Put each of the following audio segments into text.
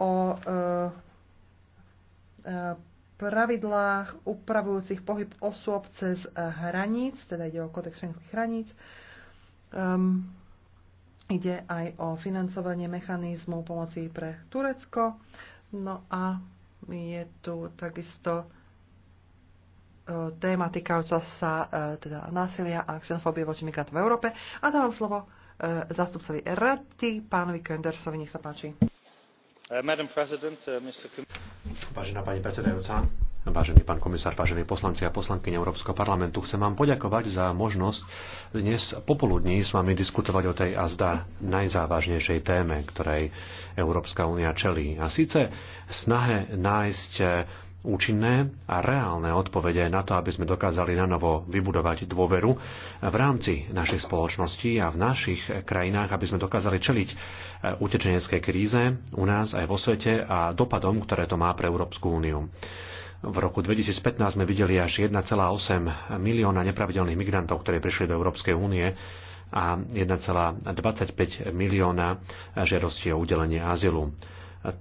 o e, e, pravidlách upravujúcich pohyb osôb cez hraníc, teda ide o kodex šenských hraníc. Um, ide aj o financovanie mechanizmov pomoci pre Turecko. No a je tu takisto e, téma týkajúca sa teda násilia a xenofóbie voči migrantom v Európe. A dávam slovo zástupcovi Rady, pánovi Kendersovi, nech sa páči. Uh, uh, Vážená pani predsedajúca, vážený pán komisár, vážení poslanci a poslanky Európskeho parlamentu, chcem vám poďakovať za možnosť dnes popoludní s vami diskutovať o tej a zdá najzávažnejšej téme, ktorej Európska únia čelí. A síce snahe nájsť účinné a reálne odpovede na to, aby sme dokázali na novo vybudovať dôveru v rámci našich spoločností a v našich krajinách, aby sme dokázali čeliť eh, utečeneckej kríze u nás aj vo svete a dopadom, ktoré to má pre Európsku úniu. V roku 2015 sme videli až 1,8 milióna nepravidelných migrantov, ktorí prišli do Európskej únie a 1,25 milióna žiadostí o udelenie azylu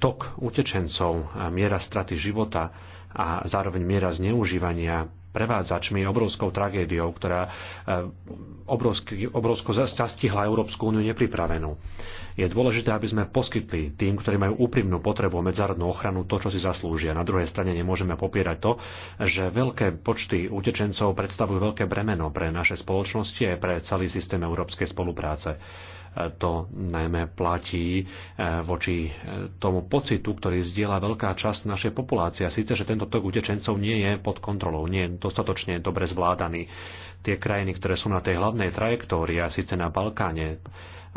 tok utečencov, miera straty života, a zároveň miera zneužívania prevádzačmi obrovskou tragédiou, ktorá eh, obrovsky, obrovsko zastihla Európsku úniu nepripravenú. Je dôležité, aby sme poskytli tým, ktorí majú úprimnú potrebu medzárodnú ochranu, to, čo si zaslúžia. Na druhej strane nemôžeme popierať to, že veľké počty utečencov predstavujú veľké bremeno pre naše spoločnosti a pre celý systém európskej spolupráce. To najmä platí e, voči e, tomu pocitu, ktorý zdieľa veľká časť našej populácie. Sice, že tento tok utečencov nie je pod kontrolou, nie je dostatočne dobre zvládaný. Tie krajiny, ktoré sú na tej hlavnej trajektórii, a síce na Balkáne,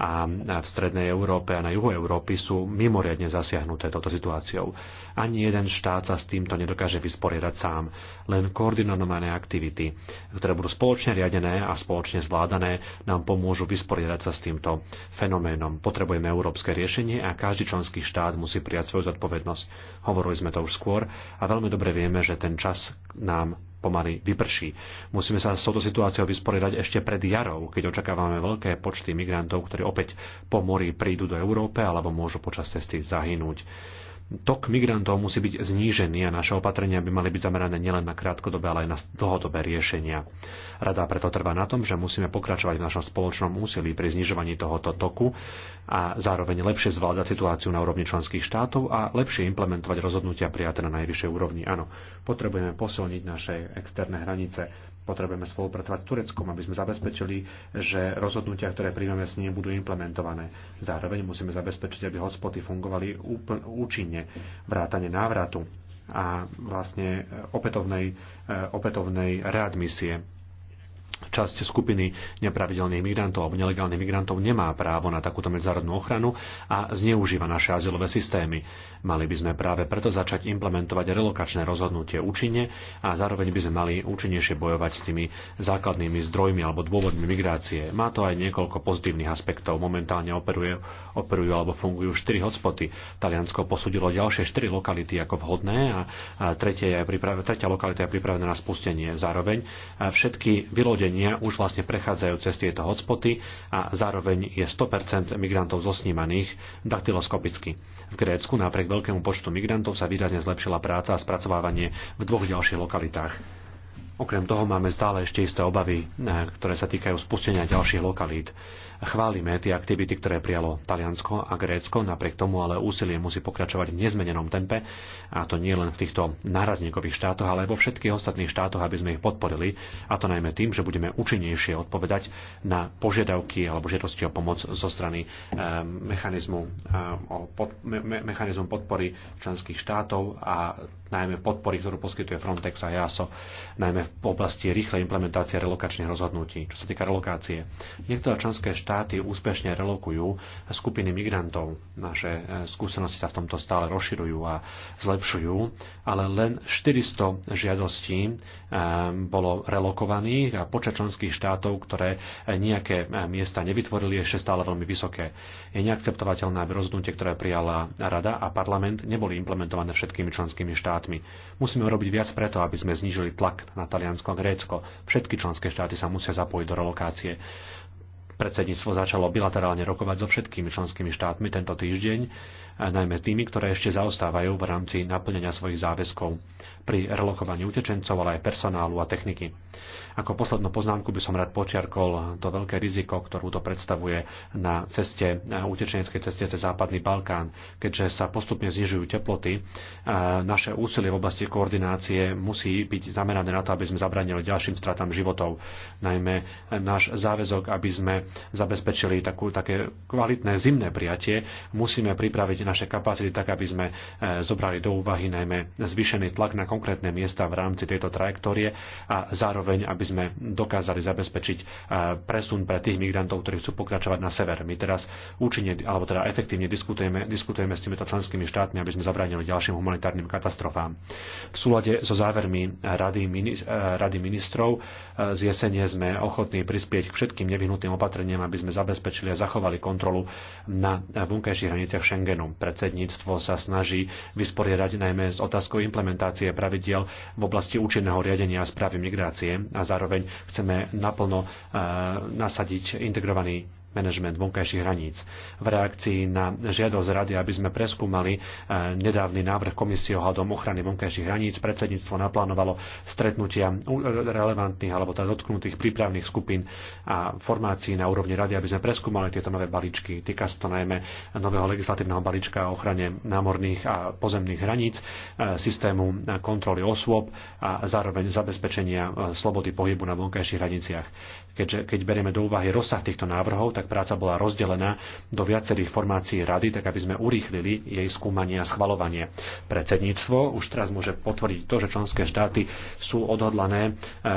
a v strednej Európe a na juhu Európy sú mimoriadne zasiahnuté touto situáciou. Ani jeden štát sa s týmto nedokáže vysporiadať sám. Len koordinované aktivity, ktoré budú spoločne riadené a spoločne zvládané, nám pomôžu vysporiadať sa s týmto fenoménom. Potrebujeme európske riešenie a každý členský štát musí prijať svoju zodpovednosť. Hovorili sme to už skôr a veľmi dobre vieme, že ten čas nám pomaly vyprší. Musíme sa s touto situáciou vysporiadať ešte pred jarou, keď očakávame veľké počty migrantov, ktorí opäť po mori prídu do Európe alebo môžu počas cesty zahynúť tok migrantov musí byť znížený a naše opatrenia by mali byť zamerané nielen na krátkodobé, ale aj na dlhodobé riešenia. Rada preto trvá na tom, že musíme pokračovať v našom spoločnom úsilí pri znižovaní tohoto toku a zároveň lepšie zvládať situáciu na úrovni členských štátov a lepšie implementovať rozhodnutia prijaté na najvyššej úrovni. Áno, potrebujeme posilniť naše externé hranice Potrebujeme spolupracovať s Tureckom, aby sme zabezpečili, že rozhodnutia, ktoré príjmeme s ním, budú implementované. Zároveň musíme zabezpečiť, aby hotspoty fungovali úpln, účinne, vrátane návratu a vlastne e, opätovnej, e, opätovnej readmisie časť skupiny nepravidelných migrantov alebo nelegálnych migrantov nemá právo na takúto medzárodnú ochranu a zneužíva naše azylové systémy. Mali by sme práve preto začať implementovať relokačné rozhodnutie účinne a zároveň by sme mali účinnejšie bojovať s tými základnými zdrojmi alebo dôvodmi migrácie. Má to aj niekoľko pozitívnych aspektov. Momentálne operuje, operujú alebo fungujú 4 hotspoty. Taliansko posudilo ďalšie 4 lokality ako vhodné a tretia, je pripravená, tretia lokalita je pripravená na spustenie. Zároveň všetky vylodí lodenia už vlastne prechádzajú cez tieto hotspoty a zároveň je 100% migrantov zosnímaných daktyloskopicky. V Grécku napriek veľkému počtu migrantov sa výrazne zlepšila práca a spracovávanie v dvoch ďalších lokalitách. Okrem toho máme stále ešte isté obavy, eh, ktoré sa týkajú spustenia ďalších lokalít. Chválime tie aktivity, ktoré prijalo Taliansko a Grécko, napriek tomu ale úsilie musí pokračovať v nezmenenom tempe a to nie len v týchto nárazníkových štátoch, ale aj vo všetkých ostatných štátoch, aby sme ich podporili a to najmä tým, že budeme účinnejšie odpovedať na požiadavky alebo žiadosti o pomoc zo strany eh, mechanizmu, eh, o pod, me, mechanizmu podpory členských štátov a najmä podpory, ktorú poskytuje Frontex a EASO, najmä v oblasti rýchlej implementácie relokačných rozhodnutí. Čo sa týka relokácie, niektoré členské štáty štáty úspešne relokujú skupiny migrantov. Naše e, skúsenosti sa v tomto stále rozširujú a zlepšujú, ale len 400 žiadostí e, bolo relokovaných a počet členských štátov, ktoré e, nejaké miesta nevytvorili, je ešte stále veľmi vysoké. Je neakceptovateľné, aby rozhodnutie, ktoré prijala Rada a parlament, neboli implementované všetkými členskými štátmi. Musíme robiť viac preto, aby sme znížili tlak na Taliansko a Grécko. Všetky členské štáty sa musia zapojiť do relokácie. Predsedníctvo začalo bilaterálne rokovať so všetkými členskými štátmi tento týždeň najmä s tými, ktoré ešte zaostávajú v rámci naplnenia svojich záväzkov pri relokovaní utečencov, ale aj personálu a techniky. Ako poslednú poznámku by som rád počiarkol to veľké riziko, ktorú to predstavuje na ceste, na utečeneckej ceste cez Západný Balkán, keďže sa postupne znižujú teploty. Naše úsilie v oblasti koordinácie musí byť zamerané na to, aby sme zabránili ďalším stratám životov. Najmä náš záväzok, aby sme zabezpečili takú, také kvalitné zimné prijatie, musíme pripraviť naše kapacity tak, aby sme e, zobrali do úvahy najmä zvýšený tlak na konkrétne miesta v rámci tejto trajektórie a zároveň, aby sme dokázali zabezpečiť e, presun pre tých migrantov, ktorí chcú pokračovať na sever. My teraz účinne, alebo teda efektívne diskutujeme, diskutujeme s týmito členskými štátmi, aby sme zabránili ďalším humanitárnym katastrofám. V súlade so závermi Rady, e, Rady ministrov z jesene sme ochotní prispieť k všetkým nevyhnutým opatreniam, aby sme zabezpečili a zachovali kontrolu na vonkajších hraniciach Schengenu. Predsedníctvo sa snaží vysporiadať najmä s otázkou implementácie pravidiel v oblasti účinného riadenia správy migrácie a zároveň chceme naplno eh, nasadiť integrovaný manažment vonkajších hraníc. V reakcii na žiadosť rady, aby sme preskúmali eh, nedávny návrh komisie ohľadom ochrany vonkajších hraníc, predsedníctvo naplánovalo stretnutia eh, relevantných alebo teda dotknutých prípravných skupín a formácií na úrovni rady, aby sme preskúmali tieto nové balíčky. Týka sa to najmä nového legislatívneho balíčka o ochrane námorných a pozemných hraníc, eh, systému kontroly osôb a zároveň zabezpečenia slobody pohybu na vonkajších hraniciach. Keďže, keď berieme do úvahy rozsah týchto návrhov, tak práca bola rozdelená do viacerých formácií rady, tak aby sme urýchlili jej skúmanie a schvalovanie. Predsedníctvo už teraz môže potvrdiť to, že členské štáty sú odhodlané e,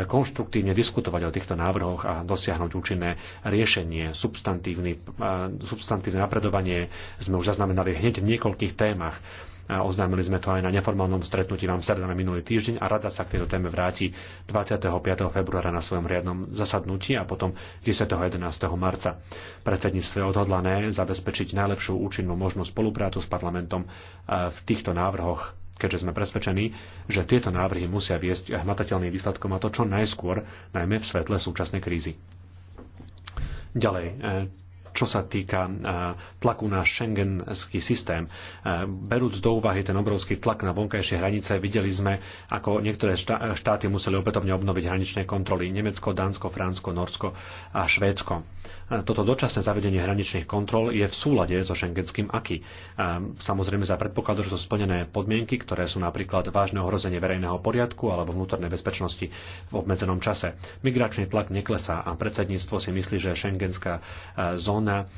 konštruktívne diskutovať o týchto návrhoch a dosiahnuť účinné riešenie. E, substantívne napredovanie sme už zaznamenali hneď v niekoľkých témach Oznámili sme to aj na neformálnom stretnutí v Amsterdame minulý týždeň a rada sa k tejto téme vráti 25. februára na svojom riadnom zasadnutí a potom 10. a 11. marca. Predsedníctvo je odhodlané zabezpečiť najlepšiu účinnú možnú spoluprácu s parlamentom e, v týchto návrhoch keďže sme presvedčení, že tieto návrhy musia viesť hmatateľným výsledkom a to čo najskôr, najmä v svetle súčasnej krízy. Ďalej, e, čo sa týka e, tlaku na šengenský systém. E, berúc do úvahy ten obrovský tlak na vonkajšie hranice, videli sme, ako niektoré štáty museli opätovne obnoviť hraničné kontroly. Nemecko, Dánsko, Fránsko, Norsko a Švédsko. Toto dočasné zavedenie hraničných kontrol je v súlade so šengenským aky. Samozrejme za predpokladu, že sú splnené podmienky, ktoré sú napríklad vážne ohrozenie verejného poriadku alebo vnútornej bezpečnosti v obmedzenom čase. Migračný tlak neklesá a predsedníctvo si myslí, že šengenská zóna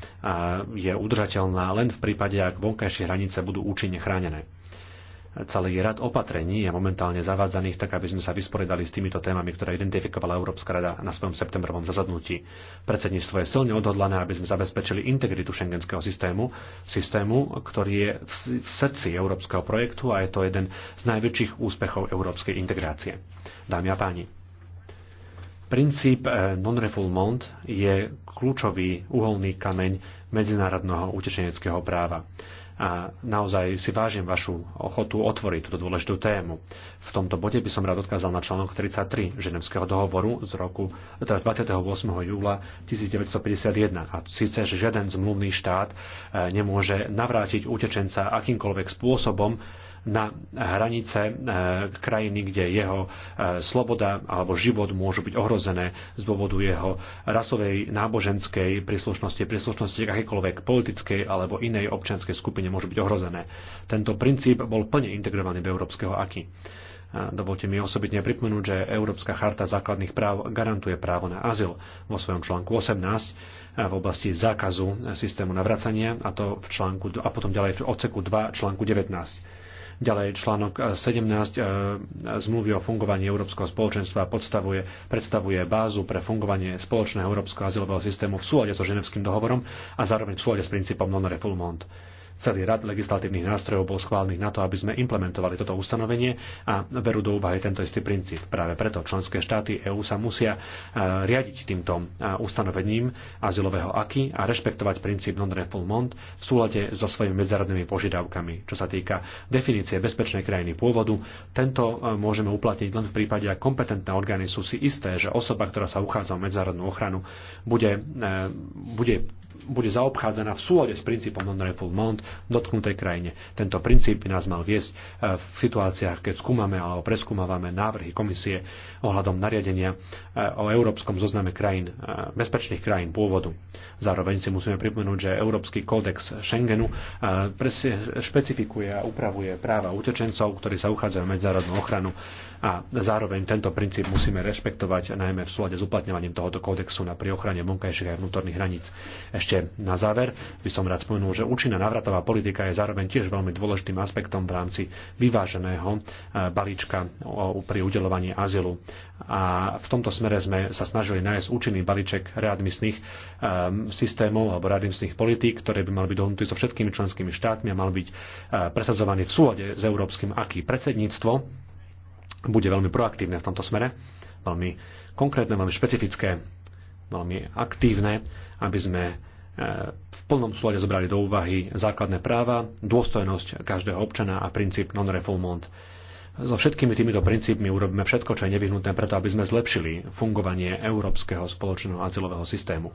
je udržateľná len v prípade, ak vonkajšie hranice budú účinne chránené celý rad opatrení je momentálne zavádzaných tak, aby sme sa vysporiadali s týmito témami, ktoré identifikovala Európska rada na svojom septembrovom zasadnutí. Predsedníctvo je silne odhodlané, aby sme zabezpečili integritu šengenského systému, systému, ktorý je v srdci európskeho projektu a je to jeden z najväčších úspechov európskej integrácie. Dámy a páni, Princíp eh, non-refoulement je kľúčový uholný kameň medzinárodného utečeneckého práva a naozaj si vážim vašu ochotu otvoriť túto dôležitú tému. V tomto bode by som rád odkázal na článok 33 Ženevského dohovoru z roku teraz 28. júla 1951 a síce, že žiaden zmluvný štát e, nemôže navrátiť utečenca akýmkoľvek spôsobom na hranice e, krajiny, kde jeho e, sloboda alebo život môžu byť ohrozené z dôvodu jeho rasovej, náboženskej príslušnosti, príslušnosti k akékoľvek politickej alebo inej občianskej skupine môžu byť ohrozené. Tento princíp bol plne integrovaný do európskeho aky. E, dovolte mi osobitne pripomenúť, že Európska charta základných práv garantuje právo na azyl vo svojom článku 18 v oblasti zákazu systému navracania a to v článku a potom ďalej v odseku 2 článku 19. Ďalej článok 17 e, e, zmluvy o fungovaní Európskeho spoločenstva podstavuje, predstavuje bázu pre fungovanie spoločného európskeho azylového systému v súlade so ženevským dohovorom a zároveň v súlade s princípom non-refoulement. Celý rad legislatívnych nástrojov bol schválený na to, aby sme implementovali toto ustanovenie a berú do úvahy tento istý princíp. Práve preto členské štáty EÚ sa musia e, riadiť týmto e, ustanovením azylového aky a rešpektovať princíp non-refoulement v súlade so svojimi medzárodnými požiadavkami. Čo sa týka definície bezpečnej krajiny pôvodu, tento e, môžeme uplatniť len v prípade, ak kompetentné orgány sú si isté, že osoba, ktorá sa uchádza o medzinárodnú ochranu, bude, bude bude zaobchádzaná v súlade s princípom non-refoulement v dotknutej krajine. Tento princíp by nás mal viesť e, v situáciách, keď skúmame alebo preskúmavame návrhy komisie ohľadom nariadenia e, o európskom zozname krajín, e, bezpečných krajín pôvodu. Zároveň si musíme pripomenúť, že Európsky kódex Schengenu špecifikuje a upravuje práva utečencov, ktorí sa uchádzajú medzárodnú ochranu a zároveň tento princíp musíme rešpektovať najmä v súlade s uplatňovaním tohoto kódexu na pri ochrane vonkajších aj vnútorných hraníc. Ešte na záver by som rád spomenul, že účinná návratová politika je zároveň tiež veľmi dôležitým aspektom v rámci vyváženého e, balíčka pri udelovaní azylu. A v tomto smere sme sa snažili nájsť účinný balíček readmisných e, systémov alebo readmisných politík, ktoré by mali byť dohodnuté so všetkými členskými štátmi a mal byť e, presadzovaný v súlade s európskym aký predsedníctvo bude veľmi proaktívne v tomto smere, veľmi konkrétne, veľmi špecifické, veľmi aktívne, aby sme e, v plnom súlade zobrali do úvahy základné práva, dôstojnosť každého občana a princíp non-refoulement. So všetkými týmito princípmi urobíme všetko, čo je nevyhnutné preto, aby sme zlepšili fungovanie európskeho spoločného azylového systému.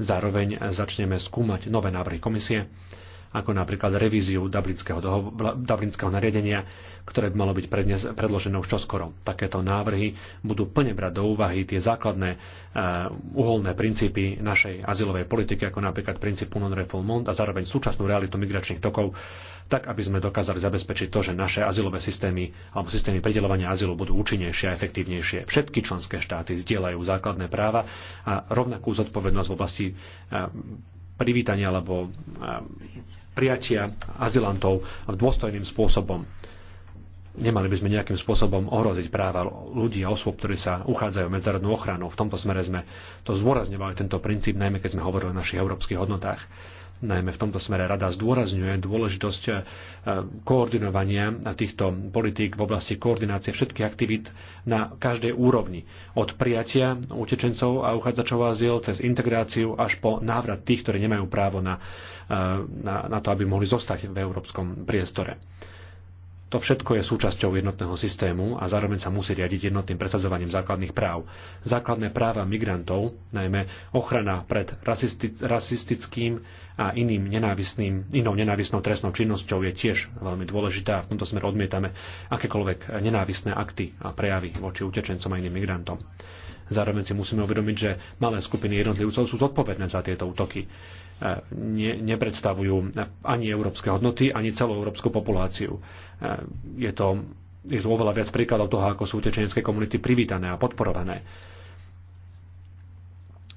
Zároveň začneme skúmať nové návrhy komisie ako napríklad revíziu Dublinského, Dublinského nariadenia, ktoré by malo byť prednes, predložené už čoskoro. Takéto návrhy budú plne brať do úvahy tie základné eh, uholné princípy našej azylovej politiky, ako napríklad princíp non refoulement a zároveň súčasnú realitu migračných tokov, tak aby sme dokázali zabezpečiť to, že naše azylové systémy alebo systémy pridelovania azylu budú účinnejšie a efektívnejšie. Všetky členské štáty zdieľajú základné práva a rovnakú zodpovednosť v oblasti eh, privítania alebo eh, prijatia azylantov dôstojným spôsobom. Nemali by sme nejakým spôsobom ohroziť práva ľudí a osôb, ktorí sa uchádzajú o medzárodnú ochranu. V tomto smere sme to zdôrazňovali, tento princíp, najmä keď sme hovorili o našich európskych hodnotách. Najmä v tomto smere rada zdôrazňuje dôležitosť e, koordinovania týchto politík v oblasti koordinácie všetkých aktivít na každej úrovni. Od prijatia utečencov a uchádzačov azyl cez integráciu až po návrat tých, ktorí nemajú právo na Eh, na, na to, aby mohli zostať v európskom priestore. To všetko je súčasťou jednotného systému a zároveň sa musí riadiť jednotným presadzovaním základných práv. Základné práva migrantov, najmä ochrana pred rasistickým a iným nenávisným, inou nenávisnou trestnou činnosťou je tiež veľmi dôležitá a v tomto smere odmietame akékoľvek nenávisné akty a prejavy voči utečencom a iným migrantom. Zároveň si musíme uvedomiť, že malé skupiny jednotlivcov sú zodpovedné za tieto útoky ne, nepredstavujú ani európske hodnoty, ani celú európsku populáciu. Je to, je to oveľa viac príkladov toho, ako sú utečenecké komunity privítané a podporované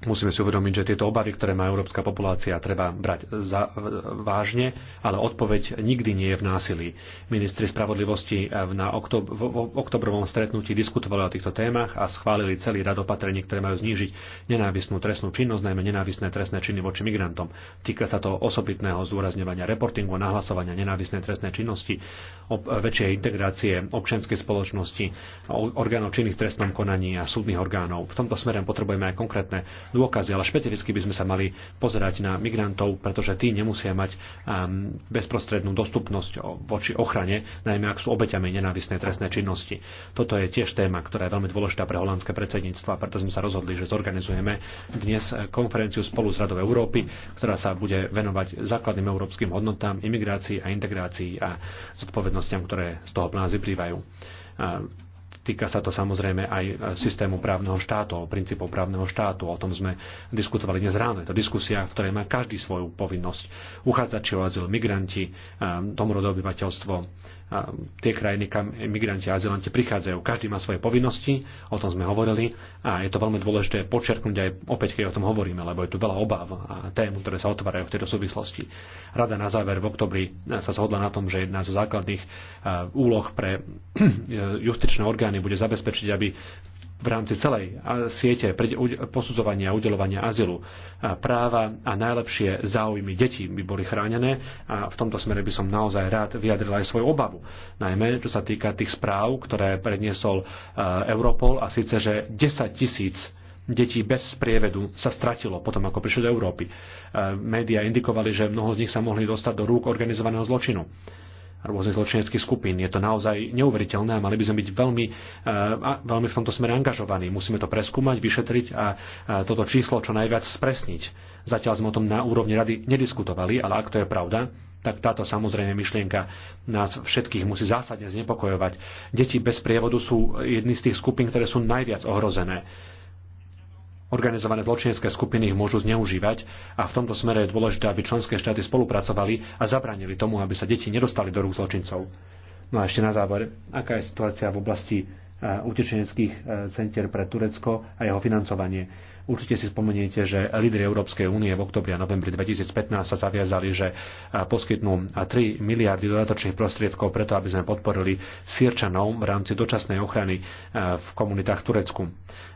Musíme si uvedomiť, že tieto obavy, ktoré má európska populácia, treba brať za, vážne, ale odpoveď nikdy nie je v násilí. Ministri spravodlivosti na oktob, v, v oktobrovom stretnutí diskutovali o týchto témach a schválili celý rad opatrení, ktoré majú znížiť nenávisnú trestnú činnosť, najmä nenávisné trestné činy voči migrantom. Týka sa to osobitného zdôrazňovania reportingu, nahlasovania nenávisnej trestnej činnosti, ob, väčšej integrácie občianskej spoločnosti, orgánov činných trestnom konaní a súdnych orgánov. V tomto smere potrebujeme aj konkrétne dôkazy, ale špecificky by sme sa mali pozerať na migrantov, pretože tí nemusia mať um, bezprostrednú dostupnosť voči ochrane, najmä ak sú obeťami nenávisnej trestnej činnosti. Toto je tiež téma, ktorá je veľmi dôležitá pre holandské predsedníctvo a preto sme sa rozhodli, že zorganizujeme dnes eh, konferenciu spolu s Radou Európy, ktorá sa bude venovať základným európskym hodnotám, imigrácii a integrácii a zodpovednostiam, ktoré z toho plná vyplývajú eh, Týka sa to samozrejme aj e, systému právneho štátu, o princípov právneho štátu. O tom sme diskutovali dnes ráno. Je to diskusia, v ktorej má každý svoju povinnosť. Uchádzači o azyl, migranti, domorodé e, obyvateľstvo, tie krajiny, kam migranti a azylanti prichádzajú. Každý má svoje povinnosti, o tom sme hovorili a je to veľmi dôležité počerknúť aj opäť, keď o tom hovoríme, lebo je tu veľa obáv a tém, ktoré sa otvárajú v tejto súvislosti. Rada na záver v oktobri sa zhodla na tom, že jedna zo základných úloh pre justičné orgány bude zabezpečiť, aby v rámci celej siete posudzovania a udelovania azylu. Práva a najlepšie záujmy detí by boli chránené a v tomto smere by som naozaj rád vyjadril aj svoju obavu. Najmä čo sa týka tých správ, ktoré predniesol e, Europol a síce, že 10 tisíc detí bez sprievedu sa stratilo potom, ako prišli do Európy. E, Média indikovali, že mnoho z nich sa mohli dostať do rúk organizovaného zločinu rôznych zločineckých skupín. Je to naozaj neuveriteľné a mali by sme byť veľmi, e, veľmi v tomto smere angažovaní. Musíme to preskúmať, vyšetriť a toto číslo čo najviac spresniť. Zatiaľ sme o tom na úrovni rady nediskutovali, ale ak to je pravda, tak táto samozrejme myšlienka nás všetkých musí zásadne znepokojovať. Deti bez prievodu sú jedny z tých skupín, ktoré sú najviac ohrozené organizované zločinecké skupiny ich môžu zneužívať a v tomto smere je dôležité, aby členské štáty spolupracovali a zabránili tomu, aby sa deti nedostali do rúk zločincov. No a ešte na záver, aká je situácia v oblasti eh, utečeneckých eh, centier pre Turecko a jeho financovanie. Určite si spomeniete, že lídry Európskej únie v oktobri a novembri 2015 sa zaviazali, že poskytnú 3 miliardy dodatočných prostriedkov preto, aby sme podporili Sýrčanov v rámci dočasnej ochrany e, v komunitách v Turecku.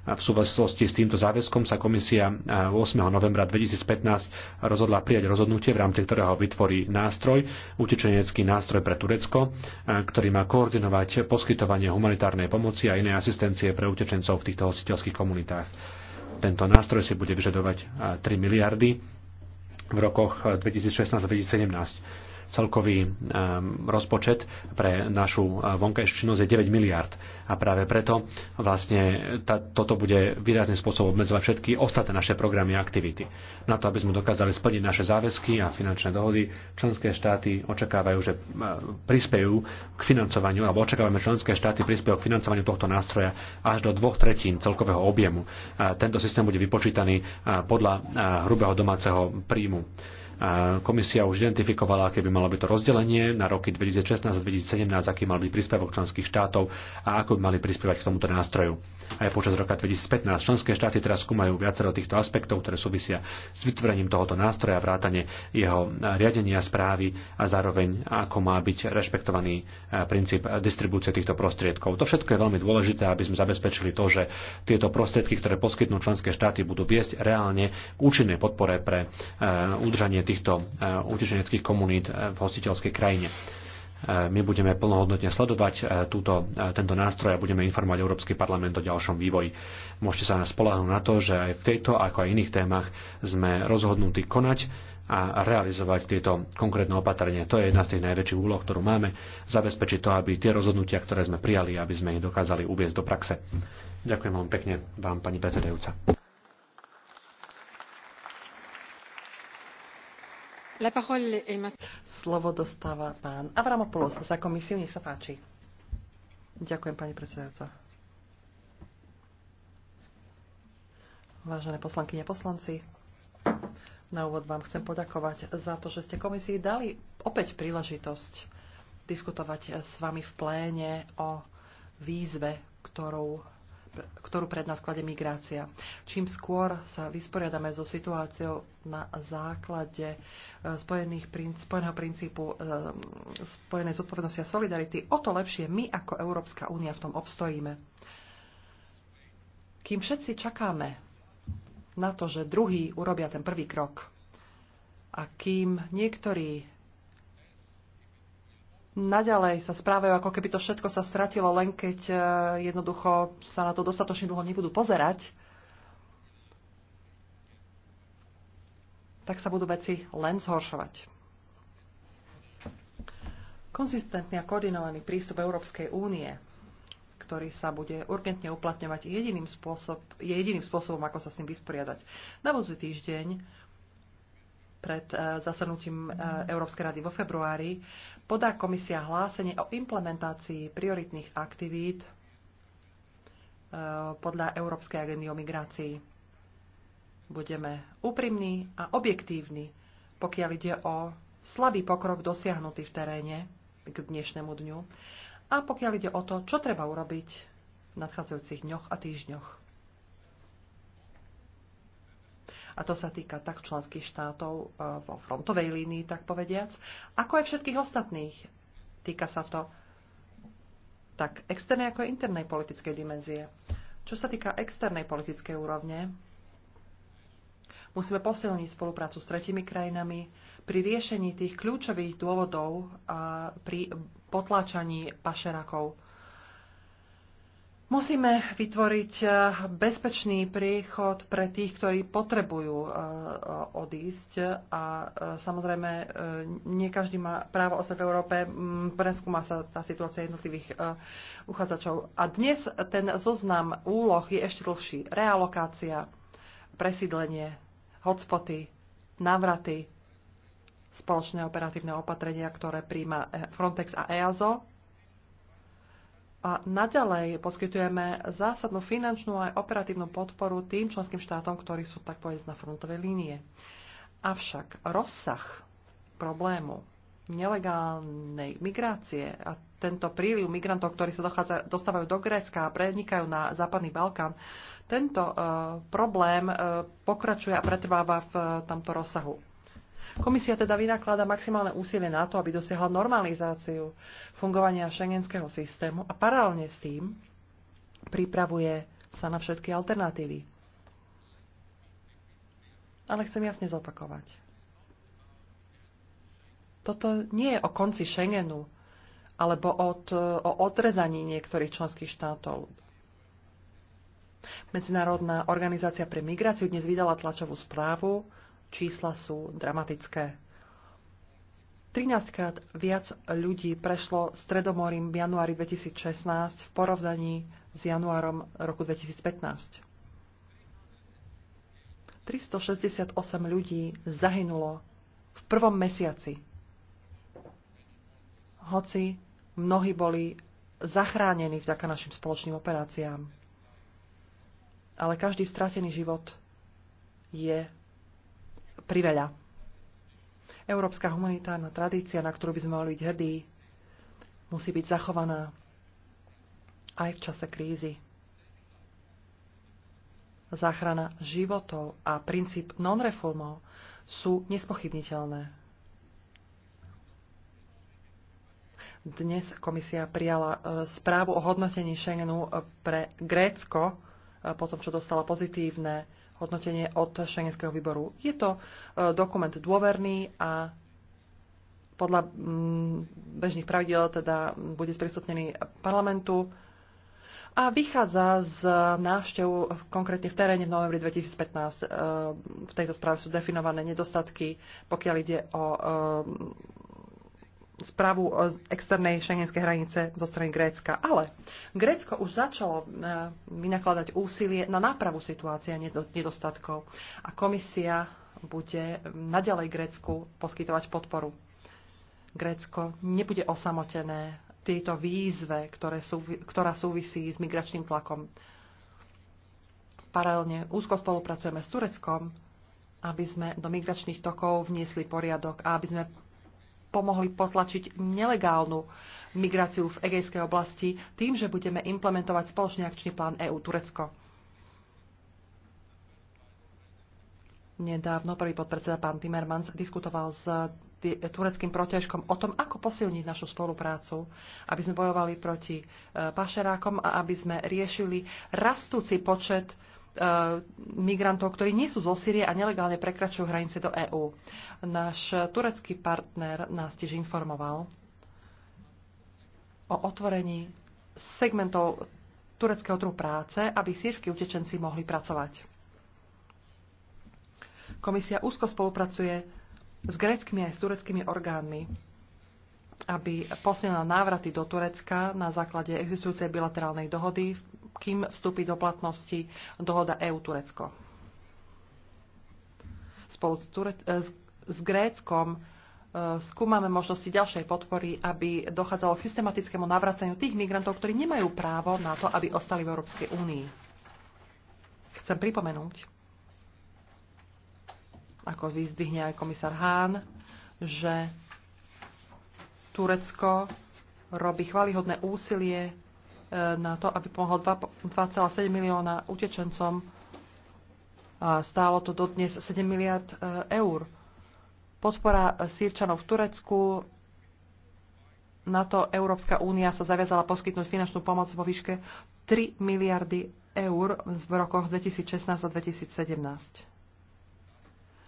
V súvislosti s týmto záväzkom sa komisia 8. E, novembra 2015 rozhodla prijať rozhodnutie, v rámci ktorého vytvorí nástroj, utečenecký nástroj pre Turecko, e, ktorý má koordinovať poskytovanie humanitárnej pomoci a inej asistencie pre utečencov v týchto hostiteľských komunitách. Tento nástroj si bude vyžadovať 3 miliardy v rokoch 2016 a 2017 Celkový rozpočet pre našu eh, vonkajšiu činnosť je 9 miliard a práve preto vlastne toto bude výrazným spôsobom obmedzovať všetky ostatné naše programy a aktivity. Na to, aby sme dokázali splniť naše záväzky a finančné dohody, členské štáty očakávajú, že eh, prispejú k financovaniu, alebo očakávame, že členské štáty prispejú k financovaniu tohto nástroja až do dvoch tretín celkového objemu. Tento systém bude vypočítaný eh, podľa hrubého domáceho príjmu. Komisia už identifikovala, aké by malo byť to rozdelenie na roky 2016 a 2017, aký mal byť príspevok členských štátov a ako by mali prispievať k tomuto nástroju. Aj počas roka 2015 členské štáty teraz skúmajú viacero týchto aspektov, ktoré súvisia s vytvorením tohoto nástroja, vrátane jeho riadenia správy a zároveň ako má byť rešpektovaný e, princíp distribúcie týchto prostriedkov. To všetko je veľmi dôležité, aby sme zabezpečili to, že tieto prostriedky, ktoré poskytnú členské štáty, budú viesť reálne k účinnej podpore pre e, udržanie týchto e, utečeneckých komunít e, v hostiteľskej krajine. E, my budeme plnohodnotne sledovať túto, tento nástroj a budeme informovať Európsky parlament o ďalšom vývoji. Môžete sa nás spolahnúť na to, že aj v tejto, ako aj iných témach sme rozhodnutí konať a realizovať tieto konkrétne opatrenia. To je jedna z tých najväčších úloh, ktorú máme, zabezpečiť to, aby tie rozhodnutia, ktoré sme prijali, aby sme ich dokázali uviezť do praxe. Ďakujem veľmi pekne vám, pani predsedajúca. Slovo dostáva pán Avramopoulos za komisiu. Nech sa páči. Ďakujem, pani predsedajúca. Vážené poslanky a poslanci, na úvod vám chcem poďakovať za to, že ste komisii dali opäť príležitosť diskutovať s vami v pléne o výzve, ktorou ktorú pred nás klade migrácia. Čím skôr sa vysporiadame so situáciou na základe e, spojených, spojeného princípu e, spojenej zodpovednosti a solidarity, o to lepšie my ako Európska únia v tom obstojíme. Kým všetci čakáme na to, že druhý urobia ten prvý krok a kým niektorí naďalej sa správajú, ako keby to všetko sa stratilo, len keď e, jednoducho sa na to dostatočne dlho nebudú pozerať, tak sa budú veci len zhoršovať. Konzistentný a koordinovaný prístup Európskej únie, ktorý sa bude urgentne uplatňovať, jediným spôsob, je jediným spôsobom, ako sa s tým vysporiadať. Na budúci týždeň pred e, zasadnutím e, Európskej rady vo februári podá komisia hlásenie o implementácii prioritných aktivít e, podľa Európskej agendy o migrácii. Budeme úprimní a objektívni, pokiaľ ide o slabý pokrok dosiahnutý v teréne k dnešnému dňu a pokiaľ ide o to, čo treba urobiť v nadchádzajúcich dňoch a týždňoch. a to sa týka tak členských štátov e, vo frontovej línii, tak povediac, ako aj všetkých ostatných. Týka sa to tak externej ako aj internej politickej dimenzie. Čo sa týka externej politickej úrovne, musíme posilniť spoluprácu s tretimi krajinami pri riešení tých kľúčových dôvodov a pri potláčaní pašerakov Musíme vytvoriť eh, bezpečný priechod pre tých, ktorí potrebujú eh, eh, odísť a samozrejme nie každý má právo ostať v Európe, mm, preskúma sa tá situácia jednotlivých uchádzačov. A dnes ten zoznam úloh je ešte dlhší. Realokácia, presídlenie, hotspoty, návraty, spoločné operatívne opatrenia, ktoré príjma Frontex a EASO, a naďalej poskytujeme zásadnú finančnú aj operatívnu podporu tým členským štátom, ktorí sú tak povedať na frontovej línie. Avšak rozsah problému nelegálnej migrácie a tento príliv migrantov, ktorí sa dochádza, dostávajú do Grécka a prenikajú na západný Balkán, tento uh, problém uh, pokračuje a pretrváva v uh, eh, tomto rozsahu. Komisia teda vynaklada maximálne úsilie na to, aby dosiahla normalizáciu fungovania šengenského systému a paralelne s tým pripravuje sa na všetky alternatívy. Ale chcem jasne zopakovať. Toto nie je o konci Schengenu alebo od, o odrezaní niektorých členských štátov. Medzinárodná organizácia pre migráciu dnes vydala tlačovú správu, čísla sú dramatické. 13 krát viac ľudí prešlo Stredomorím v januári 2016 v porovnaní s januárom roku 2015. 368 ľudí zahynulo v prvom mesiaci. Hoci mnohí boli zachránení vďaka našim spoločným operáciám. Ale každý stratený život je priveľa. Európska humanitárna tradícia, na ktorú by sme mali byť hrdí, musí byť zachovaná aj v čase krízy. Záchrana životov a princíp non-reformov sú nespochybniteľné. Dnes komisia prijala e, správu o hodnotení Schengenu e, pre Grécko, e, potom čo dostala pozitívne hodnotenie od Šengenského výboru. Je to e, dokument dôverný a podľa mm, bežných pravidel teda bude sprístupnený parlamentu a vychádza z návštev konkrétne v teréne v novembri 2015. E, v tejto správe sú definované nedostatky, pokiaľ ide o správu z externej šengenskej hranice zo strany Grécka. Ale Grécko už začalo eh, vynakladať úsilie na nápravu situácie a nedostatkov a komisia bude naďalej Grécku poskytovať podporu. Grécko nebude osamotené tejto výzve, ktoré ktorá súvisí s migračným tlakom. Paralelne úzko spolupracujeme s Tureckom, aby sme do migračných tokov vniesli poriadok a aby sme pomohli potlačiť nelegálnu migráciu v Egejskej oblasti tým, že budeme implementovať spoločný akčný plán EÚ Turecko. Nedávno prvý podpredseda pán Timmermans diskutoval s tureckým protiažkom o tom, ako posilniť našu spoluprácu, aby sme bojovali proti e, pašerákom a aby sme riešili rastúci počet e, migrantov, ktorí nie sú zo Sýrie a nelegálne prekračujú hranice do EÚ. Náš turecký partner nás tiež informoval o otvorení segmentov tureckého trhu práce, aby sírsky utečenci mohli pracovať. Komisia úzko spolupracuje s greckými aj s tureckými orgánmi, aby posilnila návraty do Turecka na základe existujúcej bilaterálnej dohody, kým vstúpi do platnosti dohoda EU-Turecko. Spolu s, Ture- e, s s Gréckom e, skúmame možnosti ďalšej podpory, aby dochádzalo k systematickému navracaniu tých migrantov, ktorí nemajú právo na to, aby ostali v Európskej únii. Chcem pripomenúť, ako vyzdvihne aj komisár Hahn, že Turecko robí chvalihodné úsilie e, na to, aby pomohlo 2,7 milióna utečencom. A stálo to dodnes 7 miliard e, eur. Podpora e, sírčanov v Turecku. Na to Európska únia sa zaviazala poskytnúť finančnú pomoc vo výške 3 miliardy eur v rokoch 2016 a 2017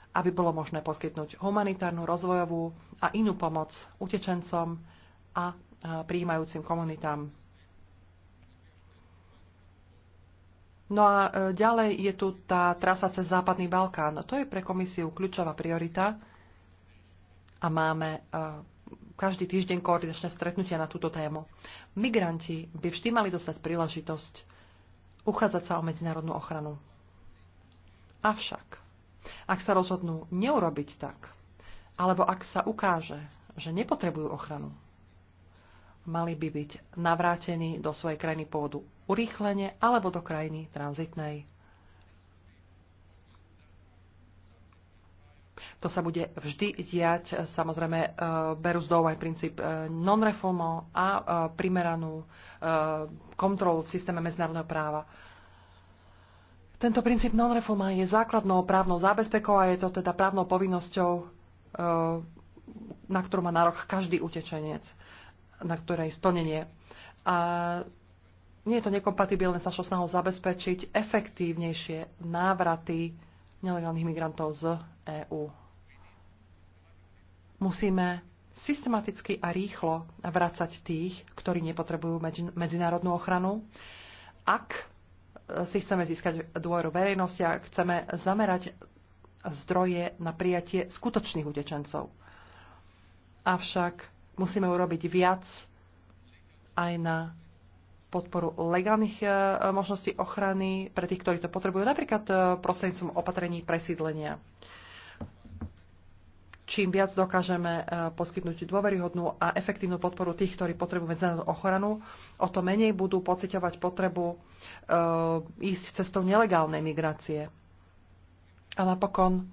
aby bolo možné poskytnúť humanitárnu, rozvojovú a inú pomoc utečencom a prijímajúcim komunitám. No a e, ďalej je tu tá trasa cez Západný Balkán. To je pre komisiu kľúčová priorita a máme eh, každý týždeň koordinačné stretnutia na túto tému. Migranti by vždy mali dostať príležitosť uchádzať sa o medzinárodnú ochranu. Avšak, ak sa rozhodnú neurobiť tak, alebo ak sa ukáže, že nepotrebujú ochranu, mali by byť navrátení do svojej krajiny pôvodu urýchlene alebo do krajiny tranzitnej. To sa bude vždy diať. Samozrejme, e, berú z aj princíp e, non-reformo a e, primeranú kontrolu v systéme medzinárodného práva. Tento princíp non-reforma je základnou právnou zábezpekou a je to teda právnou povinnosťou, na ktorú má nárok každý utečenec, na ktoré je splnenie. A nie je to nekompatibilné s našou snahou zabezpečiť efektívnejšie návraty nelegálnych migrantov z EÚ. Musíme systematicky a rýchlo vracať tých, ktorí nepotrebujú medzinárodnú ochranu, ak e, si chceme získať dôveru verejnosti a chceme zamerať zdroje na prijatie skutočných utečencov. Avšak musíme urobiť viac aj na podporu legálnych e, možností ochrany pre tých, ktorí to potrebujú, napríklad e, prostredníctvom opatrení presídlenia čím viac dokážeme e, poskytnúť dôveryhodnú a efektívnu podporu tých, ktorí potrebujú medzinárodnú ochranu, o to menej budú pociťovať potrebu e, ísť cestou nelegálnej migrácie. A napokon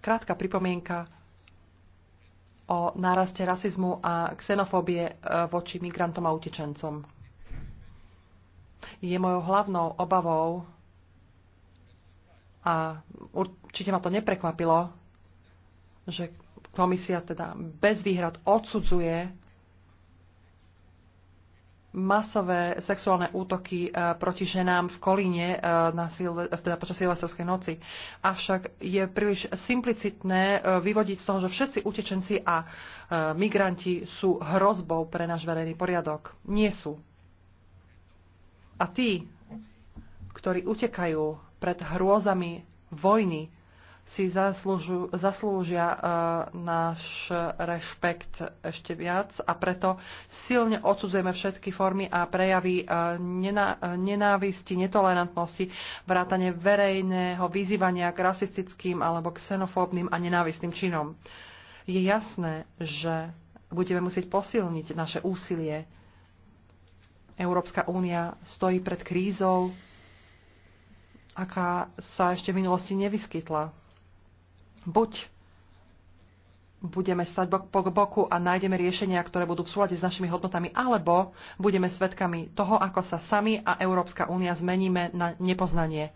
krátka pripomienka o náraste rasizmu a xenofóbie e, voči migrantom a utečencom. Je mojou hlavnou obavou, a určite ma to neprekvapilo, že komisia teda bez výhrad odsudzuje masové sexuálne útoky e, proti ženám v Kolíne e, na silve, e, teda počas silvestrovskej noci. Avšak je príliš simplicitné vyvodiť z toho, že všetci utečenci a migranti sú hrozbou pre náš verejný poriadok. Nie sú. A tí, ktorí utekajú pred hrôzami vojny, si zaslúžu, zaslúžia e, náš rešpekt ešte viac a preto silne odsudzujeme všetky formy a prejavy e, nenávisti, netolerantnosti, vrátane verejného vyzývania k rasistickým alebo xenofóbnym a nenávistným činom. Je jasné, že budeme musieť posilniť naše úsilie. Európska únia stojí pred krízou, aká sa ešte v minulosti nevyskytla Buď budeme stať bok po boku a nájdeme riešenia, ktoré budú v súlade s našimi hodnotami, alebo budeme svedkami toho, ako sa sami a Európska únia zmeníme na nepoznanie.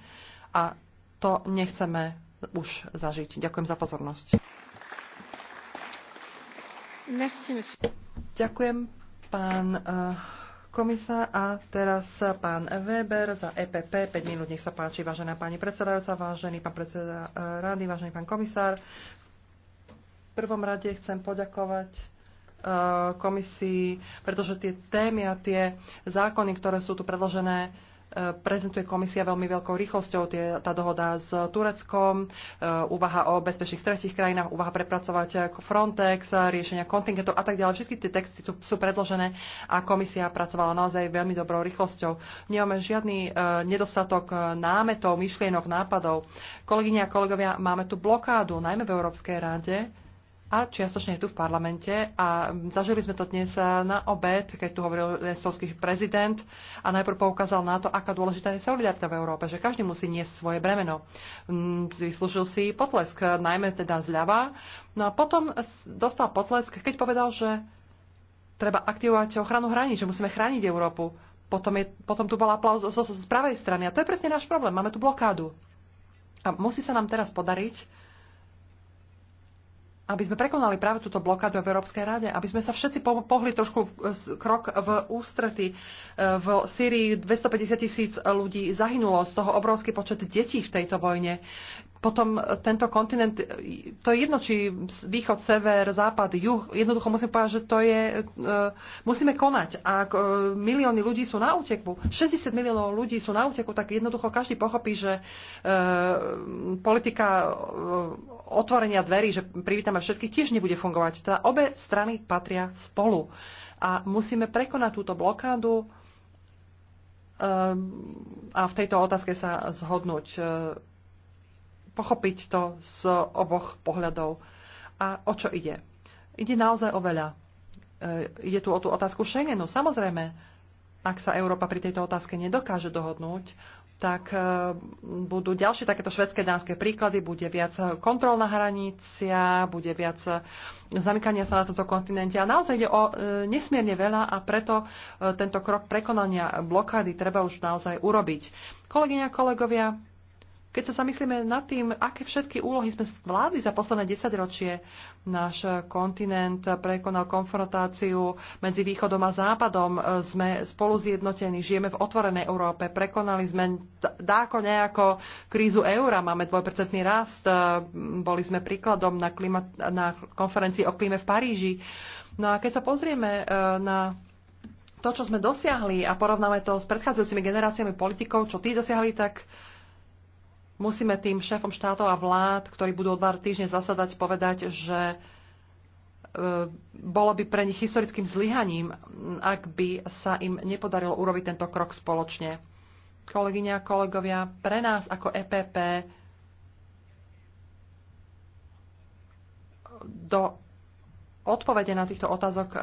A to nechceme už zažiť. Ďakujem za pozornosť. Merci, Ďakujem, pán uh, Komisár A teraz pán Weber za EPP. 5 minút, nech sa páči, vážená pani predsedajúca, vážený pán predseda eh, rady, vážený pán komisár. V prvom rade chcem poďakovať eh, komisii, pretože tie témy a tie zákony, ktoré sú tu predložené, E, prezentuje komisia veľmi veľkou rýchlosťou tie, tá dohoda s Tureckom, úvaha e, o bezpečných tretich krajinách, úvaha prepracovať e, Frontex, riešenia kontingentov a tak ďalej. Všetky tie texty tu sú predložené a komisia pracovala naozaj veľmi dobrou rýchlosťou. Nemáme žiadny nedostatok námetov, myšlienok, nápadov. Kolegyne a kolegovia, máme tu blokádu, najmä v Európskej rade, a čiastočne je tu v parlamente. A zažili sme to dnes e, na obed, keď tu hovoril estonský prezident a najprv poukázal na to, aká dôležitá je solidarita v Európe, že každý musí niesť svoje bremeno. Mm, vyslúžil si potlesk, najmä teda zľava. No a potom dostal potlesk, keď povedal, že treba aktivovať ochranu hraní, že musíme chrániť Európu. Potom, je, potom tu bol aplauz z, z, z pravej strany. A to je presne náš problém. Máme tu blokádu. A musí sa nám teraz podariť aby sme prekonali práve túto blokádu v Európskej rade, aby sme sa všetci pohli trošku e, krok v ústrety. E, v Syrii 250 tisíc ľudí zahynulo, z toho obrovský počet detí v tejto vojne potom tento kontinent, to je jedno, či východ, sever, západ, juh, jednoducho musím povedať, že to je, e, musíme konať. A ak e, milióny ľudí sú na úteku, 60 miliónov ľudí sú na úteku, tak jednoducho každý pochopí, že e, politika otvorenia dverí, že privítame všetkých, tiež nebude fungovať. Teda obe strany patria spolu. A musíme prekonať túto blokádu a v tejto otázke sa zhodnúť pochopiť to z oboch pohľadov. A o čo ide? Ide naozaj o veľa. E, ide tu o tú otázku Schengenu. Samozrejme, ak sa Európa pri tejto otázke nedokáže dohodnúť, tak e, budú ďalšie takéto švedské dánske príklady, bude viac kontrol na hranicia, bude viac e, zamykania sa na tomto kontinente. A naozaj ide o nesmierne veľa a preto tento krok prekonania blokády treba už naozaj urobiť. Kolegyňa, kolegovia, keď sa zamyslíme nad tým, aké všetky úlohy sme zvládli za posledné desaťročie, náš kontinent prekonal konfrontáciu medzi východom a západom, sme spolu zjednotení, žijeme v otvorenej Európe, prekonali sme dáko nejako krízu eura, máme dvojpercentný rast, boli sme príkladom na, klima, na konferencii o klíme v Paríži. No a keď sa pozrieme e, na to, čo sme dosiahli a porovnáme to s predchádzajúcimi generáciami politikov, čo tí dosiahli, tak Musíme tým šéfom štátov a vlád, ktorí budú o dva týždne zasadať, povedať, že e, bolo by pre nich historickým zlyhaním, ak by sa im nepodarilo urobiť tento krok spoločne. Kolegyňa a kolegovia, pre nás ako EPP do odpovede na týchto otázok e,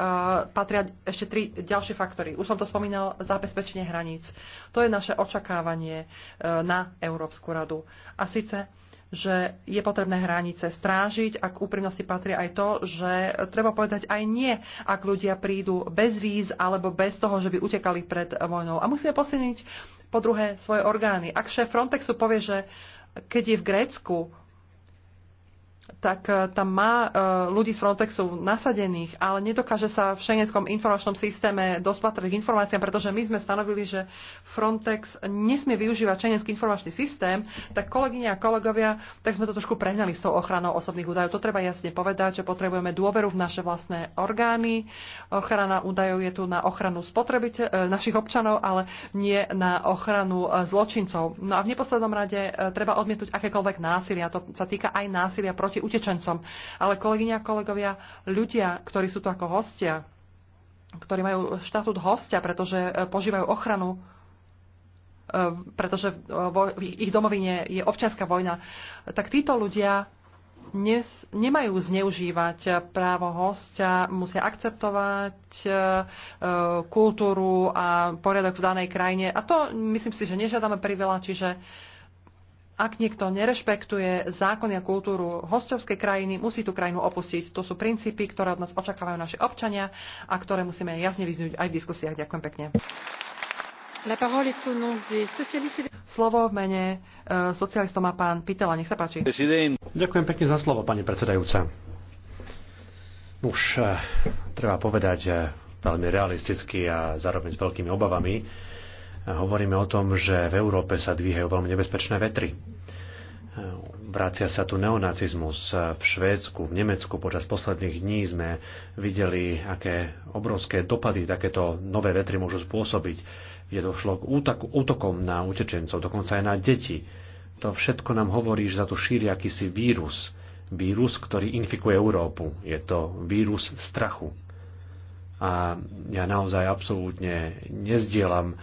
patria ešte tri ďalšie faktory. Už som to spomínal, zabezpečenie hraníc. To je naše očakávanie e, na Európsku radu. A síce že je potrebné hranice strážiť a k úprimnosti patrí aj to, že treba povedať aj nie, ak ľudia prídu bez víz alebo bez toho, že by utekali pred vojnou. A musíme posilniť po druhé svoje orgány. Ak šéf Frontexu povie, že keď je v Grécku, tak e, tam má e, ľudí z Frontexu nasadených, ale nedokáže sa v šengenskom informačnom systéme dospatrať k informáciám, pretože my sme stanovili, že Frontex nesmie využívať šengenský informačný systém, tak kolegyne a kolegovia, tak sme to trošku prehnali s tou ochranou osobných údajov. To treba jasne povedať, že potrebujeme dôveru v naše vlastné orgány. Ochrana údajov je tu na ochranu spotrebite- e, našich občanov, ale nie na ochranu zločincov. No a v neposlednom rade treba odmietnúť akékoľvek násilia. To sa týka aj násilia proti proti utečencom. Ale kolegyňa a kolegovia, ľudia, ktorí sú tu ako hostia, ktorí majú štatút hostia, pretože e, požívajú ochranu, e, pretože e, v ich domovine je občianská vojna, tak títo ľudia nemajú zneužívať právo hostia, musia akceptovať kultúru a poriadok v danej krajine. A to myslím si, že nežiadame priveľa, čiže ak niekto nerešpektuje zákony a kultúru hostovskej krajiny, musí tú krajinu opustiť. To sú princípy, ktoré od nás očakávajú naši občania a ktoré musíme jasne vyznúť aj v diskusiách. Ďakujem pekne. Slovo v mene e, socialistom má pán Pitela. Nech sa páči. Ďakujem pekne za slovo, pani predsedajúca. Už e, treba povedať veľmi realisticky a zároveň s veľkými obavami, hovoríme o tom, že v Európe sa dvíhajú veľmi nebezpečné vetry. Vrácia sa tu neonacizmus v Švédsku, v Nemecku. Počas posledných dní sme videli, aké obrovské dopady takéto nové vetry môžu spôsobiť. Je došlo k útokom na utečencov, dokonca aj na deti. To všetko nám hovorí, že za to šíri akýsi vírus. Vírus, ktorý infikuje Európu. Je to vírus strachu. A ja naozaj absolútne nezdielam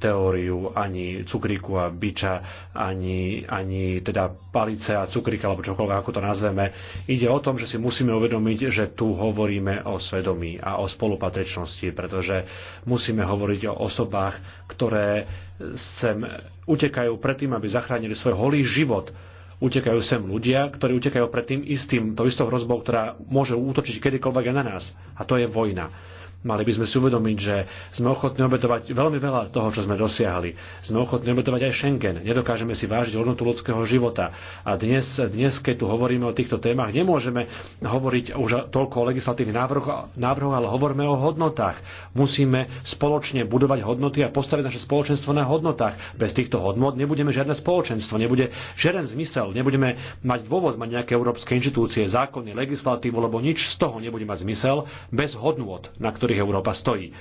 teóriu ani cukríku a biča, ani, ani teda palice a cukríka, alebo čokoľvek, ako to nazveme. Ide o tom, že si musíme uvedomiť, že tu hovoríme o svedomí a o spolupatričnosti, pretože musíme hovoriť o osobách, ktoré sem utekajú predtým, aby zachránili svoj holý život utekajú sem ľudia, ktorí utekajú pred tým istým, tou istou hrozbou, ktorá môže útočiť kedykoľvek aj na nás. A to je vojna. Mali by sme si uvedomiť, že sme ochotní obetovať veľmi veľa toho, čo sme dosiahli. Sme ochotní obetovať aj Schengen. Nedokážeme si vážiť hodnotu ľudského života. A dnes, dnes, keď tu hovoríme o týchto témach, nemôžeme hovoriť už toľko o legislatívnych návrhoch, návrho, ale hovoríme o hodnotách. Musíme spoločne budovať hodnoty a postaviť naše spoločenstvo na hodnotách. Bez týchto hodnot nebudeme žiadne spoločenstvo, nebude žiaden zmysel, nebudeme mať dôvod mať nejaké európske inštitúcie, zákony, legislatívu, lebo nič z toho nebude mať zmysel bez hodnôt, na ktorých ktorých Európa stojí.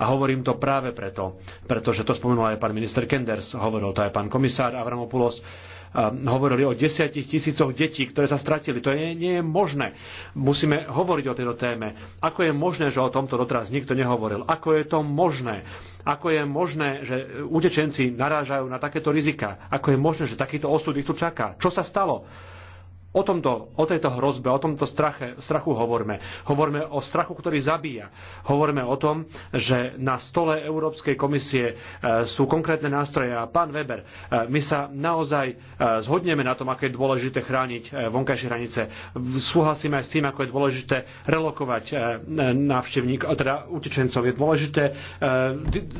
A hovorím to práve preto, pretože to spomenul aj pán minister Kenders, hovoril to aj pán komisár Avramopoulos, hovorili o desiatich tisícoch detí, ktoré sa stratili. To nie, nie je možné. Musíme hovoriť o tejto téme. Ako je možné, že o tomto doteraz nikto nehovoril? Ako je to možné? Ako je možné, že utečenci narážajú na takéto rizika? Ako je možné, že takýto osud ich tu čaká? Čo sa stalo? O, tomto, o tejto hrozbe, o tomto strache, strachu hovorme. Hovorme o strachu, ktorý zabíja. Hovorme o tom, že na stole Európskej komisie e, sú konkrétne nástroje. A pán Weber, e, my sa naozaj e, zhodneme na tom, aké je dôležité chrániť vonkajšie hranice. Súhlasíme aj s tým, ako je dôležité relokovať návštevník, teda utečencov. Je dôležité,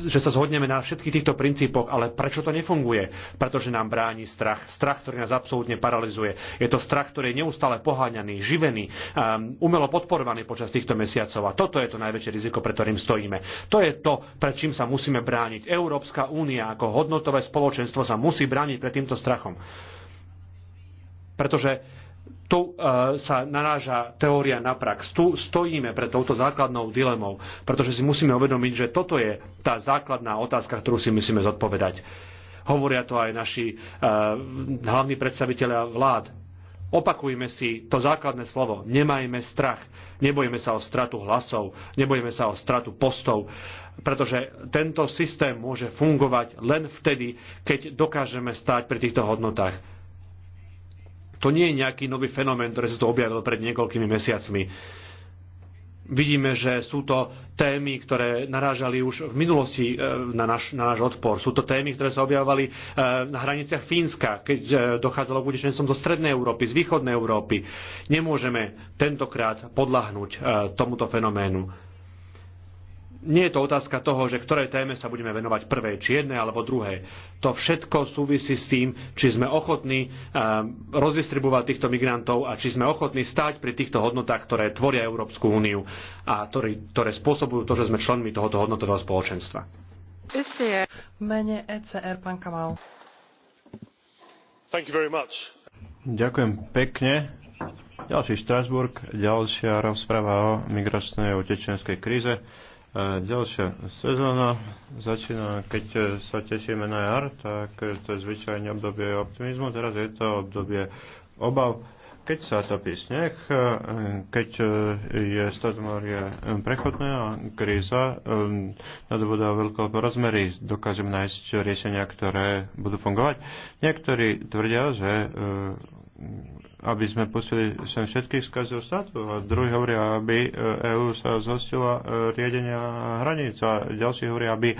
že sa zhodneme na všetkých týchto princípoch, ale prečo to nefunguje? Pretože nám bráni strach. Strach, ktorý nás absolútne paralizuje. Je to strach, strach, ktorý je neustále poháňaný, živený, um, umelo podporovaný počas týchto mesiacov. A toto je to najväčšie riziko, pre ktorým stojíme. To je to, pred čím sa musíme brániť. Európska únia ako hodnotové spoločenstvo sa musí brániť pred týmto strachom. Pretože tu uh, sa naráža teória na prax. Tu stojíme pred touto základnou dilemou, pretože si musíme uvedomiť, že toto je tá základná otázka, ktorú si musíme zodpovedať. Hovoria to aj naši uh, hlavní predstaviteľia vlád. Opakujme si to základné slovo. Nemajme strach. Nebojme sa o stratu hlasov, nebojme sa o stratu postov, pretože tento systém môže fungovať len vtedy, keď dokážeme stáť pri týchto hodnotách. To nie je nejaký nový fenomén, ktorý sa tu objavil pred niekoľkými mesiacmi Vidíme, že sú to témy, ktoré narážali už v minulosti e, na náš, na náš odpor. Sú to témy, ktoré sa objavovali e, na hraniciach Fínska, keď e, dochádzalo k utečencom zo Strednej Európy, z Východnej Európy. Nemôžeme tentokrát podľahnúť tomuto fenoménu nie je to otázka toho, že ktorej téme sa budeme venovať prvej, či jednej alebo druhej. To všetko súvisí s tým, či sme ochotní eh, rozdistribovať týchto migrantov a či sme ochotní stať pri týchto hodnotách, ktoré tvoria Európsku úniu a ktoré, ktoré spôsobujú to, že sme členmi tohoto hodnotového spoločenstva. mene ECR, pán Kamal. Thank you very much. Ďakujem pekne. Ďalší Štrasburg, ďalšia rozpráva o migračnej a utečenskej kríze Ďalšia sezóna začína, keď e, sa tešíme na jar, tak e, to je zvyčajne obdobie optimizmu, teraz je to obdobie obav. Keď sa topí sneh, e, keď je morie prechodné a kríza nadobudá veľké rozmery, dokážeme nájsť riešenia, ktoré budú fungovať. Niektorí tvrdia, že aby sme pustili sem všetkých z štátu. A druhý hovoria, aby EÚ e sa zhostila e, riadenia hraníc. A ďalší hovoria, aby e,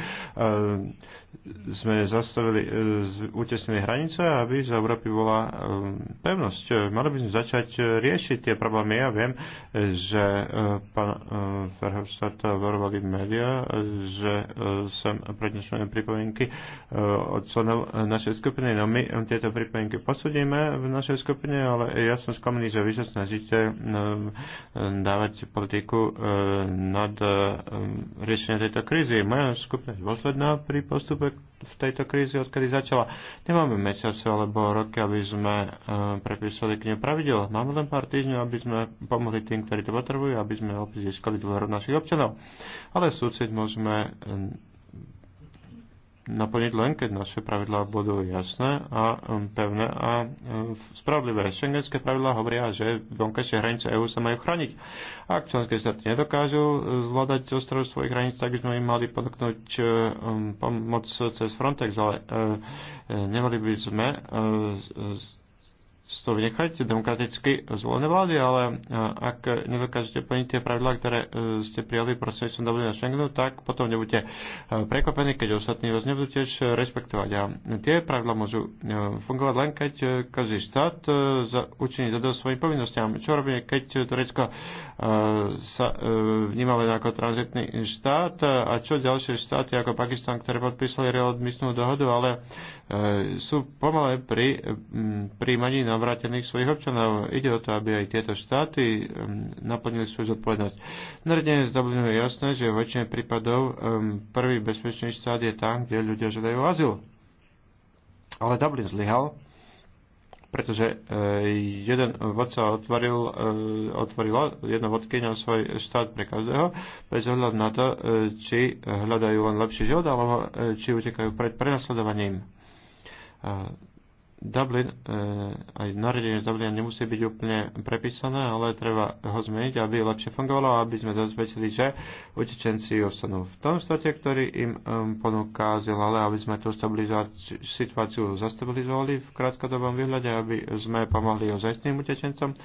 sme zastavili, e, utesnili hranice, aby z Európy bola e, pevnosť. E, mali by sme začať riešiť tie problémy. Ja viem, že pán Verhofstadt varovali médiá, že sem prednesujeme pripomienky od členov našej skupiny. No my tieto pripomienky posudíme v našej skupine, ale ja som sklamený, že vy sa snažíte dávať politiku nad riešenie tejto krízy. Moja skupina je dôsledná pri postupu dobe, v tejto krízi, odkedy začala. Nemáme mesiace alebo roky, aby sme e, prepísali k nej pravidel. Máme len pár týždňov, aby sme pomohli tým, ktorí to potrebujú, aby sme opäť získali dôveru našich občanov. Ale súcit môžeme naplniť len, keď naše pravidlá budú jasné a um, pevné a um, spravodlivé. Schengenské pravidlá hovoria, že vonkajšie hranice EÚ sa majú chrániť. Ak členské štáty nedokážu uh, zvládať ostrov svojich hraníc, tak by sme im mali podoknúť uh, um, pomoc cez Frontex, ale uh, nemali by sme to vynechať, demokraticky zvolené vlády, ale e, ak nedokážete plniť tie pravidlá, ktoré e, ste prijali prostredníctvom Dublina Schengenu, tak potom nebudete e, prekvapení, keď ostatní vás nebudú tiež rešpektovať. A tie pravidlá môžu fungovať len, keď každý štát učiní zadosť svojim povinnostiam. Čo robíme, keď Turecko sa vníma len ako tranzitný štát a čo ďalšie štáty ako Pakistan, ktoré podpísali readmisnú dohodu, ale sú pomalé pri príjmaní na navrátených svojich občanov. Ide o to, aby aj tieto štáty um, naplnili svoju zodpovednosť. Nariadenie z Dublinu je jasné, že v väčšine prípadov um, prvý bezpečný štát je tam, kde ľudia žiadajú azyl. Ale Dublin zlyhal, pretože eh, jeden vodca otvoril, eh, otvoril jedno vodkynia svoj štát pre každého, bez ohľadu na to, eh, či hľadajú len lepší život, alebo či utekajú pred prenasledovaním Dublin, e, aj nariadenie z Dublina nemusí byť úplne prepísané, ale treba ho zmeniť, aby lepšie fungovalo aby sme dozvedeli, že utečenci ostanú v tom štáte, ktorý im um, ponúka azyl, ale aby sme tú situáciu zastabilizovali v krátkodobom výhľade, aby sme pomohli ozajstným utečencom.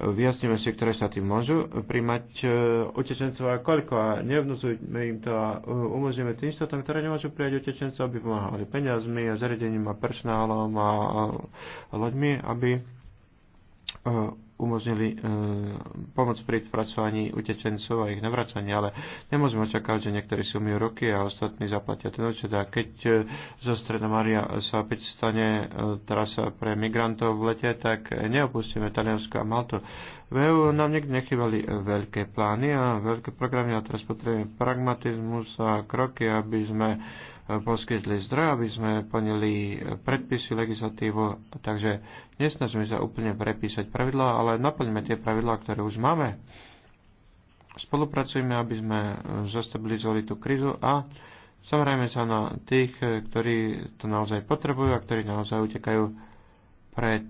Vyjasníme si, ktoré štáty môžu príjmať uh, utečencov a koľko a nevnúzujme im to a uh, umožníme tým štátom, ktoré nemôžu prijať utečencov, aby pomáhali peniazmi a zariadením a personálom a, a loďmi, aby uh, umožnili e, pomoc pri pracovaní utečencov a ich navracanie, ale nemôžeme očakávať, že niektorí si mi roky a ostatní zaplatia ten účet. A keď e, zo Stredná Maria sa opäť stane e, trasa pre migrantov v lete, tak neopustíme Taliansko a Malto. V EU nám nikdy nechybali veľké plány a veľké programy a teraz potrebujeme pragmatizmus a kroky, aby sme poskytli zdroj, aby sme plnili predpisy, legislatívu. Takže nesnažíme sa úplne prepísať pravidlá, ale naplňme tie pravidlá, ktoré už máme. Spolupracujeme, aby sme zastabilizovali tú krizu a zamerajme sa na tých, ktorí to naozaj potrebujú a ktorí naozaj utekajú pred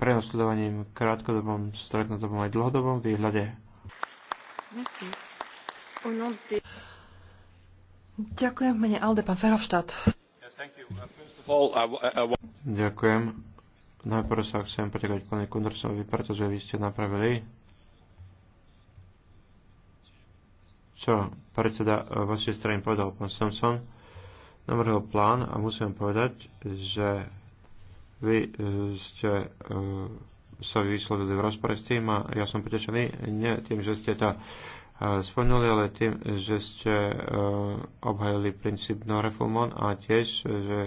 prenosledovaním krátkodobom, strednodobom aj dlhodobom výhľade. Merci. Ďakujem mene Alde, pán Ferovštát. Ďakujem. Najprv sa chcem poďakovať pani Kundersovi, pretože vy ste napravili čo predseda vašej strany povedal pán Samson, navrhol plán a musím povedať, že vy e, ste e, sa vyslovili v rozpore s tým a ja som potešený nie tým, že ste to spomenuli, ale tým, že ste e, obhajili princíp Norefumon a tiež, že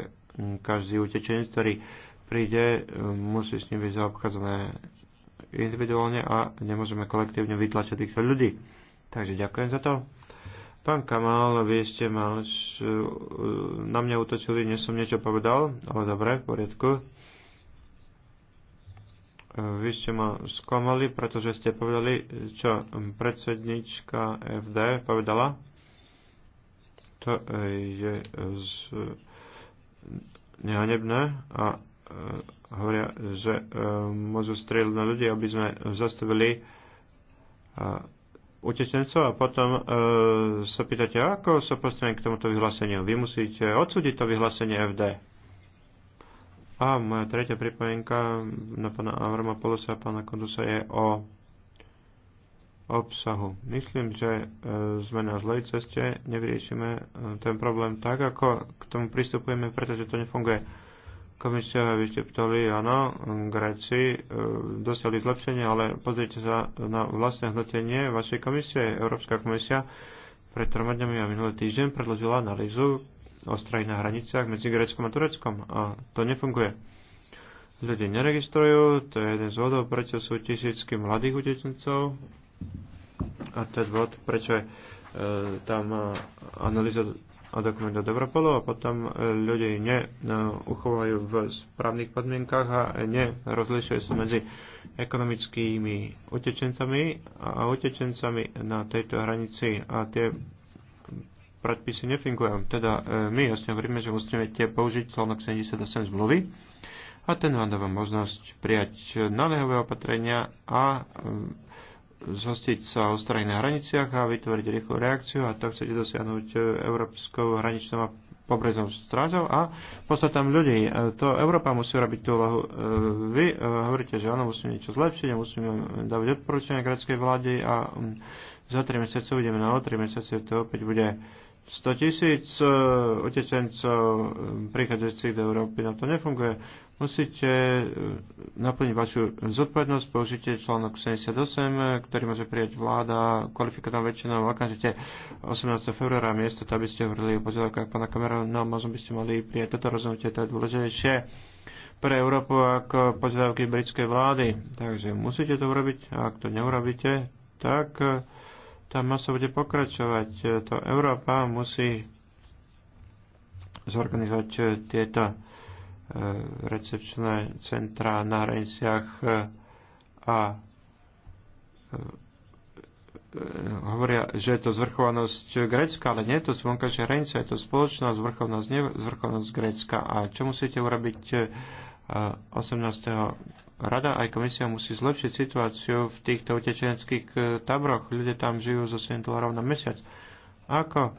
každý utečenec, ktorý príde, e, musí s ním byť zaobchádzané individuálne a nemôžeme kolektívne vytlačať týchto ľudí. Takže ďakujem za to. Pán Kamal, vy ste ma e, na mňa utočili, nie som niečo povedal, ale dobre, v poriadku. Vy ste ma sklamali, pretože ste povedali, čo predsednička FD povedala. To e, je z... nehanebné a e, hovoria, že e, môžu strieľať na ľudí, aby sme zastavili utečencov a potom e, sa pýtate, ako sa postavím k tomuto vyhláseniu. Vy musíte odsúdiť to vyhlásenie FD. A moja tretia pripojenka na pána Avrama Polosa a pána Kondusa je o obsahu. Myslím, že e, sme na zlej ceste, nevyriešime e, ten problém tak, ako k tomu pristupujeme, pretože to nefunguje. Komisia, vy ste ptali, áno, Gréci e, zlepšenie, ale pozrite sa na vlastné hodnotenie vašej komisie. Európska komisia pred troma dňami a minulý týždeň predložila analýzu, ostraj na hraniciach medzi Greckom a Tureckom a to nefunguje. Ľudia neregistrujú, to je jeden z vodov, prečo sú tisícky mladých utečencov a je vod, prečo je e, tam e, analýza a dokument do Europolu a potom e, ľudia neuchovajú e, v správnych podmienkach a nerozlišuje sa medzi ekonomickými utečencami a utečencami na tejto hranici a tie predpisy nefungujú. Teda e, my jasne hovoríme, že musíte použiť článok 78 zmluvy a ten vám dáva možnosť prijať naliehové opatrenia a e, zhostiť sa o strany na hraniciach a vytvoriť rýchlu reakciu a to chcete dosiahnuť e, Európskou hraničnou a pobreznou strážou a poslať tam ľudí. To Európa musí robiť tú úlohu. Vy hovoríte, že áno, musíme niečo zlepšiť a musíme dávať odporúčania greckej vláde a mm, za 3 mesiace uvidíme na o 3 mesiace to opäť bude 100 tisíc e, utečencov e, prichádzajúcich do Európy. No to nefunguje. Musíte e, naplniť vašu zodpovednosť, použite článok 78, ktorý môže prijať vláda kvalifikovanou väčšinou okamžite 18. februára miesto, aby ste hovorili o požiadavkách pána kamera, no, možno by ste mali prijať toto rozhodnutie, to je dôležitejšie pre Európu ako požiadavky britskej vlády. Takže musíte to urobiť, a ak to neurobíte, tak tá masa bude pokračovať. To Európa musí zorganizovať tieto e, recepčné centrá na hraniciach e, a e, hovoria, že je to zvrchovanosť Grécka, ale nie je to zvonkajšia hranica, je to spoločná zvrchovanosť, zvrchovanosť Grécka. A čo musíte urobiť 18 rada aj komisia musí zlepšiť situáciu v týchto utečeneckých eh, tabroch, Ľudia tam žijú zo 7 dolárov na mesiac. Ako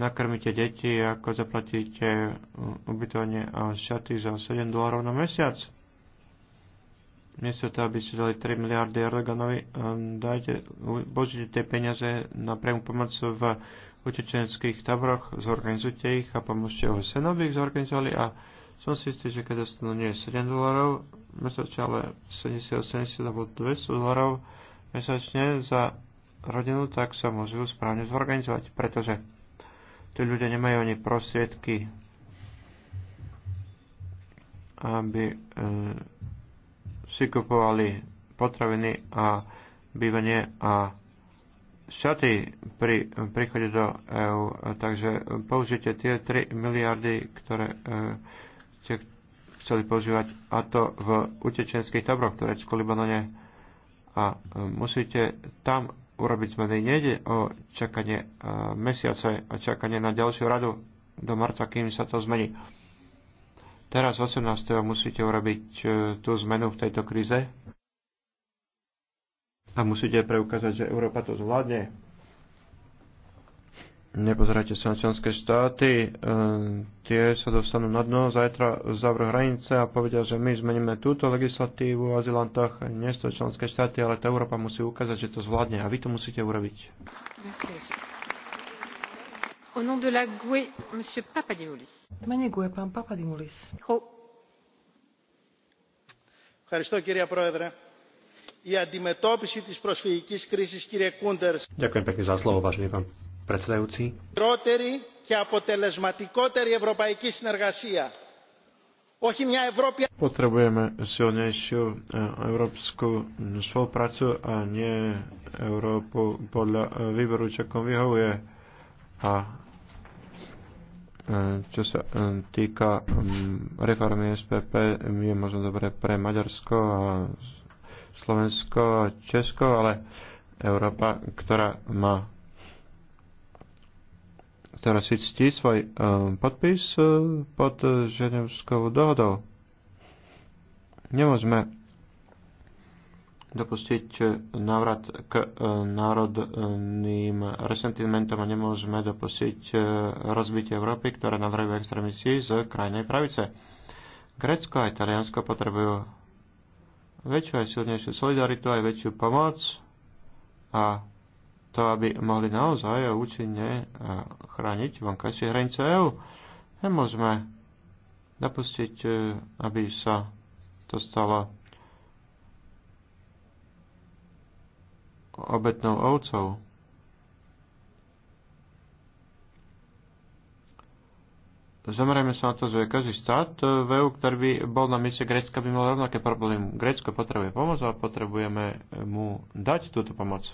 nakrmíte deti, ako zaplatíte eh, ubytovanie a šaty za 7 dolárov na mesiac? Miesto toho, aby ste dali 3 miliardy Erdoganovi, eh, dajte, božite tie peniaze na priamu pomoc v utečeneckých tabroch, zorganizujte ich a pomôžte OSN, aby ich zorganizovali a som si istý, že keď dostanú nie 7 dolarov mesačne, ale 70, 80 alebo 200 dolarov mesačne za rodinu, tak sa môžu správne zorganizovať, pretože tí ľudia nemajú ani prostriedky, aby e, si kupovali potraviny a bývanie a šaty pri príchode do EÚ. Takže použite tie 3 miliardy, ktoré e, chceli používať, a to v utečenských táboroch v Libanone. A e, musíte tam urobiť zmeny. Nejde o čakanie e, mesiace a čakanie na ďalšiu radu do marca, kým sa to zmení. Teraz 18. musíte urobiť e, tú zmenu v tejto kríze a musíte preukázať, že Európa to zvládne nepozerajte sa na členské štáty, e, tie sa dostanú na dno, zajtra zavrú hranice a povedia, že my zmeníme túto legislatívu v azilantách, nie sú členské štáty, ale tá Európa musí ukázať, že to zvládne a vy to musíte urobiť. E, mene GUE, pán Ďakujem pekne za slovo, vážený pán Predsedajúci. Potrebujeme silnejšiu e, európsku spoluprácu a nie Európu podľa e, výberu, čo kom vyhovuje. A e, čo sa týka mm, reformy SPP, je možno dobre pre Maďarsko a Slovensko a Česko, ale Európa, ktorá má Teraz si ctí svoj eh, podpis eh, pod ženevskou dohodou. Nemôžeme dopustiť eh, návrat k národným resentimentom a nemôžeme dopustiť rozbitie Európy, ktoré navrhujú extrémisti z krajnej pravice. Grécko a Taliansko potrebujú väčšiu aj silnejšiu solidaritu, aj väčšiu pomoc a to, aby mohli naozaj a účinne chrániť vonkajšie hranice EÚ. Nemôžeme dopustiť, e, aby sa to stalo obetnou ovcov. Zamerajme sa na to, že každý štát v EU, ktorý by bol na mieste Grécka, by mal rovnaké problémy. Grécko potrebuje pomoc a potrebujeme mu dať túto pomoc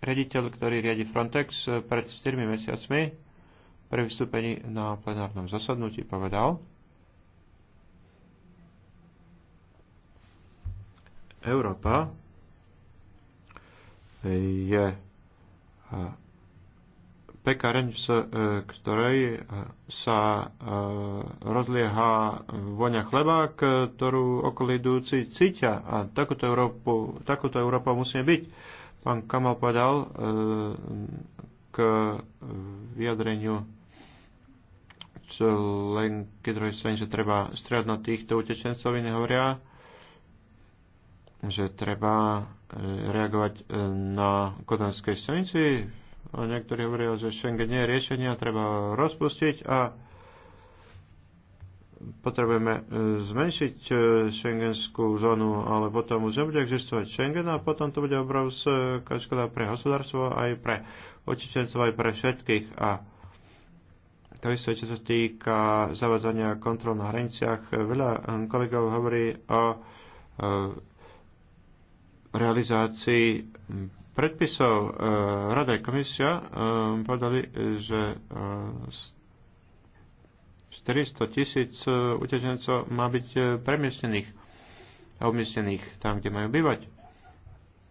riaditeľ, ktorý riadi Frontex eh, pred 4 mesiacmi pri vystúpení na plenárnom zasadnutí povedal, Európa je eh, pekareň, v eh, ktorej sa rozlieha voňa chleba, ktorú okolí idúci cítia. A takúto Európu, takúto Európa musíme byť pán Kamal povedal e, k vyjadreniu keď druhej strany, že treba strieľať na týchto utečencov, iní hovoria, že treba e, reagovať e, na kodanskej stanici a niektorí hovoria, že Schengen nie je riešenie a treba rozpustiť a potrebujeme e, zmenšiť e, šengenskú zónu, ale potom už nebude existovať Schengen a potom to bude obrovská škoda pre hospodárstvo, aj pre očičenstvo, aj pre všetkých. A to isté, čo sa týka zavadzania kontrol na hraniciach, e, veľa kolegov hovorí o realizácii predpisov Rada komisia povedali, že 400 tisíc e, utečencov má byť e, premiestnených a umiestnených tam, kde majú bývať.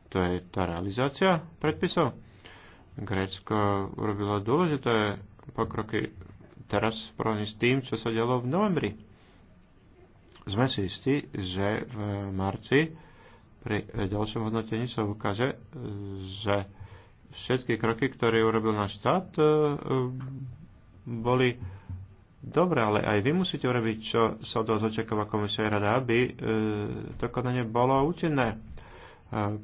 To je tá realizácia predpisov. Grécko urobilo dôležité pokroky teraz v porovnaní s tým, čo sa dialo v novembri. Sme si istí, že v marci pri ďalšom hodnotení sa ukáže, e, že všetky kroky, ktoré urobil náš štát, boli Dobre, ale aj vy musíte urobiť, čo sa od vás očakáva komisia rada, aby e, to konanie bolo účinné. E,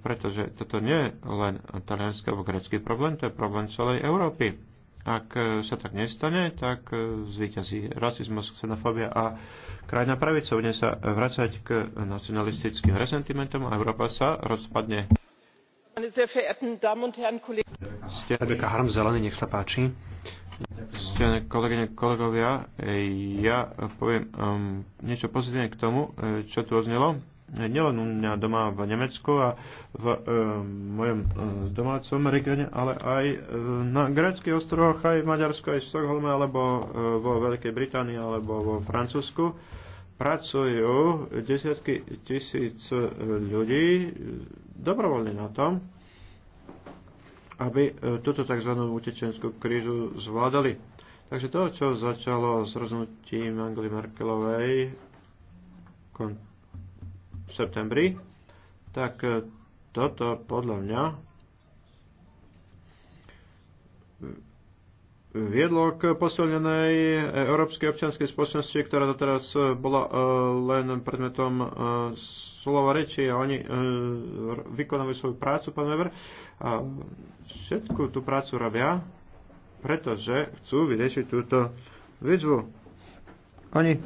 pretože toto nie je len talianský alebo grecký problém, to je problém celej Európy. Ak e, sa tak nestane, tak e, zvíťazí rasizmus, xenofóbia a krajná pravica bude sa vracať k nacionalistickým resentimentom a Európa sa rozpadne. Ste Rebeka Harm, zelený, nech sa páči. Čiže Kolegyne, kolegovia, eh, ja poviem um, niečo pozitívne k tomu, eh, čo tu oznelo. Eh, nielen u mňa doma v Nemecku a v um, mojom domácom regióne, ale aj na gréckých ostrovoch, aj v Maďarsku, aj v Stockholme, alebo vo Veľkej Británii, alebo vo Francúzsku pracujú desiatky tisíc ľudí dobrovoľne na tom, aby e, túto tzv. utečenskú krízu zvládali. Takže to, čo začalo s rozhodnutím Angely Merkelovej v septembri, tak e, toto podľa mňa viedlo k posilnenej európskej občianskej spoločnosti, ktorá doteraz bola e, len predmetom e, slova reči a oni e, vykonávajú svoju prácu, pán Weber. A všetku tú prácu robia, pretože chcú vyriešiť túto výzvu. Oni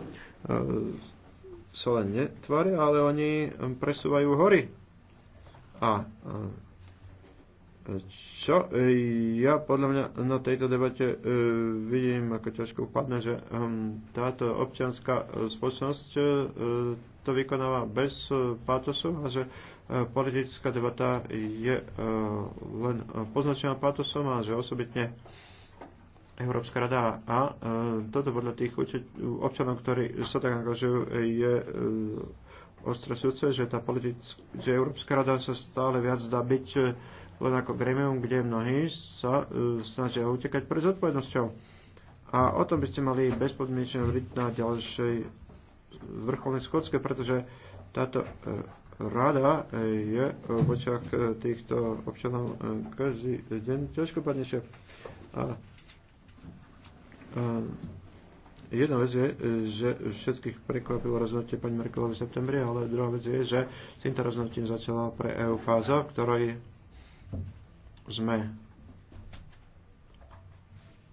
sa len netvoria, ale oni presúvajú hory. A čo e, ja podľa mňa na tejto debate e, vidím ako ťažko upadne, že ehm, táto občianská e, spoločnosť to vykonáva bez pátosu a že politická debata je len poznačená pátosom a že osobitne Európska rada a toto podľa tých občanov, ktorí sa tak angažujú, je ostresujúce, že, tá politická, že Európska rada sa stále viac zdá byť len ako gremium, kde mnohí sa uh, snažia utekať pred zodpovednosťou. A o tom by ste mali bezpodmienečne hovoriť na ďalšej vrcholnej schodke, pretože táto e, rada e, je v očiach týchto občanov každý deň ťažkopadnejšia. A, uh, jedna vec je, že všetkých prekvapilo rozhodnutie pani Merkelovi v septembri, ale druhá vec je, že s týmto rozhodnutím začala pre EU fáza, v ktorej sme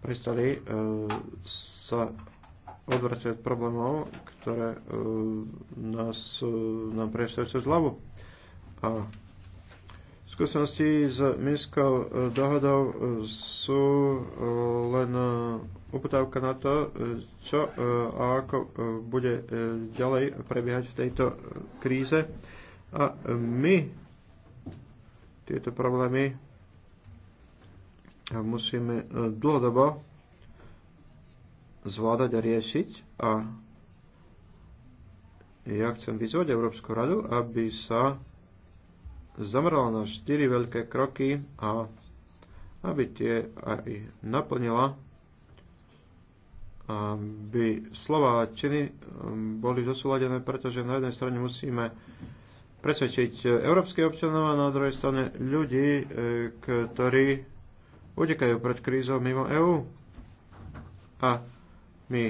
prestali e, sa odvracať od problémov, ktoré e, nás, e, nám prešli cez hlavu. A skúsenosti s Minskou dohodou sú len uputávka na to, čo a ako bude ďalej prebiehať v tejto kríze. A my tieto problémy musíme e, dlhodobo zvládať a riešiť a ja chcem vyzvať Európsku radu, aby sa zamerala na štyri veľké kroky a aby tie aj naplnila, aby slova a činy e, boli zosúladené, pretože na jednej strane musíme presvedčiť európskych občanov a na druhej strane ľudí, e, ktorí utekajú pred krízou mimo EÚ. A my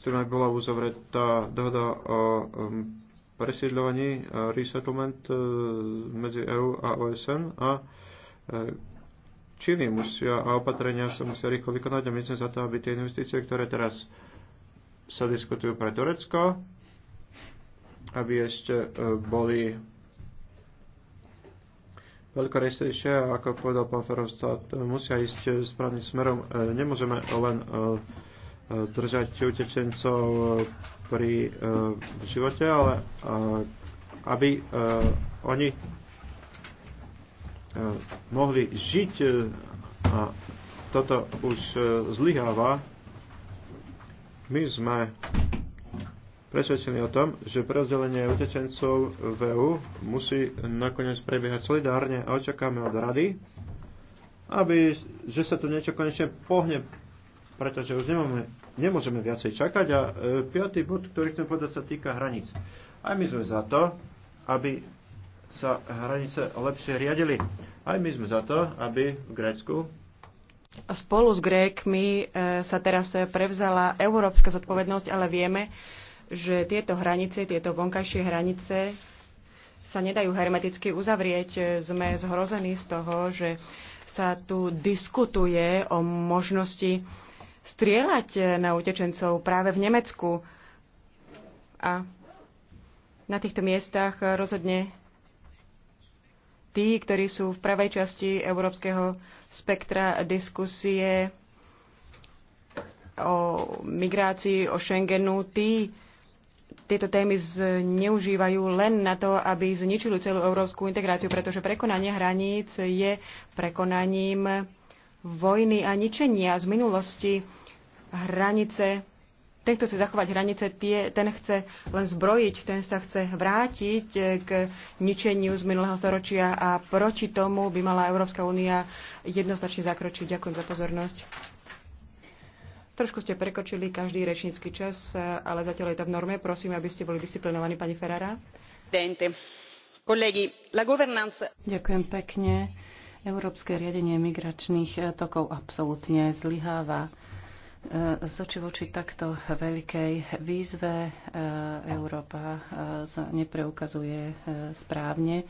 chceme, aby bola uzavretá dohoda o um, presídľovaní, a resettlement uh, medzi EÚ a OSN a uh, e, činy musia a opatrenia sa musia rýchlo vykonať a my sme za to, aby tie investície, ktoré teraz sa diskutujú pre Turecko, aby ešte e, boli veľkorysejšie, ako povedal pán Ferovstad, musia ísť správnym smerom. E, nemôžeme len e, e, držať utečencov pri živote, ale aby oni mohli žiť a toto už zlyháva. My sme presvedčený o tom, že prerozdelenie utečencov v EU musí nakoniec prebiehať solidárne a očakáme od rady, aby, že sa tu niečo konečne pohne, pretože už nemáme, nemôžeme viacej čakať. A e, piatý bod, ktorý chcem povedať, sa týka hraníc. Aj my sme za to, aby sa hranice lepšie riadili. Aj my sme za to, aby v Grécku spolu s Grékmi e, sa teraz e, prevzala európska zodpovednosť, ale vieme, že tieto hranice, tieto vonkajšie hranice sa nedajú hermeticky uzavrieť. Sme zhrození z toho, že sa tu diskutuje o možnosti strieľať eh, na utečencov práve v Nemecku. A na týchto miestach rozhodne tí, ktorí sú v pravej časti európskeho spektra diskusie o migrácii, o Schengenu, tí tieto témy zneužívajú len na to, aby zničili celú európsku integráciu, pretože prekonanie hraníc je prekonaním vojny a ničenia z minulosti hranice. Ten, kto chce zachovať hranice, tie, ten chce len zbrojiť, ten sa chce vrátiť k ničeniu z minulého storočia a proti tomu by mala Európska únia jednoznačne zakročiť. Ďakujem za pozornosť. Trošku ste prekočili každý rečnícky čas, ale zatiaľ je to v norme. Prosím, aby ste boli disciplinovaní, pani Ferrara. Ďakujem pekne. Európske riadenie migračných tokov absolútne zlyháva. E, z oči voči takto veľkej výzve e, Európa sa e, nepreukazuje správne,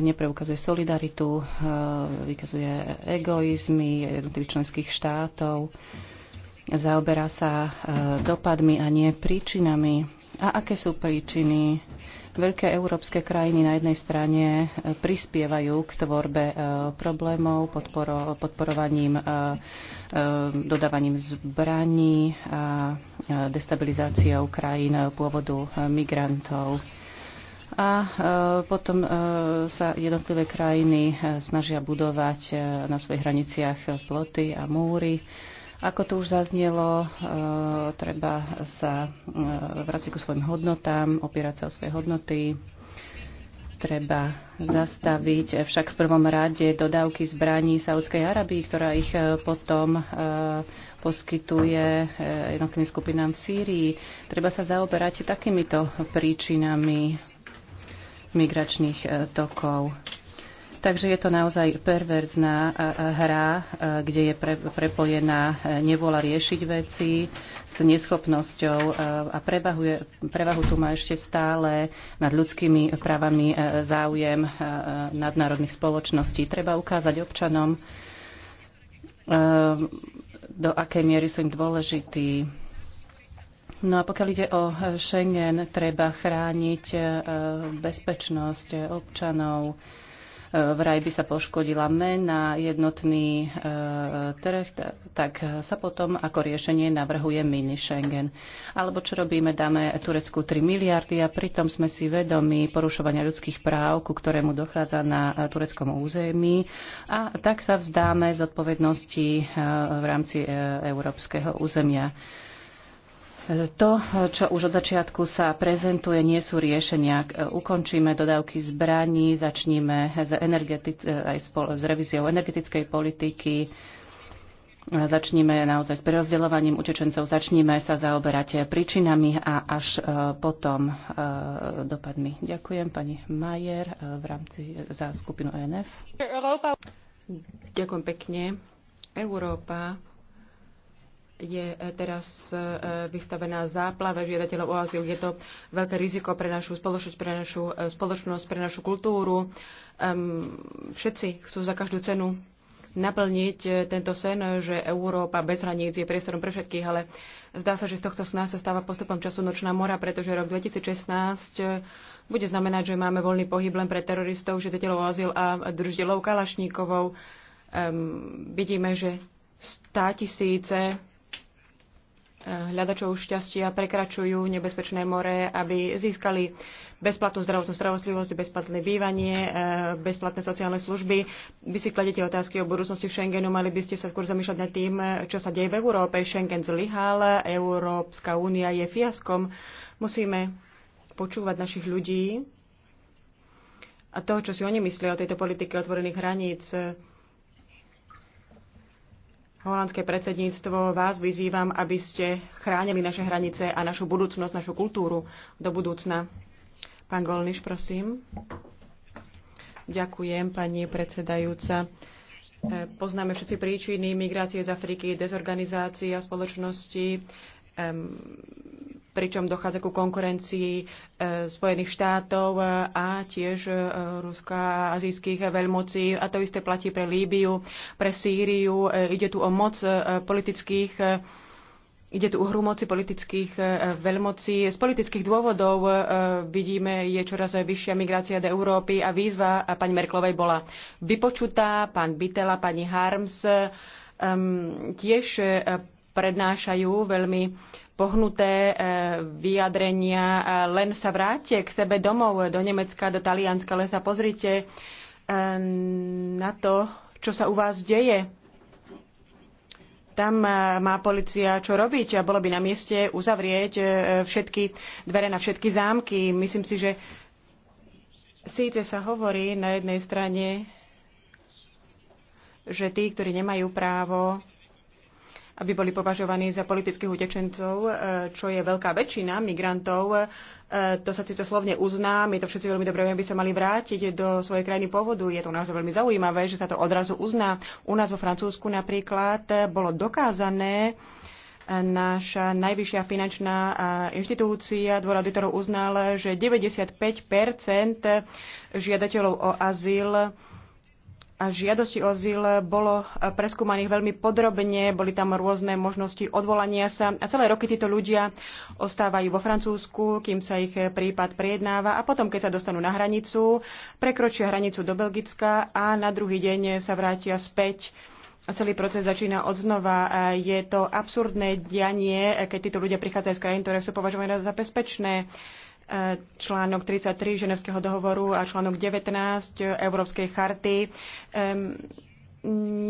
nepreukazuje solidaritu, vykazuje egoizmy jednotlivých členských štátov zaoberá sa e, dopadmi a nie príčinami. A aké sú príčiny? Veľké európske krajiny na jednej strane e, prispievajú k tvorbe e, problémov podporo, podporovaním, dodávaním zbraní a destabilizáciou krajín pôvodu migrantov a potom sa jednotlivé krajiny snažia budovať na svojich hraniciach ploty a múry ako to už zaznelo, e, treba sa e, vrátiť ku svojim hodnotám, opierať sa o svoje hodnoty, treba zastaviť však v prvom rade dodávky zbraní Saudskej Arabii, ktorá ich e, potom poskytuje jednotlivým skupinám v Sýrii. Treba sa zaoberať takýmito príčinami migračných tokov. Takže je to naozaj perverzná e, e, hra, e, kde je pre, prepojená nevola riešiť veci s neschopnosťou a prevahuje, prevahu tu má ešte stále nad ľudskými právami záujem nadnárodných spoločností. Treba ukázať občanom, do akej miery sú im dôležití. No a pokiaľ ide o Schengen, treba chrániť bezpečnosť občanov, vraj by sa poškodila mena, jednotný eh, trh, tak sa potom ako riešenie navrhuje mini Schengen. Alebo čo robíme, dáme Turecku 3 miliardy a pritom sme si vedomi porušovania ľudských práv, ku ktorému dochádza na eh, tureckom území a tak sa vzdáme zodpovednosti eh, v rámci európskeho územia. To, čo už od začiatku sa prezentuje, nie sú riešenia. E, ukončíme dodávky zbraní, začníme s, e, aj spolo, s revíziou energetickej politiky, začníme naozaj s prerozdeľovaním utečencov, začníme sa zaoberať príčinami a až e, potom dopadmi. Ďakujem pani Majer v rámci za skupinu ENF. Ďakujem pekne. Európa je e, teraz e, e, vystavená záplave žiadateľov o azyl. Je to veľké riziko pre našu spoločnosť, pre našu spoločnosť, pre našu kultúru. Všetci chcú za každú cenu naplniť tento sen, že Európa bez hraníc je priestorom pre všetkých, ale zdá sa, že z tohto sna sa stáva postupom času nočná mora, pretože rok 2016 bude znamenať, že máme voľný pohyb len pre teroristov, žiadateľov o azyl a držiteľov Kalašníkovou. Um, vidíme, že 100 tisíce hľadačov šťastia prekračujú nebezpečné more, aby získali bezplatnú zdravotnú starostlivosť, bezplatné bývanie, e, bezplatné sociálne služby. Vy si kladete otázky o budúcnosti Schengenu, mali by ste sa skôr zamýšľať nad tým, čo sa deje v Európe. Schengen zlyhal, Európska únia je fiaskom. Musíme počúvať našich ľudí a toho, čo si oni myslia o tejto politike otvorených hraníc holandské predsedníctvo vás vyzývam, aby ste chránili naše hranice a našu budúcnosť, našu kultúru do budúcna. Pán Golniš, prosím. Ďakujem, pani predsedajúca. E, poznáme všetci príčiny migrácie z Afriky, dezorganizácia spoločnosti, pričom dochádza ku konkurencii e, Spojených štátov e, a tiež e, Ruska a azijských veľmocí. A to isté platí pre Líbiu, pre Sýriu. Ide tu o moc politických Ide tu o hru moci politických veľmocí. Z politických dôvodov vidíme, je čoraz vyššia migrácia do Európy a výzva a pani Merklovej bola vypočutá, pán Bitela, pani Harms um, tiež prednášajú veľmi pohnuté e, vyjadrenia. E, len sa vráte k sebe domov, do Nemecka, do Talianska, len sa pozrite e, na to, čo sa u vás deje. Tam má policia čo robiť a bolo by na mieste uzavrieť všetky dvere na všetky zámky. Myslím si, že síce sa hovorí na jednej strane, že tí, ktorí nemajú právo aby boli považovaní za politických utečencov, e, čo je veľká väčšina migrantov. E, to sa síce slovne uzná, my to všetci veľmi dobre vieme, aby sa mali vrátiť do svojej krajiny pôvodu. Je to naozaj veľmi zaujímavé, že sa to odrazu uzná. U nás vo Francúzsku napríklad bolo dokázané, e, naša najvyššia finančná inštitúcia dvor auditorov uznal, že 95 žiadateľov o azyl a žiadosti o azyl bolo e, preskúmaných veľmi podrobne, boli tam rôzne možnosti odvolania sa a celé roky títo ľudia ostávajú vo Francúzsku, kým sa ich e, prípad prejednáva a potom, keď sa dostanú na hranicu, prekročia hranicu do Belgicka a na druhý deň sa vrátia späť a celý proces začína od znova. E, je to absurdné dianie, keď títo ľudia prichádzajú z krajín, ktoré sú považované za bezpečné článok 33 Ženevského dohovoru a článok 19 Európskej charty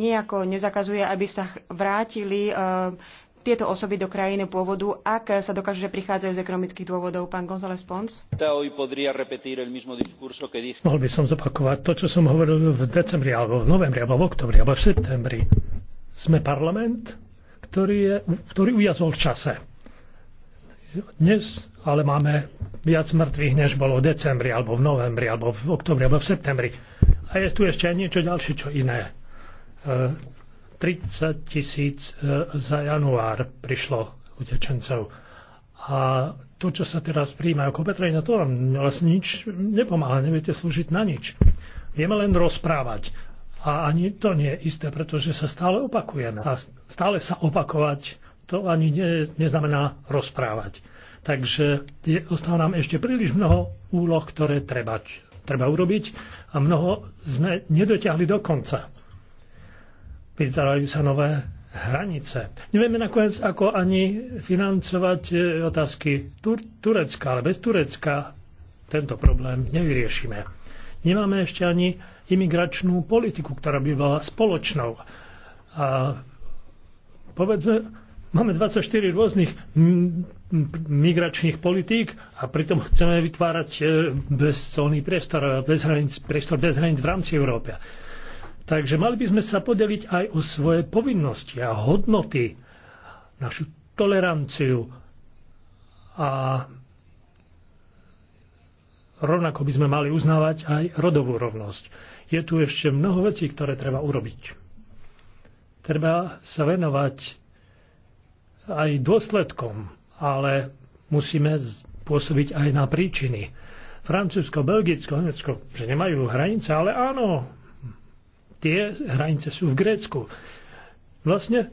nejako nezakazuje, aby sa vrátili eh, tieto osoby do krajiny pôvodu, ak sa dokáže, že prichádzajú z ekonomických dôvodov. Pán González Pons. Mohol by som zopakovať to, čo som hovoril v decembri, alebo v novembri, alebo v oktobri, alebo v septembri. Sme parlament, ktorý, je, ktorý ujazol v čase. Dnes ale máme viac mŕtvych, než bolo v decembri, alebo v novembri, alebo v oktobri, alebo v septembri. A je tu ešte aj niečo ďalšie, čo iné. 30 e, tisíc e, za január prišlo utečencov. A to, čo sa teraz príjma ako opatrenia, to vám vlastne nič nepomáha, neviete slúžiť na nič. Vieme len rozprávať. A ani to nie je isté, pretože sa stále opakujeme. A stále sa opakovať to ani ne, neznamená rozprávať. Takže je, ostáva nám ešte príliš mnoho úloh, ktoré treba, treba urobiť a mnoho sme nedotiahli do konca. Vytvárajú sa nové hranice. Nevieme nakoniec, ako ani financovať e, otázky Tur- Turecka, ale bez Turecka tento problém nevyriešime. Nemáme ešte ani imigračnú politiku, ktorá by bola spoločnou. A povedzme, Máme 24 rôznych migračných politík a pritom chceme vytvárať e, bezcolný priestor, e, bez hranic, priestor bez hraníc v rámci Európy. Takže mali by sme sa podeliť aj o svoje povinnosti a hodnoty, našu toleranciu a rovnako by sme mali uznávať aj rodovú rovnosť. Je tu ešte mnoho vecí, ktoré treba urobiť. Treba sa venovať aj dôsledkom, ale musíme pôsobiť aj na príčiny. Francúzsko, Belgicko, Nemecko, že nemajú hranice, ale áno, tie hranice sú v Grécku. Vlastne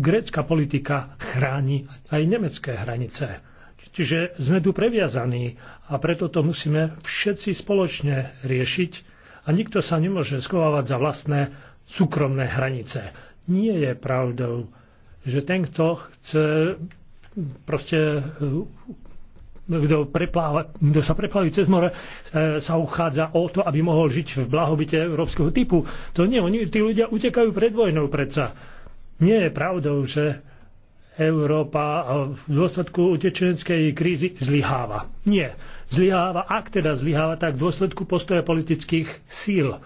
grécka politika chráni aj nemecké hranice. Čiže sme tu previazaní a preto to musíme všetci spoločne riešiť a nikto sa nemôže schovávať za vlastné súkromné hranice. Nie je pravdou, že ten, kto chce proste e, kto, prepláva, kto sa preplaví cez more, e, sa uchádza o to, aby mohol žiť v blahobite európskeho typu. To nie, oni, tí ľudia utekajú pred vojnou predsa. Nie je pravdou, že Európa v dôsledku utečeneckej krízy zlyháva. Nie. Zlyháva, ak teda zlyháva, tak v dôsledku postoja politických síl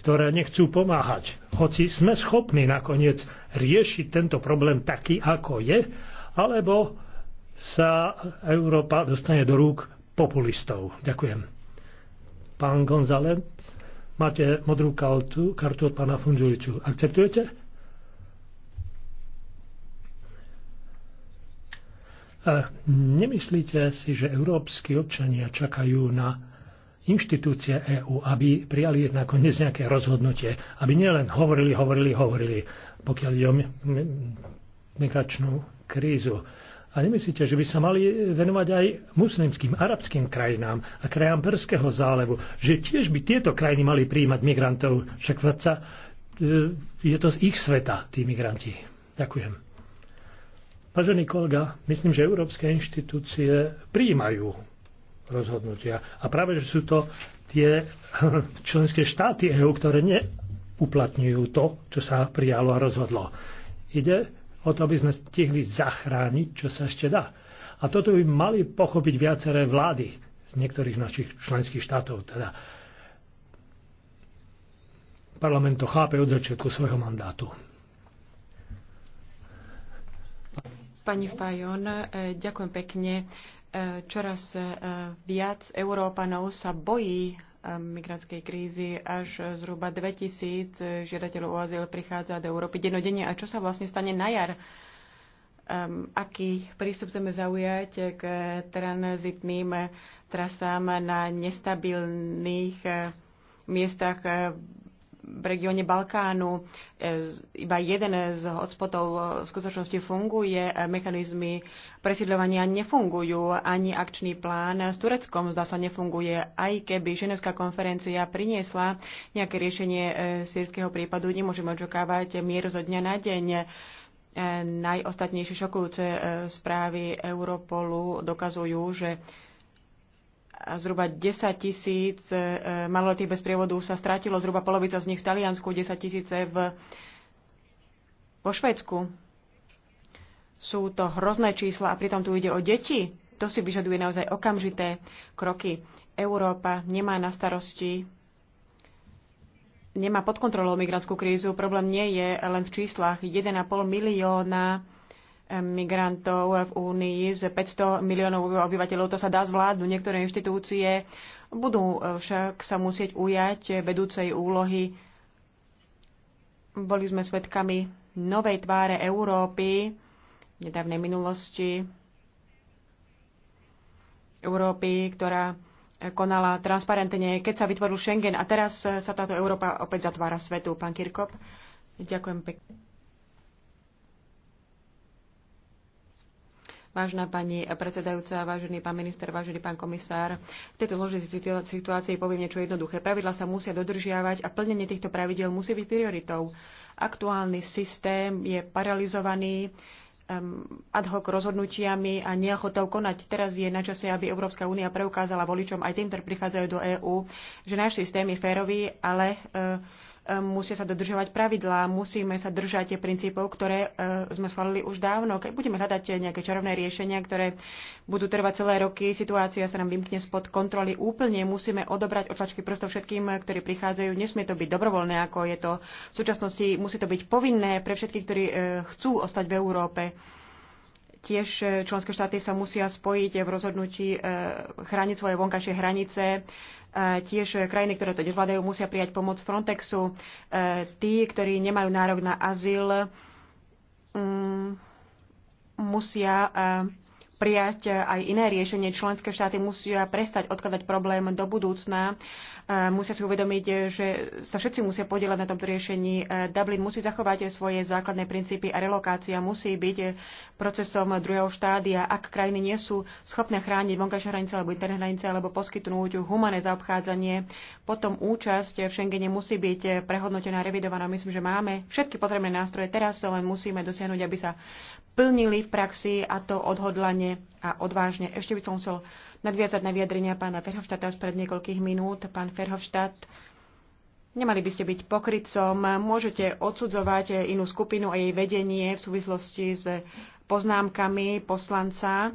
ktoré nechcú pomáhať. Hoci sme schopní nakoniec riešiť tento problém taký, ako je, alebo sa Európa dostane do rúk populistov. Ďakujem. Pán Gonzalez, máte modrú kartu, kartu od pána Funžuliču. Akceptujete? E, nemyslíte si, že európsky občania čakajú na inštitúcie EÚ, aby prijali nakoniec nejaké rozhodnutie. Aby nielen hovorili, hovorili, hovorili, pokiaľ ide o migračnú krízu. A nemyslíte, že by sa mali venovať aj muslimským, arabským krajinám a krajám Perského zálevu, že tiež by tieto krajiny mali príjmať migrantov, však sa, e, je to z ich sveta, tí migranti. Ďakujem. Vážený kolega, myslím, že európske inštitúcie prijímajú rozhodnutia. A práve, že sú to tie členské štáty EÚ, ktoré neuplatňujú to, čo sa prijalo a rozhodlo. Ide o to, aby sme stihli zachrániť, čo sa ešte dá. A toto by mali pochopiť viaceré vlády z niektorých našich členských štátov. Teda. Parlament to chápe od začiatku svojho mandátu. Pani Fajon, e, ďakujem pekne. E, čoraz e, viac Európanov sa bojí e, migrantskej krízy. Až zhruba 2000 žiadateľov o azyl prichádza do Európy denodenne. A čo sa vlastne stane na jar? Um, aký prístup chceme zaujať k tranzitným trasám na nestabilných miestach v regióne Balkánu. E, iba jeden z hotspotov e, v skutočnosti funguje, e, mechanizmy presídľovania nefungujú, ani akčný plán s Tureckom zdá sa nefunguje. Aj keby Ženevská konferencia priniesla nejaké riešenie sírskeho prípadu, nemôžeme očakávať mier zo dňa na deň najostatnejšie šokujúce správy Europolu dokazujú, že a zhruba 10 tisíc e, e, maloletých bez prievodu sa stratilo, zhruba polovica z nich v Taliansku, 10 tisíce v, vo Švedsku. Sú to hrozné čísla a pritom tu ide o deti. To si vyžaduje naozaj okamžité kroky. Európa nemá na starosti nemá pod kontrolou migrantskú krízu. Problém nie je len v číslach. 1,5 milióna migrantov v Únii z 500 miliónov obyvateľov. To sa dá zvládnuť. Niektoré inštitúcie budú však sa musieť ujať vedúcej úlohy. Boli sme svedkami novej tváre Európy v nedávnej minulosti. Európy, ktorá konala transparentne, keď sa vytvoril Schengen a teraz sa táto Európa opäť zatvára svetu. Pán Kirkop, ďakujem pekne. Vážna pani predsedajúca, vážený pán minister, vážený pán komisár, v tejto zložitej situácii poviem niečo jednoduché. Pravidla sa musia dodržiavať a plnenie týchto pravidel musí byť prioritou. Aktuálny systém je paralizovaný ad hoc rozhodnutiami a neochotou konať. Teraz je na čase, aby Európska únia preukázala voličom aj tým, ktorí prichádzajú do EÚ, že náš systém je férový, ale eh, musia sa dodržovať pravidlá, musíme sa držať tie princípov, ktoré e, sme schválili už dávno. Keď budeme hľadať nejaké čarovné riešenia, ktoré budú trvať celé roky, situácia sa nám vymkne spod kontroly úplne, musíme odobrať otlačky prstov všetkým, ktorí prichádzajú. Nesmie to byť dobrovoľné, ako je to v súčasnosti. Musí to byť povinné pre všetkých, ktorí e, chcú ostať v Európe. Tiež e, členské štáty sa musia spojiť v rozhodnutí e, chrániť svoje vonkajšie hranice. E, tiež krajiny, ktoré to nezvládajú, musia prijať pomoc Frontexu. Tí, ktorí nemajú nárok na azyl, mm, musia prijať aj iné riešenie. Členské štáty musia prestať odkladať problém do budúcna musia si uvedomiť, že sa všetci musia podielať na tomto riešení. Dublin musí zachovať svoje základné princípy a relokácia musí byť procesom druhého štádia. Ak krajiny nie sú schopné chrániť vonkajšie hranice alebo interné hranice alebo poskytnúť humané zaobchádzanie, potom účasť v Schengene musí byť prehodnotená, revidovaná. Myslím, že máme všetky potrebné nástroje. Teraz len musíme dosiahnuť, aby sa plnili v praxi a to odhodlane a odvážne. Ešte by som chcel nadviazať na vyjadrenia pána už pred niekoľkých minút. Pán Ferhovštát, nemali by ste byť pokrytcom. Môžete odsudzovať inú skupinu a jej vedenie v súvislosti s poznámkami poslanca,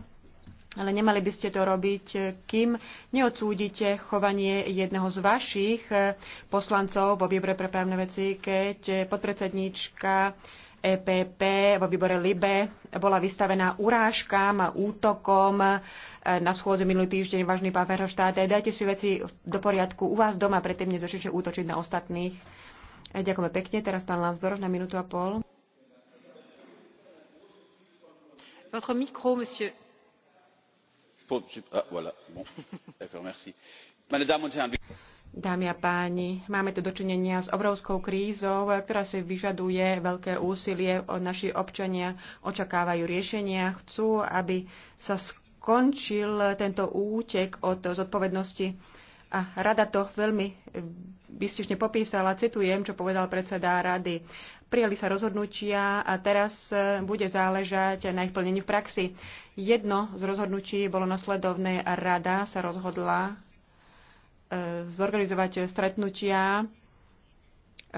ale nemali by ste to robiť, kým neodsúdite chovanie jedného z vašich poslancov vo výbore pre právne veci, keď podpredsedníčka EPP vo výbore LIBE bola vystavená urážkam a útokom e, na schôdze minulý týždeň, vážny pán Verhoštáte. Dajte si veci do poriadku u vás doma, predtým nezačnete útočiť na ostatných. E, ďakujeme pekne. Teraz pán Lamsdorf na minútu a pol. Votre micro, monsieur. Ah, voilà. bon. D'accord, merci. Madame, Dámy a páni, máme tu dočinenia s obrovskou krízou, ktorá si vyžaduje veľké úsilie. Naši občania očakávajú riešenia, chcú, aby sa skončil tento útek od zodpovednosti. A rada to veľmi výstižne popísala. Citujem, čo povedal predseda rady. Prijali sa rozhodnutia a teraz bude záležať na ich plnení v praxi. Jedno z rozhodnutí bolo nasledovné. a Rada sa rozhodla E, zorganizovať stretnutia e,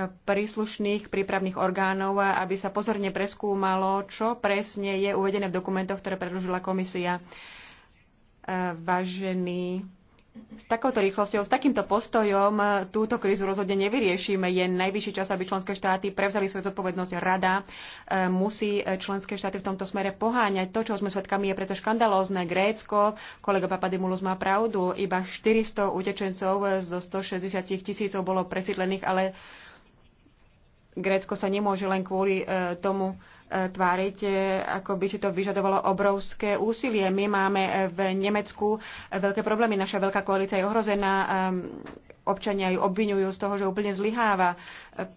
príslušných prípravných orgánov, aby sa pozorne preskúmalo, čo presne je uvedené v dokumentoch, ktoré predložila komisia. E, Vážený s takouto rýchlosťou, s takýmto postojom e, túto krízu rozhodne nevyriešime. Je najvyšší čas, aby členské štáty prevzali svoju zodpovednosť. Rada e, musí e, členské štáty v tomto smere poháňať. To, čo sme svedkami, je preto škandalózne. Grécko, kolega Papadimulus má pravdu, iba 400 utečencov zo 160 tisícov bolo presídlených, ale Grécko sa nemôže len kvôli tomu tváriť, ako by si to vyžadovalo obrovské úsilie. My máme v Nemecku veľké problémy. Naša veľká koalícia je ohrozená občania ju obvinujú z toho, že úplne zlyháva.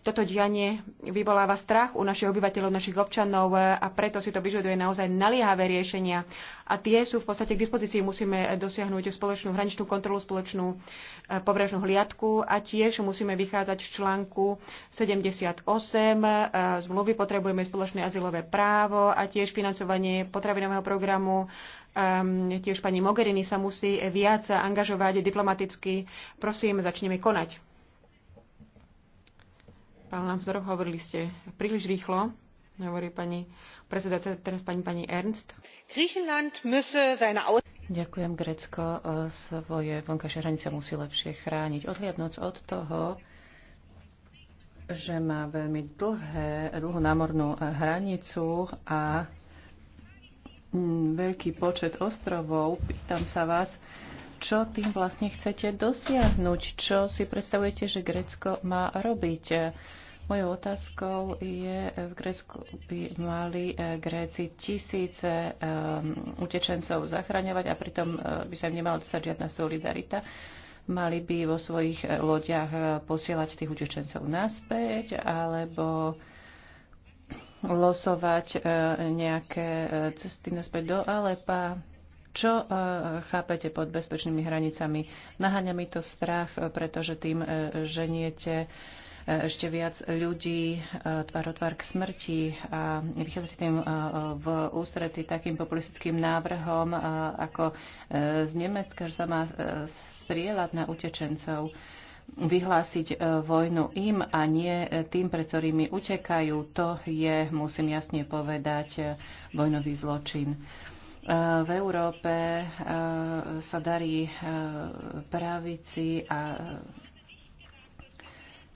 Toto dianie vyvoláva strach u našich obyvateľov, našich občanov a preto si to vyžaduje naozaj naliehavé riešenia. A tie sú v podstate k dispozícii. Musíme dosiahnuť spoločnú hraničnú kontrolu, spoločnú e, pobrežnú hliadku a tiež musíme vychádzať z článku 78 e, zmluvy. Potrebujeme spoločné azylové právo a tiež financovanie potravinového programu tiež pani Mogherini sa musí viac angažovať diplomaticky. Prosím, začneme konať. Pán Lamsdorf, hovorili ste príliš rýchlo, hovorí pani predsedateľ, teraz pani, pani Ernst. Ďakujem, Grécko e, svoje vonkajšie hranice musí lepšie chrániť. Odhliadnúc od toho, že má veľmi dlhé, dlhú námornú hranicu a Mm, veľký počet ostrovov. Pýtam sa vás, čo tým vlastne chcete dosiahnuť? Čo si predstavujete, že Grécko má robiť? Mojou otázkou je, v Grécku by mali eh, Gréci tisíce eh, um, mm, utečencov zachraňovať a pritom eh, by sa im nemala dostať žiadna solidarita. Mali by vo svojich loďach posielať tých utečencov naspäť alebo losovať e, nejaké e, cesty naspäť do Alepa. Čo e, chápete pod bezpečnými hranicami? Naháňa mi to strach, pretože tým ženiete ešte viac ľudí tvár o tvár k smrti a vychádza si tým v ústrety takým populistickým návrhom ako z Nemecka, že sa má strieľať na utečencov vyhlásiť e, vojnu im a nie e, tým, pre ktorými utekajú, to je, musím jasne povedať, e, vojnový zločin. V Európe sa darí pravici a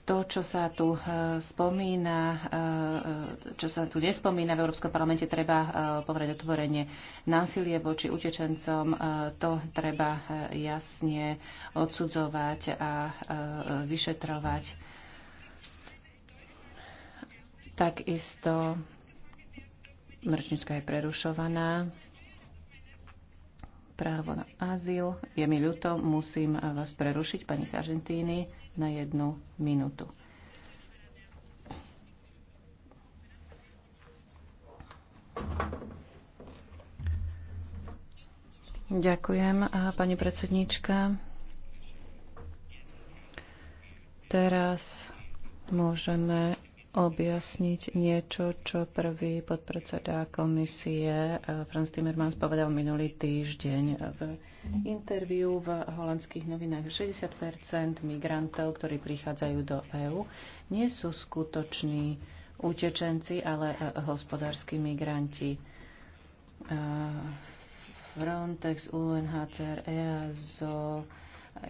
to, čo sa tu e, spomína, e, e, čo sa tu nespomína v Európskom parlamente, treba povedať otvorenie násilie voči utečencom. To treba jasne odsudzovať a vyšetrovať. Takisto mrčnička je prerušovaná právo na azyl. Je mi ľúto, musím vás prerušiť, pani z Argentíny na jednu minútu. Ďakujem, pani predsedníčka. Teraz môžeme objasniť niečo, čo prvý podpredseda komisie eh, Franz Timmermans povedal minulý týždeň v interviu v holandských novinách. 60 migrantov, ktorí prichádzajú do EÚ, nie sú skutoční utečenci, ale eh, hospodárski migranti. Eh, Frontex, UNHCR, EASO,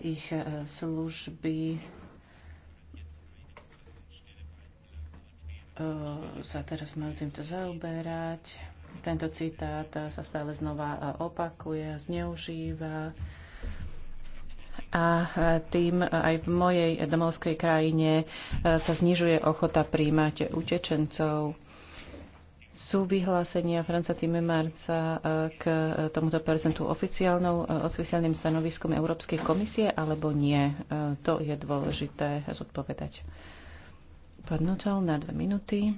ich služby sa teraz majú týmto zaoberať. Tento citát sa stále znova opakuje, zneužíva. A tým aj v mojej domovskej krajine sa znižuje ochota príjmať utečencov. Sú vyhlásenia Franca Timmermansa k tomuto percentu oficiálnou, oficiálnym stanoviskom Európskej komisie, alebo nie? To je dôležité zodpovedať padnutel na dve minuty.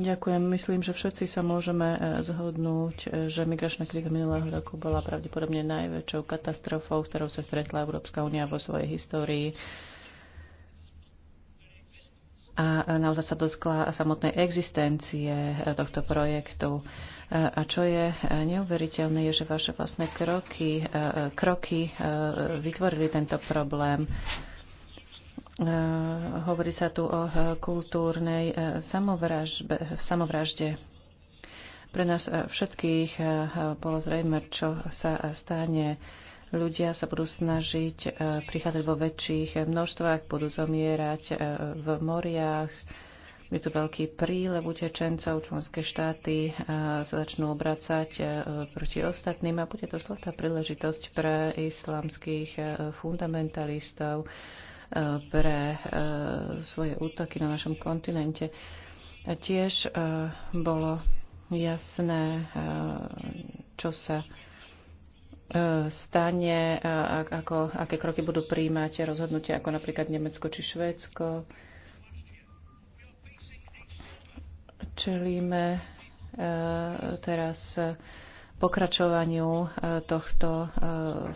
Ďakujem. Myslím, že všetci sa môžeme e, zhodnúť, e, že migračná kríza minulého roku bola pravdepodobne najväčšou katastrofou, s ktorou sa stretla Európska únia vo svojej histórii. A e, naozaj sa dotkla samotnej existencie tohto projektu. A čo je neuveriteľné, je, že vaše vlastné kroky, kroky vytvorili tento problém. E, hovorí sa tu o kultúrnej e, samovražde. Pre nás e, všetkých bolo zrejme, čo sa stane. Ľudia sa budú snažiť prichádzať vo väčších množstvách, budú zomierať v moriach. Je tu veľký prílev utečencov, členské štáty sa začnú obracať proti ostatným a bude to zlatá príležitosť pre islamských fundamentalistov, pre e, svoje útoky na našom kontinente. Tiež e, bolo jasné, e, čo sa stane, ako, aké kroky budú príjmať rozhodnutia ako napríklad Nemecko či Švédsko. Čelíme teraz pokračovaniu e, tohto e,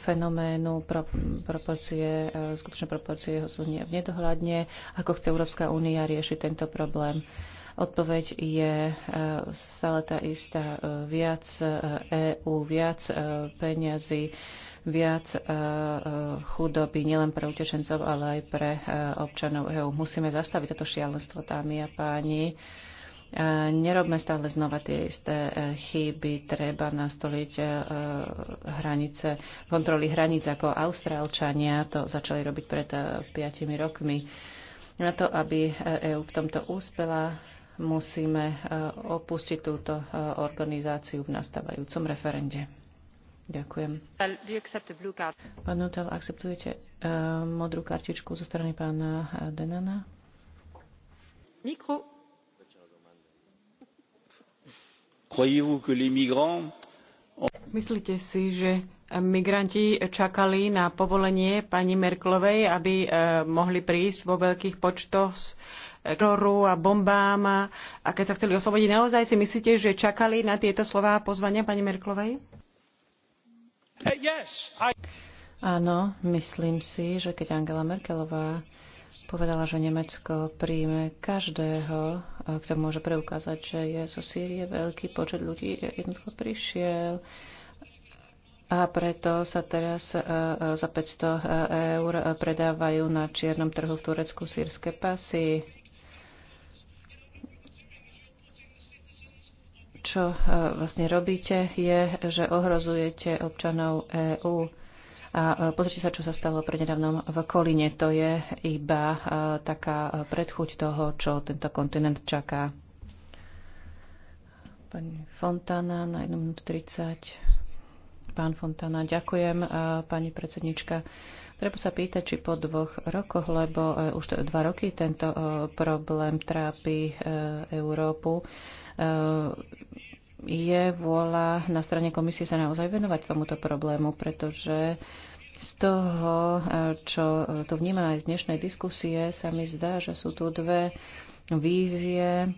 fenoménu pro, proporcie, e, skutočné proporcie sú v nedohľadne, ako chce Európska únia riešiť tento problém. Odpoveď je stále tá istá. Viac EÚ, viac peňazí, viac chudoby nielen pre utečencov, ale aj pre občanov EÚ. Musíme zastaviť toto šialenstvo, dámy a páni. E, nerobme stále znova tie isté e, chyby, treba nastoliť e, hranice, kontroly hraníc ako Austrálčania, to začali robiť pred piatimi rokmi. Na to, aby EU v tomto úspela, musíme opustiť túto organizáciu v nastávajúcom referende. Ďakujem. Pán Nutel, akceptujete modrú kartičku zo strany pána Denana? Mikro. Myslíte si, že migranti čakali na povolenie pani Merklovej, aby e, mohli prísť vo veľkých počtoch s teroru a bombám a keď sa chceli oslobodiť, naozaj si myslíte, že čakali na tieto slová pozvania pani Merklovej? Áno, myslím si, že keď Angela Merkelová povedala, že Nemecko príjme každého, eh, kto môže preukázať, že je zo Sýrie veľký počet ľudí jednoducho prišiel. A preto sa teraz eh, eh, za 500 eur predávajú na čiernom trhu v Turecku sírske pasy. Čo vlastne robíte, je, že ohrozujete občanov EÚ a e, pozrite sa, čo sa stalo prednedávnom v Kolíne. To je iba e, taká e, predchuť toho, čo tento kontinent čaká. Pani Fontana na 1 minútu 30. Pán Fontana, ďakujem, pani predsednička. Treba sa pýtať, či po dvoch rokoch, lebo už dva roky tento problém trápi Európu je vôľa na strane komisie sa naozaj venovať tomuto problému, pretože z toho, e, čo e, to vnímam aj z dnešnej diskusie, sa mi zdá, že sú tu dve vízie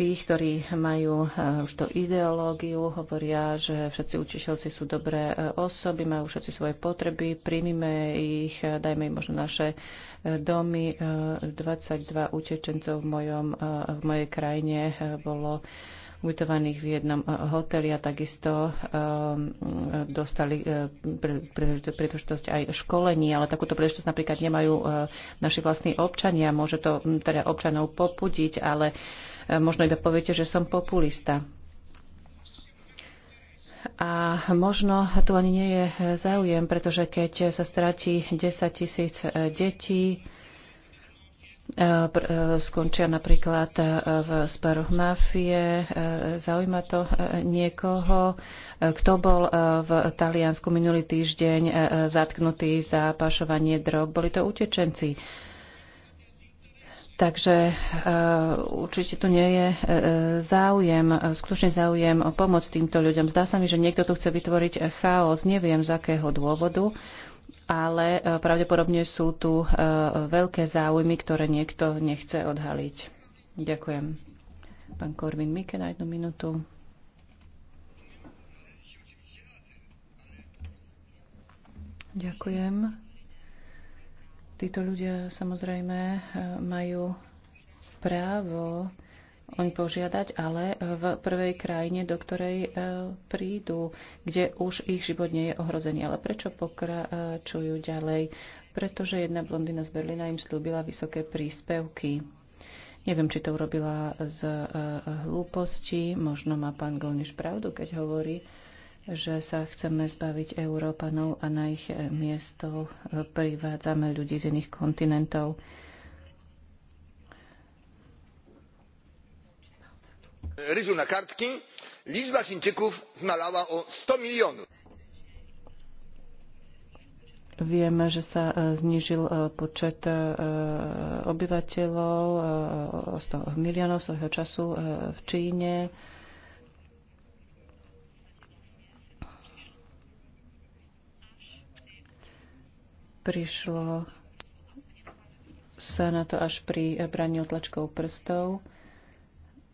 tých, ktorí majú e, už tú ideológiu, hovoria, že všetci učiteľci sú dobré osoby, majú všetci svoje potreby, príjmime ich, dajme im možno naše domy. 22 utečencov v, mojom, v mojej krajine bolo ubytovaných v jednom eh, hoteli a takisto eh, dostali eh, príležitosť aj školení, ale takúto príležitosť napríklad nemajú naši vlastní občania. Môže to hm, teda občanov popudiť, ale možno iba poviete, že som populista. A možno tu ani nie je záujem, pretože keď sa stratí 10 tisíc detí, E, skončia napríklad e, v sparoch mafie. E, zaujíma to niekoho, kto bol v Taliansku minulý týždeň zatknutý za pašovanie drog. Boli to utečenci. Takže určite tu nie je záujem, skutočný záujem o pomoc týmto ľuďom. Zdá sa mi, že niekto tu chce vytvoriť chaos, neviem z akého dôvodu ale e, pravdepodobne sú tu e, veľké záujmy, ktoré niekto nechce odhaliť. Ďakujem. Pán Korvin Mike na jednu minútu. Ďakujem. Títo ľudia samozrejme e, majú právo oň požiadať, ale v prvej krajine, do ktorej e, prídu, kde už ich život nie je ohrozený. Ale prečo pokračujú ďalej? Pretože jedna blondina z Berlína im slúbila vysoké príspevky. Neviem, či to urobila z e, hlúposti. Možno má pán Golniš pravdu, keď hovorí, že sa chceme zbaviť Európanov a na ich miesto e, privádzame ľudí z iných kontinentov. ryżu na kartki liczba chińczyków zmalała o sto milionów. Vieme, že sa e, znížil e, počet e, obyvateľov o 100 miliónov svojho času v Číne. Prišlo sa na to až pri braní otlačkov prstov.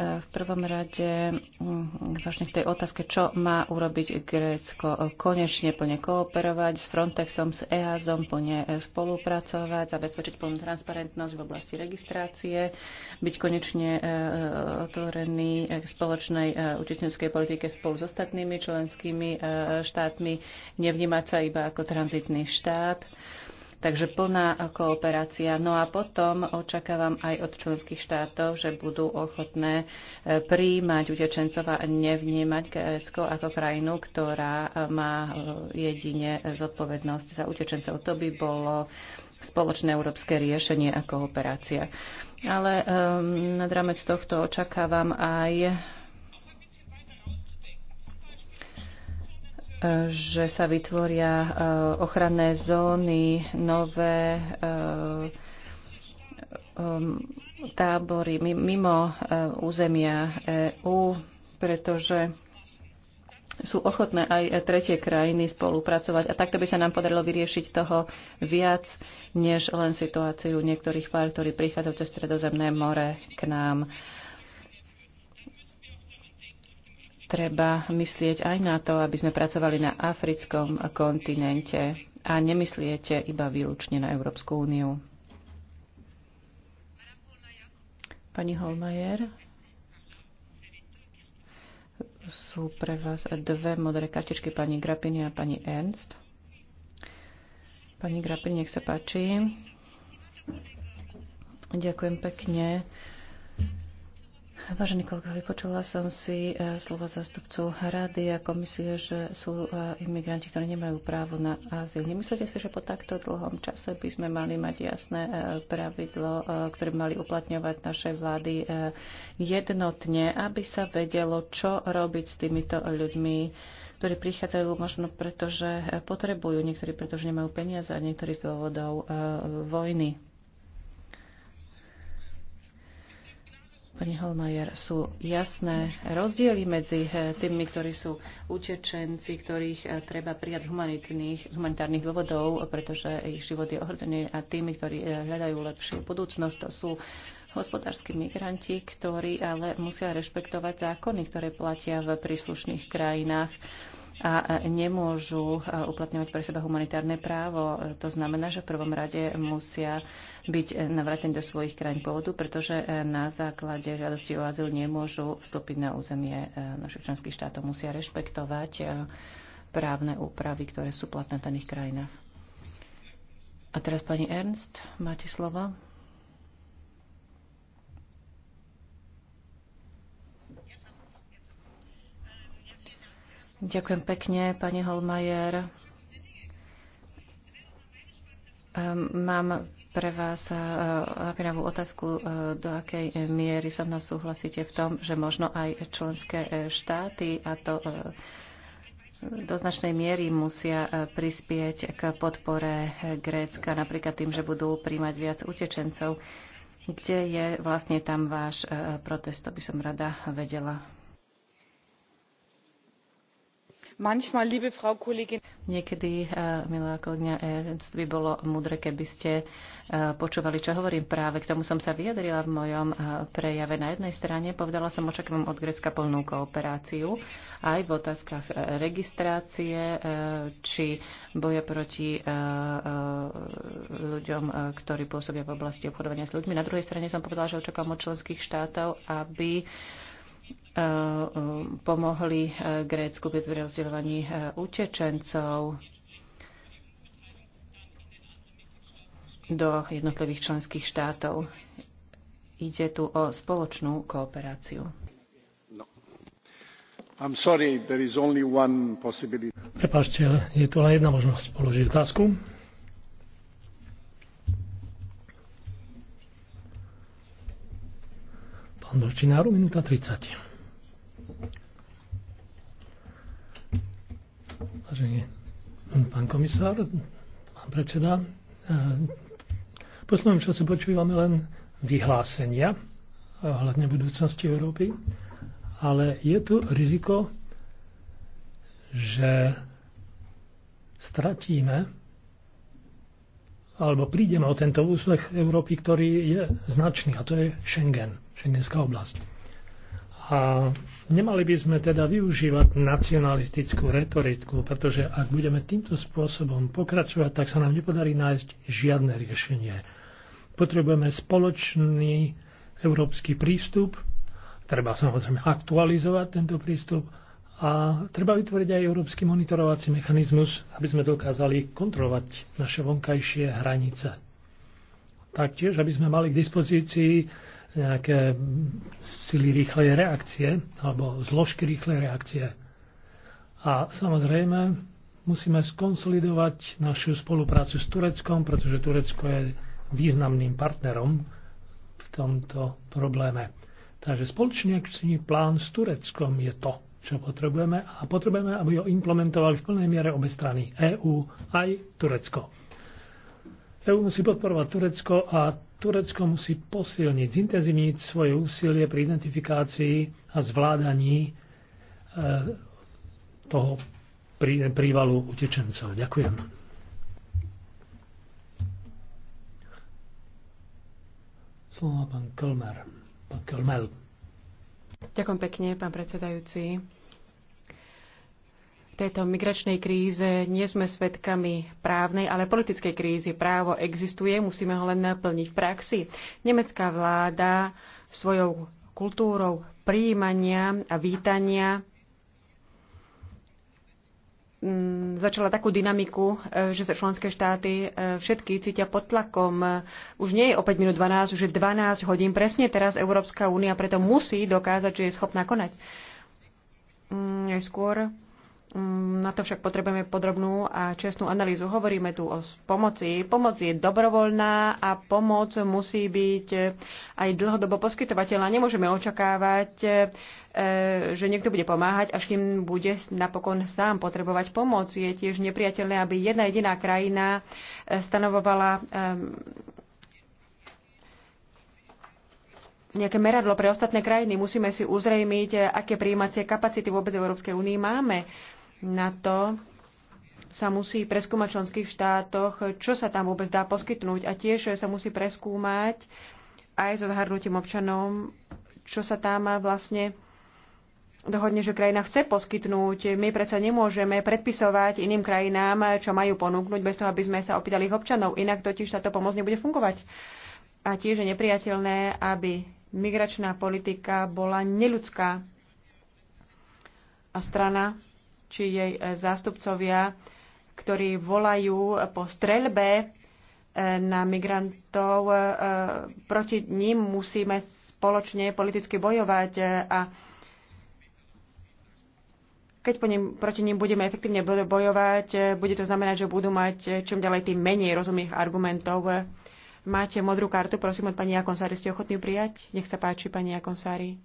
E, v prvom rade mm, vážne k tej otázke, čo má urobiť Grécko. Konečne plne kooperovať s Frontexom, s EASom, plne e, spolupracovať, zabezpečiť plnú transparentnosť v oblasti registrácie, byť konečne e, otvorený k spoločnej utečenskej politike spolu s ostatnými členskými štátmi, nevnímať sa iba ako tranzitný štát Takže plná kooperácia. No a potom očakávam aj od členských štátov, že budú ochotné e, príjmať utečencov a nevnímať Grécko ako krajinu, ktorá e, má e, jedine zodpovednosť za utečencov. To by bolo spoločné európske riešenie a kooperácia. Ale um, nad rámec tohto očakávam aj že sa vytvoria e, ochranné zóny, nové e, e, tábory mimo územia EÚ, pretože sú ochotné aj tretie krajiny spolupracovať. A takto by sa nám podarilo vyriešiť toho viac, než len situáciu niektorých pár, ktorí prichádzajú cez Stredozemné more k nám. treba myslieť aj na to, aby sme pracovali na africkom kontinente a nemyslíte iba výlučne na Európsku úniu. Pani Holmajer, sú pre vás dve modré kartičky, pani Grapini a pani Ernst. Pani Grapini, nech sa páči. Ďakujem pekne. Vážení kolega, počula som si e, slova zástupcov rady a komisie, že sú e, imigranti, ktorí nemajú právo na azyl. Nemyslíte si, že po takto dlhom čase by sme mali mať jasné e, pravidlo, ktoré by mali uplatňovať naše vlády jednotne, aby sa vedelo, čo robiť s týmito ľuďmi, ktorí prichádzajú možno preto, že potrebujú, niektorí preto, že nemajú peniaze a niektorí z dôvodov vojny. pani Holmajer, sú jasné rozdiely medzi eh, tými, ktorí sú utečenci, ktorých eh, treba prijať z humanitárnych dôvodov, pretože ich život je ohrozený, a tými, ktorí eh, hľadajú lepšiu budúcnosť. To sú hospodárski migranti, ktorí ale musia rešpektovať zákony, ktoré platia v príslušných krajinách a nemôžu e, uplatňovať pre seba humanitárne právo. To znamená, že v prvom rade musia byť e, navrátení do svojich krajín pôvodu, pretože e, na základe žiadosti o azyl nemôžu vstúpiť na územie našich členských štátov. Musia rešpektovať právne úpravy, ktoré sú platné v daných krajinách. A teraz pani Ernst, máte slovo. Ďakujem pekne, pani Holmajer. Ehm, mám pre vás eh, napínavú otázku, eh, do akej miery so mnou súhlasíte v tom, že možno aj členské eh, štáty a to do značnej miery musia prispieť k podpore Grécka, napríklad tým, že budú príjmať viac utečencov. Kde je vlastne tam váš protest? To by som rada vedela. Manchmal, liebe Frau Kollegin. Niekedy, eh, milá kolegyňa Ernst, by bolo mudre, keby ste eh, počúvali, čo hovorím práve. K tomu som sa vyjadrila v mojom eh, prejave. Na jednej strane povedala som, očakávam od Grecka plnú kooperáciu aj v otázkach registrácie či boja proti ľuďom, ktorí pôsobia v oblasti obchodovania s ľuďmi. Na druhej strane som povedala, že očakávam od členských štátov, aby Eh, pomohli eh, Grécku pri prerozdeľovaní eh, utečencov do jednotlivých členských štátov. Ide tu o spoločnú kooperáciu. No. Prepašte, je tu len jedna možnosť položiť otázku. Andorčináru, minúta 30. Vážený pán komisár, pán predseda, eh, v poslednom čase počúvame len vyhlásenia eh, hľadne budúcnosti Európy, ale je tu riziko, že stratíme alebo prídeme o tento úspech Európy, ktorý je značný, a to je Schengen. Šengenská oblasť. A nemali by sme teda využívať nacionalistickú retoriku, pretože ak budeme týmto spôsobom pokračovať, tak sa nám nepodarí nájsť žiadne riešenie. Potrebujeme spoločný európsky prístup, treba samozrejme aktualizovať tento prístup a treba vytvoriť aj európsky monitorovací mechanizmus, aby sme dokázali kontrolovať naše vonkajšie hranice. Taktiež, aby sme mali k dispozícii nejaké sily rýchlej reakcie alebo zložky rýchlej reakcie. A samozrejme musíme skonsolidovať našu spoluprácu s Tureckom, pretože Turecko je významným partnerom v tomto probléme. Takže spoločný akčný plán s Tureckom je to, čo potrebujeme a potrebujeme, aby ho implementovali v plnej miere obe strany, EÚ aj Turecko. EÚ musí podporovať Turecko a Turecko musí posilniť, zintenzívniť svoje úsilie pri identifikácii a zvládaní e, toho prívalu utečencov. Ďakujem. Slovo pán Kelmer. Pán Kölmel. Ďakujem pekne, pán predsedajúci. V tejto migračnej kríze nie sme svedkami právnej, ale politickej krízy. Právo existuje, musíme ho len naplniť v praxi. Nemecká vláda svojou kultúrou príjmania a vítania mm, začala takú dynamiku, e, že sa členské štáty e, všetky cítia pod tlakom. Už nie je o 5 minút 12, už je 12 hodín. Presne teraz Európska únia preto musí dokázať, že je schopná konať. Mm, skôr Mm, na to však potrebujeme podrobnú a čestnú analýzu. Hovoríme tu o pomoci. Pomoc je dobrovoľná a pomoc musí byť eh, aj dlhodobo poskytovateľná. Nemôžeme očakávať, eh, že niekto bude pomáhať, až kým bude napokon sám potrebovať pomoc. Je tiež nepriateľné, aby jedna jediná krajina eh, stanovovala ehm, nejaké meradlo pre ostatné krajiny. Musíme si uzrejmiť, aké príjímacie kapacity vôbec v Európskej únii máme na to sa musí preskúmať v členských štátoch, čo sa tam vôbec dá poskytnúť a tiež sa musí preskúmať aj so zahrnutím občanom, čo sa tam vlastne dohodne, že krajina chce poskytnúť. My predsa nemôžeme predpisovať iným krajinám, čo majú ponúknuť, bez toho, aby sme sa opýtali ich občanov. Inak totiž táto pomoc nebude fungovať. A tiež je nepriateľné, aby migračná politika bola neľudská. A strana či jej e, zástupcovia, ktorí volajú e, po streľbe e, na migrantov, proti ním musíme spoločne politicky bojovať a keď po ním, proti ním budeme efektívne bojovať, bude to znamenať, že budú mať čím ďalej tým menej rozumných argumentov. Máte modrú kartu, prosím, od pani Jakonsári. Ste ochotní prijať? Nech sa páči, pani Jakonsári.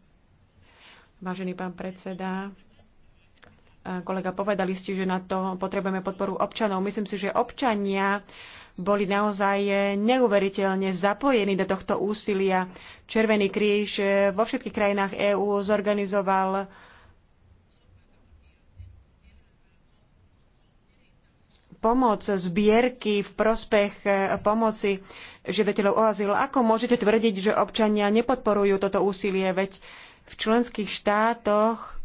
Vážený pán predseda, kolega, povedali ste, že na to potrebujeme podporu občanov. Myslím si, že občania boli naozaj neuveriteľne zapojení do tohto úsilia. Červený kríž vo všetkých krajinách EÚ zorganizoval pomoc, zbierky v prospech e, pomoci žiadateľov o azyl. Ako môžete tvrdiť, že občania nepodporujú toto úsilie, veď v členských štátoch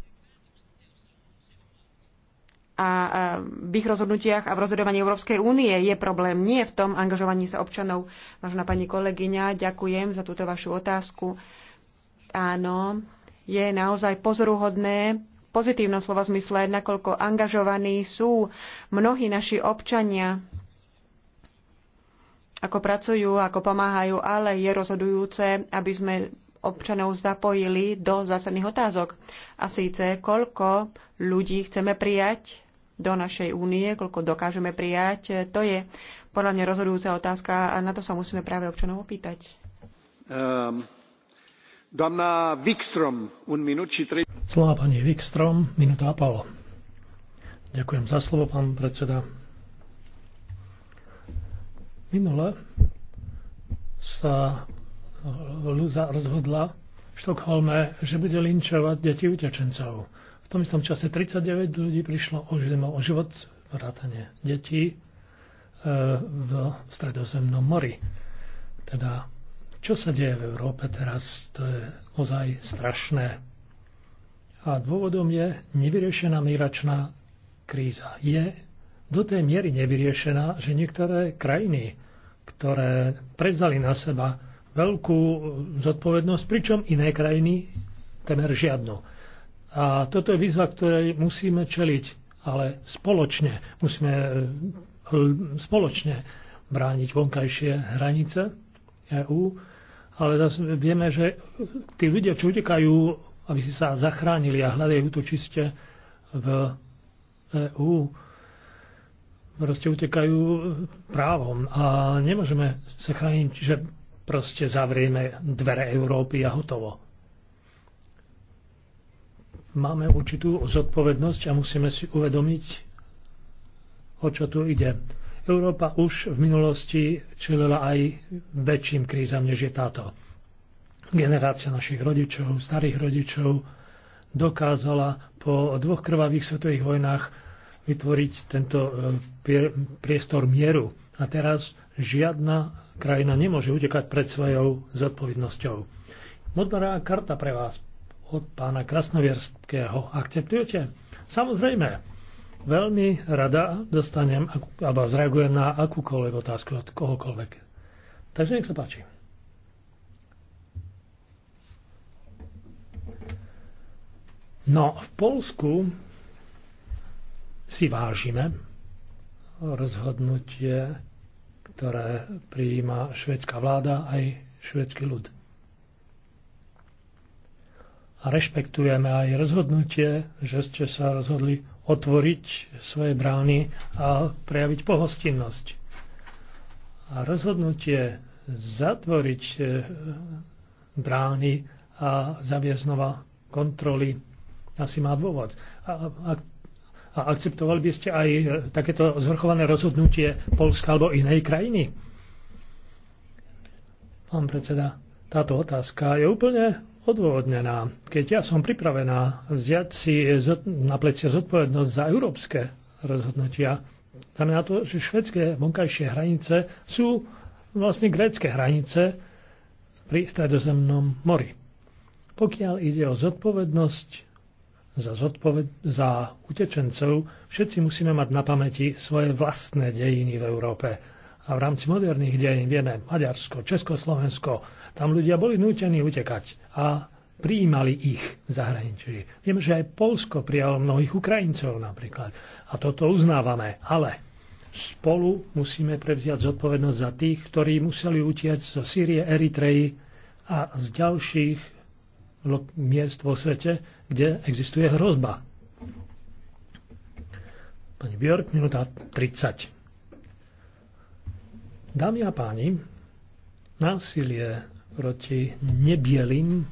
a v ich rozhodnutiach a v rozhodovaní Európskej únie je problém. Nie v tom angažovaní sa občanov. Vážená pani kolegyňa, ďakujem za túto vašu otázku. Áno, je naozaj pozoruhodné pozitívnom slova zmysle, nakoľko angažovaní sú mnohí naši občania, ako pracujú, ako pomáhajú, ale je rozhodujúce, aby sme občanov zapojili do zásadných otázok. A síce, koľko ľudí chceme prijať do našej únie, koľko dokážeme prijať, to je podľa mňa rozhodujúca otázka a na to sa musíme práve občanov opýtať. Um, Dámna Wikström, un minút, či tri... Slova pani Wikström, minúta a pol. Ďakujem za slovo, pán predseda. Minule sa Luza rozhodla v Štokholme, že bude linčovať deti utečencov tom istom čase 39 ľudí prišlo o, život, vrátane detí e, v stredozemnom mori. Teda, čo sa deje v Európe teraz, to je ozaj strašné. A dôvodom je nevyriešená migračná kríza. Je do tej miery nevyriešená, že niektoré krajiny, ktoré prevzali na seba veľkú zodpovednosť, pričom iné krajiny temer žiadnu. A toto je výzva, ktorej musíme čeliť, ale spoločne. Musíme e, spoločne brániť vonkajšie hranice EÚ, ale zase vieme, že tí ľudia, čo utekajú, aby si sa zachránili a hľadajú to čiste v EÚ, proste utekajú právom a nemôžeme sa chrániť, že proste zavrieme dvere Európy a hotovo máme určitú zodpovednosť a musíme si uvedomiť, o čo tu ide. Európa už v minulosti čelila aj väčším krízam, než je táto. Generácia našich rodičov, starých rodičov dokázala po dvoch krvavých svetových vojnách vytvoriť tento e, priestor mieru. A teraz žiadna krajina nemôže utekať pred svojou zodpovednosťou. Modrá karta pre vás, od pána Krasnovierského. Akceptujete? Samozrejme, veľmi rada dostanem alebo zreagujem na akúkoľvek otázku od kohokoľvek. Takže nech sa páči. No, v Polsku si vážime rozhodnutie, ktoré prijíma švedská vláda aj švedský ľud a rešpektujeme aj rozhodnutie, že ste sa rozhodli otvoriť svoje brány a prejaviť pohostinnosť. A rozhodnutie zatvoriť e, brány a zaviesť znova kontroly asi má dôvod. A, a, a akceptovali by ste aj e, takéto zvrchované rozhodnutie Polska alebo inej krajiny? Pán predseda, táto otázka je úplne odôvodnená. Keď ja som pripravená vziať si na plecia zodpovednosť za európske rozhodnutia, znamená to, že švedské vonkajšie hranice sú vlastne grécké hranice pri stredozemnom mori. Pokiaľ ide o zodpovednosť za, zodpoved- za utečencov, všetci musíme mať na pamäti svoje vlastné dejiny v Európe a v rámci moderných dejín vieme Maďarsko, Československo, tam ľudia boli nútení utekať a prijímali ich v zahraničí. Viem, že aj Polsko prijalo mnohých Ukrajincov napríklad. A toto uznávame. Ale spolu musíme prevziať zodpovednosť za tých, ktorí museli utiecť zo Sýrie, Eritreji a z ďalších miest vo svete, kde existuje hrozba. Pani Björk, minúta 30. Dámy a páni, násilie proti nebielým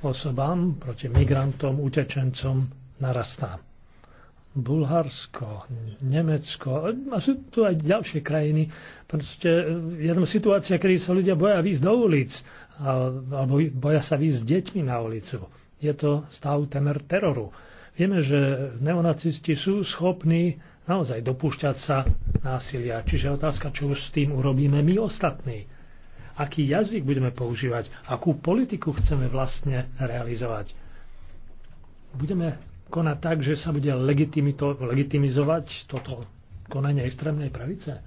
osobám, proti migrantom, utečencom narastá. Bulharsko, Nemecko a sú tu aj ďalšie krajiny. Proste je tam situácia, kedy sa ľudia boja výjsť do ulic alebo boja sa výjsť s deťmi na ulicu. Je to stav temer teroru. Vieme, že neonacisti sú schopní naozaj dopúšťať sa násilia. Čiže otázka, čo už s tým urobíme my ostatní. Aký jazyk budeme používať, akú politiku chceme vlastne realizovať. Budeme konať tak, že sa bude legitimizovať toto konanie extrémnej pravice.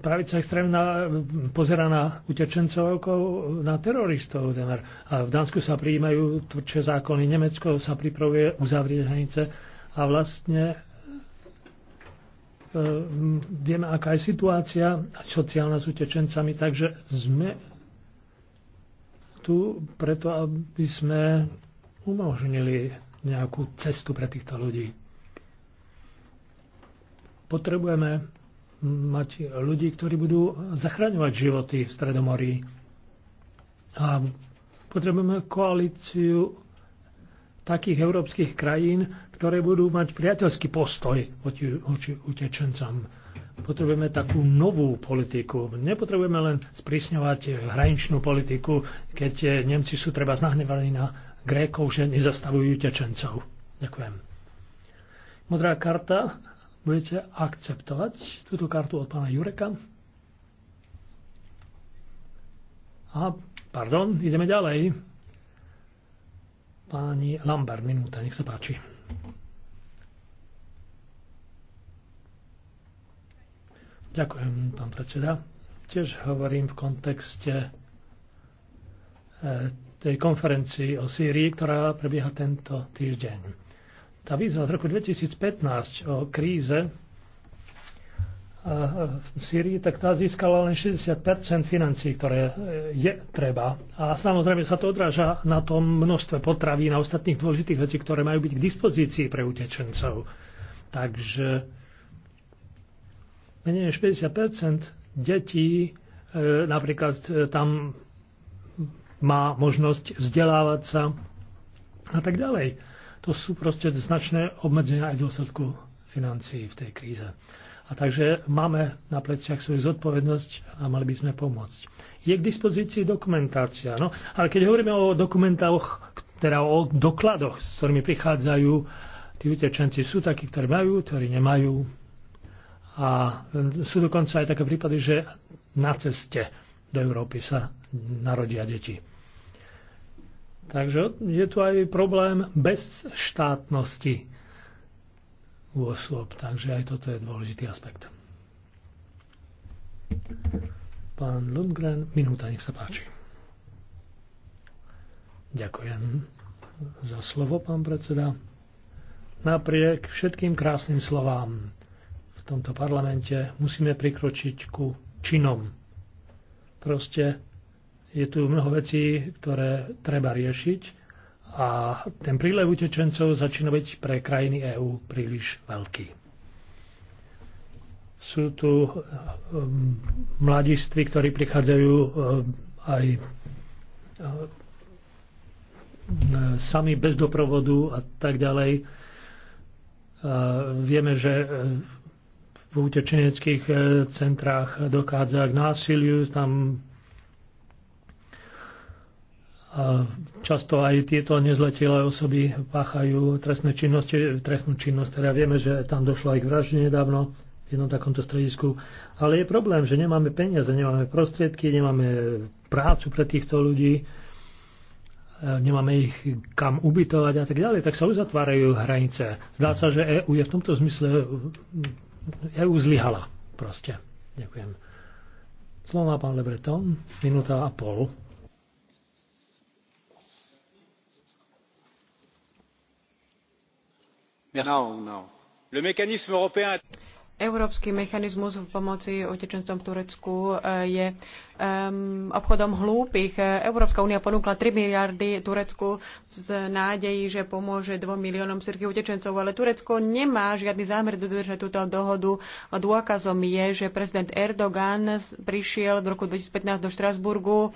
Pravica extrémna pozera na utečencov ako na teroristov. A v Dánsku sa prijímajú tvrdšie zákony, Nemecko sa pripravuje uzavrieť hranice a vlastne E, vieme, aká je situácia sociálna s utečencami, takže sme tu preto, aby sme umožnili nejakú cestu pre týchto ľudí. Potrebujeme mať ľudí, ktorí budú zachraňovať životy v Stredomorí. A potrebujeme koalíciu takých európskych krajín, ktoré budú mať priateľský postoj voči utečencom. Potrebujeme takú novú politiku. Nepotrebujeme len sprísňovať hraničnú politiku, keď Nemci sú treba znahnevaní na Grékov, že nezastavujú utečencov. Ďakujem. Modrá karta. Budete akceptovať túto kartu od pána Jureka? A, pardon, ideme ďalej. Páni Lambar, minúta, nech sa páči. Ďakujem, pán predseda. Tiež hovorím v kontexte e, tej konferencii o Sýrii, ktorá prebieha tento týždeň. Tá výzva z roku 2015 o kríze v Syrii, tak tá získala len 60 financií, ktoré e, je treba. A samozrejme sa to odráža na tom množstve potraví, na ostatných dôležitých vecí, ktoré majú byť k dispozícii pre utečencov. Takže menej než 50 detí e, napríklad e, tam má možnosť vzdelávať sa a tak ďalej. To sú proste značné obmedzenia aj v dôsledku financií v tej kríze. A takže máme na pleciach svoju zodpovednosť a mali by sme pomôcť. Je k dispozícii dokumentácia. No, ale keď hovoríme o dokumentoch, teda o dokladoch, s ktorými prichádzajú tí utečenci, sú takí, ktorí majú, ktorí nemajú. A e, sú dokonca aj také prípady, že na ceste do Európy sa narodia deti. Takže je tu aj problém bez štátnosti osôb. Takže aj toto je dôležitý aspekt. Pán Lundgren, minúta, nech sa páči. Ďakujem za slovo, pán predseda. Napriek všetkým krásnym slovám v tomto parlamente musíme prikročiť ku činom. Proste je tu mnoho vecí, ktoré treba riešiť a ten prílev utečencov začína byť pre krajiny EÚ príliš veľký. Sú tu um, mladiství, ktorí prichádzajú um, aj um, sami bez doprovodu a tak ďalej. Uh, vieme, že v utečeneckých uh, centrách dochádza k násiliu, tam a často aj tieto nezletilé osoby páchajú trestné činnosti, trestnú činnosť, teda vieme, že tam došlo aj k vražde nedávno v jednom takomto stredisku. Ale je problém, že nemáme peniaze, nemáme prostriedky, nemáme prácu pre týchto ľudí, e, nemáme ich kam ubytovať a tak ďalej, tak sa uzatvárajú hranice. Zdá sa, že EU je v tomto zmysle EU zlyhala proste. Ďakujem. Slovo má pán Lebreton, minúta a pol. No, no. Európsky mechanizmus v pomoci utečencom v Turecku eh, je ehm, obchodom hlúpych. Európska únia ponúkla tri miliardy Turecku v nádeji že pomôže dvom miliónom sýrskych utečencov, ale Turecko nemá žiadny zámer dodržať túto dohodu. Dôkazom je, že prezident Erdogan prišiel v roku 2015 do Štrasburgu,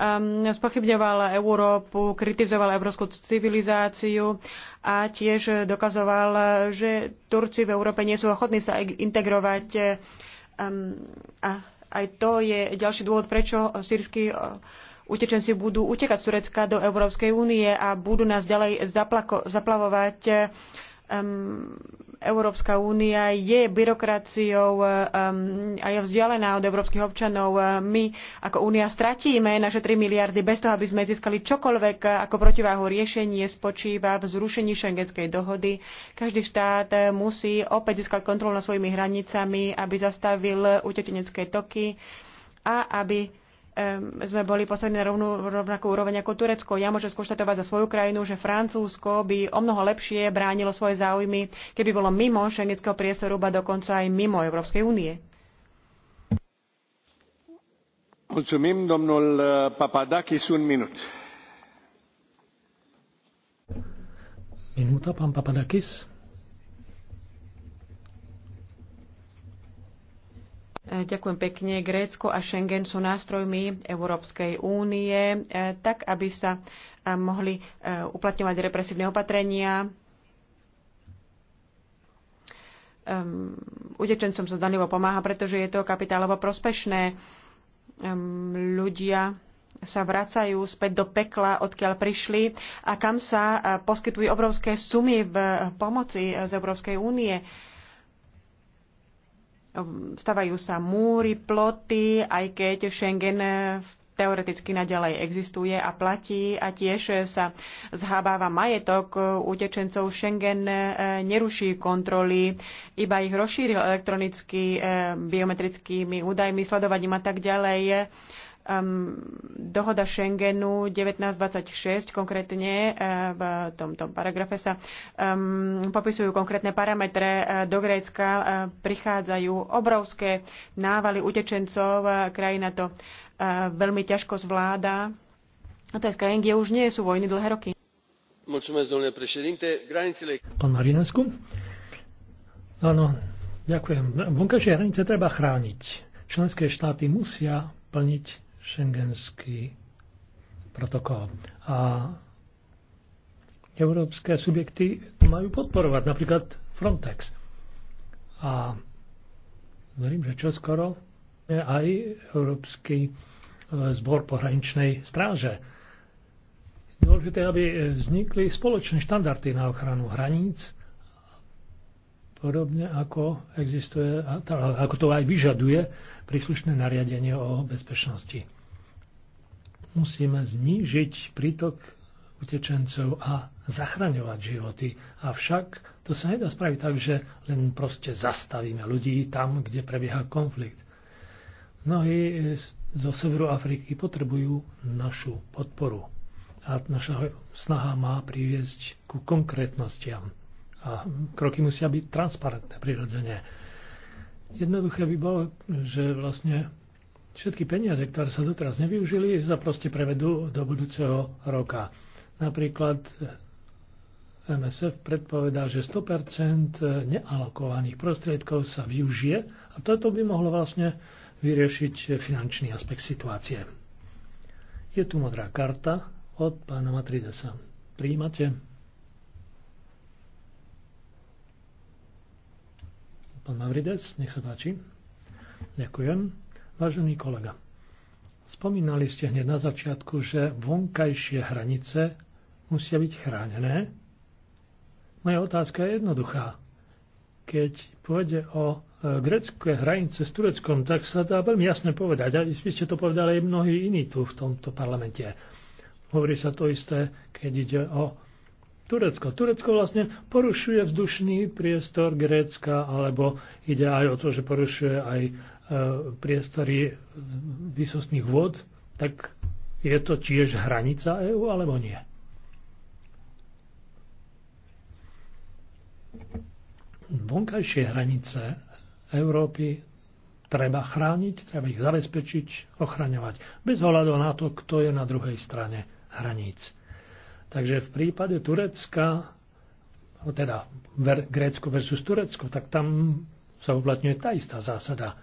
ehm, spochybňoval Európu, kritizoval európsku civilizáciu a tiež dokazoval, že Turci v Európe nie sú ochotní sa integrovať. Um, a aj to je ďalší dôvod, prečo sírsky uh, utečenci budú utekať z Turecka do Európskej únie a budú nás ďalej zaplavovať um, Európska únia je byrokraciou eh, a je vzdialená od európskych občanov. Eh, My ako únia stratíme naše 3 miliardy bez toho, aby sme získali čokoľvek eh, ako protiváhu riešenie spočíva v zrušení šengenskej dohody. Každý štát musí opäť získať kontrolu nad svojimi hranicami, aby zastavil utečenecké toky a aby sme boli poslední na rovnú, rovnakú úroveň ako Turecko. Ja môžem skonštatovať za svoju krajinu, že Francúzsko by o mnoho lepšie bránilo svoje záujmy, keby bolo mimo šengenského priestoru, ba dokonca aj mimo Európskej únie. Mulțumim, domnul eh, Papadakis, un minut. Minuta, pan Papadakis. Eh, ďakujem pekne. Grécko a Schengen sú nástrojmi Európskej únie, eh, tak aby sa eh, mohli uplatňovať represívne opatrenia. Ehm, utečencom sa zdanlivo pomáha, pretože je to kapitálovo prospešné. Ehm, ľudia sa vracajú späť do pekla, odkiaľ prišli a kam sa poskytujú obrovské sumy v pomoci z Európskej únie. Ehm, stavajú sa múry, ploty, aj keď Schengen teoreticky naďalej existuje a platí a tiež sa zhábáva majetok utečencov. Schengen e, neruší kontroly, iba ich rozšíril elektronicky, e, biometrickými údajmi, sledovaním a tak ďalej um, dohoda Schengenu 1926 konkrétne uh, v tomto paragrafe sa um, popisujú konkrétne parametre. Uh, Do Grécka uh, prichádzajú obrovské návaly utečencov. uh, Krajina to uh, veľmi ťažko zvláda. A to je z krajín, kde už nie sú vojny dlhé roky. Pán Marinesku? Áno, ďakujem. Vonkajšie hranice treba chrániť. Členské štáty musia plniť šengenský protokol. A európske subjekty to majú podporovať, napríklad Frontex. A verím, že čoskoro je aj Európsky e, zbor pohraničnej stráže. Dôležité, aby vznikli spoločné štandardy na ochranu hraníc, podobne ako, existuje, ako to aj vyžaduje príslušné nariadenie o bezpečnosti. Musíme znížiť prítok utečencov a zachraňovať životy. Avšak to sa nedá spraviť tak, že len proste zastavíme ľudí tam, kde prebieha konflikt. Mnohí zo severu Afriky potrebujú našu podporu a naša snaha má priviesť ku konkrétnostiam a kroky musia byť transparentné prirodzene. Jednoduché by bolo, že vlastne všetky peniaze, ktoré sa doteraz nevyužili, sa proste prevedú do budúceho roka. Napríklad eh, MSF predpovedá, že 100% eh, nealokovaných prostriedkov sa využije a toto by mohlo vlastne vyriešiť finančný aspekt situácie. Je tu modrá karta od pána Matridesa. Príjmate? Pán Mavridec, nech sa páči. Ďakujem. Vážený kolega, spomínali ste hneď na začiatku, že vonkajšie hranice musia byť chránené. Moja otázka je jednoduchá. Keď pôjde o e, grecké hranice s Tureckom, tak sa dá veľmi jasne povedať. A vy ste to povedali aj mnohí iní tu v tomto parlamente. Hovorí sa to isté, keď ide o Turecko. Turecko vlastne porušuje vzdušný priestor Grécka, alebo ide aj o to, že porušuje aj e, priestory vysostných vôd, tak je to tiež hranica EÚ alebo nie? Vonkajšie hranice Európy treba chrániť, treba ich zabezpečiť, ochraňovať, bez hľadu na to, kto je na druhej strane hraníc. Takže v prípade Turecka, teda ver, Grécko versus Turecko, tak tam sa uplatňuje tá istá zásada.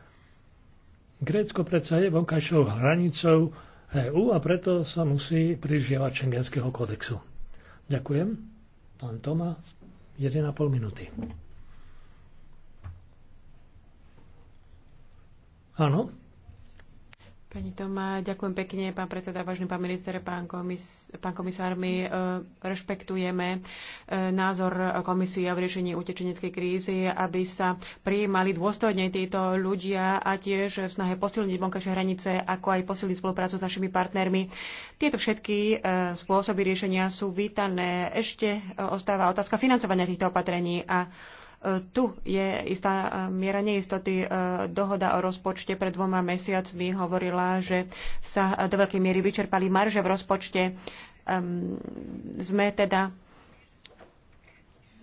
Grécko predsa je vonkajšou hranicou EÚ a preto sa musí prižiavať schengenského kodexu. Ďakujem. Pán Toma, 1,5 minúty. Áno, Pani Toma, ďakujem pekne, pán predseda, vážny pán minister, pán, komis, pán komisár, my e, rešpektujeme e, názor komisie v riešení utečeneckej krízy, aby sa prijímali dôstojne títo ľudia a tiež v snahe posilniť vonkajšie hranice, ako aj posilniť spoluprácu s našimi partnermi. Tieto všetky e, spôsoby riešenia sú vítané. Ešte e, ostáva otázka financovania týchto opatrení a tu je istá e, miera neistoty. E, dohoda o rozpočte pred dvoma mesiacmi hovorila, že sa do veľkej miery vyčerpali marže v rozpočte. Sme teda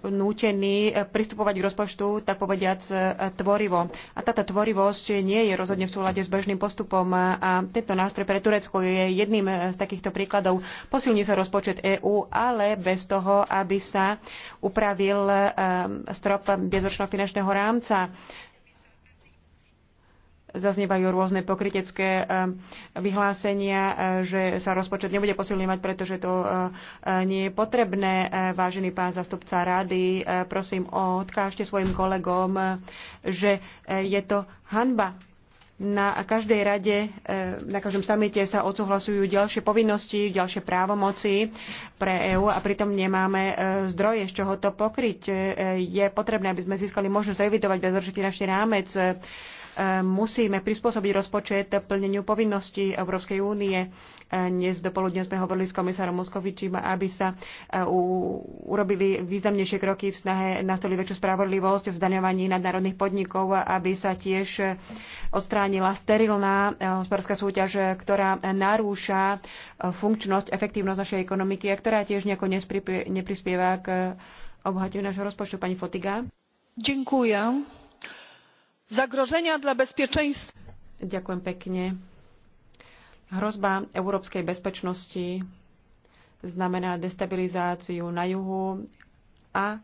nútení eh, pristupovať k rozpočtu, tak povediac, eh, tvorivo. A táto tvorivosť nie je rozhodne v súlade s bežným postupom a tento nástroj pre Turecko je jedným eh, z takýchto príkladov. Posilní sa rozpočet EÚ, ale bez toho, aby sa upravil strop bezročného finančného rámca zaznievajú rôzne pokrytecké e, vyhlásenia, e, že sa rozpočet nebude posilňovať, pretože to e, nie je potrebné. Vážený pán zastupca rady, prosím, odkážte svojim kolegom, že je to hanba. Na každej rade, na každom samite sa odsúhlasujú ďalšie povinnosti, ďalšie právomoci pre EÚ a pritom nemáme zdroje, z čoho to pokryť. Je potrebné, aby sme získali možnosť revidovať bezročný finančný rámec musíme prispôsobiť rozpočet plneniu povinností Európskej únie. Dnes do poludnia sme hovorili s komisárom Moskovičím, aby sa e, urobili významnejšie kroky v snahe nastoliť väčšiu spravodlivosť v zdaňovaní nadnárodných podnikov, aby sa tiež odstránila sterilná e, hospodárska súťaž, ktorá narúša funkčnosť, efektívnosť našej ekonomiky a ktorá tiež nejako neprispieva k obohateniu nášho rozpočtu. Pani Fotiga. Ďakujem zagrożenia dla bezpieczeństwa. Ďakujem pekne. Hrozba európskej bezpečnosti znamená destabilizáciu na juhu a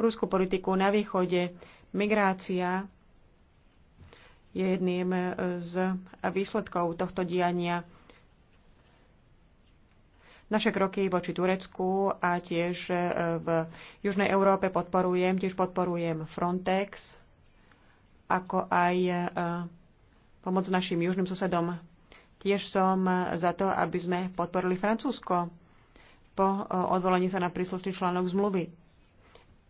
rúskú politiku na východe. Migrácia je jedným z výsledkov tohto diania. Naše kroky voči Turecku a tiež v Južnej Európe podporujem, tiež podporujem Frontex ako aj e, pomoc našim južným susedom. Tiež som za to, aby sme podporili Francúzsko po e, odvolení sa na príslušný článok zmluvy.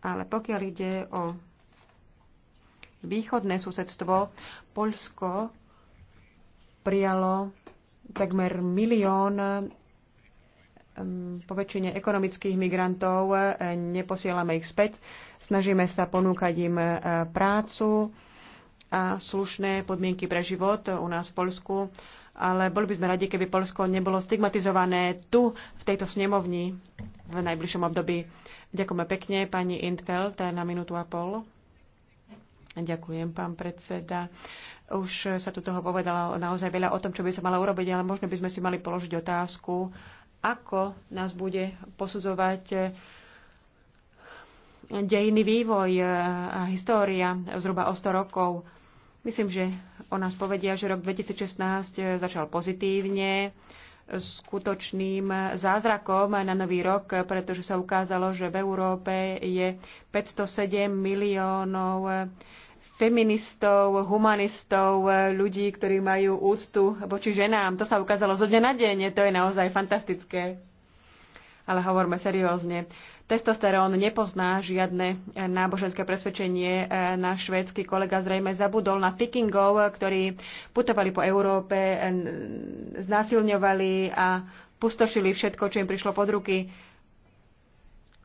Ale pokiaľ ide o východné susedstvo, Polsko prijalo takmer milión po väčšine ekonomických migrantov, e, neposielame ich späť, snažíme sa ponúkať im prácu, a slušné podmienky pre život u nás v Polsku, ale boli by sme radi, keby Polsko nebolo stigmatizované tu, v tejto snemovni v najbližšom období. Ďakujeme pekne, pani Intfeld, na minútu a pol. Ďakujem, pán predseda. Už sa tu toho povedalo naozaj veľa o tom, čo by sa malo urobiť, ale možno by sme si mali položiť otázku, ako nás bude posudzovať eh, dejný vývoj eh, a história zhruba o 100 rokov. Myslím, že o nás povedia, že rok 2016 eh, začal pozitívne, eh, skutočným eh, zázrakom na nový rok, pretože sa ukázalo, že v Európe je 507 miliónov feministov, humanistov, ľudí, ktorí majú úctu voči ženám. To sa ukázalo zo dňa na deň, to je naozaj fantastické. Ale hovorme seriózne. Testosterón nepozná žiadne eh, náboženské presvedčenie. Eh, náš švédsky kolega zrejme zabudol na vikingov, ktorí putovali po Európe, eh, znásilňovali a pustošili všetko, čo im prišlo pod ruky.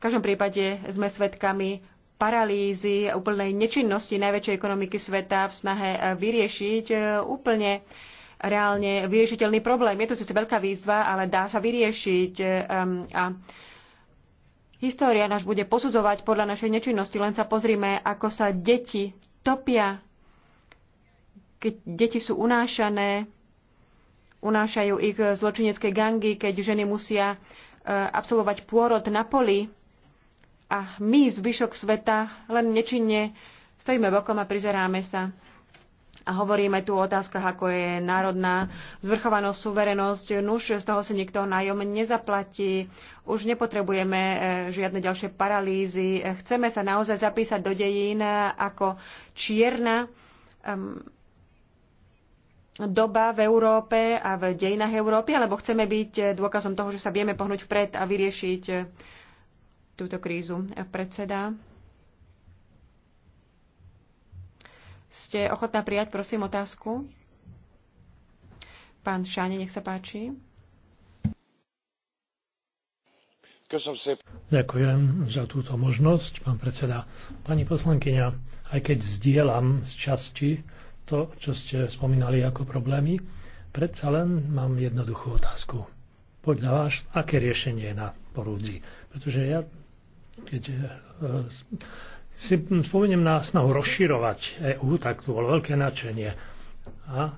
V každom prípade sme svedkami paralýzy, úplnej nečinnosti najväčšej ekonomiky sveta v snahe vyriešiť úplne reálne vyriešiteľný problém. Je to síce veľká výzva, ale dá sa vyriešiť a História nás bude posudzovať podľa našej nečinnosti. Len sa pozrime, ako sa deti topia, keď deti sú unášané, unášajú ich zločinecké gangy, keď ženy musia e, absolvovať pôrod na poli a my, zvyšok sveta, len nečinne stojíme bokom a prizeráme sa a hovoríme tu o otázkach, ako je národná zvrchovanosť, suverenosť. Nuž, z toho si nikto nájom nezaplatí. Už nepotrebujeme e, žiadne ďalšie paralýzy. Chceme sa naozaj zapísať do dejín ako čierna um, doba v Európe a v dejinách Európy, alebo chceme byť dôkazom toho, že sa vieme pohnúť vpred a vyriešiť e, túto krízu. Predseda. Ste ochotná prijať, prosím, otázku? Pán Šáne, nech sa páči. Ďakujem za túto možnosť, pán predseda. Pani poslankyňa, aj keď zdieľam z časti to, čo ste spomínali ako problémy, predsa len mám jednoduchú otázku. Podľa váš, aké riešenie je na porúdzi? Pretože ja, keď eh, si spomeniem na snahu rozširovať EU, tak to bolo veľké nadšenie. A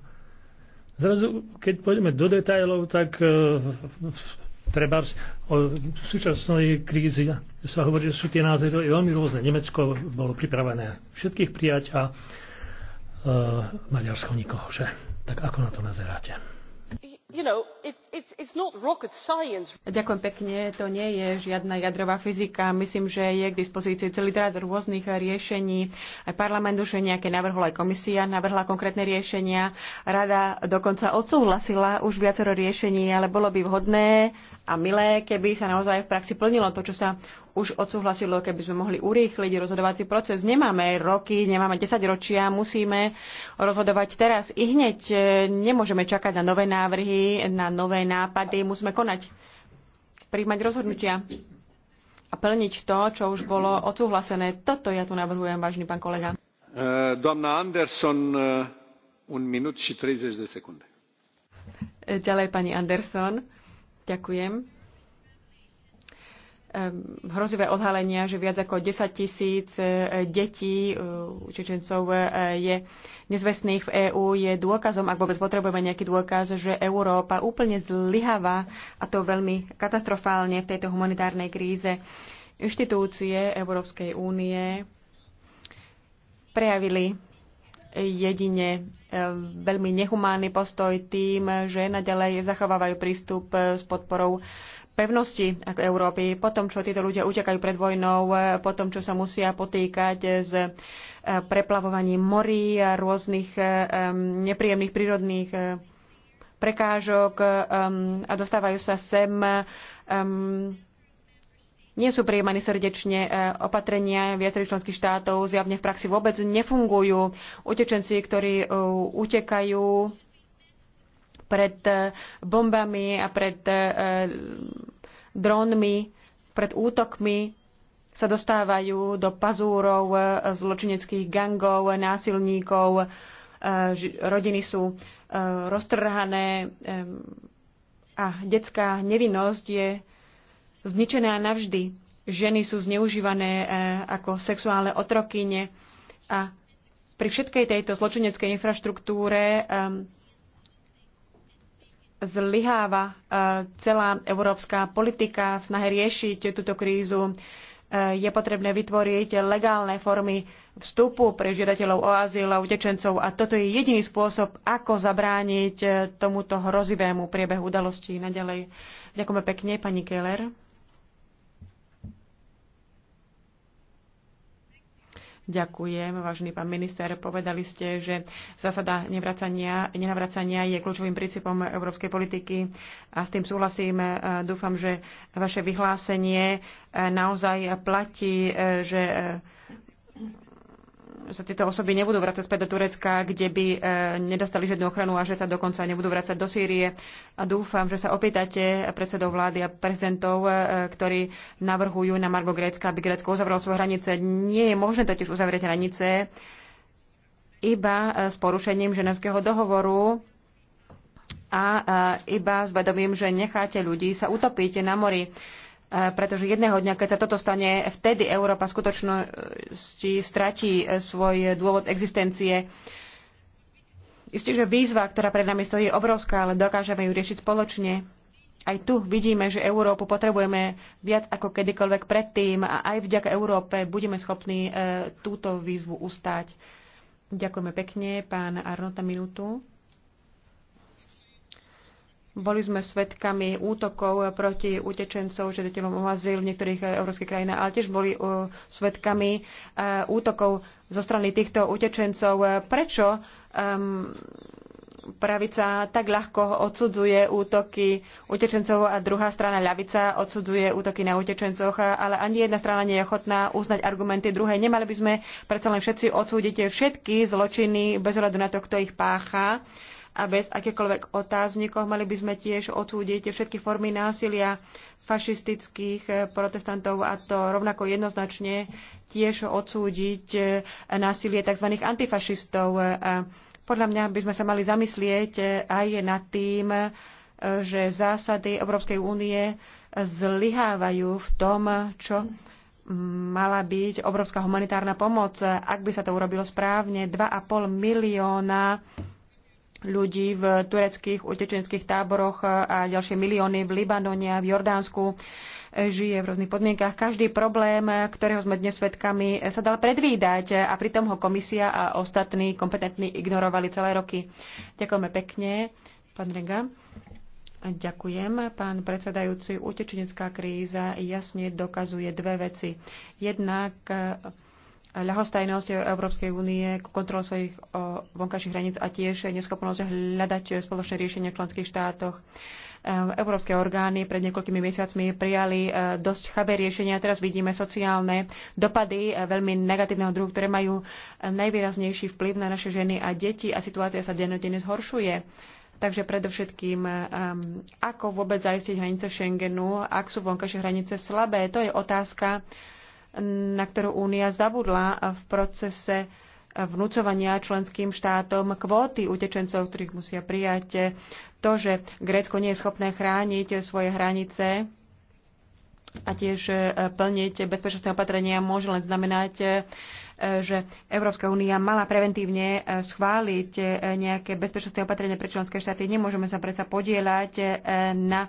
zrazu, keď pôjdeme do detajlov, tak e, treba o súčasnej krízi sa hovorí, že sú tie názory veľmi rôzne. Nemecko bolo pripravené všetkých prijať a e, Maďarsko nikoho, že? Tak ako na to nazeráte? You know, if Ďakujem pekne, to nie je žiadna jadrová fyzika. Myslím, že je k dispozícii celý rád rôznych riešení. Aj parlament už nejaké navrhol, aj komisia navrhla konkrétne riešenia. Rada dokonca odsúhlasila už viacero riešení, ale bolo by vhodné a milé, keby sa naozaj v praxi plnilo to, čo sa už odsúhlasilo, keby sme mohli urýchliť rozhodovací proces. Nemáme roky, nemáme desaťročia, musíme rozhodovať teraz i hneď. E, nemôžeme čakať na nové návrhy, na nové nápady, musíme konať, príjmať rozhodnutia a plniť to, čo už bolo odsúhlasené. Toto ja tu navrhujem, vážny pán kolega. Eh, Domna Anderson, eh, un minút și 30 sekúnd. Eh, ďalej pani Anderson. Ďakujem hrozivé odhalenia, že viac ako 10 tisíc e, detí Čečencov e, e, je nezvestných v EÚ, je dôkazom, ak vôbec potrebujeme nejaký dôkaz, že Európa úplne zlyháva a to veľmi katastrofálne v tejto humanitárnej kríze. Inštitúcie Európskej únie prejavili jedine veľmi nehumánny postoj tým, že naďalej zachovávajú prístup s podporou pevnosti ako Európy, po tom, čo títo ľudia utekajú pred vojnou, eh, po tom, čo sa musia potýkať s eh, preplavovaním morí a rôznych eh, nepríjemných prírodných prekážok a dostávajú sa sem. Nie sú prijímané srdečne opatrenia viacerých členských štátov, zjavne v praxi vôbec nefungujú. Utečenci, ktorí utekajú, pred eh, bombami a pred eh, drónmi, pred útokmi sa dostávajú do pazúrov eh, zločineckých gangov, násilníkov, rodiny sú roztrhané a detská nevinnosť je zničená navždy. Ženy sú zneužívané ako sexuálne otrokyne a pri všetkej tejto zločineckej infraštruktúre zlyháva e, celá európska politika v snahe riešiť túto krízu. E, je potrebné vytvoriť legálne formy vstupu pre žiadateľov o azyl a utečencov a toto je jediný spôsob, ako zabrániť e, tomuto hrozivému priebehu udalostí naďalej. Ďakujeme pekne, pani Keller. Ďakujem, vážený pán minister. Povedali ste, že zásada nevracania, nenavracania je kľúčovým princípom európskej politiky a s tým súhlasím. E, dúfam, že vaše vyhlásenie e, naozaj platí, e, že sa tieto osoby nebudú vrácať späť do Turecka, kde by e, nedostali žiadnu ochranu a že sa dokonca nebudú vrácať do Sýrie. A dúfam, že sa opýtate predsedov vlády a prezidentov, e, ktorí navrhujú na Margo Grécka, aby Grécko uzavrelo svoje hranice. Nie je možné totiž uzavrieť hranice iba e, s porušením ženevského dohovoru a iba s vedomím, že necháte ľudí sa utopiť na mori. Eh, pretože jedného dňa, keď sa toto stane, vtedy Európa v skutočnosti stratí eh, svoj dôvod existencie. Isté, že výzva, ktorá pred nami stojí, je obrovská, ale dokážeme ju riešiť spoločne. Aj tu vidíme, že Európu potrebujeme viac ako kedykoľvek predtým a aj vďaka Európe budeme schopní eh, túto výzvu ustáť. Ďakujeme pekne, pán Arnota Minútu. Boli sme svedkami útokov proti utečencov, žiadateľom o azyl v niektorých európskych krajinách, ale tiež boli uh, svedkami uh, útokov zo strany týchto utečencov. Prečo um, pravica tak ľahko odsudzuje útoky utečencov a druhá strana ľavica odsudzuje útoky na utečencoch, ale ani jedna strana nie je ochotná uznať argumenty druhej. Nemali by sme predsa len všetci odsúdiť všetky zločiny bez hľadu na to, kto ich pácha a bez akékoľvek otáznikov. Mali by sme tiež odsúdiť všetky formy násilia fašistických eh, protestantov a to rovnako jednoznačne tiež odsúdiť eh, násilie tzv. antifašistov. Eh, podľa mňa by sme sa mali zamyslieť aj nad tým, že zásady Európskej únie zlyhávajú v tom, čo mala byť obrovská humanitárna pomoc. Ak by sa to urobilo správne, 2,5 milióna ľudí v tureckých utečenských táboroch a ďalšie milióny v Libanone a v Jordánsku žije v rôznych podmienkach. Každý problém, ktorého sme dnes svedkami, sa dal predvídať a pritom ho komisia a ostatní kompetentní ignorovali celé roky. Ďakujeme pekne, pán Rega. Ďakujem, pán predsedajúci. Utečenecká kríza jasne dokazuje dve veci. Jednak ľahostajnosť Európskej únie k svojich vonkajších hraníc a tiež neschopnosť hľadať spoločné riešenie v členských štátoch. E, Európske orgány pred niekoľkými mesiacmi prijali e, dosť chabé riešenia. Teraz vidíme sociálne dopady e, veľmi negatívneho druhu, ktoré majú najvýraznejší vplyv na naše ženy a deti a situácia sa dennodenne zhoršuje. Takže predovšetkým, ako vôbec zaistiť hranice Schengenu, ak sú vonkajšie hranice slabé, to je otázka, na ktorú Únia zabudla v procese vnúcovania členským štátom kvóty utečencov, ktorých musia prijať. To, že Grécko nie je schopné chrániť svoje hranice a tiež e, plniť bezpečnostné opatrenia, môže len znamenať, e, že Európska únia mala preventívne e, schváliť nejaké bezpečnostné opatrenia pre členské štáty. Nemôžeme sa predsa podielať na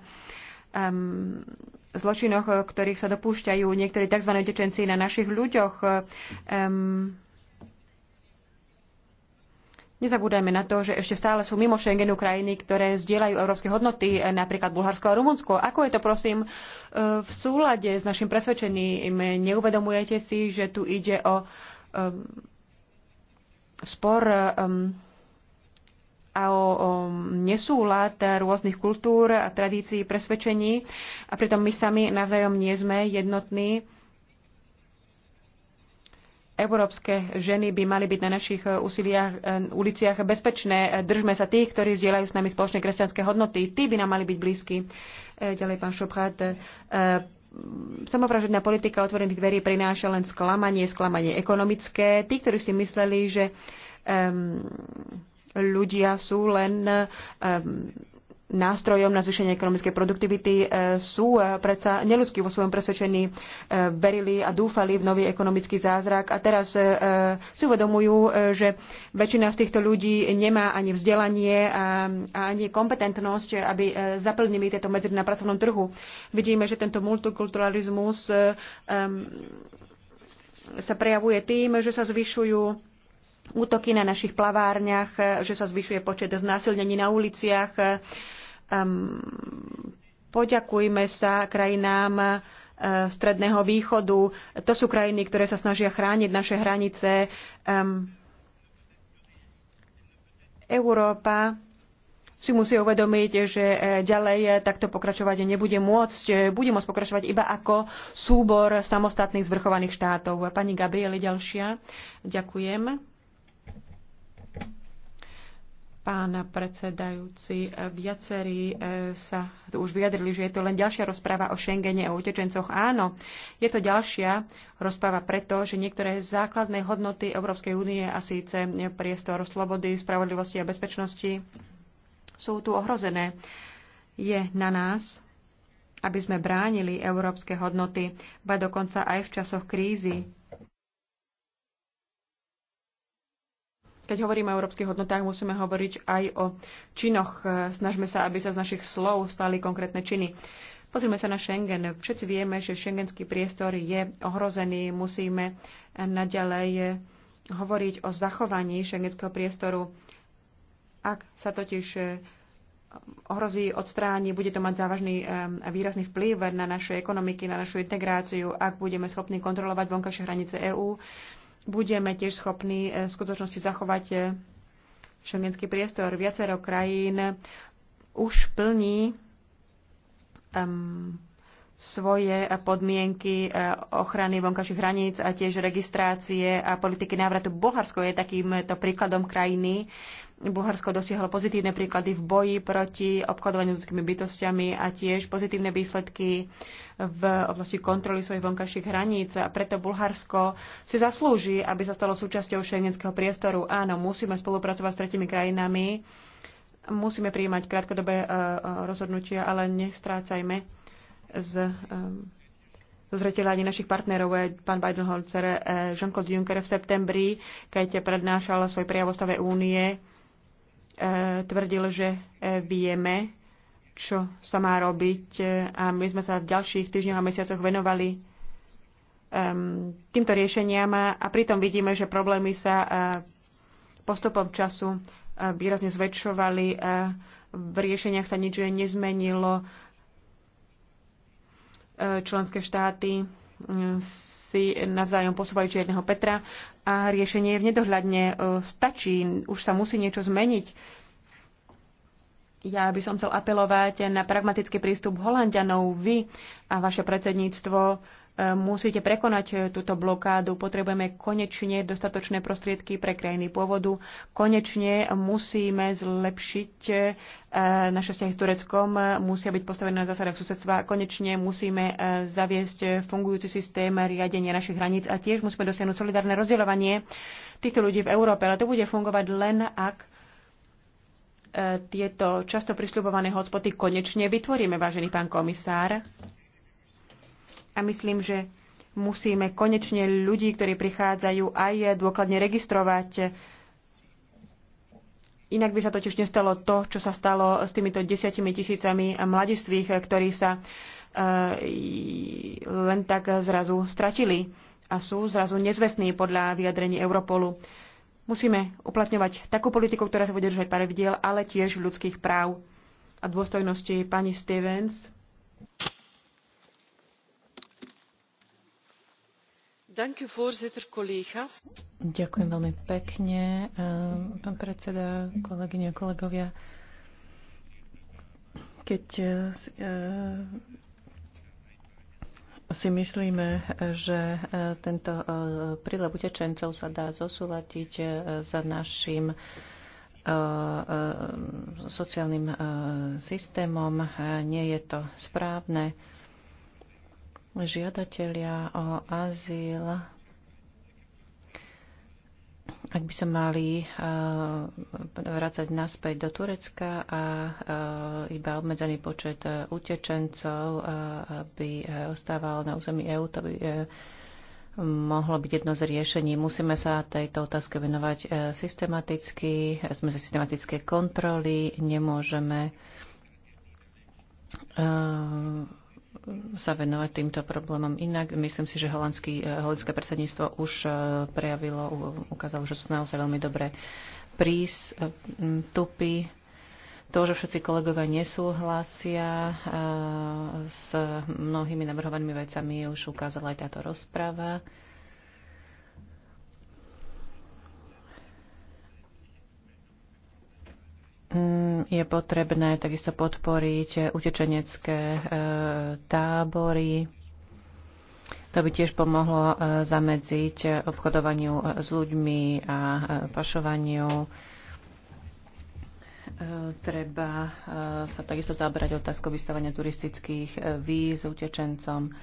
um, zločinoch, eh, ktorých sa dopúšťajú niektorí tzv. utečenci na našich ľuďoch. Um, Nezabúdajme na to, že ešte stále sú mimo Schengenu krajiny, ktoré zdieľajú európske hodnoty, eh, napríklad Bulharsko a Rumunsko. Ako je to, prosím, eh, v súlade s našim presvedčením? Neuvedomujete si, že tu ide o um, spor um, a o, o nesúlad rôznych kultúr a tradícií, presvedčení a pritom my sami navzájom nie sme jednotní. Európske ženy by mali byť na našich e, úsiliach, e, uliciach bezpečné. E, držme sa tých, ktorí zdieľajú s nami spoločné kresťanské hodnoty. Tí by nám mali byť blízky. Ďalej, pán Šoprat samovražedná politika otvorených dverí prináša len sklamanie, sklamanie ekonomické. Tí, ktorí si mysleli, že um, ľudia sú len ehm, nástrojom na zvýšenie ekonomickej produktivity e, sú e, predsa neludskí vo svojom presvedčení, e, verili a dúfali v nový ekonomický zázrak a teraz si uvedomujú, že väčšina z týchto ľudí nemá ani vzdelanie a ani kompetentnosť, aby zaplnili tieto medzery na pracovnom trhu. Vidíme, že tento multikulturalizmus sa prejavuje tým, že sa zvyšujú útoky na našich plavárniach, e, že sa zvyšuje počet znásilnení na uliciach. E, poďakujme sa krajinám e, Stredného východu. To sú krajiny, ktoré sa snažia chrániť naše hranice. Európa si musí uvedomiť, že ďalej takto pokračovať nebude môcť. Bude môcť pokračovať iba ako súbor samostatných zvrchovaných štátov. Pani Gabrieli, ďalšia. Ďakujem. Pán predsedajúci, e, viacerí e, sa tu už vyjadrili, že je to len ďalšia rozpráva o Schengene a utečencoch. Áno, je to ďalšia rozpráva preto, že niektoré základné hodnoty Európskej únie a síce priestor slobody, spravodlivosti a bezpečnosti sú tu ohrozené. Je na nás, aby sme bránili európske hodnoty, ba dokonca aj v časoch krízy, Keď hovoríme o európskych hodnotách, musíme hovoriť aj o činoch. Snažme sa, aby sa z našich slov stali konkrétne činy. Pozrime sa na Schengen. Všetci vieme, že šengenský priestor je ohrozený. Musíme naďalej hovoriť o zachovaní šengenského priestoru. Ak sa totiž ohrozí, odstráni, bude to mať závažný a výrazný vplyv na naše ekonomiky, na našu integráciu, ak budeme schopní kontrolovať vonkajšie hranice EÚ budeme tiež schopní e, v skutočnosti zachovať e, šengenský priestor. Viacero krajín už plní um, svoje podmienky e, ochrany vonkajších hraníc a tiež registrácie a politiky návratu. Bulharsko je takýmto príkladom krajiny, Bulharsko dosiahlo pozitívne príklady v boji proti obchodovaniu s ľudskými bytostiami a tiež pozitívne výsledky v oblasti kontroly svojich vonkajších hraníc. A preto Bulharsko si zaslúži, aby sa stalo súčasťou šengenského priestoru. Áno, musíme spolupracovať s tretimi krajinami, musíme prijímať krátkodobé e, e, rozhodnutia, ale nestrácajme z e, zo zreteľa ani našich partnerov, pán Bidenholzer, Jean-Claude Juncker v septembri, keď prednášal svoj prejav o stave únie, tvrdil, že e, vieme, čo sa má robiť e, a my sme sa v ďalších týždňoch a mesiacoch venovali týmto riešeniam a pritom vidíme, že problémy sa e, postupom času výrazne zväčšovali, v riešeniach sa nič nezmenilo, členské štáty si navzájom posúvajú jedného Petra a riešenie je v nedohľadne. E, stačí, už sa musí niečo zmeniť. Ja by som chcel apelovať na pragmatický prístup Holandianov. Vy a vaše predsedníctvo musíte prekonať eh, túto blokádu. Potrebujeme konečne dostatočné prostriedky pre krajiny pôvodu. Konečne musíme zlepšiť eh, naše vzťahy s Tureckom, musia byť postavené na zásadách susedstva. Konečne musíme eh, zaviesť fungujúci systém riadenia našich hraníc a tiež musíme dosiahnuť solidárne rozdeľovanie týchto ľudí v Európe. Ale to bude fungovať len ak tieto často prisľubované hotspoty konečne vytvoríme, vážený pán komisár. A myslím, že musíme konečne ľudí, ktorí prichádzajú, aj dôkladne registrovať. Inak by sa totiž nestalo to, čo sa stalo s týmito desiatimi tisícami mladistvých, ktorí sa e, len tak zrazu stratili a sú zrazu nezvestní podľa vyjadrení Europolu. Musíme uplatňovať takú politiku, ktorá sa bude držať pravidiel, ale tiež ľudských práv a dôstojnosti pani Stevens. Ďakujem veľmi pekne, ehm, pán predseda, kolegyne a kolegovia. Keď eh, eh, si myslíme, že eh, tento prílev utečencov sa dá zosúľadiť za našim sociálnym systémom, nie je to správne žiadatelia o azyl, ak by sa mali uh, vrácať naspäť do Turecka a uh, iba obmedzený počet uh, utečencov uh, by ostával na území EÚ, to by uh, mohlo byť jedno z riešení. Musíme sa tejto otázke venovať systematicky, sme za systematické kontroly, nemôžeme sa venovať týmto problémom. Inak myslím si, že holandský, eh, holandské predsedníctvo už eh, prejavilo, ukázalo, že sú naozaj veľmi dobré prís, eh, tupy, to, že všetci kolegovia nesúhlasia s mnohými navrhovanými vecami, už ukázala aj táto rozprava. Mm, je potrebné takisto podporiť utečenecké e, tábory. To by tiež pomohlo e, zamedziť obchodovaniu e, s ľuďmi a pašovaniu. Treba sa takisto zabrať otázku vystavania turistických víz utečencom.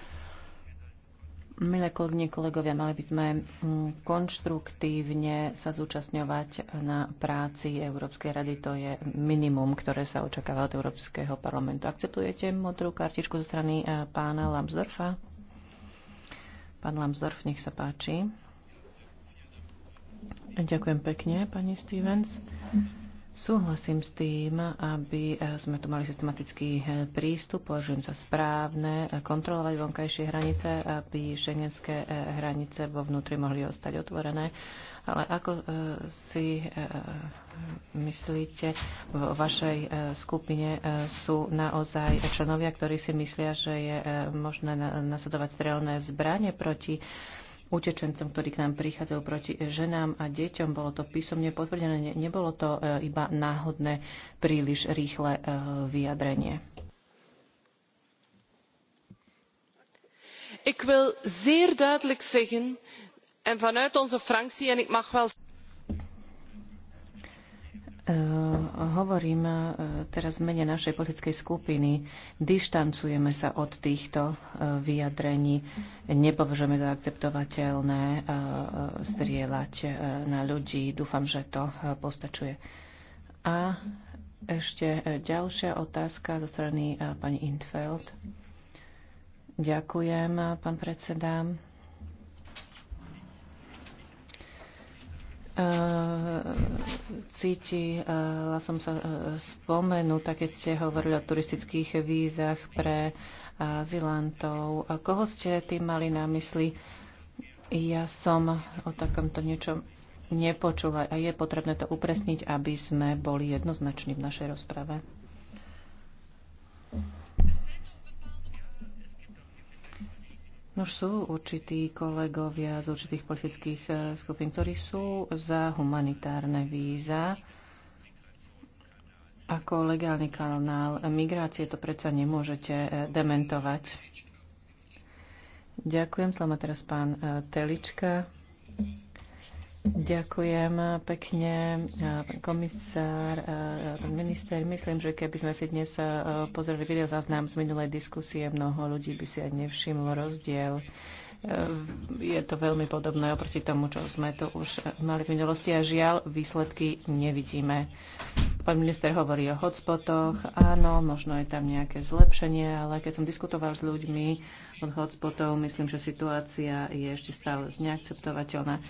Milé kolegyne, kolegovia, mali by sme mm, konštruktívne sa zúčastňovať na práci Európskej rady. To je minimum, ktoré sa očakáva od Európskeho parlamentu. Akceptujete modrú kartičku zo strany e, pána Lambsdorfa? Pán Lambsdorf, nech sa páči. Ďakujem pekne, pani Stevens. Súhlasím s tým, aby eh, sme tu mali systematický eh, prístup, považujem sa správne, eh, kontrolovať vonkajšie hranice, aby šengenské hranice vo vnútri mohli ostať otvorené. Ale ako si myslíte, v vašej skupine sú naozaj členovia, ktorí si myslia, že je možné nasadovať strelné zbranie proti utečencom, ktorí k nám prichádzajú proti ženám a deťom. Bolo to písomne potvrdené, nebolo to e, iba náhodné, príliš rýchle e, vyjadrenie. Ik wil zeer duidelijk zeggen en vanuit onze fractie en ik mag wel zeggen. Eh, hovorím eh, teraz v mene našej politickej skupiny. Dištancujeme sa od týchto eh, vyjadrení. Nepovažujeme za akceptovateľné strieľať na ľudí. Dúfam, že to postačuje. A ešte ďalšia otázka zo strany pani Intfeld. Ďakujem, pán predseda. Eh, cítila eh, som sa eh, spomenul, tak, keď ste hovorili o turistických vízach pre azilantov. Koho ste tým mali na mysli? Ja som o takomto niečom nepočula a je potrebné to upresniť, aby sme boli jednoznační v našej rozprave. No sú určití kolegovia z určitých politických e, skupín, ktorí sú za humanitárne víza ako legálny kanál migrácie. To predsa nemôžete e, dementovať. Ďakujem. Slama teraz pán e, Telička. Ďakujem pekne, pán komisár, pán minister. Myslím, že keby sme si dnes pozreli záznam z minulej diskusie, mnoho ľudí by si aj nevšimlo rozdiel. E, je to veľmi podobné oproti tomu, čo sme tu už mali v minulosti a žiaľ, výsledky nevidíme. Pán minister hovorí o hotspotoch. Áno, možno je tam nejaké zlepšenie, ale keď som diskutoval s ľuďmi od hotspotov, myslím, že situácia je ešte stále neakceptovateľná.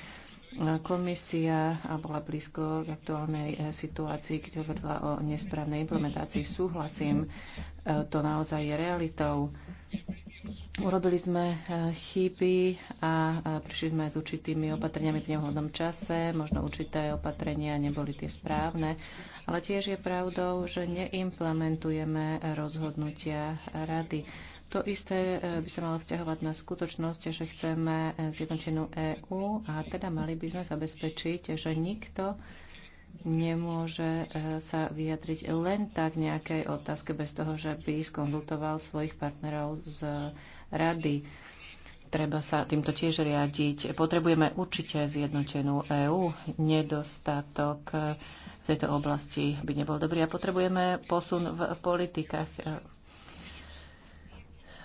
Komisia bola blízko k aktuálnej eh, situácii, keď hovorila o nesprávnej implementácii. Súhlasím, eh, to naozaj je realitou. Urobili sme eh, chyby a prišli sme s určitými opatreniami v nevhodnom čase. Možno určité opatrenia neboli tie správne, ale tiež je pravdou, že neimplementujeme rozhodnutia rady. To isté e, by sa malo vzťahovať na skutočnosť, že chceme e, zjednotenú EÚ a teda mali by sme zabezpečiť, že nikto nemôže e, sa vyjadriť len tak nejakej otázke bez toho, že by skonzultoval svojich partnerov z rady. Treba sa týmto tiež riadiť. Potrebujeme určite zjednotenú EÚ. Nedostatok v tejto oblasti by nebol dobrý a potrebujeme posun v politikách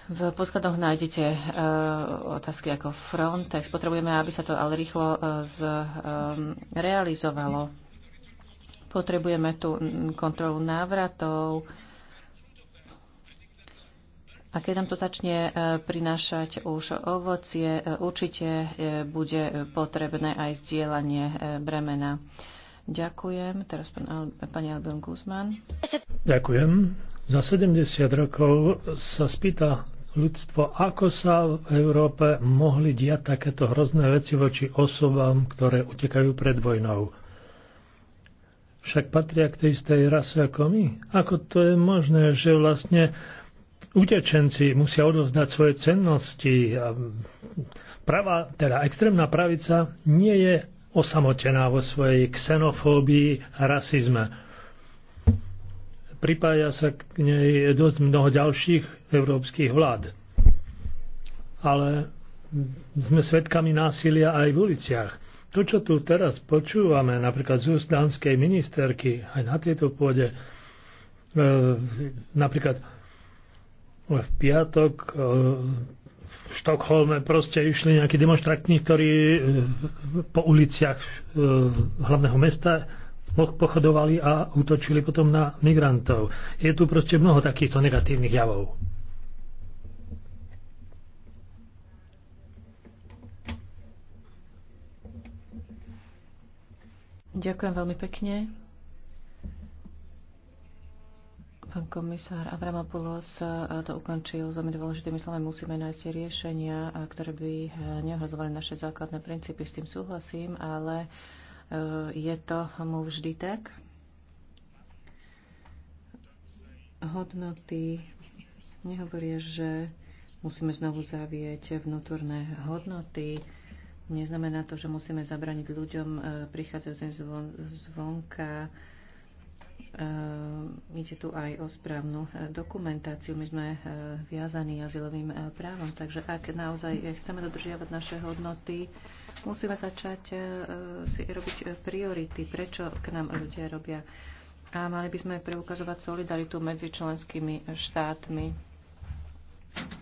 v podkladoch nájdete uh, otázky ako Frontex. Potrebujeme, aby sa to ale rýchlo uh, e, zrealizovalo. E, um, Potrebujeme tu kontrolu návratov. A keď nám to začne prinášať už ovocie, určite bude potrebné aj zdieľanie bremena. Ďakujem. Teraz pán, pani Albin Guzman. Ďakujem. Za 70 rokov sa spýta ľudstvo, ako sa v Európe mohli diať takéto hrozné veci voči osobám, ktoré utekajú pred vojnou. Však patria k tej istej rase ako my. Ako to je možné, že vlastne utečenci musia odovzdať svoje cennosti a pravá, teda extrémna pravica nie je osamotená vo svojej xenofóbii a rasizme pripája sa k nej dosť mnoho ďalších európskych vlád. Ale sme svedkami násilia aj v uliciach. To, čo tu teraz počúvame, napríklad z úst danskej ministerky, aj na tejto pôde, e, napríklad e, v piatok e, v Štokholme proste išli nejakí demonstratní, ktorí po uliciach hlavného mesta pochodovali a útočili potom na migrantov. Je tu proste mnoho takýchto negatívnych javov. Ďakujem veľmi pekne. Pán komisár Abramopoulos e, to ukončil veľmi dôležitými slovami. Musíme nájsť riešenia, e, ktoré by e, neohrozovali naše základné princípy. S tým súhlasím, ale Eh, je to mu vždy tak? Hodnoty nehovoria, že musíme znovu zavieť vnútorné hodnoty. Neznamená to, že musíme zabraniť ľuďom eh, prichádzajúcim zvonka. Eh, ide tu aj o správnu dokumentáciu. My sme viazaní azylovým právom, takže ak naozaj chceme dodržiavať naše hodnoty, Musíme začať e, si robiť e, priority, prečo k nám ľudia robia. A mali by sme preukazovať solidaritu medzi členskými štátmi.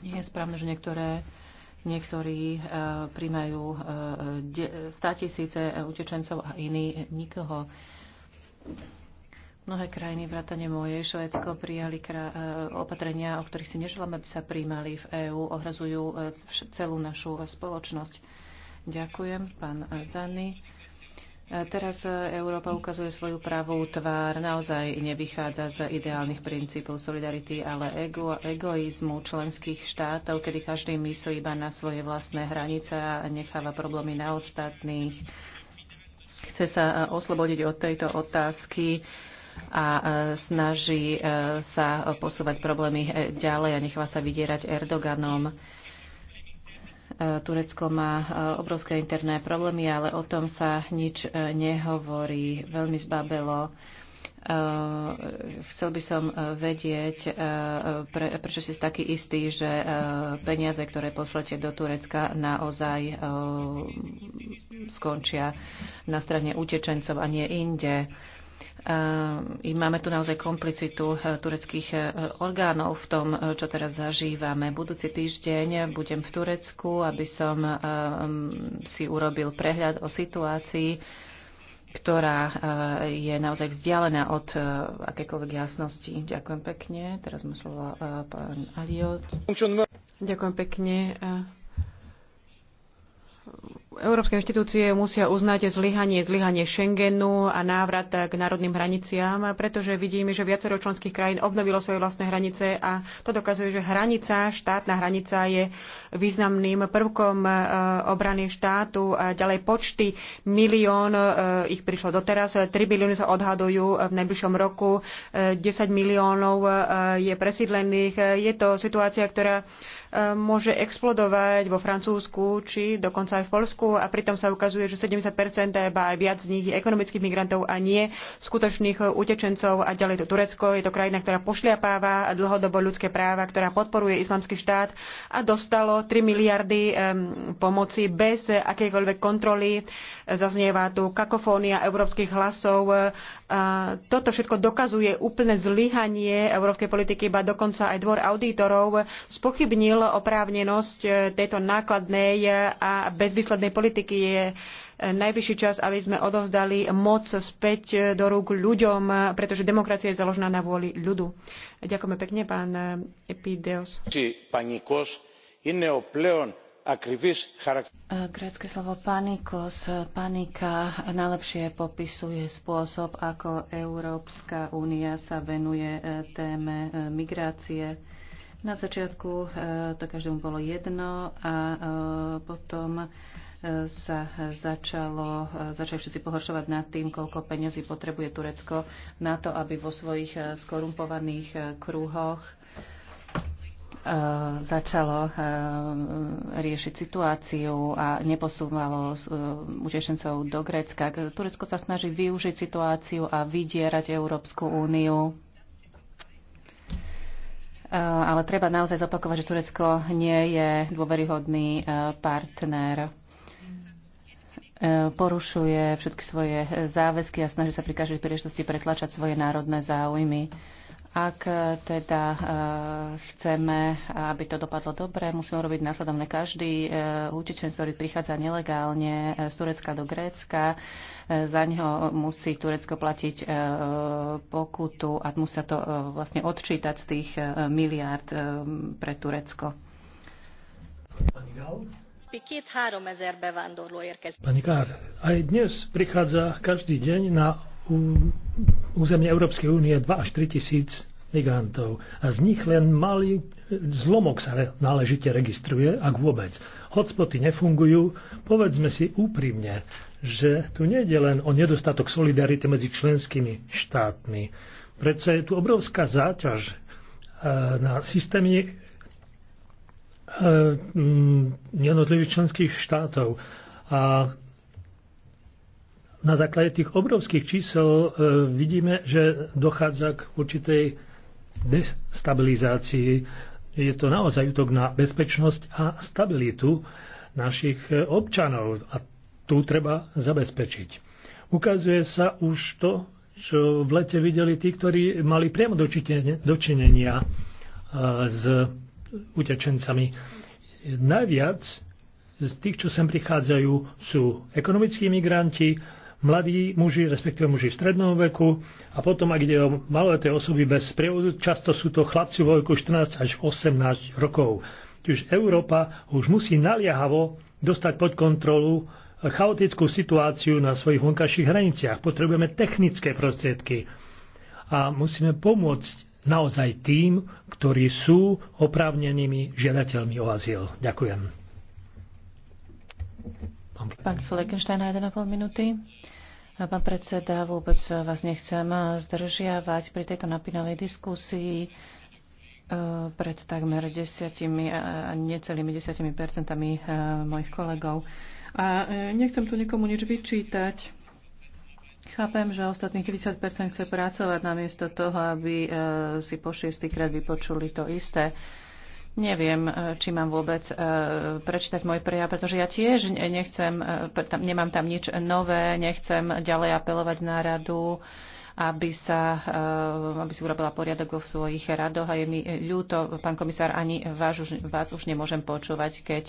Nie je správne, že niektoré Niektorí uh, príjmajú uh, 100 tisíce utečencov a iní nikoho. Mnohé krajiny, vrátane mojej, Švédsko, prijali krá- opatrenia, o ktorých si neželáme, aby sa príjmali v EÚ, ohrazujú celú našu spoločnosť. Ďakujem, pán Zany. E, teraz e, Európa ukazuje svoju pravú tvár, naozaj nevychádza z ideálnych princípov solidarity, ale ego, egoizmu členských štátov, kedy každý myslí iba na svoje vlastné hranice a necháva problémy na ostatných. Chce sa e, oslobodiť od tejto otázky a snaží sa posúvať problémy ďalej a nechá sa vydierať Erdoganom. E, Turecko má e, obrovské interné problémy, ale o tom sa nič e, nehovorí. Veľmi zbabelo. Chcel by som vedieť, prečo si taký istý, že peniaze, ktoré pošlete do Turecka, naozaj skončia na strane utečencov a nie inde Ehm, I máme tu naozaj komplicitu eh, tureckých eh, orgánov v tom, eh, čo teraz zažívame. Budúci týždeň budem v Turecku, aby som ehm, si urobil prehľad o situácii, ktorá je naozaj vzdialená od akékoľvek jasnosti. Ďakujem pekne. Teraz mu slovo pán Alio. Ďakujem pekne. Európske inštitúcie musia uznať zlyhanie, zlyhanie Schengenu a návrat k národným hraniciám, pretože vidíme, že viacero členských krajín obnovilo svoje vlastné hranice a to dokazuje, že hranica, štátna hranica je významným prvkom e, obrany štátu. A ďalej počty milión e, ich prišlo doteraz, 3 milióny sa odhadujú v najbližšom roku, 10 e, miliónov je presídlených. Je to situácia, ktorá môže explodovať vo Francúzsku či dokonca aj v Polsku a pritom sa ukazuje, že 70 iba aj viac z nich je ekonomických migrantov a nie skutočných utečencov a ďalej to Turecko. Je to krajina, ktorá pošliapáva dlhodobo ľudské práva, ktorá podporuje islamský štát a dostalo 3 miliardy pomoci bez akejkoľvek kontroly. Zaznieva tu kakofónia európskych hlasov. Toto všetko dokazuje úplné zlyhanie európskej politiky, ba dokonca aj dvor auditorov spochybnil zdôraznil oprávnenosť eh, tejto nákladnej eh, a bezvýslednej politiky. Je eh, najvyšší čas, aby sme odovzdali moc späť do rúk ľuďom, pretože demokracia je založená na vôli ľudu. Ďakujeme pekne, pán Epideos. Grécke slovo panikos, panika najlepšie popisuje spôsob, ako Európska únia sa venuje téme migrácie. Na začiatku e, to každému bolo jedno a e, potom e, sa začalo, začali všetci pohoršovať nad tým, koľko peňazí potrebuje Turecko na to, aby vo svojich skorumpovaných kruhoch začalo riešiť situáciu a neposúvalo utešencov do Grécka. Turecko sa snaží využiť situáciu a vydierať Európsku úniu Eh, ale treba naozaj zopakovať, že Turecko nie je dôveryhodný eh, partner eh, porušuje všetky svoje záväzky a snaží sa pri každej príležitosti pretlačať svoje národné záujmy. Ak e, teda e, chceme, aby to dopadlo dobre, musíme robiť následovne. Každý útečenec, e, ktorý prichádza nelegálne z Turecka do Grécka, za neho musí Turecko platiť pokutu a musia to vlastne odčítať z tých miliárd pre Turecko. Pani Gál, aj dnes prichádza každý deň na územie Európskej únie 2 až 3 tisíc migrantov. A z nich len malý zlomok sa náležite registruje, ak vôbec. Hotspoty nefungujú. Povedzme si úprimne, že tu nejde len o nedostatok solidarity medzi členskými štátmi. Prečo je tu obrovská záťaž e, na systémy e, jednotlivých členských štátov. A na základe tých obrovských čísel e, vidíme, že dochádza k určitej destabilizácii. Je to naozaj útok na bezpečnosť a stabilitu našich e, občanov a tu treba zabezpečiť. Ukazuje sa už to, čo v lete videli tí, ktorí mali priamo dočinenia e, s utečencami. Najviac z tých, čo sem prichádzajú, sú ekonomickí migranti, mladí muži, respektíve muži v strednom veku a potom, ak ide o maloleté osoby bez sprievodu, často sú to chlapci vo veku 14 až 18 rokov. Čiže Európa už musí naliehavo dostať pod kontrolu eh, chaotickú situáciu na svojich vonkajších hraniciach. Potrebujeme technické prostriedky a musíme pomôcť naozaj tým, ktorí sú oprávnenými žiadateľmi o azyl. Ďakujem. Pán Felekenstein, 1,5 minúty. Pán predseda, vôbec vás nechcem zdržiavať pri tejto napínavej diskusii e, pred takmer desiatimi, a necelými desiatimi percentami e, mojich kolegov. A e, nechcem tu nikomu nič vyčítať. Chápem, že ostatných 90% chce pracovať namiesto toho, aby si po šiestýkrát vypočuli to isté. Neviem, e, či mám vôbec e, prečítať môj prejav, pretože ja tiež nechcem, e, nemám tam nič nové, nechcem ďalej apelovať na radu, aby, sa, aby si urobila poriadok vo svojich radoch. A je mi ľúto, pán komisár, ani vás už, vás už nemôžem počúvať, keď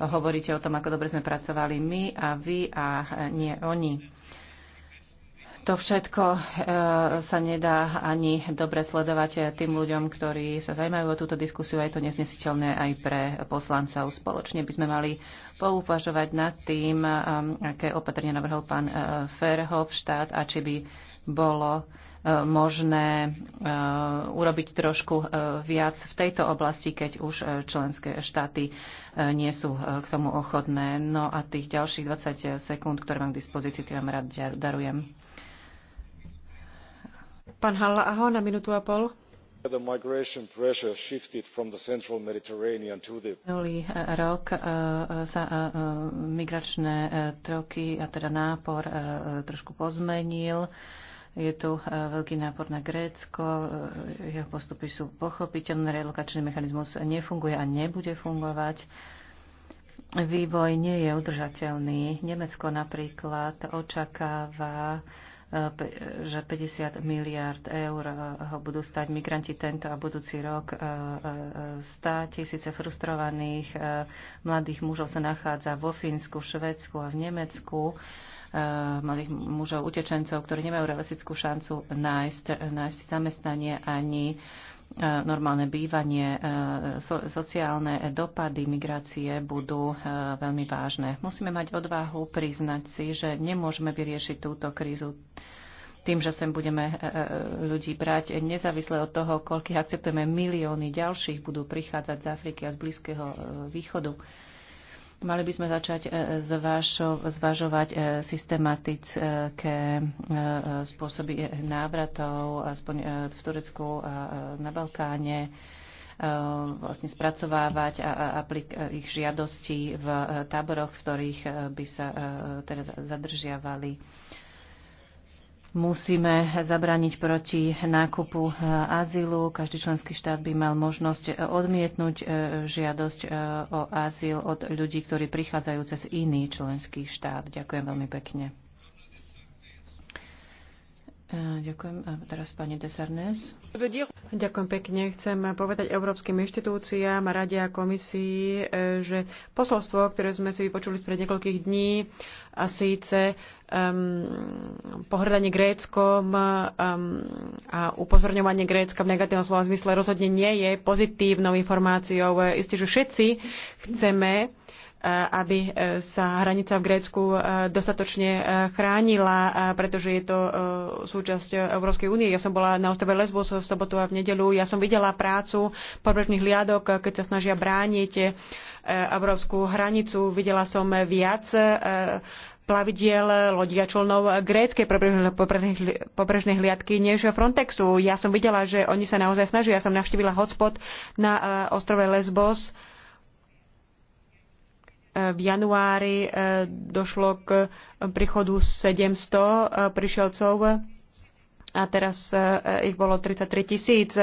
hovoríte o tom, ako dobre sme pracovali my a vy a nie oni. To všetko e, sa nedá ani dobre sledovať tým ľuďom, ktorí sa zajmajú o túto diskusiu. Je to nesnesiteľné aj pre poslancov. Spoločne by sme mali pouvažovať nad tým, e, aké opatrenia navrhol pán e, Ferhofštát a či by bolo možné urobiť trošku viac v tejto oblasti, keď už členské štáty nie sú k tomu ochotné. No a tých ďalších 20 sekúnd, ktoré mám k dispozícii, tým vám rád darujem. Pán Halla, aho, na minútu a pol. Minulý e, rok e, e, sa migračné troky, a teda nápor, trošku pozmenil. Je tu veľký nápor na Grécko, jeho postupy sú pochopiteľné, relokačný mechanizmus nefunguje a nebude fungovať. Vývoj nie je udržateľný. Nemecko napríklad očakáva že 50 miliard eur eh, ho budú stať migranti tento a budúci rok. 100 eh, eh, tisíce frustrovaných mladých mužov sa nachádza vo Fínsku, Švedsku a v Nemecku malých mužov, utečencov, ktorí nemajú realistickú šancu nájsť, nájsť zamestnanie ani E, normálne bývanie, e, sociálne dopady migrácie budú e, veľmi vážne. Musíme mať odvahu priznať si, že nemôžeme vyriešiť túto krízu tým, že sem budeme ľudí brať, nezávisle od toho, koľkých akceptujeme milióny ďalších, budú prichádzať z Afriky a z Blízkeho východu. Mali by sme začať zvažo, e, e, zvažovať e, systematické spôsoby návratov, aspoň v Turecku a na Balkáne, vlastne spracovávať a aplik- ich žiadosti v táboroch, v ktorých by sa teraz zadržiavali Musíme zabraniť proti nákupu e, azylu. Každý členský štát by mal možnosť e, odmietnúť e, žiadosť o azyl od ľudí, ktorí prichádzajú cez iný členský štát. Ďakujem veľmi pekne. Eh, ďakujem. A teraz pani Desarnes. Ďakujem pekne. Chcem povedať európskym inštitúciám, rade a komisii, eh, že posolstvo, ktoré sme si vypočuli pred niekoľkých dní, a síce um, pohrdanie Gréckom um, a upozorňovanie Grécka v negatívnom slova zmysle rozhodne nie je pozitívnou informáciou. Eh, isté, že všetci chceme Eh, aby eh, sa hranica v Grécku eh, dostatočne chránila, pretože je to súčasť Európskej únie. Ja som bola na ostrove Lesbos v sobotu a v nedelu. Ja som videla prácu pobrežných liadok, keď sa snažia brániť európsku hranicu. Videla som viac plavidiel, lodí a člnov gréckej pobrežnej hliadky než Frontexu. Ja som videla, že oni sa naozaj snažia. Ja som navštívila hotspot na ostrove Lesbos v januári eh, došlo k eh, príchodu 700 eh, prišielcov a teraz e, e, ich bolo 33 tisíc.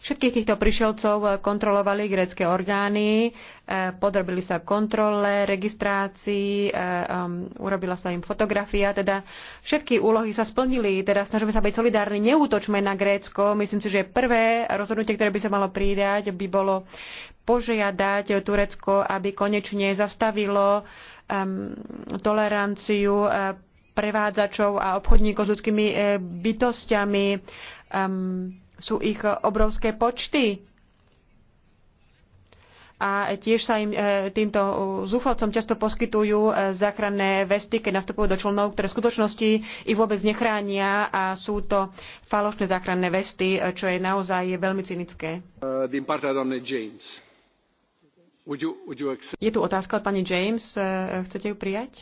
Všetkých týchto prišielcov e, kontrolovali grécké orgány, podrobili sa kontrole, registrácii, urobila sa im fotografia, teda všetky úlohy sa splnili. Teda snažíme sa byť solidárni, neútočme na Grécko. Myslím si, že prvé rozhodnutie, ktoré by sa malo pridať, by bolo požiadať Turecko, aby konečne zastavilo toleranciu prevádzačov a obchodníkov s ľudskými e, bytostiami. Um, sú ich obrovské počty. A tiež sa im e, týmto zúfalcom často poskytujú e, záchranné vesty, keď nastupujú do člnov, ktoré v skutočnosti ich vôbec nechránia a sú to falošné záchranné vesty, čo je naozaj veľmi cynické. Uh, je tu otázka od pani James. Chcete ju prijať?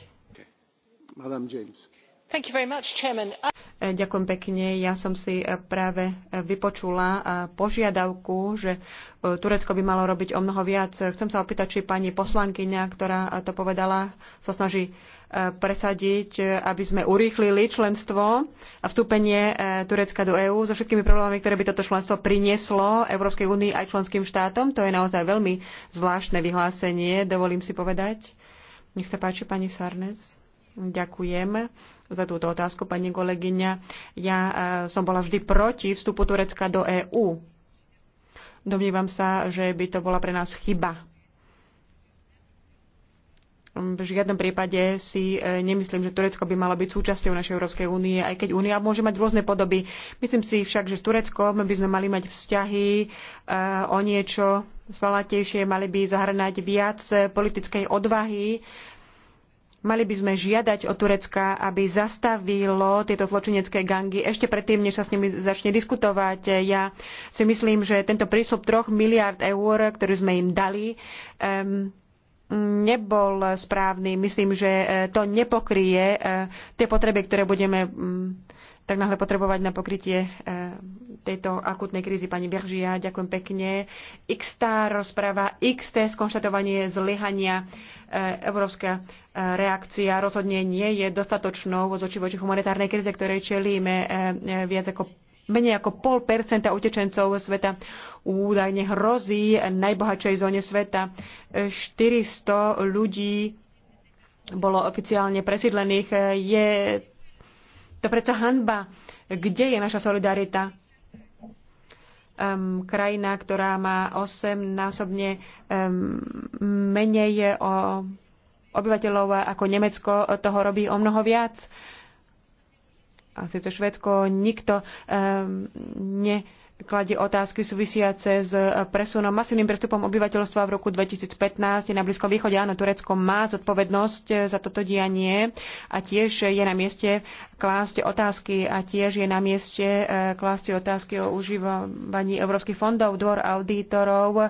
E, ďakujem pekne. Ja som si e, práve e, vypočula požiadavku, že Turecko by malo robiť o mnoho viac. Chcem sa opýtať, či pani poslankyňa, ktorá to povedala, sa snaží presadiť, aby sme urýchlili členstvo a vstúpenie Turecka do EÚ so všetkými problémami, ktoré by toto členstvo prinieslo Európskej únii aj členským štátom. To je naozaj veľmi zvláštne vyhlásenie, dovolím si povedať. Nech sa páči, pani Sarnes. Ďakujem za túto otázku, pani kolegyňa. Ja e, som bola vždy proti vstupu Turecka do EÚ. Domnívam sa, že by to bola pre nás chyba. V žiadnom prípade si e, nemyslím, že Turecko by malo byť súčasťou našej Európskej únie, aj keď únia môže mať rôzne podoby. Myslím si však, že s Tureckom by sme mali mať vzťahy e, o niečo svalatejšie, mali by zahrnať viac politickej odvahy Mali by sme žiadať od Turecka, aby zastavilo tieto zločinecké gangy ešte predtým, než sa s nimi začne diskutovať. Ja si myslím, že tento prísľub troch miliard eur, ktorý sme im dali, um, nebol správny. Myslím, že eh, to nepokrie eh, tie potreby, ktoré budeme mm, tak náhle potrebovať na pokrytie e, tejto akutnej krízy. Pani Beržia, ďakujem pekne. X tá rozpráva, XT skonštatovanie zlyhania e, európska e, reakcia rozhodne nie je dostatočnou voči voči humanitárnej kríze, ktorej čelíme viac ako menej ako pol percenta utečencov sveta údajne hrozí najbohatšej zóne sveta. 400 ľudí bolo oficiálne presídlených. Je to preca hanba. Kde je naša solidarita? Um, krajina, ktorá má 8-násobne um, menej eh, o obyvateľov eh, ako Nemecko, eh, toho robí o mnoho viac. A síce Švedsko nikto um, ne kladie otázky súvisiace s presunom, masívnym prestupom obyvateľstva v roku 2015 na Blízkom východe. Áno, Turecko má zodpovednosť za toto dianie a tiež je na mieste, klásť otázky a tiež je na mieste e, klásť otázky o užívaní európskych fondov. Dvor auditorov e,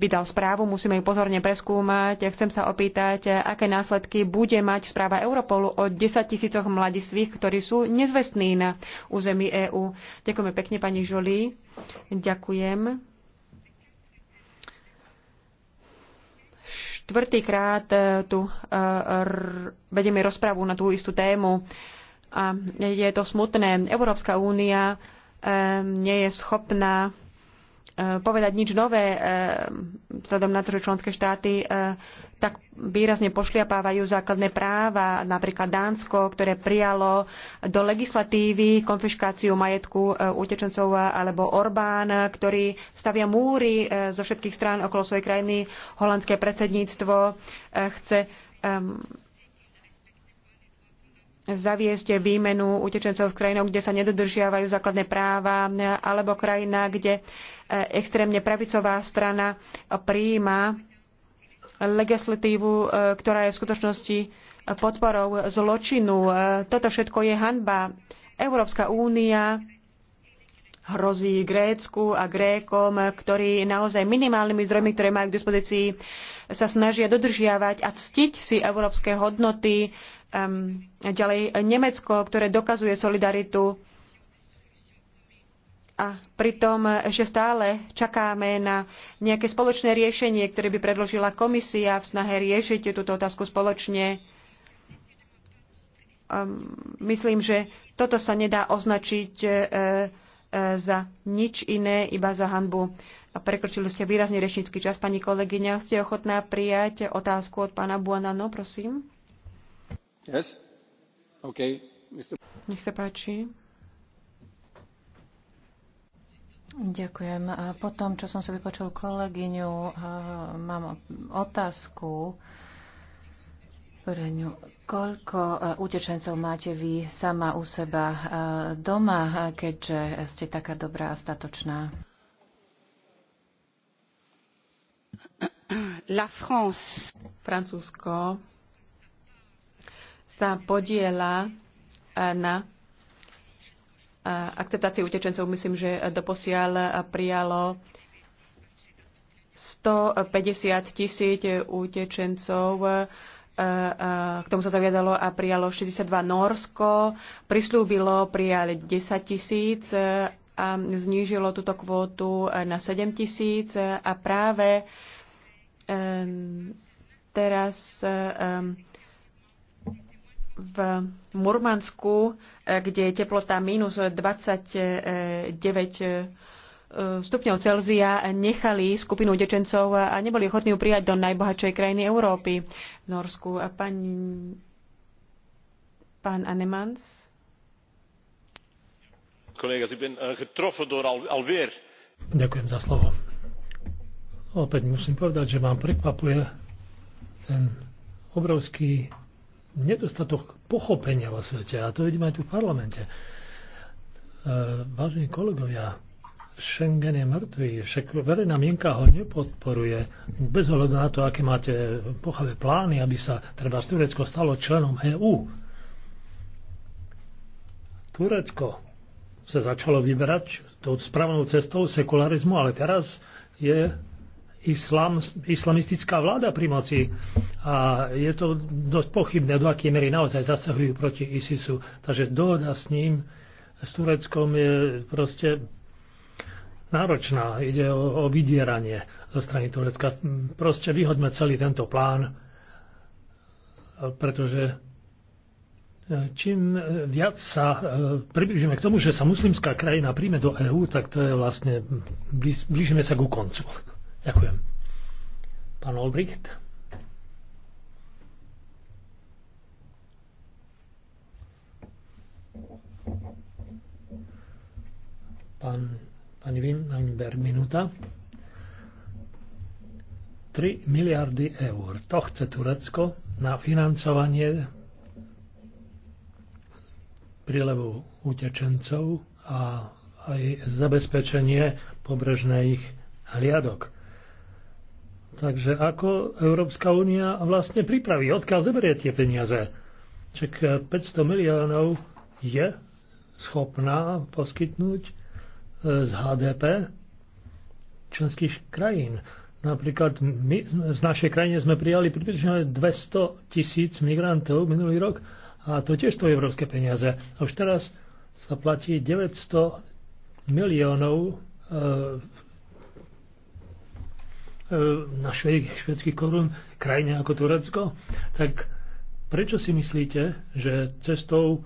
by dal správu, musíme ju pozorne preskúmať. Chcem sa opýtať, aké následky bude mať správa Europolu o 10 tisícoch mladistvých, ktorí sú nezvestní na území EÚ. Ďakujeme pekne, pani Žolí. Ďakujem. štvrtýkrát e, tu e, vedieme rozpravu na tú istú tému a je to smutné. Európska únia e, nie je schopná Eh, povedať nič nové, eh, vzhľadom na to, že členské štáty eh, tak výrazne pošliapávajú základné práva, napríklad Dánsko, ktoré prijalo do legislatívy konfiškáciu majetku utečencov, alebo Orbán, ktorý stavia múry zo všetkých strán okolo svojej krajiny, holandské predsedníctvo chce zaviesť výmenu utečencov v krajinách, kde sa nedodržiavajú základné práva, alebo krajina, kde e, extrémne pravicová strana prijíma legislatívu, e, ktorá je v skutočnosti podporou zločinu. E, toto všetko je hanba. Európska únia hrozí Grécku a Grékom, ktorí naozaj minimálnymi zdrojmi, ktoré majú k dispozícii, sa snažia dodržiavať a ctiť si európske hodnoty, ďalej Nemecko, ktoré dokazuje solidaritu a pritom ešte stále čakáme na nejaké spoločné riešenie, ktoré by predložila komisia v snahe riešiť túto otázku spoločne. Myslím, že toto sa nedá označiť e, e, za nič iné, iba za hanbu. Prekročili ste výrazne rečnícky čas, pani kolegyňa. Ste ochotná prijať otázku od pána Buanano, prosím? Yes? Okay. Mr. Nech sa páči. Ďakujem. Po tom, čo som sa vypočul kolegyňu, mám otázku pre ňu. Koľko utečencov máte vy sama u seba doma, keďže ste taká dobrá a statočná? La France. Francúzsko sa podiela eh, na eh, akceptácii utečencov. Myslím, že doposiaľ prijalo 150 tisíc utečencov eh, k tomu sa zaviadalo a prijalo 62 Norsko, prislúbilo prijali 10 tisíc a znížilo túto kvótu na 7 tisíc a práve teraz v Murmansku, eh, kde je teplota minus 29 eh, stupňov Celzia, nechali skupinu utečencov a neboli ochotní ju prijať do najbohatšej krajiny Európy, v Norsku. A pán, pán Anemans? Eh, Ďakujem za slovo. Opäť musím povedať, že vám prekvapuje ten obrovský nedostatok pochopenia vo svete a to vidíme aj tu v parlamente. E, vážení kolegovia, Schengen je mŕtvý, však verejná mienka ho nepodporuje. Bez ohľadu na to, aké máte pochavé plány, aby sa treba Turecko stalo členom EÚ. Turecko sa začalo vyberať tou správnou cestou sekularizmu, ale teraz je islam, islamistická vláda pri moci. A je to dosť pochybné, do akej miery naozaj zasahujú proti ISISu. Takže dohoda s ním, s Tureckom je proste náročná. Ide o, o vydieranie zo strany Turecka. Proste vyhodme celý tento plán, pretože e, čím viac sa e, približíme k tomu, že sa muslimská krajina príjme do EÚ, tak to je vlastne, blížime sa ku koncu. Ďakujem. Pán Olbricht. Pán, pani Winberg, minúta. 3 miliardy eur. To chce Turecko na financovanie prílevu utečencov a aj zabezpečenie pobrežných hliadok. Takže ako Európska únia vlastne pripraví, odkiaľ zoberie tie peniaze? Čak 500 eh, miliónov je schopná poskytnúť eh, z HDP členských krajín. Napríklad my z našej krajine sme prijali približne 200 tisíc migrantov minulý rok a to tiež to európske peniaze. A už teraz sa platí 900 miliónov eh, E, na švedský korun krajine ako Turecko, tak prečo si myslíte, že cestou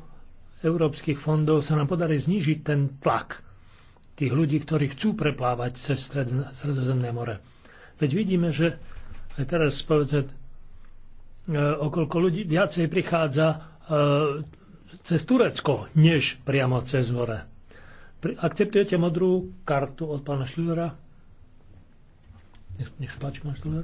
európskych fondov sa nám podarí znížiť ten tlak tých ľudí, ktorí chcú preplávať cez Stredozemné more? Veď vidíme, že aj teraz povedzme, Okolko ľudí viacej prichádza e, cez Turecko, než priamo cez more. Akceptujete modrú kartu od pána Šľúra? Nech, nech sa páči, pán Štuler.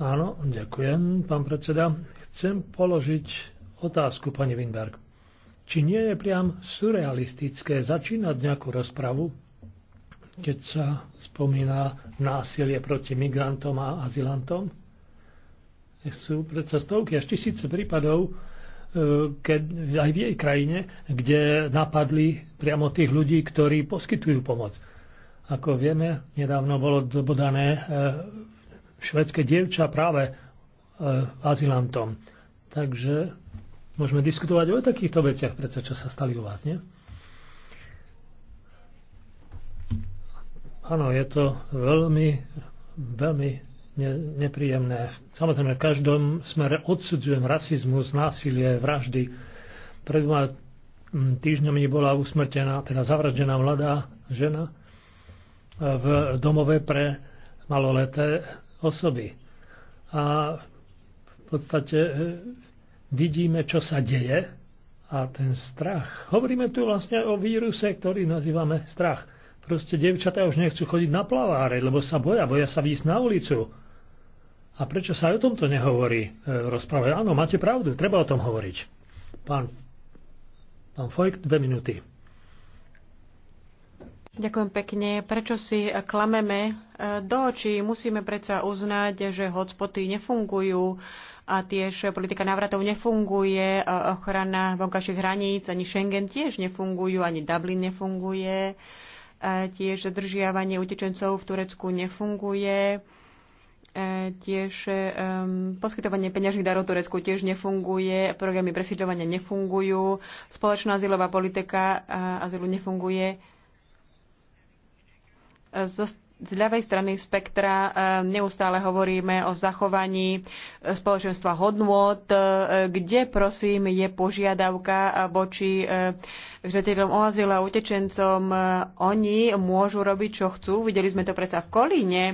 Áno, ďakujem, pán predseda. Chcem položiť otázku, pani Winberg. Či nie je priam surrealistické začínať nejakú rozpravu, keď sa spomína násilie proti migrantom a azilantom? Sú predsa stovky až tisíce prípadov, keď, aj v jej krajine, kde napadli priamo tých ľudí, ktorí poskytujú pomoc. Ako vieme, nedávno bolo dobodané e, švedské dievča práve e, azilantom. Takže môžeme diskutovať o takýchto veciach, prečo čo sa stali u vás, nie? Áno, je to veľmi, veľmi ne, nepríjemné. Samozrejme, v každom smere odsudzujem rasizmus, násilie, vraždy. Pred dvoma mm, týždňami bola usmrtená, teda zavraždená mladá žena e, v domove pre maloleté osoby. A v podstate e, vidíme, čo sa deje a ten strach. Hovoríme tu vlastne o víruse, ktorý nazývame strach. Proste devčatá už nechcú chodiť na plaváre, lebo sa boja, boja sa výjsť na ulicu a prečo sa aj o tomto nehovorí v rozprave? Áno, máte pravdu, treba o tom hovoriť. Pán, pán Fojk, dve minúty. Ďakujem pekne. Prečo si klameme e, do očí? Musíme predsa uznať, že hotspoty nefungujú a tiež politika návratov nefunguje, e, ochrana vonkajších hraníc, ani Schengen tiež nefungujú, ani Dublin nefunguje, e, tiež zadržiavanie utečencov v Turecku nefunguje E, tiež um, poskytovanie peňažných darov Turecku tiež nefunguje, programy presídľovania nefungujú, spoločná azylová politika e, azylu nefunguje. E, z, z ľavej strany spektra neustále hovoríme o zachovaní spoločenstva hodnôt, kde prosím je požiadavka voči žiadateľom o azyl a utečencom. Oni môžu robiť, čo chcú. Videli sme to predsa v Kolíne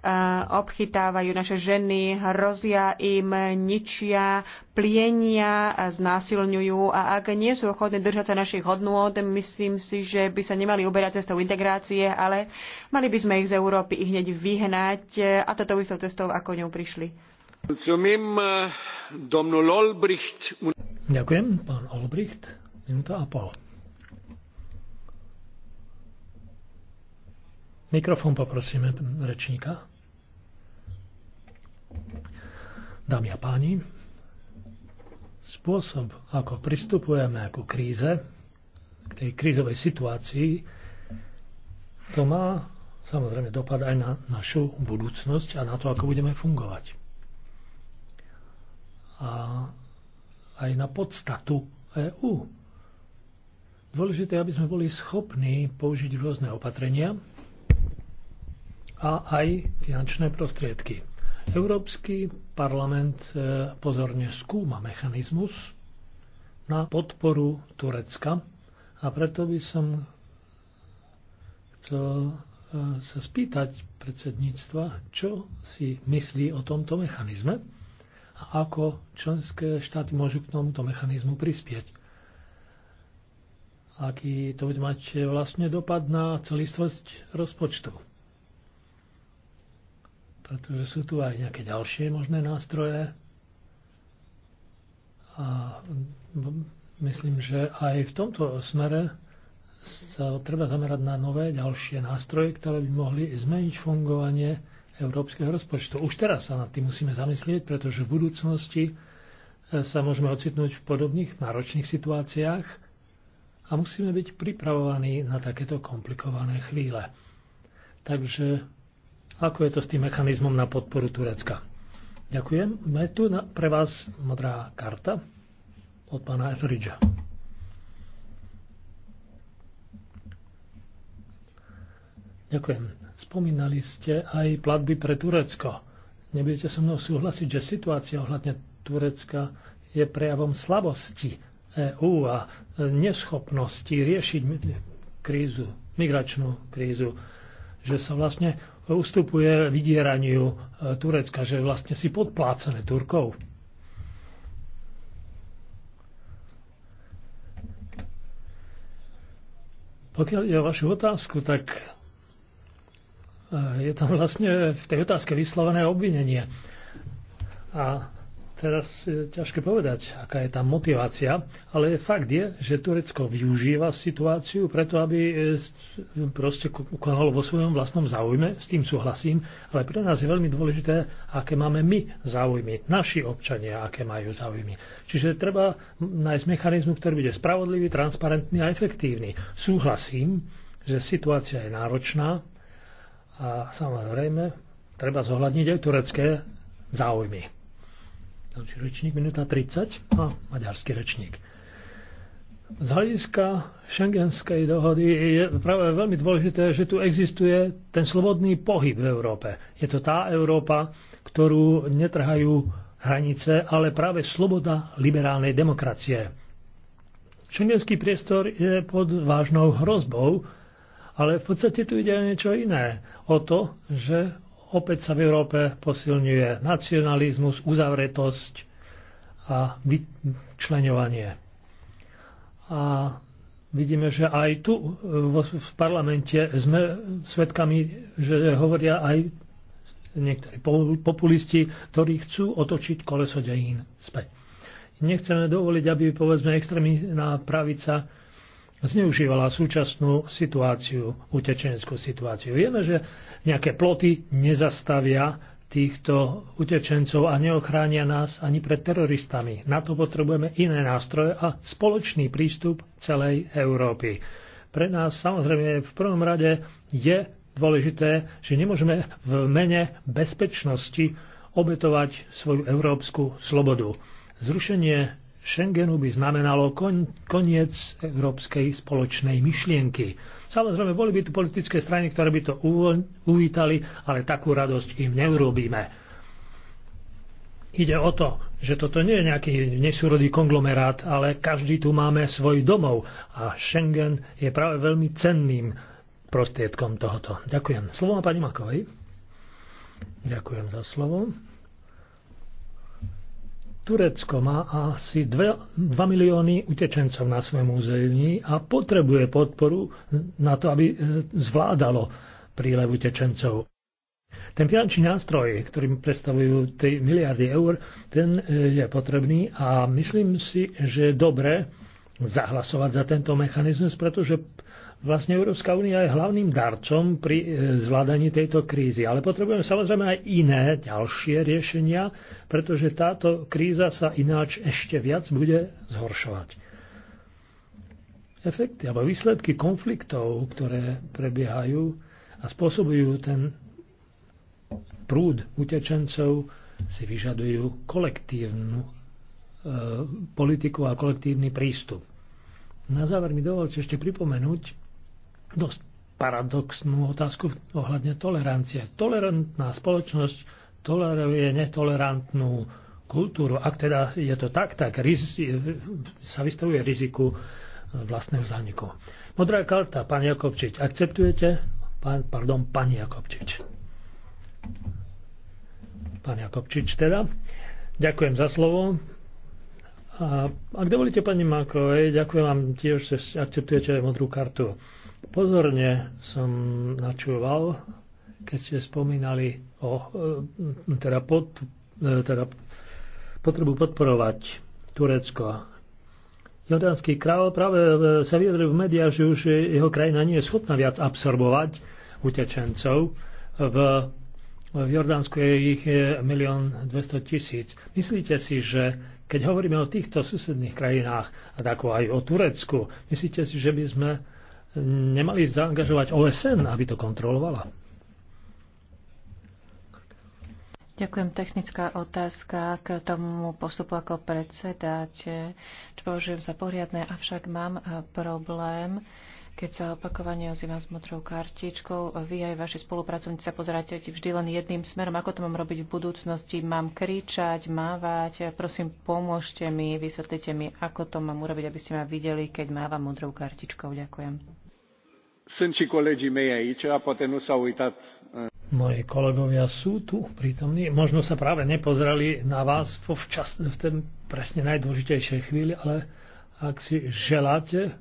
E, obchytávajú naše ženy, hrozia im, ničia, plienia, e, znásilňujú a ak nie sú ochotné držať sa našich hodnôt, myslím si, že by sa nemali uberať cestou integrácie, ale mali by sme ich z Európy ich hneď vyhnať a toto istou cestou, ako ňou prišli. Ďakujem, pán Olbricht. Minúta a pol. Mikrofón poprosíme rečníka. Dámy a páni, spôsob, ako pristupujeme ku kríze, k tej krízovej situácii, to má samozrejme dopad aj na našu budúcnosť a na to, ako budeme fungovať. A aj na podstatu EÚ. Dôležité, aby sme boli schopní použiť rôzne opatrenia a aj finančné prostriedky. Európsky parlament e, pozorne skúma mechanizmus na podporu Turecka a preto by som chcel e, sa spýtať predsedníctva, čo si myslí o tomto mechanizme a ako členské štáty môžu k tomuto mechanizmu prispieť. Aký to bude mať vlastne dopad na celistvosť rozpočtu pretože sú tu aj nejaké ďalšie možné nástroje. A myslím, že aj v tomto smere sa treba zamerať na nové ďalšie nástroje, ktoré by mohli zmeniť fungovanie európskeho rozpočtu. Už teraz sa nad tým musíme zamyslieť, pretože v budúcnosti e, sa môžeme ocitnúť v podobných náročných situáciách a musíme byť pripravovaní na takéto komplikované chvíle. Takže ako je to s tým mechanizmom na podporu Turecka? Ďakujem. Máme tu na, pre vás modrá karta od pána Etheridgea. Ďakujem. Spomínali ste aj platby pre Turecko. Nebudete so mnou súhlasiť, že situácia ohľadne Turecka je prejavom slabosti EÚ a e, neschopnosti riešiť krízu, migračnú krízu, že sa vlastne ustupuje vydieraniu e, Turecka, že vlastne si podplácané Turkov. Pokiaľ je vašu otázku, tak e, je tam vlastne v tej otázke vyslovené obvinenie. A Teraz je ťažké povedať, aká je tá motivácia, ale fakt je, že Turecko využíva situáciu preto, aby e, proste konalo vo svojom vlastnom záujme, s tým súhlasím, ale pre nás je veľmi dôležité, aké máme my záujmy, naši občania, aké majú záujmy. Čiže treba nájsť mechanizmu, ktorý bude spravodlivý, transparentný a efektívny. Súhlasím, že situácia je náročná a samozrejme treba zohľadniť aj turecké záujmy. Ďalší rečník, minúta 30. A maďarský rečník. Z hľadiska šengenskej dohody je práve veľmi dôležité, že tu existuje ten slobodný pohyb v Európe. Je to tá Európa, ktorú netrhajú hranice, ale práve sloboda liberálnej demokracie. Šengenský priestor je pod vážnou hrozbou, ale v podstate tu ide o niečo iné. O to, že opäť sa v Európe posilňuje nacionalizmus, uzavretosť a vyčlenovanie. A vidíme, že aj tu e, v parlamente sme svedkami, že hovoria aj niektorí populisti, ktorí chcú otočiť koleso dejín späť. Nechceme dovoliť, aby povedzme extrémna pravica zneužívala súčasnú situáciu, utečenskú situáciu. Vieme, že nejaké ploty nezastavia týchto utečencov a neochránia nás ani pred teroristami. Na to potrebujeme iné nástroje a spoločný prístup celej Európy. Pre nás samozrejme v prvom rade je dôležité, že nemôžeme v mene bezpečnosti obetovať svoju európsku slobodu. Zrušenie Schengenu by znamenalo kon, koniec európskej spoločnej myšlienky. Samozrejme, boli by tu politické strany, ktoré by to uvítali, ale takú radosť im neurobíme. Ide o to, že toto nie je nejaký nesúrodý konglomerát, ale každý tu máme svoj domov a Schengen je práve veľmi cenným prostriedkom tohoto. Ďakujem. Slovo má pani Makovej. Ďakujem za slovo. Turecko má asi 2, milióny utečencov na svojom území a potrebuje podporu na to, aby e, zvládalo prílev utečencov. Ten finančný nástroj, ktorým predstavujú 3 miliardy eur, ten e, je potrebný a myslím si, že je dobré zahlasovať za tento mechanizmus, pretože Vlastne Európska únia je hlavným darcom pri e, zvládaní tejto krízy, ale potrebujeme samozrejme aj iné ďalšie riešenia, pretože táto kríza sa ináč ešte viac bude zhoršovať. Efekty alebo výsledky konfliktov, ktoré prebiehajú a spôsobujú ten prúd utečencov, si vyžadujú kolektívnu e, politiku a kolektívny prístup. Na záver mi dovolte ešte pripomenúť, dosť paradoxnú otázku ohľadne tolerancie. Tolerantná spoločnosť toleruje netolerantnú kultúru. Ak teda je to tak, tak riz, sa vystavuje riziku vlastného zániku. Modrá karta, pán Jakobčič, akceptujete? Pán, pardon, pán Jakobčič. Pán Jakobčič teda. Ďakujem za slovo. A ak dovolíte, pani Mákovej, ďakujem vám tiež, že akceptujete modrú kartu. Pozorne som načúval, keď ste spomínali o e, teda, pod, e, teda potrebu podporovať Turecko. Jordánsky kráľ práve sa vyjadril v médiách, že už jeho krajina nie je schopná viac absorbovať utečencov. V, v Jordánsku je ich 1 e, 200 tisíc. Myslíte si, že keď hovoríme o týchto susedných krajinách, a tako aj o Turecku, myslíte si, že by sme nemali zaangažovať OSN, aby to kontrolovala? Ďakujem. Technická otázka k tomu postupu ako predsedáte, čo považujem za poriadne, avšak mám eh, problém, keď sa opakovane ozývam s modrou kartičkou. Vy aj vaši spolupracovníci sa pozeráte vždy len jedným smerom. Ako to mám robiť v budúcnosti? Mám kričať, mávať? Prosím, pomôžte mi, vysvetlite mi, ako to mám urobiť, aby ste ma videli, keď mávam modrou kartičkou. Ďakujem. Moji kolegovia sú tu prítomní. Možno sa práve nepozerali na vás vo včas, v ten presne najdôležitejšej chvíli, ale ak si želáte e,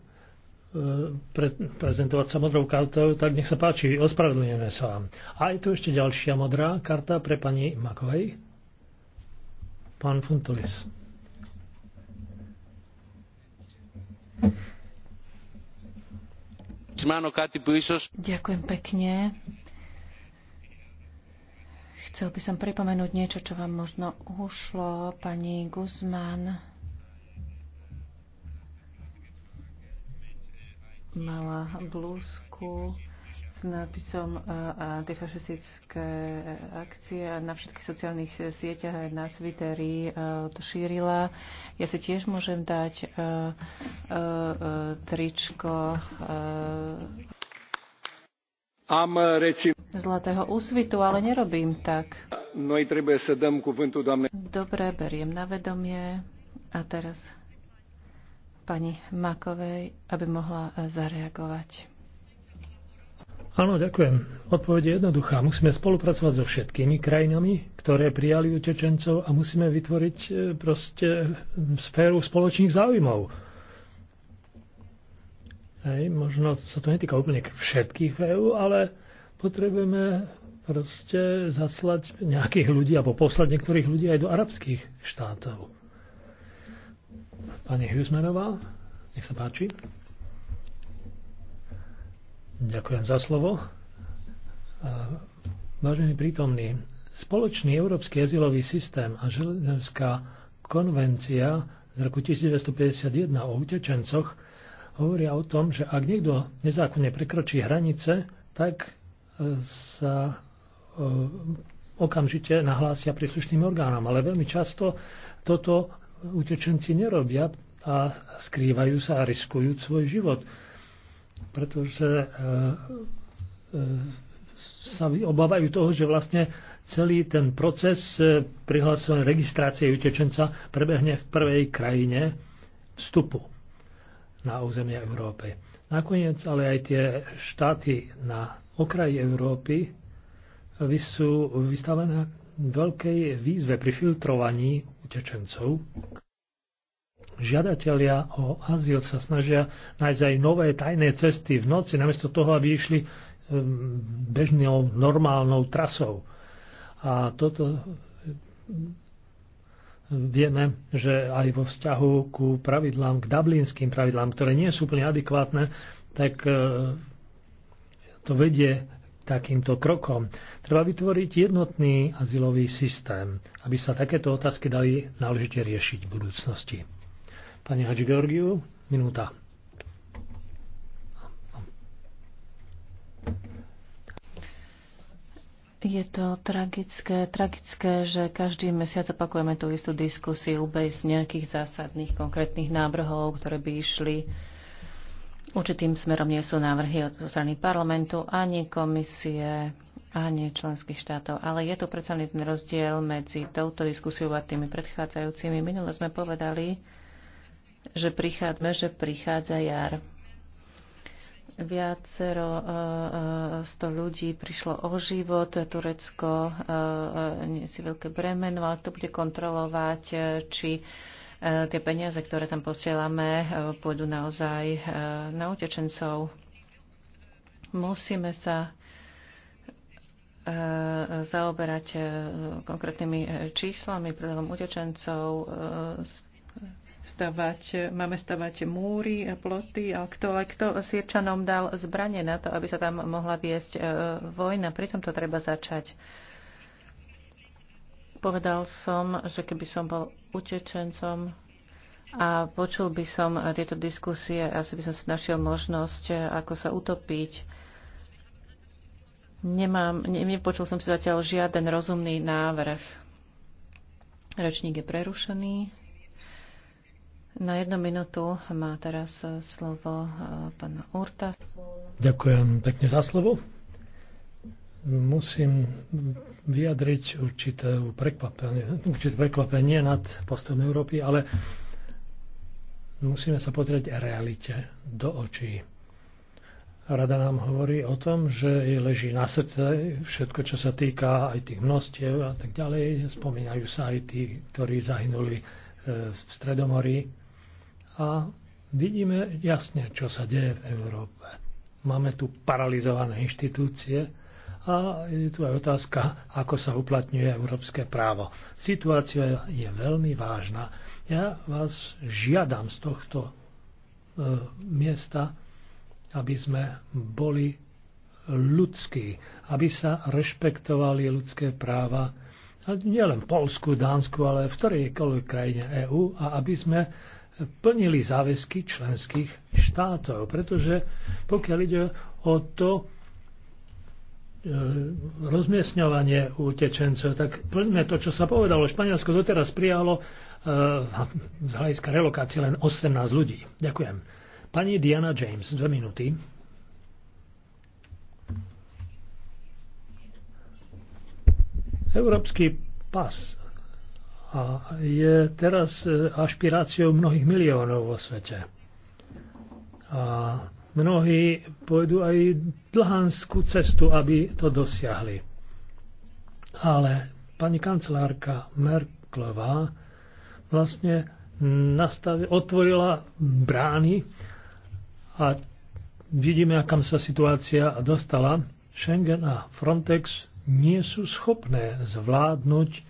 pre, prezentovať sa modrou kartou, tak nech sa páči, ospravedlňujeme sa vám. A je tu ešte ďalšia modrá karta pre pani Makovej. Pán Funtulis. Ďakujem pekne. Chcel by som pripomenúť niečo, čo vám možno ušlo, pani Guzman. Mala blúzku s nápisom antifašistické akcie na všetkých sociálnych sieťach aj na Twitteri to šírila. Ja si tiež môžem dať tričko e, zlatého úsvitu, ale nerobím tak. Dobre, beriem na vedomie. A teraz pani Makovej, aby mohla e, zareagovať. Áno, ďakujem. Odpoveď je jednoduchá. Musíme spolupracovať so všetkými krajinami, ktoré prijali utečencov a musíme vytvoriť e, proste sféru spoločných záujmov. Hej, možno sa to netýka úplne všetkých v EU, ale potrebujeme proste zaslať nejakých ľudí alebo poslať niektorých ľudí aj do arabských štátov. Pani Husmerová, nech sa páči. Ďakujem za slovo. Vážení prítomní, spoločný európsky azylový systém a Ženevská konvencia z roku 1951 o utečencoch hovoria o tom, že ak niekto nezákonne prekročí hranice, tak e, sa e, okamžite nahlásia príslušným orgánom. Ale veľmi často toto utečenci nerobia a skrývajú sa a riskujú svoj život pretože e, e, sa obávajú toho, že vlastne celý ten proces e, prihlasovania registrácie utečenca prebehne v prvej krajine vstupu na územie Európy. Nakoniec ale aj tie štáty na okraji Európy sú vystavené veľkej výzve pri filtrovaní utečencov. Žiadatelia o azyl sa snažia nájsť aj nové tajné cesty v noci, namiesto toho, aby išli bežnou, normálnou trasou. A toto vieme, že aj vo vzťahu ku pravidlám, k dublinským pravidlám, ktoré nie sú úplne adekvátne, tak to vedie takýmto krokom. Treba vytvoriť jednotný azylový systém, aby sa takéto otázky dali náležite riešiť v budúcnosti. Pani Hadži Georgiu, minúta. Je to tragické, tragické, že každý mesiac opakujeme tú istú diskusiu bez nejakých zásadných konkrétnych návrhov, ktoré by išli určitým smerom. Nie sú návrhy od strany parlamentu, ani komisie, ani členských štátov. Ale je tu predsa ten rozdiel medzi touto diskusiou a tými predchádzajúcimi. Minule sme povedali, že prichádzame, že prichádza jar. Viacero e, e, sto ľudí prišlo o život, Turecko e, si veľké bremeno, ale to bude kontrolovať, či tie peniaze, ktoré tam posielame, pôjdu naozaj na utečencov. Musíme sa zaoberať konkrétnymi číslami, prílevom utečencov, stavať, máme stavať múry a ploty, a kto, ale kto Sirčanom dal zbranie na to, aby sa tam mohla viesť e, vojna. Pritom to treba začať. Povedal som, že keby som bol utečencom a počul by som tieto diskusie, asi by som si našiel možnosť, e, ako sa utopiť. Nemám, ne, nepočul som si zatiaľ žiaden rozumný návrh. Rečník je prerušený. Na jednu minútu má teraz e, slovo e, pán Urta. Ďakujem pekne za slovo. Musím vyjadriť určité prekvapenie, určité prekvapenie nad postojom Európy, ale musíme sa pozrieť realite do očí. Rada nám hovorí o tom, že jej leží na srdce všetko, čo sa týka aj tých mnostiev a tak ďalej. Spomínajú sa aj tí, ktorí zahynuli E, v Stredomorí a vidíme jasne, čo sa deje v Európe. Máme tu paralizované inštitúcie a je tu aj otázka, ako sa uplatňuje európske právo. Situácia je veľmi vážna. Ja vás žiadam z tohto e, miesta, aby sme boli ľudskí, aby sa rešpektovali ľudské práva nielen v Polsku, Dánsku, ale v ktorejkoľvek krajine EÚ a aby sme plnili záväzky členských štátov. Pretože pokiaľ ide o to e, rozmiestňovanie utečencov, tak plňme to, čo sa povedalo. Španielsko doteraz prijalo e, z hľadiska relokácie len 18 ľudí. Ďakujem. Pani Diana James, dve minúty. Európsky pas a je teraz e, ašpiráciou mnohých miliónov vo svete. A mnohí pôjdu aj dlhanskú cestu, aby to dosiahli. Ale pani kancelárka Merklová vlastne nastavi, otvorila brány a vidíme, akam sa situácia dostala. Schengen a Frontex nie sú schopné zvládnuť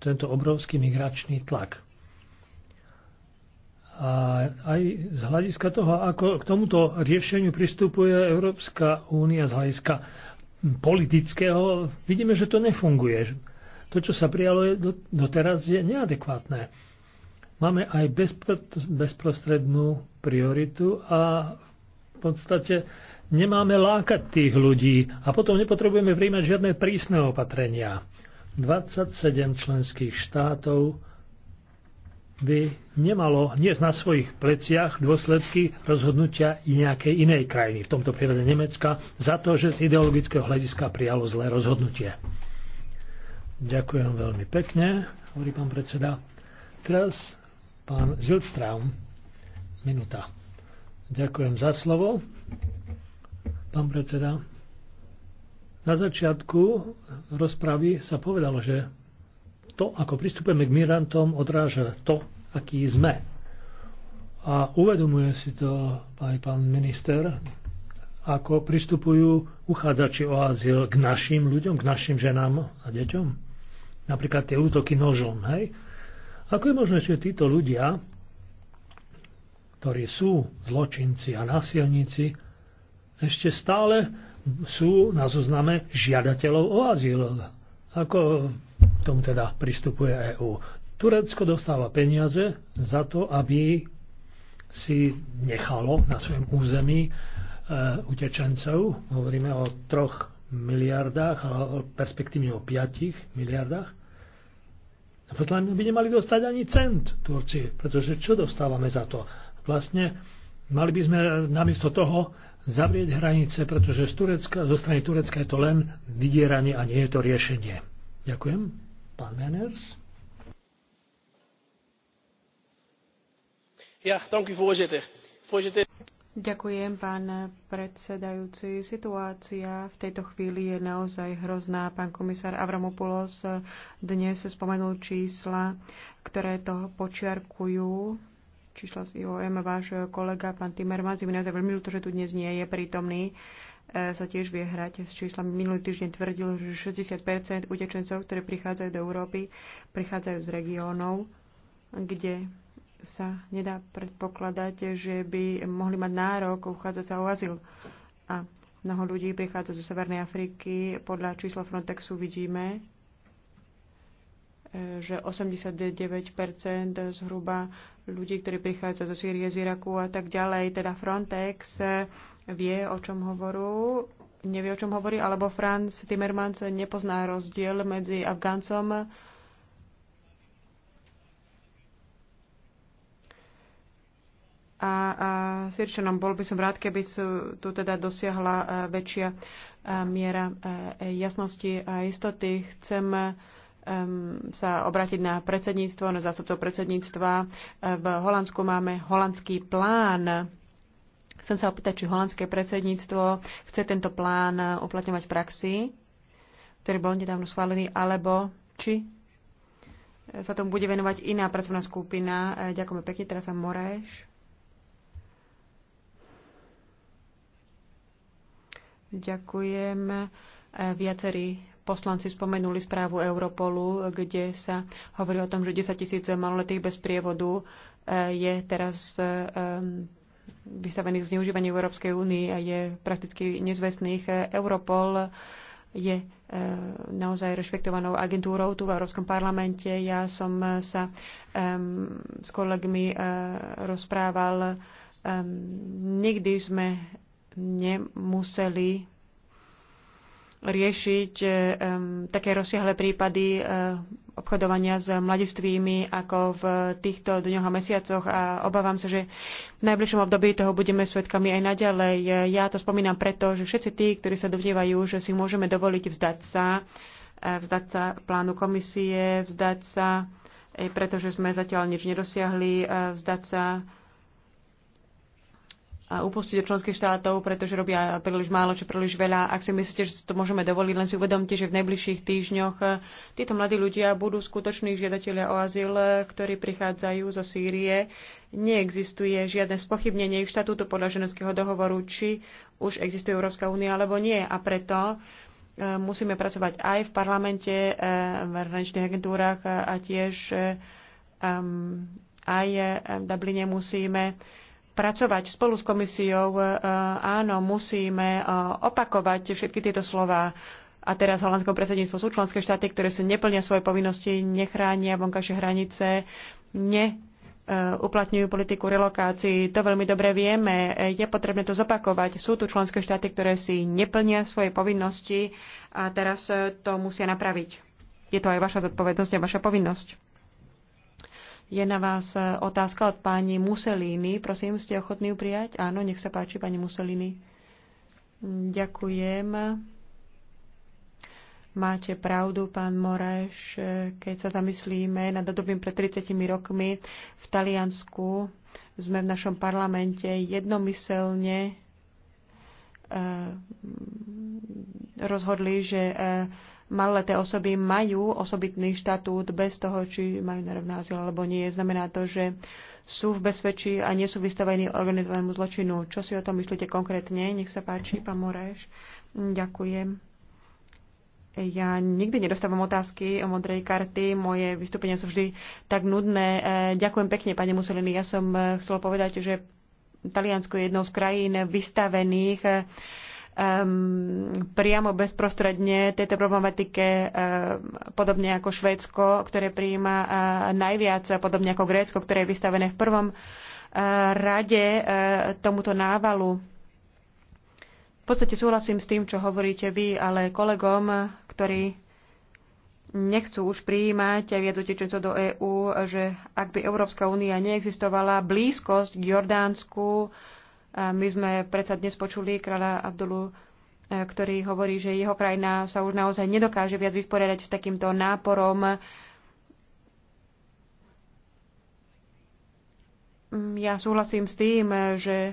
tento obrovský migračný tlak. A aj z hľadiska toho, ako k tomuto riešeniu pristupuje Európska únia z hľadiska politického, vidíme, že to nefunguje. To, čo sa prijalo doteraz, je neadekvátne. Máme aj bezprostrednú prioritu a v podstate nemáme lákať tých ľudí a potom nepotrebujeme príjmať žiadne prísne opatrenia. 27 členských štátov by nemalo niesť na svojich pleciach dôsledky rozhodnutia nejakej inej krajiny, v tomto prípade Nemecka, za to, že z ideologického hľadiska prijalo zlé rozhodnutie. Ďakujem veľmi pekne, hovorí pán predseda. Teraz pán Žilstraum, minúta. Ďakujem za slovo. Pán predseda, na začiatku rozpravy sa povedalo, že to, ako pristupujeme k migrantom, odráža to, aký sme. A uvedomuje si to aj pán minister, ako pristupujú uchádzači o azyl k našim ľuďom, k našim ženám a deťom. Napríklad tie útoky nožom, hej? Ako je možné, že títo ľudia, ktorí sú zločinci a násilníci, ešte stále sú na zozname žiadateľov o azyl. Ako k tomu teda pristupuje EÚ? Turecko dostáva peniaze za to, aby si nechalo na svojom území e, utečencov. Hovoríme o troch miliardách, ale perspektívne o 5 miliardách. A podľa mňa by nemali dostať ani cent Turci, pretože čo dostávame za to? Vlastne mali by sme namiesto toho zavrieť hranice, pretože z Turecka, zo strany Turecka je to len vydieranie a nie je to riešenie. Ďakujem. Pán Meners. Ja, dank vôžete. Vôžete. Ďakujem, pán predsedajúci. Situácia v tejto chvíli je naozaj hrozná. Pán komisár Avramopoulos dnes spomenul čísla, ktoré to počiarkujú čísla z IOM. Váš kolega, pán Timmermans, je mi to veľmi ľúto, že tu dnes nie je prítomný, e, sa tiež vie hrať s číslami. Minulý týždeň tvrdil, že 60 utečencov, ktorí prichádzajú do Európy, prichádzajú z regiónov, kde sa nedá predpokladať, že by mohli mať nárok uchádzať sa o azyl. A mnoho ľudí prichádza zo Severnej Afriky. Podľa čísla Frontexu vidíme, že 89% zhruba ľudí, ktorí prichádzajú zo Sýrie, z Iraku a tak ďalej, teda Frontex eh, vie, o čom hovorú, nevie, o čom hovorí, alebo Franz Timmermans nepozná rozdiel medzi Afgáncom a, a Sýrčanom. Bol by som rád, keby sú, tu teda dosiahla eh, väčšia eh, miera jasnosti a istoty. Chcem um, sa obrátiť na predsedníctvo, na zásobcov predsedníctva. V Holandsku máme holandský plán. Chcem sa opýtať, či holandské predsedníctvo chce tento plán eh, uplatňovať v praxi, ktorý bol nedávno schválený, alebo či eh, sa tomu bude venovať iná pracovná skupina. Eh, ďakujeme pekne, teraz sa Moreš. Ďakujem. Viacerí poslanci spomenuli správu Europolu, kde sa hovorí o tom, že 10 tisíc maloletých bez prievodu e, je teraz e, e, vystavených zneužívaní v Európskej únii a je prakticky nezvestných. Europol je naozaj rešpektovanou agentúrou tu v Európskom parlamente. Ja som sa s kolegmi rozprával. nikdy sme nemuseli riešiť eh, také rozsiahle prípady eh, obchodovania s mladistvými ako v týchto dňoch a mesiacoch a obávam sa, že v najbližšom období toho budeme svetkami aj naďalej. Eh, ja to spomínam preto, že všetci tí, ktorí sa dovnívajú, že si môžeme dovoliť vzdať sa, vzdať sa plánu komisie, vzdať sa, pretože sme zatiaľ nič nedosiahli, vzdať sa a upustiť od členských štátov, pretože robia príliš málo či príliš veľa. Ak si myslíte, že to môžeme dovoliť, len si uvedomte, že v najbližších týždňoch eh, títo mladí ľudia budú skutoční žiadatelia o azyl, eh, ktorí prichádzajú zo Sýrie. Neexistuje žiadne spochybnenie ich štatútu podľa ženevského dohovoru, či už existuje Európska únia alebo nie. A preto eh, musíme pracovať aj v parlamente, v hraničných agentúrach a tiež aj v Dubline musíme pracovať spolu s komisiou. E, áno, musíme e, opakovať všetky tieto slova. A teraz holandské predsedníctvo sú členské štáty, ktoré si neplnia svoje povinnosti, nechránia vonkajšie hranice, ne e, uplatňujú politiku relokácií. To veľmi dobre vieme. Je potrebné to zopakovať. Sú tu členské štáty, ktoré si neplnia svoje povinnosti a teraz to musia napraviť. Je to aj vaša zodpovednosť a vaša povinnosť. Je na vás e, otázka od pani Muselíny. Prosím, ste ochotní ju prijať? Áno, nech sa páči, pani Muselíny. Ďakujem. Máte pravdu, pán Moreš. E, keď sa zamyslíme nad obdobím pred 30 rokmi v Taliansku, sme v našom parlamente jednomyselne e, rozhodli, že maloleté osoby majú osobitný štatút bez toho, či majú nerovná azyl alebo nie. Znamená to, že sú v bezpečí a nie sú vystavení organizovanému zločinu. Čo si o tom myslíte konkrétne? Nech sa páči, pán Moreš. Ďakujem. Ja nikdy nedostávam otázky o modrej karty. Moje vystúpenia sú vždy tak nudné. E, ďakujem pekne, pani Museliny. Ja som e, chcela povedať, že Taliansko je jednou z krajín vystavených e, um, priamo bezprostredne tejto problematike, um, podobne ako Švédsko, ktoré prijíma uh, najviac, podobne ako Grécko, ktoré je vystavené v prvom uh, rade uh, tomuto návalu. V podstate súhlasím s tým, čo hovoríte vy, ale kolegom, ktorí nechcú už prijímať viac utečencov do EÚ, že ak by Európska únia neexistovala, blízkosť k Jordánsku, uh, a my sme predsa dnes počuli kráľa Abdulu, e, ktorý hovorí, že jeho krajina sa už naozaj nedokáže viac vysporiadať s takýmto náporom. Mm, ja súhlasím s tým, že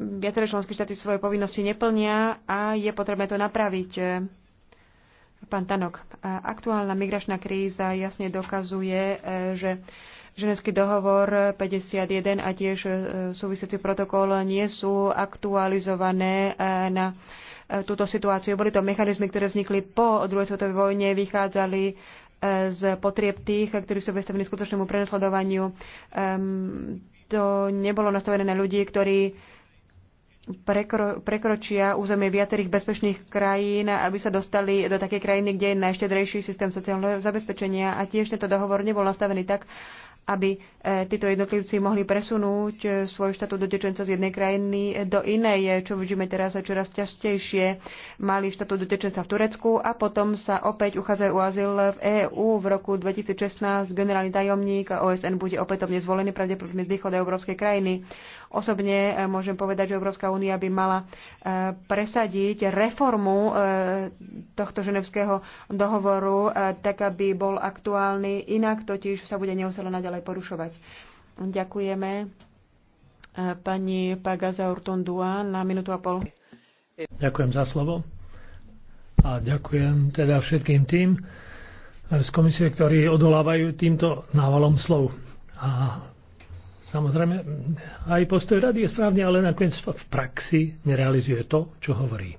viaceré členské štáty svoje povinnosti neplnia a je potrebné to napraviť. Pán Tanok, aktuálna migračná kríza jasne dokazuje, e, že Ženevský dohovor 51 a tiež e, súvisiaci protokol nie sú aktualizované e, na e, túto situáciu. Boli to mechanizmy, ktoré vznikli po druhej svetovej vojne, vychádzali z potrieb tých, ktorí sú vystavení skutočnému prenasledovaniu. To nebolo nastavené na ľudí, ktorí prekročia územie viacerých bezpečných krajín, aby sa dostali do takej krajiny, kde je najštedrejší systém sociálneho zabezpečenia. A tiež tento dohovor nebol nastavený tak, aby e, títo jednotlivci mohli presunúť e, svoj štatút dotečenca z jednej krajiny e, do inej, čo vidíme teraz čoraz častejšie. Mali štatút dotečenca v Turecku a potom sa opäť uchádzajú o azyl v EÚ. V roku 2016 generálny tajomník OSN bude opätovne zvolený pravdepodobne z východu európskej krajiny. Osobne e, môžem povedať, že Európska únia by mala e, presadiť reformu e, tohto ženevského dohovoru tak, aby bol aktuálny, inak totiž sa bude neuselo naďalej porušovať. Ďakujeme pani Pagaza Ortondua na minútu a pol. Ďakujem za slovo a ďakujem teda všetkým tým z komisie, ktorí odolávajú týmto návalom slov. A Samozrejme, aj postoj rady je správny, ale nakoniec v praxi nerealizuje to, čo hovorí.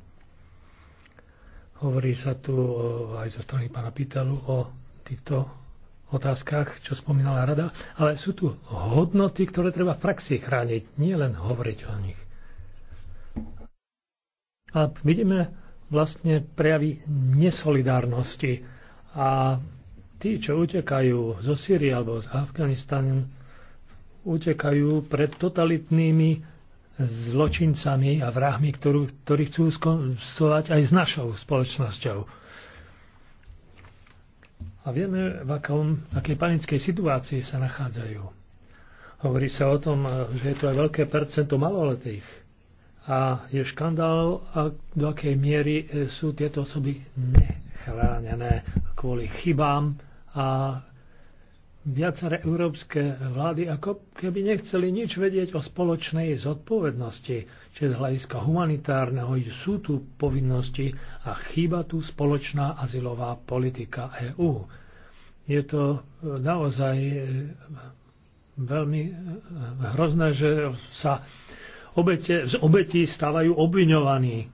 Hovorí sa tu aj zo strany pána Pítalu o týchto otázkach, čo spomínala rada, ale sú tu hodnoty, ktoré treba v praxi chrániť, nie len hovoriť o nich. A vidíme vlastne prejavy nesolidárnosti a tí, čo utekajú zo Sýrie alebo z Afganistanu, utekajú pred totalitnými zločincami a vrahmi, ktorú, ktorí chcú skoncovať aj s našou spoločnosťou. A vieme, v akom, akej panickej situácii sa nachádzajú. Hovorí sa o tom, že je to aj veľké percento maloletých. A je škandál, a do akej miery e, sú tieto osoby nechránené kvôli chybám a viaceré európske vlády ako keby nechceli nič vedieť o spoločnej zodpovednosti, či z hľadiska humanitárneho sú tu povinnosti a chýba tu spoločná azylová politika EÚ. Je to e, naozaj e, veľmi e, hrozné, že sa obete, z obetí stávajú obviňovaní.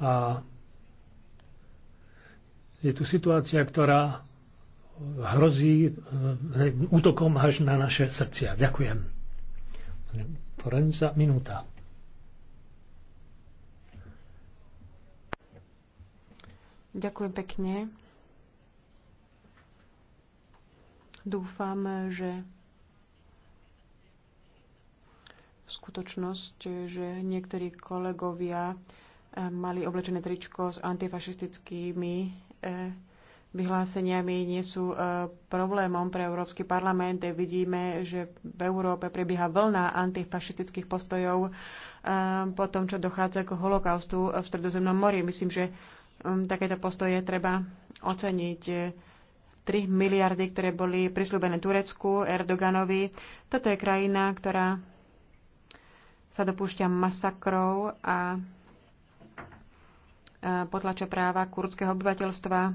A je tu situácia, ktorá hrozí eh, útokom až na naše srdcia. Ďakujem. Forenza, minúta. Ďakujem pekne. Dúfam, že skutočnosť, že niektorí kolegovia eh, mali oblečené tričko s antifašistickými eh, vyhláseniami nie sú e, problémom pre Európsky parlament. Vidíme, že v Európe prebieha vlna antifašistických postojov e, po tom, čo dochádza k holokaustu v Stredozemnom mori. Myslím, že takéto postoje treba oceniť. 3 miliardy, ktoré boli prislúbené Turecku, Erdoganovi. Toto je krajina, ktorá sa dopúšťa masakrov a e, potlača práva kurdského obyvateľstva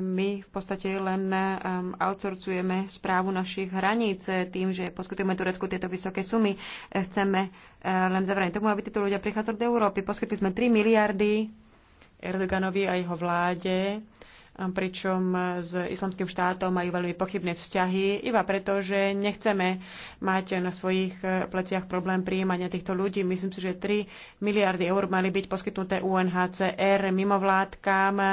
my v podstate len um, outsourcujeme správu našich hraníc tým, že poskytujeme Turecku tieto vysoké sumy. Chceme eh, len zabrániť tomu, aby títo ľudia prichádzali do Európy. Poskytli sme 3 miliardy Erdoganovi a jeho vláde pričom s islamským štátom majú veľmi pochybné vzťahy, iba preto, že nechceme mať na svojich eh, pleciach problém príjmania týchto ľudí. Myslím si, že 3 miliardy eur mali byť poskytnuté UNHCR mimovládkám, eh,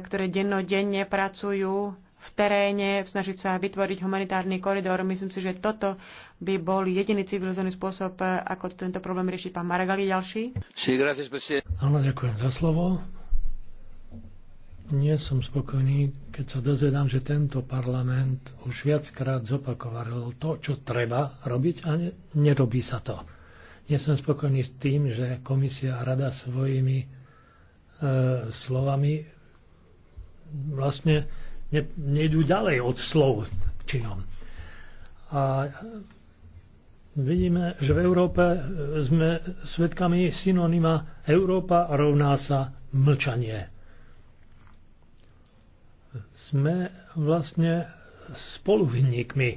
ktoré dennodenne pracujú v teréne, snažiť sa vytvoriť humanitárny koridor. Myslím si, že toto by bol jediný civilizovaný spôsob, eh, ako tento problém riešiť. Pán Maragali, ďalší. Áno, ďakujem za slovo nie som spokojný, keď sa dozvedám, že tento parlament už viackrát zopakoval to, čo treba robiť a ne, nerobí sa to. Nie som spokojný s tým, že komisia a rada svojimi e, slovami vlastne ne, nejdú ďalej od slov k činom. A vidíme, že v Európe e, sme svedkami synonyma Európa rovná sa mlčanie sme vlastne spoluvinníkmi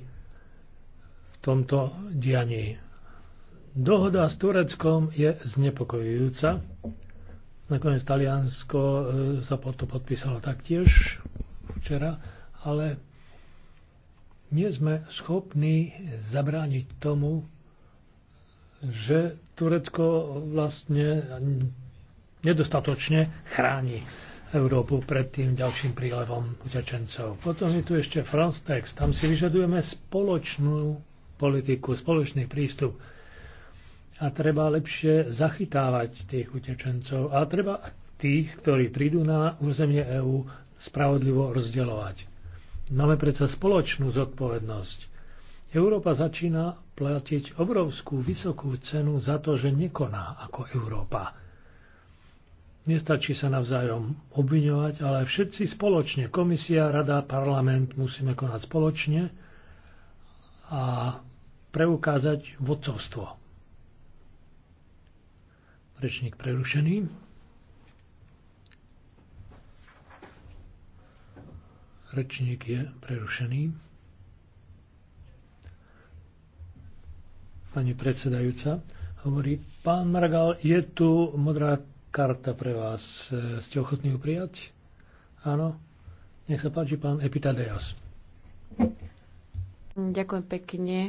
v tomto dianí. Dohoda s Tureckom je znepokojujúca. Nakoniec Taliansko e, sa pod to podpísalo taktiež včera, ale nie sme schopní zabrániť tomu, že Turecko vlastne nedostatočne chráni Európu pred tým ďalším prílevom utečencov. Potom je tu ešte Frontex. Tam si vyžadujeme spoločnú politiku, spoločný prístup. A treba lepšie zachytávať tých utečencov a treba tých, ktorí prídu na územie EÚ, spravodlivo rozdeľovať. Máme predsa spoločnú zodpovednosť. Európa začína platiť obrovskú vysokú cenu za to, že nekoná ako Európa. Nestačí sa navzájom obviňovať, ale všetci spoločne, komisia, rada, parlament, musíme konať spoločne a preukázať vodcovstvo. Rečník prerušený. Rečník je prerušený. Pani predsedajúca hovorí, pán Margal, je tu modrá karta pre vás. E, ste ochotní ju prijať? Áno? Nech sa páči, pán Epitadeos. Ďakujem pekne.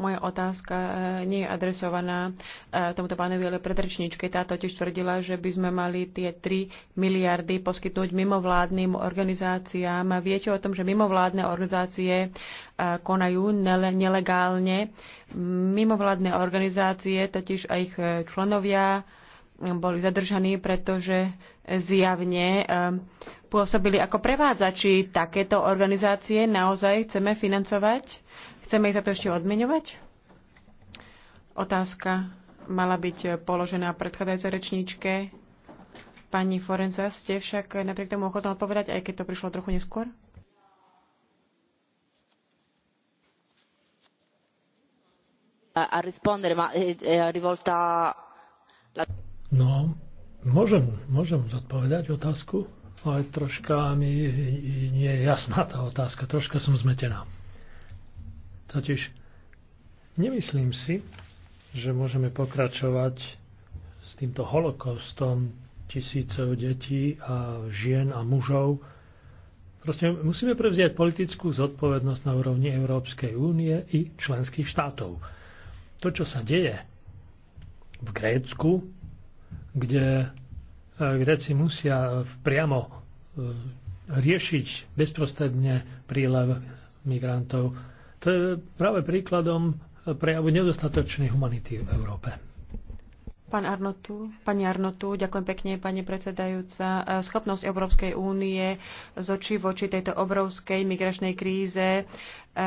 Moja otázka e, nie je adresovaná e, tomuto pánovi, ale predrečničke. Tá totiž tvrdila, že by sme mali tie 3 miliardy poskytnúť mimovládnym organizáciám. Viete o tom, že mimovládne organizácie konajú nelegálne. Mimovládne organizácie, totiž aj ich členovia, boli zadržaní, pretože zjavne eh, pôsobili ako prevádzači. Takéto organizácie naozaj chceme financovať? Chceme ich za to ešte odmeňovať? Otázka mala byť položená predchádzajúcej rečníčke. Pani Forenza, ste však napriek tomu ochotná odpovedať, aj keď to prišlo trochu neskôr? A rispondere, ma eh, eh, rivolta No, môžem, môžem zodpovedať otázku, ale troška mi nie je jasná tá otázka, troška som zmetená. Totiž nemyslím si, že môžeme pokračovať s týmto holokaustom tisícov detí a žien a mužov. Proste musíme prevziať politickú zodpovednosť na úrovni Európskej únie i členských štátov. To, čo sa deje v Grécku, kde e, Gréci musia priamo e, riešiť bezprostredne prílev migrantov. To je práve príkladom prejavu nedostatočnej humanity v Európe. Pán Arnotu, pani Arnotu, ďakujem pekne, pani predsedajúca. E, schopnosť Európskej únie z očí voči tejto obrovskej migračnej kríze e, e,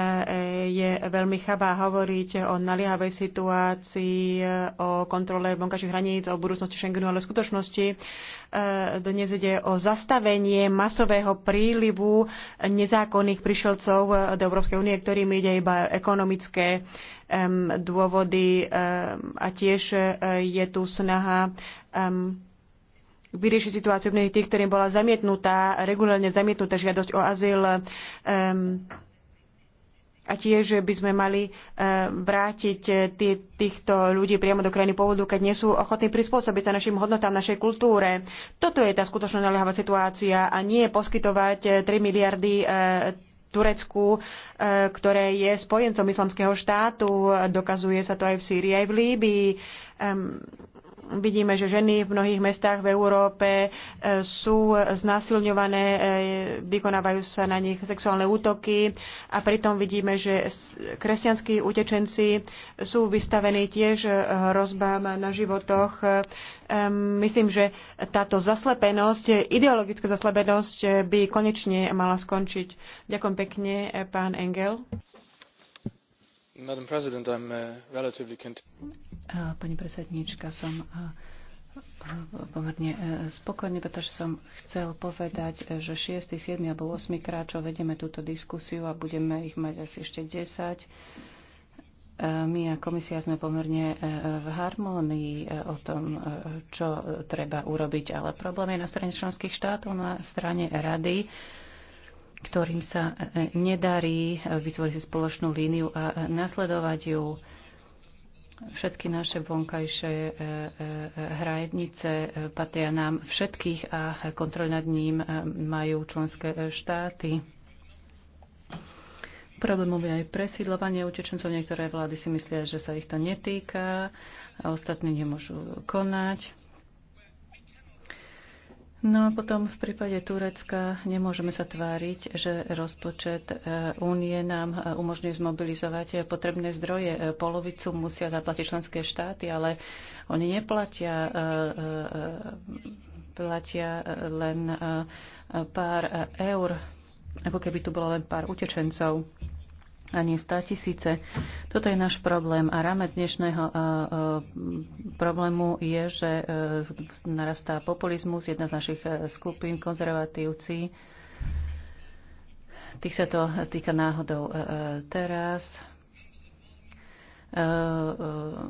je veľmi chabá hovoriť o naliehavej situácii, o kontrole vonkajších hraníc, o budúcnosti Schengenu, ale v skutočnosti dnes ide o zastavenie masového prílivu nezákonných prišelcov do Európskej únie, ktorým ide iba ekonomické dôvody a tiež e, je tu snaha vyriešiť situáciu v tých, ktorým bola zamietnutá, regulárne zamietnutá žiadosť o azyl. A tiež by sme mali e, vrátiť e, týchto ľudí priamo do krajiny pôvodu, keď nie sú ochotní prispôsobiť sa našim hodnotám, našej kultúre. Toto je tá skutočná naliehavá situácia a nie poskytovať 3 miliardy Turecku, e, ktoré je spojencom islamského štátu. Dokazuje sa to aj v Sýrii, aj v Líbii. Vidíme, že ženy v mnohých mestách v Európe e, sú znásilňované, e, vykonávajú sa na nich sexuálne útoky a pritom vidíme, že kresťanskí utečenci sú vystavení tiež e, hrozbám na životoch. Myslím, že táto zaslepenosť, ideologická zaslepenosť by konečne mala skončiť. Ďakujem pekne, pán Engel. Madam President, I'm uh, relatively Pani predsedníčka, som pomerne e, spokojný, pretože som chcel povedať, e, že 6., 7. alebo 8. krát, čo vedeme túto diskusiu a budeme ich mať asi ešte 10, e, my a komisia sme pomerne v harmónii o tom, čo treba urobiť, ale problém je na strane členských štátov, na strane rady, ktorým sa nedarí vytvoriť si spoločnú líniu a nasledovať ju. Všetky naše vonkajšie e, e, e, hranice patria nám všetkých a kontrol nad ním majú členské štáty. Problémom je aj presídlovanie utečencov. Niektoré vlády si myslia, že sa ich to netýka, a ostatní nemôžu konať. No a potom v prípade Turecka nemôžeme sa tváriť, že rozpočet e, únie nám e, umožňuje zmobilizovať e, potrebné zdroje. Polovicu musia zaplatiť členské štáty, ale oni neplatia platia len pár eur, ako keby tu bolo len pár utečencov a nie 100 tisíce. Toto je náš problém a rámec dnešného problému je, že e, narastá populizmus, jedna z našich e, skupín, konzervatívci, tých sa to týka náhodou e, teraz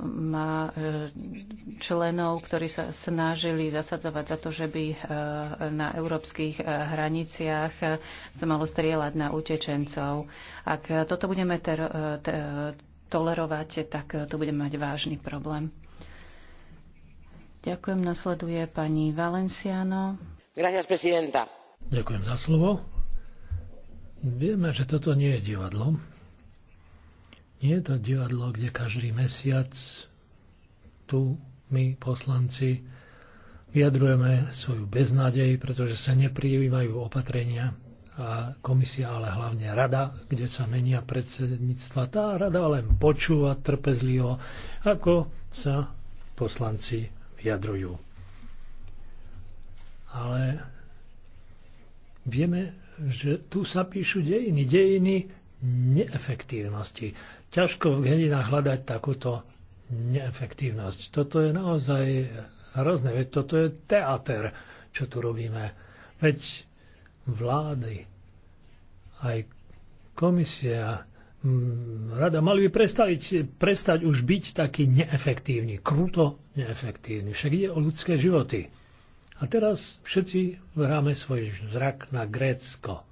má e, členov, ktorí sa snažili zasadzovať za to, že by e, na európskych e, hraniciach sa malo strieľať na utečencov. Ak toto budeme tolerovať, tak tu budeme mať vážny problém. Ďakujem. Nasleduje pani Valenciano. Gracias, presidenta. Ďakujem za slovo. Vieme, že toto nie je divadlo, nie je to divadlo, kde každý mesiac tu my, poslanci, vyjadrujeme svoju beznádej, pretože sa neprijímajú opatrenia a komisia, ale hlavne rada, kde sa menia predsedníctva. Tá rada len počúva trpezlivo, ako sa poslanci vyjadrujú. Ale vieme, že tu sa píšu dejiny, dejiny neefektívnosti ťažko v hnedinách hľadať takúto neefektívnosť. Toto je naozaj hrozné, veď toto je teater, čo tu robíme. Veď vlády, aj komisia, mm, rada mali by prestať, prestať už byť taký neefektívny, kruto neefektívny. Však ide o ľudské životy. A teraz všetci vráme svoj zrak na Grécko.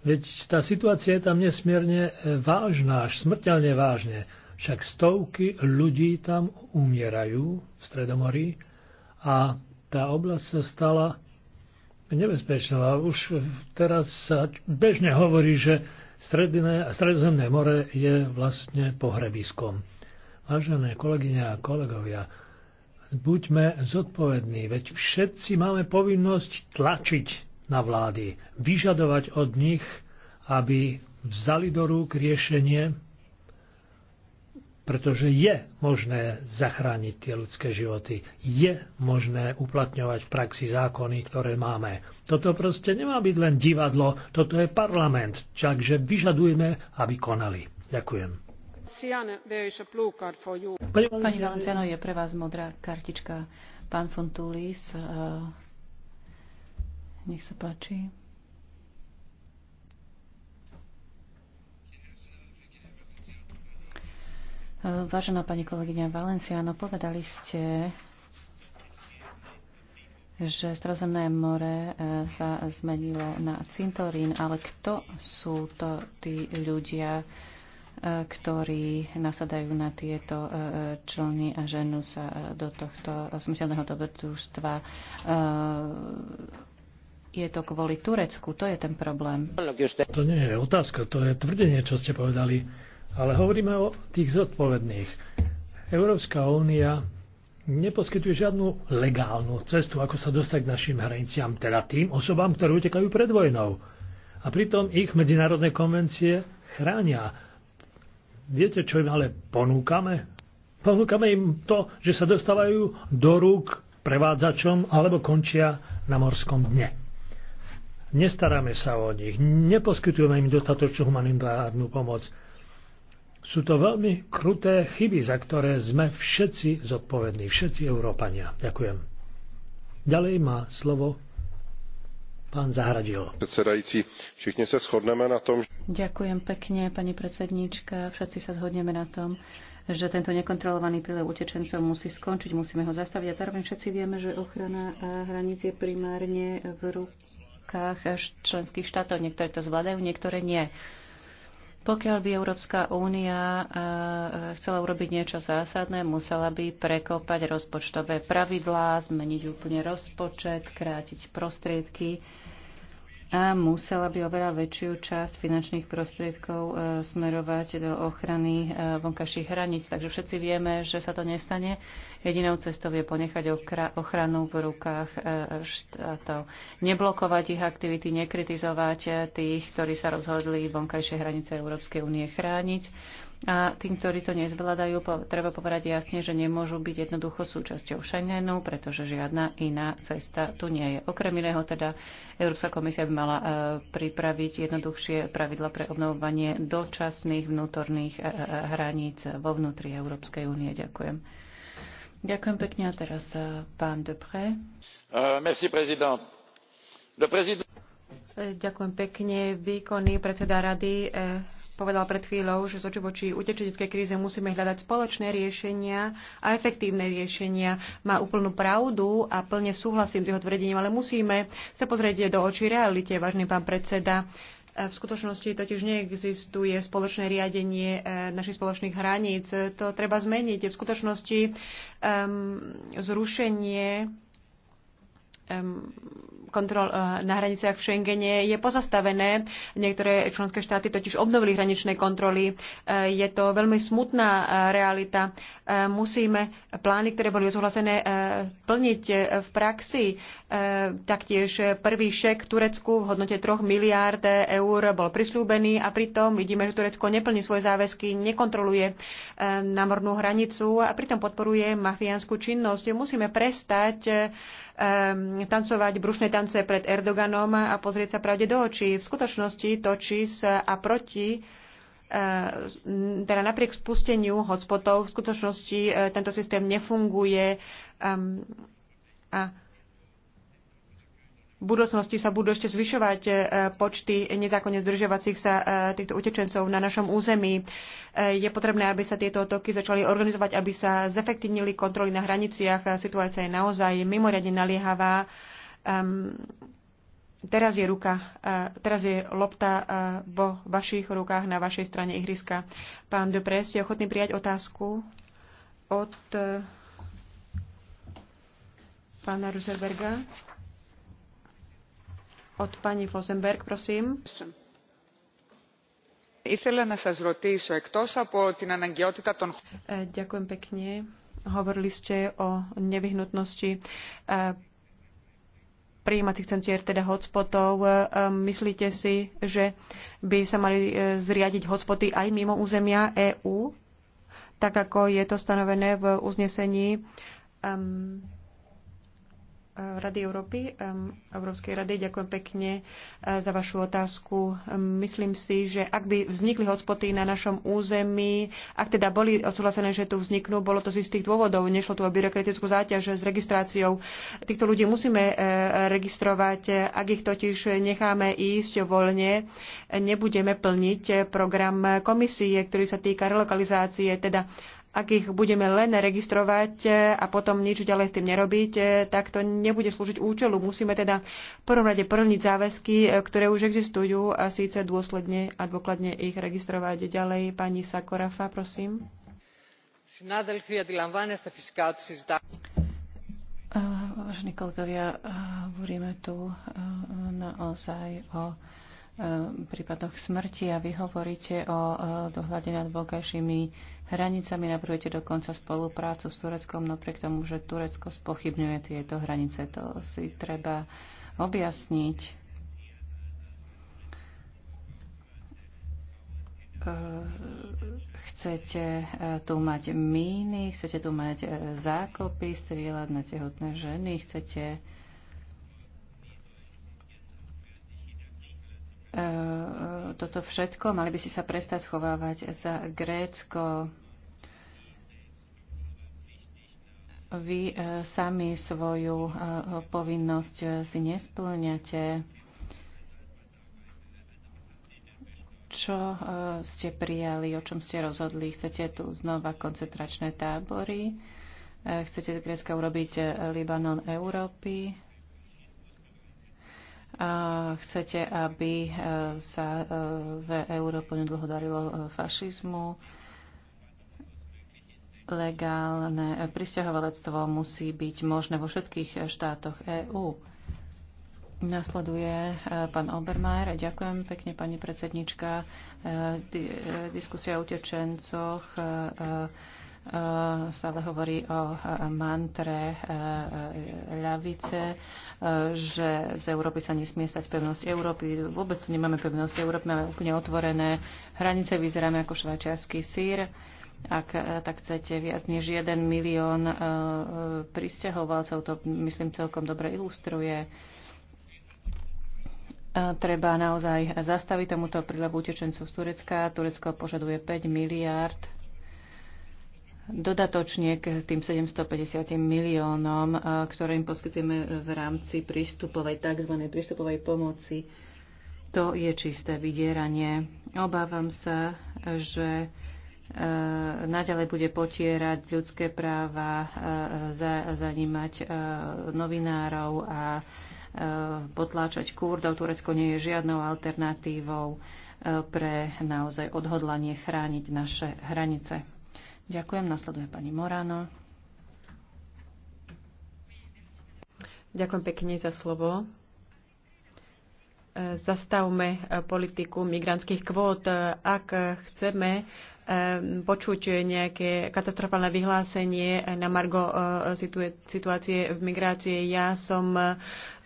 Veď tá situácia je tam nesmierne e, vážna, až smrteľne vážne. Však stovky ľudí tam umierajú v Stredomorí a tá oblasť sa stala nebezpečnou. A už teraz sa bežne hovorí, že Stredné, Stredozemné more je vlastne pohrebiskom. Vážené kolegyne a kolegovia, buďme zodpovední, veď všetci máme povinnosť tlačiť na vlády, vyžadovať od nich, aby vzali do rúk riešenie, pretože je možné zachrániť tie ľudské životy, je možné uplatňovať v praxi zákony, ktoré máme. Toto proste nemá byť len divadlo, toto je parlament, Čakže vyžadujeme, aby konali. Ďakujem. Pani Valenciano, je pre vás modrá kartička. Pán Fontulis, eh, nech sa páči. Vážená pani kolegyňa Valenciano, povedali ste, že Strozemné more eh, sa zmenilo na cintorín, ale kto sú to tí ľudia, eh, ktorí nasadajú na tieto eh, člny a ženu sa do tohto smyselného dobrodružstva je to kvôli Turecku, to je ten problém. To nie je otázka, to je tvrdenie, čo ste povedali, ale hovoríme o tých zodpovedných. Európska únia neposkytuje žiadnu legálnu cestu, ako sa dostať k našim hraniciam, teda tým osobám, ktoré utekajú pred vojnou. A pritom ich medzinárodné konvencie chránia. Viete, čo im ale ponúkame? Ponúkame im to, že sa dostávajú do rúk prevádzačom alebo končia na morskom dne. Nestaráme sa o nich, neposkytujeme im dostatočnú humanitárnu pomoc. Sú to veľmi kruté chyby, za ktoré sme všetci zodpovední, všetci Európania. Ďakujem. Ďalej má slovo pán Zahradil. Predsedajúci, všichni sa shodneme na tom. Ďakujem pekne, pani predsedníčka. Všetci sa zhodneme na tom, že tento nekontrolovaný prílev utečencov musí skončiť, musíme ho zastaviť a zároveň všetci vieme, že ochrana hraníc je primárne v rukách zárukách e, členských štátov. Niektoré to zvládajú, niektoré nie. Pokiaľ by Európska únia e, e, chcela urobiť niečo zásadné, musela by prekopať rozpočtové pravidlá, zmeniť úplne rozpočet, krátiť prostriedky a musela by oveľa väčšiu časť finančných prostriedkov e, smerovať do ochrany e, vonkajších hraníc. Takže všetci vieme, že sa to nestane. Jedinou cestou je ponechať ochranu v rukách e, štátov. Neblokovať ich aktivity, nekritizovať tých, ktorí sa rozhodli vonkajšie hranice Európskej únie chrániť a tým, ktorí to nezvládajú, treba povedať jasne, že nemôžu byť jednoducho súčasťou Schengenu, pretože žiadna iná cesta tu nie je. Okrem iného teda Európska komisia by mala e, pripraviť jednoduchšie pravidla pre obnovovanie dočasných vnútorných e, e, hraníc vo vnútri Európskej únie. Ďakujem. Ďakujem pekne a teraz pán Depré. Uh, merci, prezident. Le prezident... Ďakujem pekne. Výkonný predseda rady povedal pred chvíľou, že z oči voči utečeneckej kríze musíme hľadať spoločné riešenia a efektívne riešenia. Má úplnú pravdu a plne súhlasím s jeho tvrdením, ale musíme sa pozrieť do očí realite, vážny pán predseda. E, v skutočnosti totiž neexistuje spoločné riadenie e, našich spoločných hraníc. To treba zmeniť. V skutočnosti um, zrušenie kontrol eh, na hraniciach v Schengene je pozastavené. Niektoré členské štáty totiž obnovili hraničné kontroly. Eh, je to veľmi smutná eh, realita. Musíme plány, ktoré boli zohlasené, plniť v praxi. Taktiež prvý šek Turecku v hodnote 3 miliárd eur bol prislúbený a pritom vidíme, že Turecko neplní svoje záväzky, nekontroluje námornú hranicu a pritom podporuje mafiánsku činnosť. Musíme prestať Ehm, tancovať brušné tance pred Erdoganom a pozrieť sa pravde do očí. V skutočnosti točí sa a proti ehm, teda napriek spusteniu hotspotov v skutočnosti eh, tento systém nefunguje ehm, a v budúcnosti sa budú ešte zvyšovať e, počty nezákonne zdržiavacích sa e, týchto utečencov na našom území. E, je potrebné, aby sa tieto toky začali organizovať, aby sa zefektívnili kontroly na hraniciach. Situácia je naozaj mimoriadne naliehavá. Ehm, teraz je, ruka, teraz je lopta vo vašich rukách, na vašej strane ihriska. Pán Dupré, ste ochotný prijať otázku od pána Ruzerberga? od pani Fosenberg, prosím. Ďakujem pekne. Hovorili ste o nevyhnutnosti prijímacích centier, teda hotspotov. E, myslíte si, že by sa mali e, zriadiť hotspoty aj mimo územia EÚ, tak ako je to stanovené v uznesení Rady Európy, Európskej rady. Ďakujem pekne eh, za vašu otázku. Myslím si, že ak by vznikli hotspoty na našom území, ak teda boli odsúhlasené, že tu vzniknú, bolo to z istých dôvodov. Nešlo tu o byrokratickú záťaž s registráciou. Týchto ľudí musíme eh, registrovať. Ak ich totiž necháme ísť voľne, nebudeme plniť program komisie, ktorý sa týka relokalizácie. Teda ak ich budeme len registrovať e, a potom nič ďalej s tým nerobiť, e, tak to nebude slúžiť účelu. Musíme teda v prvom rade plniť záväzky, e, ktoré už existujú a síce dôsledne a dôkladne ich registrovať ďalej. Pani Sakorafa, prosím. Vážení kolegovia, hovoríme tu naozaj o Eh, prípadoch smrti a vy hovoríte o eh, dohľade nad vonkajšími hranicami, navrhujete dokonca spoluprácu s Tureckom, napriek tomu, že Turecko spochybňuje tieto hranice. To si treba objasniť. Eh, chcete tu mať míny, chcete tu mať zákopy, strieľať na tehotné ženy, chcete E, e, toto všetko. Mali by si sa prestať schovávať za Grécko. Vy e, sami svoju povinnosť si nesplňate. Čo ste prijali, o čom ste rozhodli? Chcete tu znova koncentračné tábory? Chcete z Grécka urobiť Libanon Európy? Chcete, aby e, sa e, v Európe nedlho darilo e, fašizmu. Legálne pristahovalectvo musí byť možné vo všetkých štátoch EÚ. Nasleduje pán Obermajer. Ďakujem pekne, pani predsednička. Diskusia o utečencoch Eh, stále hovorí o eh, mantre eh, ľavice, že z Európy sa nesmie stať pevnosť Európy. Vôbec tu nemáme pevnosť Európy, máme úplne otvorené hranice, vyzeráme ako švajčiarsky sír. Ak tak chcete, viac než jeden milión pristahovalcov, to myslím celkom dobre ilustruje treba naozaj zastaviť tomuto prílevu utečencov z Turecka. Turecko požaduje 5 miliárd Dodatočne k tým 750 miliónom, eh, ktoré im poskytujeme v rámci prístupovej, tzv. prístupovej pomoci, to je čisté vydieranie. Obávam sa, že eh, naďalej bude potierať ľudské práva, eh, zanímať novinárov a potláčať Kurdov. Turecko nie je žiadnou alternatívou pre naozaj odhodlanie chrániť naše hranice. Ďakujem. Nasleduje pani Morano. Ďakujem pekne za slovo. E, zastavme e, politiku migrantských kvót. E, ak chceme počuť nejaké katastrofálne vyhlásenie na margo situácie v migrácie, ja som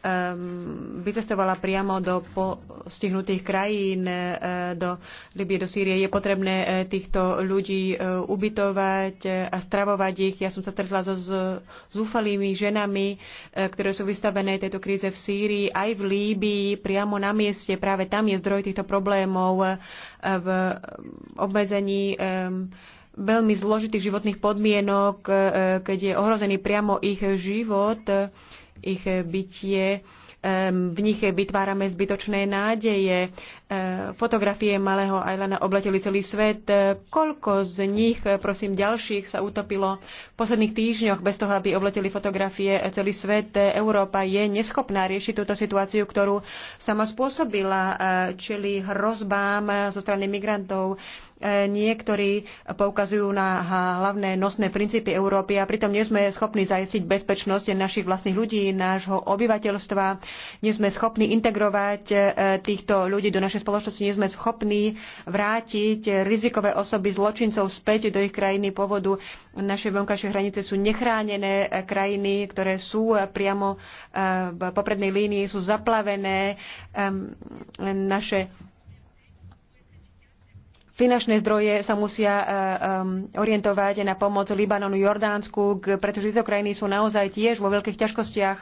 Ehm, vycestovala priamo do postihnutých krajín, e, do Libie, do Sýrie. Je potrebné e, týchto ľudí e, ubytovať a stravovať ich. Ja som sa stretla so zúfalými ženami, ktoré sú vystavené tejto kríze v Sýrii, aj v Líbii, priamo na mieste. Práve tam je zdroj týchto problémov v obmedzení ehm, veľmi zložitých životných podmienok, keď je ohrozený priamo ich život ich bytie. V nich vytvárame zbytočné nádeje. Fotografie malého Ajlana obleteli celý svet. Koľko z nich, prosím, ďalších sa utopilo v posledných týždňoch bez toho, aby obleteli fotografie celý svet? Európa je neschopná riešiť túto situáciu, ktorú sama spôsobila, eh, čili hrozbám zo strany migrantov E, niektorí poukazujú na hlavné nosné princípy Európy a pritom nie sme schopní zaistiť bezpečnosť našich vlastných ľudí, nášho obyvateľstva. Nie sme schopní integrovať e, týchto ľudí do našej spoločnosti. Nie sme schopní vrátiť rizikové osoby zločincov späť do ich krajiny pôvodu. Naše vonkajšie hranice sú nechránené e, krajiny, ktoré sú priamo v poprednej línii, sú zaplavené. Naše Finančné zdroje sa musia e, e, orientovať na pomoc Libanonu, Jordánsku, pretože tieto krajiny sú naozaj tiež vo veľkých ťažkostiach.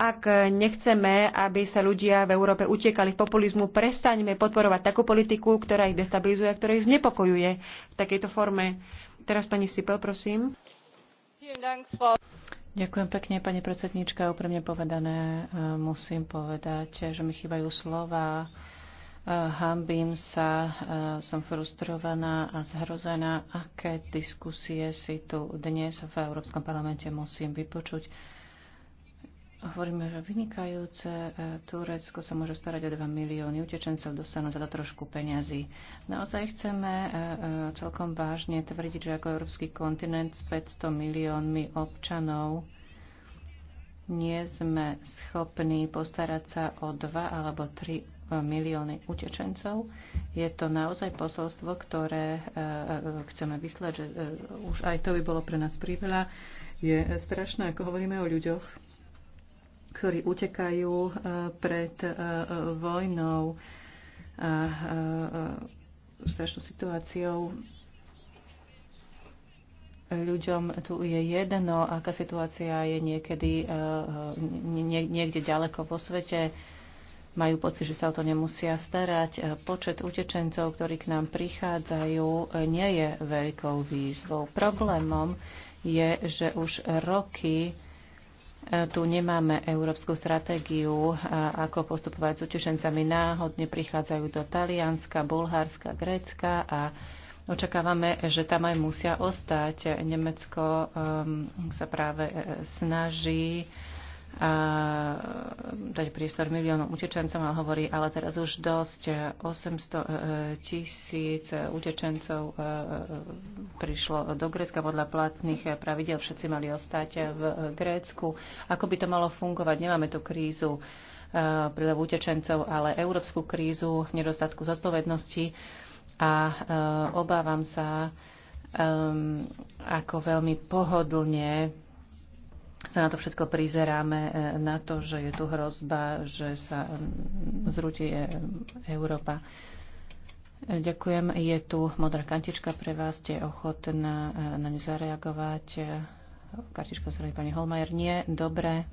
Ak nechceme, aby sa ľudia v Európe utiekali v populizmu, prestaňme podporovať takú politiku, ktorá ich destabilizuje a ktorá ich znepokojuje v takejto forme. Teraz pani Sipel, prosím. Ďakujem pekne, pani predsedníčka. Úprimne povedané e, musím povedať, že mi chýbajú slova Eh, hambím sa, eh, som frustrovaná a zhrozená, aké diskusie si tu dnes v Európskom parlamente musím vypočuť. Hovoríme, že vynikajúce eh, Turecko sa môže starať o 2 milióny utečencov, dostanú za to trošku peňazí. Naozaj chceme celkom vážne tvrdiť, že ako európsky kontinent s 500 miliónmi občanov nie sme schopní postarať sa o dva alebo tri milióny utečencov. Je to naozaj posolstvo, ktoré e, e, chceme vyslať, že e, už aj to by bolo pre nás priveľa. Je strašné, ako hovoríme o ľuďoch, ktorí utekajú pred vojnou a strašnou situáciou ľuďom tu je jedno, aká situácia je niekedy niekde ďaleko vo svete majú pocit, že sa o to nemusia starať. E, počet utečencov, ktorí k nám prichádzajú, e, nie je veľkou výzvou. Problémom je, že už roky e, tu nemáme európsku stratégiu, ako postupovať s utečencami. Náhodne prichádzajú do Talianska, Bulharska, Grécka a očakávame, že tam aj musia ostať. Nemecko um, sa práve snaží a dať priestor miliónom utečencom, ale hovorí, ale teraz už dosť, 800 e, e, e, tisíc utečencov prišlo do Grécka podľa platných pravidel, všetci mali ostať v Grécku. Ako by to malo fungovať? Nemáme tu krízu prílev utečencov, ale európsku krízu nedostatku zodpovednosti a obávam sa, ako veľmi pohodlne sa na to všetko prizeráme, e, na to, že je tu hrozba, že sa mm, zrúti e, Európa. E, ďakujem. Je tu modrá kantička pre vás. Ste ochotná na ňu zareagovať? Kartička zrejme pani Holmajer. Nie. Dobre.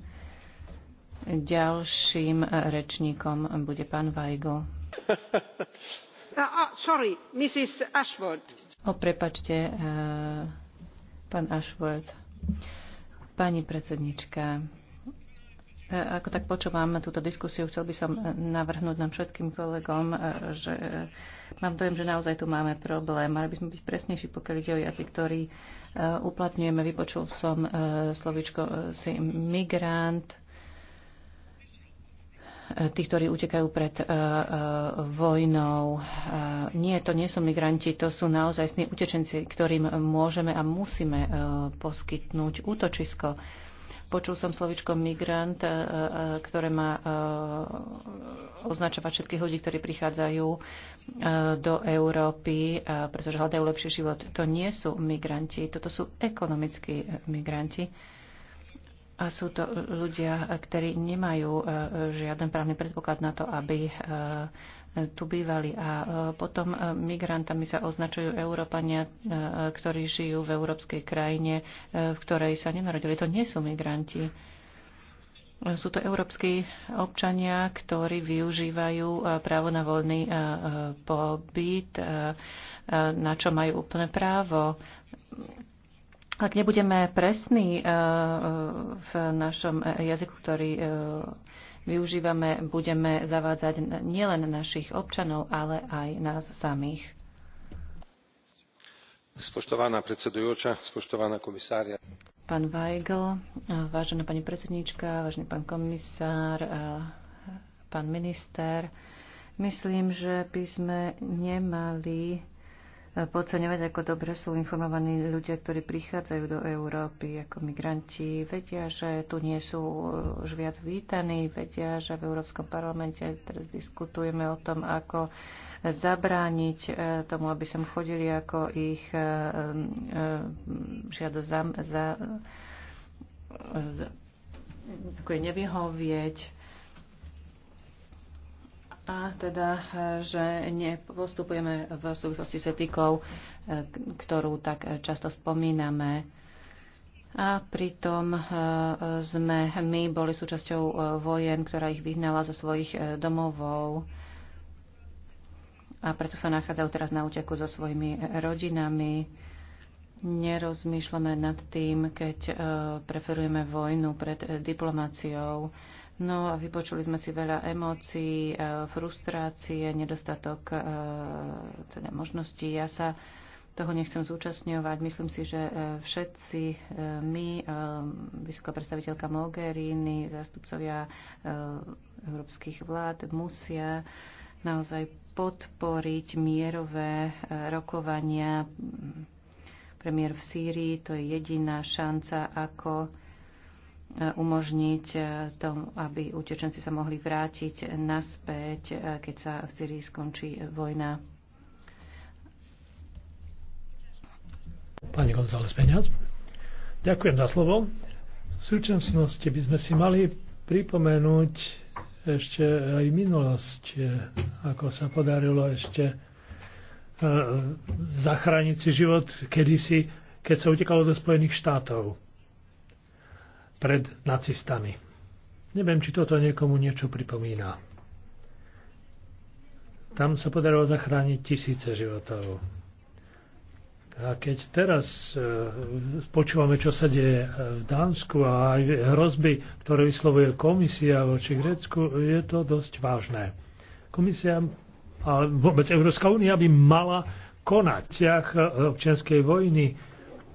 Ďalším rečníkom bude pán Weigl. Uh, uh, sorry, Mrs. Ashworth. O, prepačte, pán Ashworth. Pani predsednička, e, ako tak počúvam túto diskusiu, chcel by som navrhnúť nám všetkým kolegom, e, že e, mám dojem, že naozaj tu máme problém. Mali by sme byť presnejší, pokiaľ ide o jazyk, ktorý uplatňujeme. Vypočul som slovičko si migrant, tí, ktorí utekajú pred uh, uh, vojnou. Uh, nie, to nie sú migranti, to sú naozaj utečenci, ktorým môžeme a musíme uh, poskytnúť útočisko. Počul som slovičko migrant, uh, uh, ktoré má uh, označovať všetkých ľudí, ktorí prichádzajú uh, do Európy, uh, pretože hľadajú lepší život. To nie sú migranti, toto sú ekonomickí migranti. Uh, a sú to ľudia, ktorí nemajú e, žiaden právny predpoklad na to, aby e, tu bývali. A e, potom migrantami sa označujú Európania, ktorí žijú v európskej krajine, v ktorej sa nenarodili. To nie sú migranti. Sú to európsky občania, ktorí využívajú právo na voľný pobyt, na čo majú úplné právo ak nebudeme presní eh, eh, v našom jazyku, ktorý eh, využívame, budeme zavádzať nielen našich občanov, ale aj nás samých. Spoštovaná predsedujúča, spoštovaná komisária. Pán Weigl, vážená pani predsedníčka, vážený pán komisár, pán minister, myslím, že by sme nemali podceňovať, ako dobre sú informovaní ľudia, ktorí prichádzajú do Európy ako migranti. Vedia, že tu nie sú už viac vítaní, vedia, že v Európskom parlamente teraz diskutujeme o tom, ako zabrániť eh, tomu, aby sem chodili, ako ich eh, eh, žiado za, za, za ako je nevyhovieť a teda, e, že nepostupujeme v súvislosti s etikou, e, ktorú tak často spomíname. A pritom e, sme my boli súčasťou vojen, ktorá ich vyhnala zo svojich domovov a preto sa nachádzajú teraz na úteku so svojimi rodinami. Nerozmýšľame nad tým, keď preferujeme vojnu pred diplomáciou No a vypočuli sme si veľa emócií, e, frustrácie, nedostatok e, teda možností. Ja sa toho nechcem zúčastňovať. Myslím si, že e, všetci my, vysoká predstaviteľka Mogherini, zástupcovia európskych vlád musia naozaj podporiť mierové rokovania. Premiér v Sýrii, to je jediná šanca, ako umožniť eh, tomu, aby utečenci sa mohli vrátiť naspäť, eh, keď sa v Syrii skončí vojna. Pani González Peňaz. Ďakujem za slovo. V súčasnosti by sme si mali pripomenúť ešte aj minulosť, eh, ako sa podarilo ešte zachrániť si život kedysi, keď sa utekalo do Spojených štátov pred nacistami. Neviem, či toto niekomu niečo pripomína. Tam sa podarilo zachrániť tisíce životov. A keď teraz e, počúvame, čo sa deje v Dánsku a aj hrozby, ktoré vyslovuje komisia voči Grécku, je to dosť vážne. Komisia, ale vôbec Európska únia by mala konať v občianskej vojny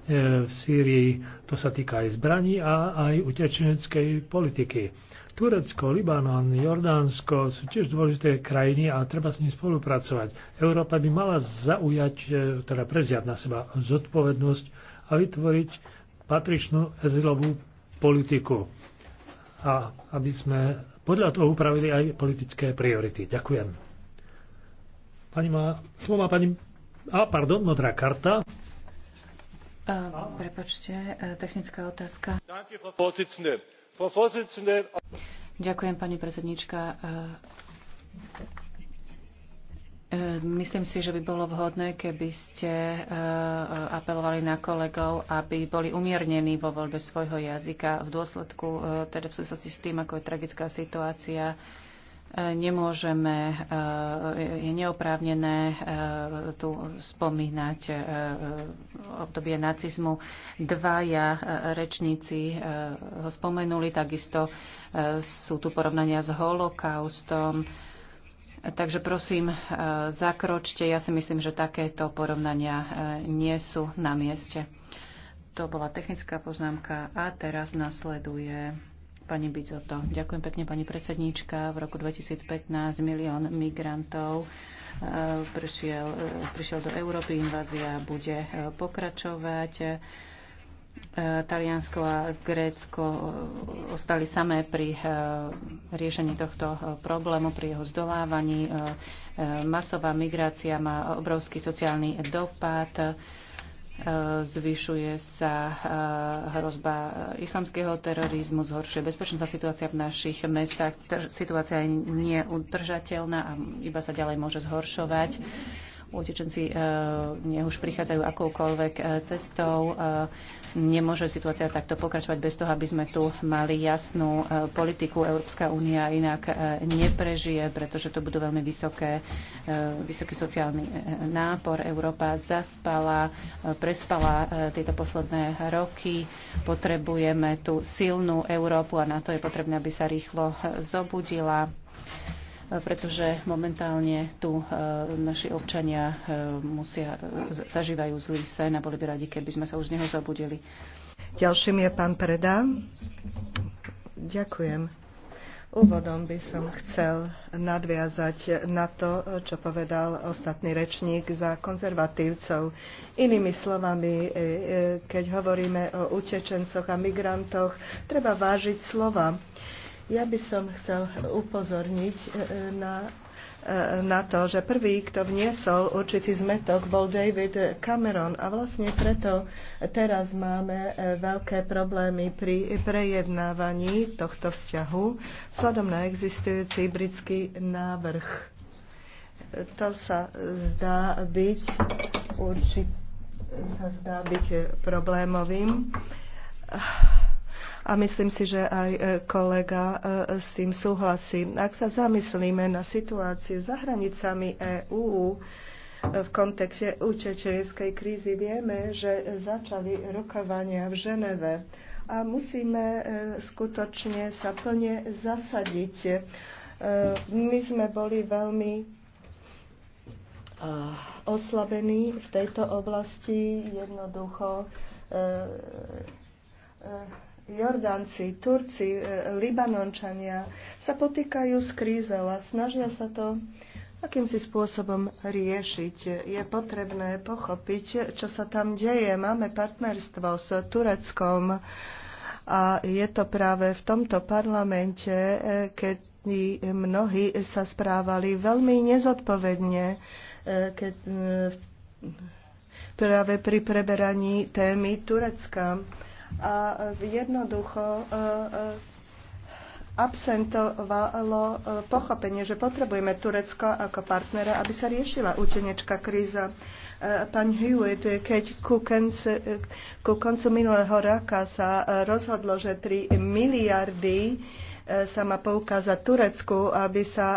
E, v Sýrii. To sa týka aj zbraní a aj utečeneckej politiky. Turecko, Libanon, Jordánsko sú tiež dôležité krajiny a treba s nimi spolupracovať. Európa by mala zaujať, e, teda prevziať na seba zodpovednosť a vytvoriť patričnú ezilovú politiku. A aby sme podľa toho upravili aj politické priority. Ďakujem. Pani má, slova pani... A, pardon, modrá karta. Prepačte, e, technická otázka. Ďakujem, pani predsednička. E, myslím si, že by bolo vhodné, keby ste e, apelovali na kolegov, aby boli umiernení vo voľbe svojho jazyka v dôsledku, teda v súvislosti s tým, ako je tragická situácia nemôžeme, eh, je neoprávnené eh, tu spomínať eh, obdobie nacizmu. Dvaja rečníci ho spomenuli, takisto sú tu porovnania s holokaustom. Takže prosím, zakročte. Ja si myslím, že takéto porovnania nie sú na mieste. To bola technická poznámka a teraz nasleduje Pani Bizoto, ďakujem pekne, pani predsedníčka. V roku 2015 milión migrantov e, prišiel, e, prišiel do Európy. Invázia bude e, pokračovať. Taliansko a Grécko ostali samé pri riešení tohto problému, pri jeho zdolávaní. Masová migrácia má obrovský sociálny dopad Eh, zvyšuje sa eh, hrozba islamského terorizmu, zhoršuje bezpečnostná situácia v našich mestách, situácia je neudržateľná a iba sa ďalej môže zhoršovať Utečenci eh, nech už prichádzajú akoukoľvek eh, cestou. Eh, nemôže situácia takto pokračovať bez toho, aby sme tu mali jasnú politiku. Európska únia inak neprežije, pretože to budú veľmi vysoké, vysoký sociálny nápor. Európa zaspala, prespala tieto posledné roky. Potrebujeme tú silnú Európu a na to je potrebné, aby sa rýchlo zobudila pretože momentálne tu e, naši občania e, musia, zažívajú zlý sen a boli by radi, keby sme sa už z neho zabudili. Ďalším je pán Preda. Ďakujem. Úvodom by som chcel nadviazať na to, čo povedal ostatný rečník za konzervatívcov. Inými slovami, e, keď hovoríme o utečencoch a migrantoch, treba vážiť slova. Ja by som chcel upozorniť e, e, na, e, na to, že prvý, kto vniesol určitý zmetok, bol David Cameron a vlastne preto teraz máme veľké problémy pri prejednávaní tohto vzťahu vzhľadom na existujúci britský návrh. To sa zdá byť určite sa zdá byť problémovým a myslím si, že aj e, kolega e, s tým súhlasí. Ak sa zamyslíme na situáciu za hranicami EÚ, e, v kontekste učečenskej krízy vieme, že začali rokovania v Ženeve a musíme skutočne sa plne zasadiť. My sme boli veľmi oslabení v tejto oblasti. Jednoducho Jordánci, Turci, e, Libanončania sa potýkajú s krízou a snažia sa to akýmsi spôsobom riešiť. Je potrebné pochopiť, čo sa tam deje. Máme partnerstvo s Tureckom a je to práve v tomto parlamente, e, keď mnohí sa správali veľmi nezodpovedne, e, keď práve pri preberaní témy Turecka a jednoducho e, e, absentovalo e, pochopenie, že potrebujeme Turecko ako partnera, aby sa riešila utečenecká kríza. Pán Hewitt, keď ku koncu, ku koncu minulého roka sa rozhodlo, že 3 miliardy sa má poukázať Turecku, aby sa,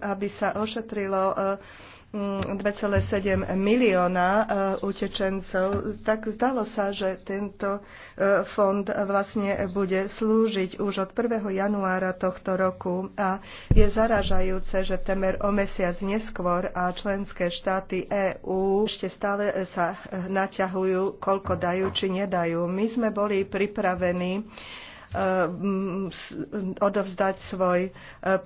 aby sa ošetrilo 2,7 mm, milióna eh, utečencov, tak zdalo sa, že tento eh, fond vlastne bude slúžiť už od 1. januára tohto roku a je zaražajúce, že temer o mesiac neskôr a členské štáty EÚ ešte stále sa naťahujú, koľko dajú či nedajú. My sme boli pripravení Eh, odovzdať svoj eh,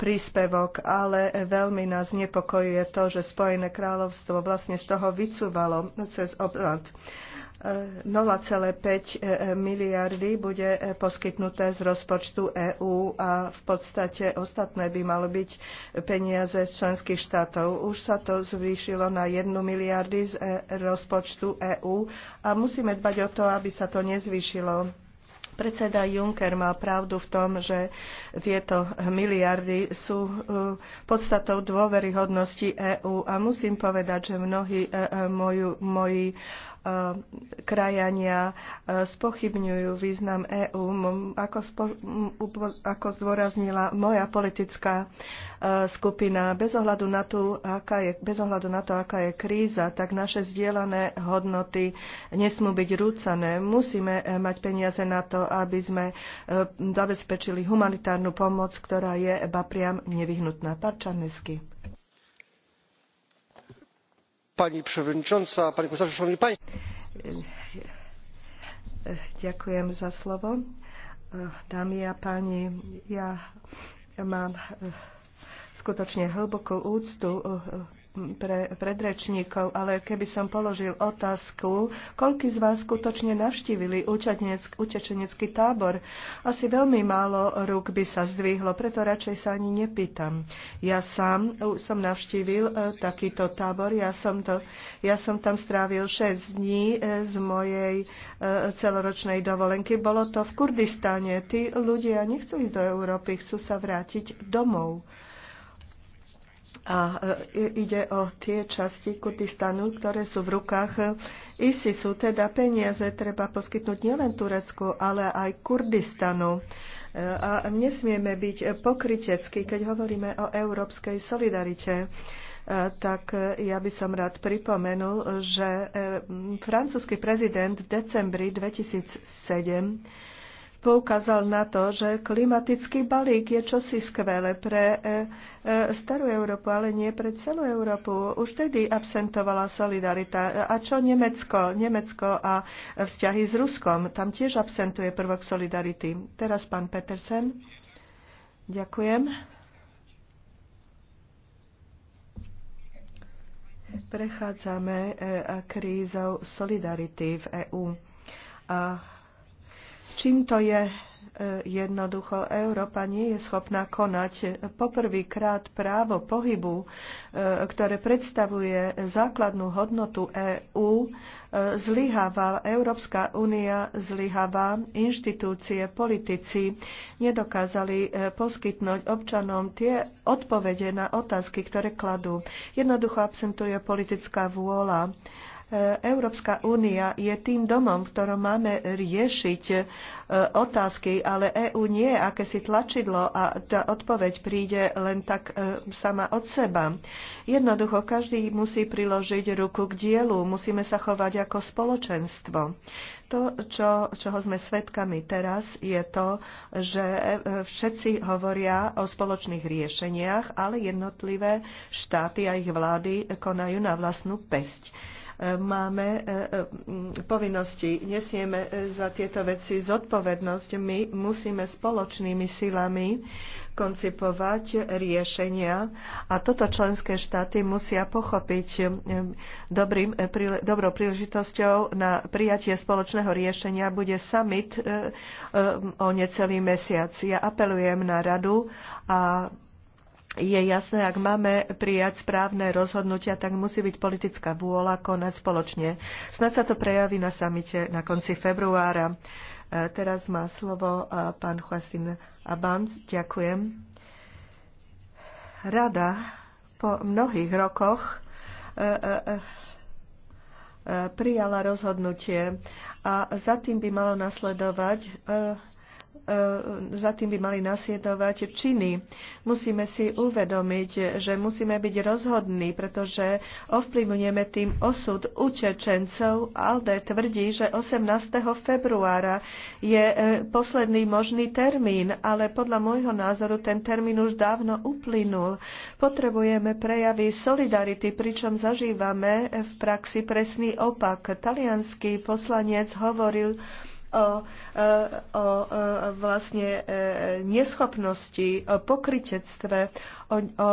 príspevok, ale veľmi nás nepokojuje to, že Spojené kráľovstvo vlastne z toho vycúvalo cez obrad. 0,5 eh, miliardy bude poskytnuté z rozpočtu EÚ a v podstate ostatné by malo byť peniaze z členských štátov. Už sa to zvýšilo na 1 miliardy z rozpočtu EÚ a musíme dbať o to, aby sa to nezvýšilo Predseda Juncker má pravdu v tom, že tieto miliardy sú e, podstatou dôveryhodnosti EÚ a musím povedať, že mnohí e, e, moji Eh, krajania eh, spochybňujú význam EÚ, ako, spo, ako zdôraznila moja politická eh, skupina. Bez ohľadu, na to, aká je, bez ohľadu na to, aká je kríza, tak naše zdieľané hodnoty nesmú byť rúcané. Musíme mať peniaze na to, aby sme zabezpečili humanitárnu pomoc, ktorá je iba priam nevyhnutná. Parčanesky pani przewodnicząca! panie komisarzu! szanowni państwo! ďakujem za slovo. dámy a páni ja mám e, skutočne hlbokú úctu e, pre predrečníkov, ale keby som položil otázku, koľko z vás skutočne navštívili utečenecký tábor, asi veľmi málo rúk by sa zdvihlo, preto radšej sa ani nepýtam. Ja sám som navštívil e, takýto tábor, ja som, to, ja som tam strávil 6 dní e, z mojej e, celoročnej dovolenky. Bolo to v Kurdistáne. Tí ľudia nechcú ísť do Európy, chcú sa vrátiť domov. A e, ide o tie časti Kurdistanu, ktoré sú v rukách ISISu. Teda peniaze treba poskytnúť nielen Turecku, ale aj Kurdistanu. E, a nesmieme byť pokrytecky, keď hovoríme o európskej solidarite e, tak ja by som rád pripomenul, že francúzsky prezident v decembri 2007 poukázal na to, že klimatický balík je čosi skvelé pre e, e, starú Európu, ale nie pre celú Európu. Už tedy absentovala solidarita. A čo Nemecko? Nemecko a vzťahy s Ruskom. Tam tiež absentuje prvok solidarity. Teraz pán Petersen. Ďakujem. Prechádzame e, krízou solidarity v EÚ. A Čím to je e, jednoducho Európa nie je schopná konať. Poprvýkrát právo pohybu, e, ktoré predstavuje základnú hodnotu EÚ, e, zlyháva Európska únia, zlyháva inštitúcie, politici nedokázali poskytnúť občanom tie odpovede na otázky, ktoré kladú. Jednoducho absentuje politická vôľa E, Európska únia je tým domom, v ktorom máme riešiť e, otázky, ale EÚ nie je akési tlačidlo a tá odpoveď príde len tak e, sama od seba. Jednoducho, každý musí priložiť ruku k dielu, musíme sa chovať ako spoločenstvo. To, čo, čoho sme svedkami teraz, je to, že všetci hovoria o spoločných riešeniach, ale jednotlivé štáty a ich vlády konajú na vlastnú pesť máme e, e, povinnosti, nesieme e, za tieto veci zodpovednosť. My musíme spoločnými silami koncipovať riešenia a toto členské štáty musia pochopiť dobrým, dobrou príležitosťou na prijatie spoločného riešenia bude summit o necelý mesiac. Ja apelujem na radu a je jasné, ak máme prijať správne rozhodnutia, tak musí byť politická vôľa konať spoločne. Snad sa to prejaví na samite na konci februára. E, teraz má slovo e, pán Huasin Abans. Ďakujem. Rada po mnohých rokoch e, prijala rozhodnutie a za tým by malo nasledovať E, za tým by mali nasledovať činy. Musíme si uvedomiť, že musíme byť rozhodní, pretože ovplyvňujeme tým osud utečencov. Alde tvrdí, že 18. februára je e, posledný možný termín, ale podľa môjho názoru ten termín už dávno uplynul. Potrebujeme prejavy solidarity, pričom zažívame v praxi presný opak. Talianský poslanec hovoril, o, o o vlastne e, neschopnosti, o pokrytectve, o, o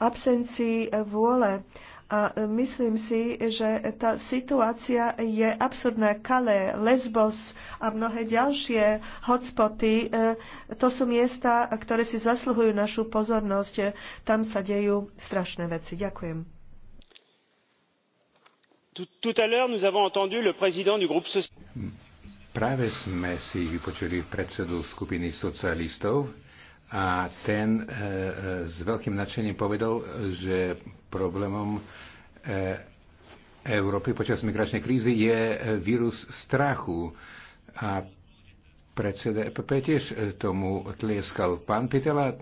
absencii vôle. A myslím si, že tá situácia je absurdná. Kale, Lesbos a mnohé ďalšie hotspoty, e, to sú miesta, ktoré si zasluhujú našu pozornosť. Tam sa dejú strašné veci. Ďakujem tout à l'heure nous avons entendu le président du groupe social. Hmm. Práve sme si vypočuli predsedu skupiny socialistov a ten e, e, s veľkým nadšením povedal, že problémom e, Európy počas migračnej krízy je e, vírus strachu. A predseda EPP tiež e, tomu tlieskal. Pán Pitela,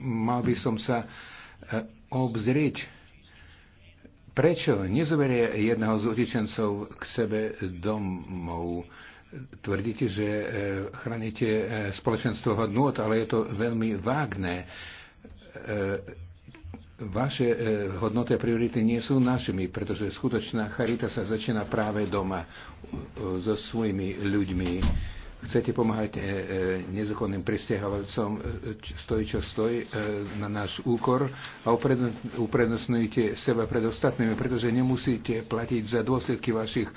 mal by som sa obzrieť Prečo nezoberie jedného z utečencov k sebe domov? Tvrdíte, že e, chránite e, spoločenstvo hodnot, ale je to veľmi vágne. E, vaše hodnoty a priority nie sú našimi, pretože skutočná charita sa začína práve doma so svojimi ľuďmi chcete pomáhať eh, eh, nezakonným pristahovalcom eh, stojí, čo stojí na náš úkor a uprednostňujete seba pred ostatnými, pretože nemusíte platiť za dôsledky vašich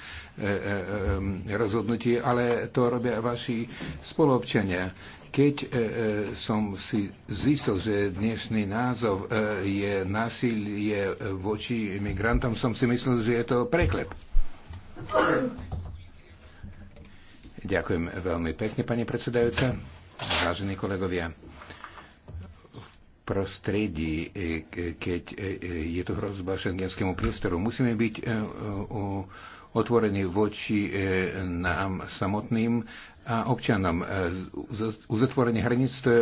rozhodnutí, ale to robia vaši spolobčania. Keď som si zistil, že dnešný názov je násilie voči imigrantom, som si myslel, že je to preklep. Ďakujem veľmi pekne, pani predsedajúca. Vážení kolegovia, v prostredí, e, keď e, e, je to hrozba šengenskému priestoru, musíme byť otvorení voči nám samotným a občanom. Uzatvorenie hraníc to je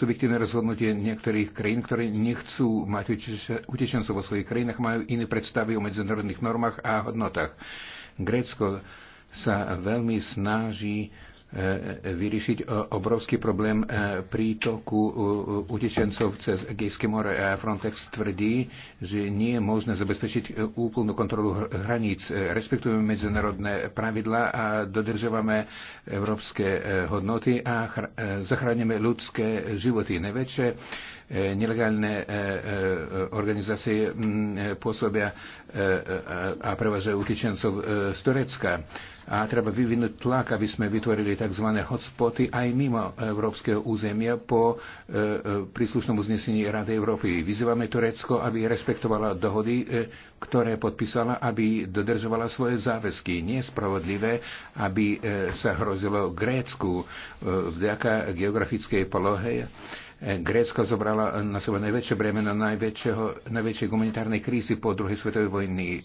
subjektívne rozhodnutie niektorých krajín, ktoré nechcú mať utečencov vo svojich krajinách, majú iné predstavy o medzinárodných normách a hodnotách. Grécko sa veľmi snaží e, vyriešiť e, obrovský problém e, prítoku utečencov cez Egejské more a Frontex tvrdí, že nie je možné zabezpečiť úplnú kontrolu hraníc. Respektujeme medzinárodné pravidla a dodržovame európske hodnoty a zachránime ľudské životy. Najväčšie nelegálne organizácie pôsobia a prevažujú utečencov z Turecka a treba vyvinúť tlak, aby sme vytvorili tzv. hotspoty aj mimo európskeho územia po e, e, príslušnom uznesení Rady Európy. Vyzývame Turecko, aby respektovala dohody, e, ktoré podpísala, aby dodržovala svoje záväzky. Nie spravodlivé, aby sa hrozilo Grécku vďaka geografickej polohe. Grécko zobrala na seba najväčšie bremeno najväčšej humanitárnej krízy po druhej svetovej vojny.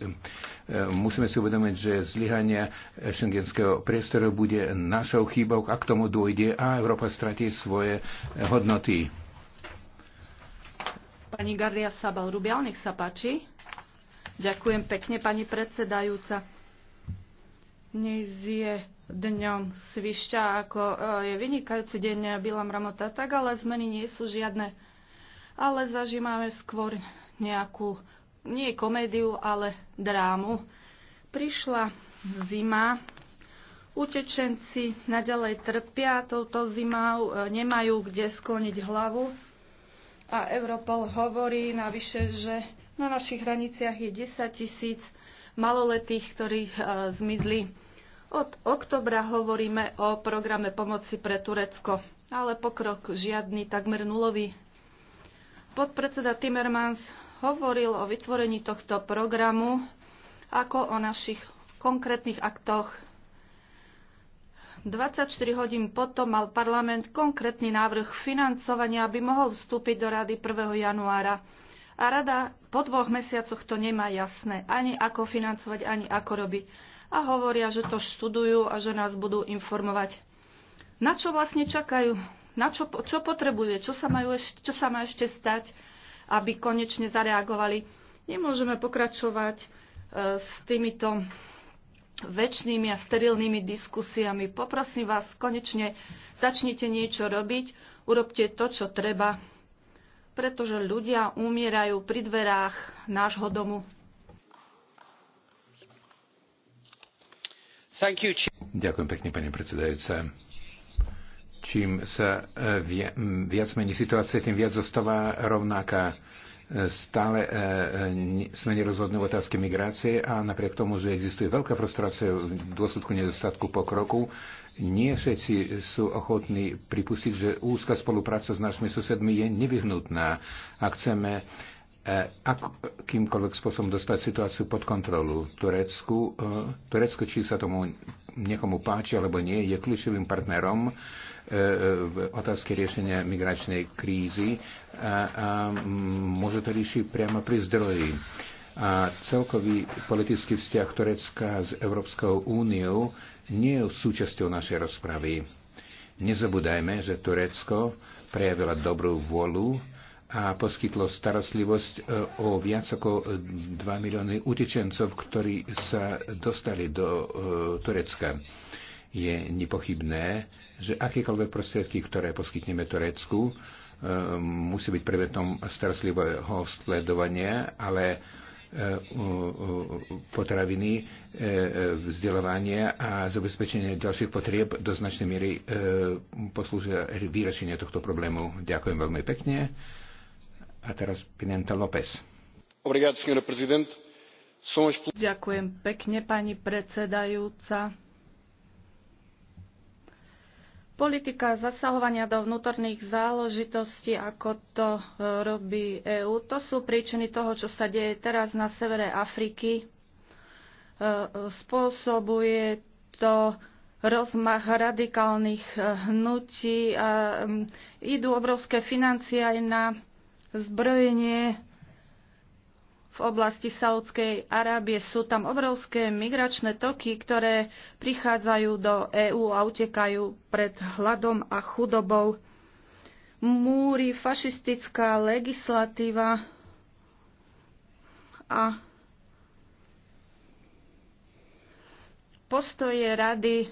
Musíme si uvedomiť, že zlyhanie šengenského priestoru bude našou chybou, ak tomu dôjde a Európa stratí svoje hodnoty. Pani Gardia Sabal Rubial, nech sa páči. Ďakujem pekne, pani predsedajúca. Dnes je dňom svišťa, ako e, je vynikajúci deň Bilam Ramota, tak ale zmeny nie sú žiadne. Ale zažívame skôr nejakú nie komédiu, ale drámu. Prišla zima, utečenci naďalej trpia touto zimou, e, nemajú kde skloniť hlavu a Europol hovorí navyše, že na našich hraniciach je 10 tisíc maloletých, ktorí e, zmizli. Od oktobra hovoríme o programe pomoci pre Turecko, ale pokrok žiadny, takmer nulový. Podpredseda Timmermans hovoril o vytvorení tohto programu ako o našich konkrétnych aktoch. 24 hodín potom mal parlament konkrétny návrh financovania, aby mohol vstúpiť do rady 1. januára. A rada po dvoch mesiacoch to nemá jasné, ani ako financovať, ani ako robiť. A hovoria, že to študujú a že nás budú informovať. Na čo vlastne čakajú? Na čo, čo potrebuje? Čo sa, majú, čo sa má ešte stať? aby konečne zareagovali. Nemôžeme pokračovať e, s týmito väčšnými a sterilnými diskusiami. Poprosím vás, konečne začnite niečo robiť, urobte to, čo treba, pretože ľudia umierajú pri dverách nášho domu. Ďakujem pekne, pani predsedajúca čím sa e, viac mení situácia, tým viac zostáva rovnaká. E, stále e, sme nerozhodné v otázke migrácie a napriek tomu, že existuje veľká frustrácia v dôsledku nedostatku pokroku, nie všetci sú ochotní pripustiť, že úzka spolupráca s našimi susedmi je nevyhnutná a chceme akýmkoľvek spôsobom dostať situáciu pod kontrolu. Turecku, Turecko, či sa tomu niekomu páči alebo nie, je kľúčovým partnerom E, e, v otázke riešenia migračnej krízy a, a môže to riešiť priamo pri zdroji. A celkový politický vzťah Turecka s Európskou úniou nie je súčasťou našej rozpravy. Nezabúdajme, že Turecko prejavila dobrú vôľu a poskytlo starostlivosť e, o viac ako 2 milióny utečencov, ktorí sa dostali do Turecka. Je nepochybné, že akékoľvek prostriedky, ktoré poskytneme Turecku, e, musí byť predmetom starostlivého sledovania, ale e, potraviny, e, vzdelávanie a zabezpečenie ďalších potrieb do značnej miery poslúžia vyriešenie tohto problému. Ďakujem veľmi pekne. A teraz Pinenta López. Um Ďakujem pekne, pani predsedajúca. Politika zasahovania do vnútorných záležitostí, ako to e, robí EÚ, to sú príčiny toho, čo sa deje teraz na severe Afriky. E, spôsobuje to rozmach radikálnych e, hnutí a idú obrovské financie aj na zbrojenie v oblasti Saudskej Arábie. Sú tam obrovské migračné toky, ktoré prichádzajú do EÚ a utekajú pred hladom a chudobou. Múri, fašistická legislatíva a postoje rady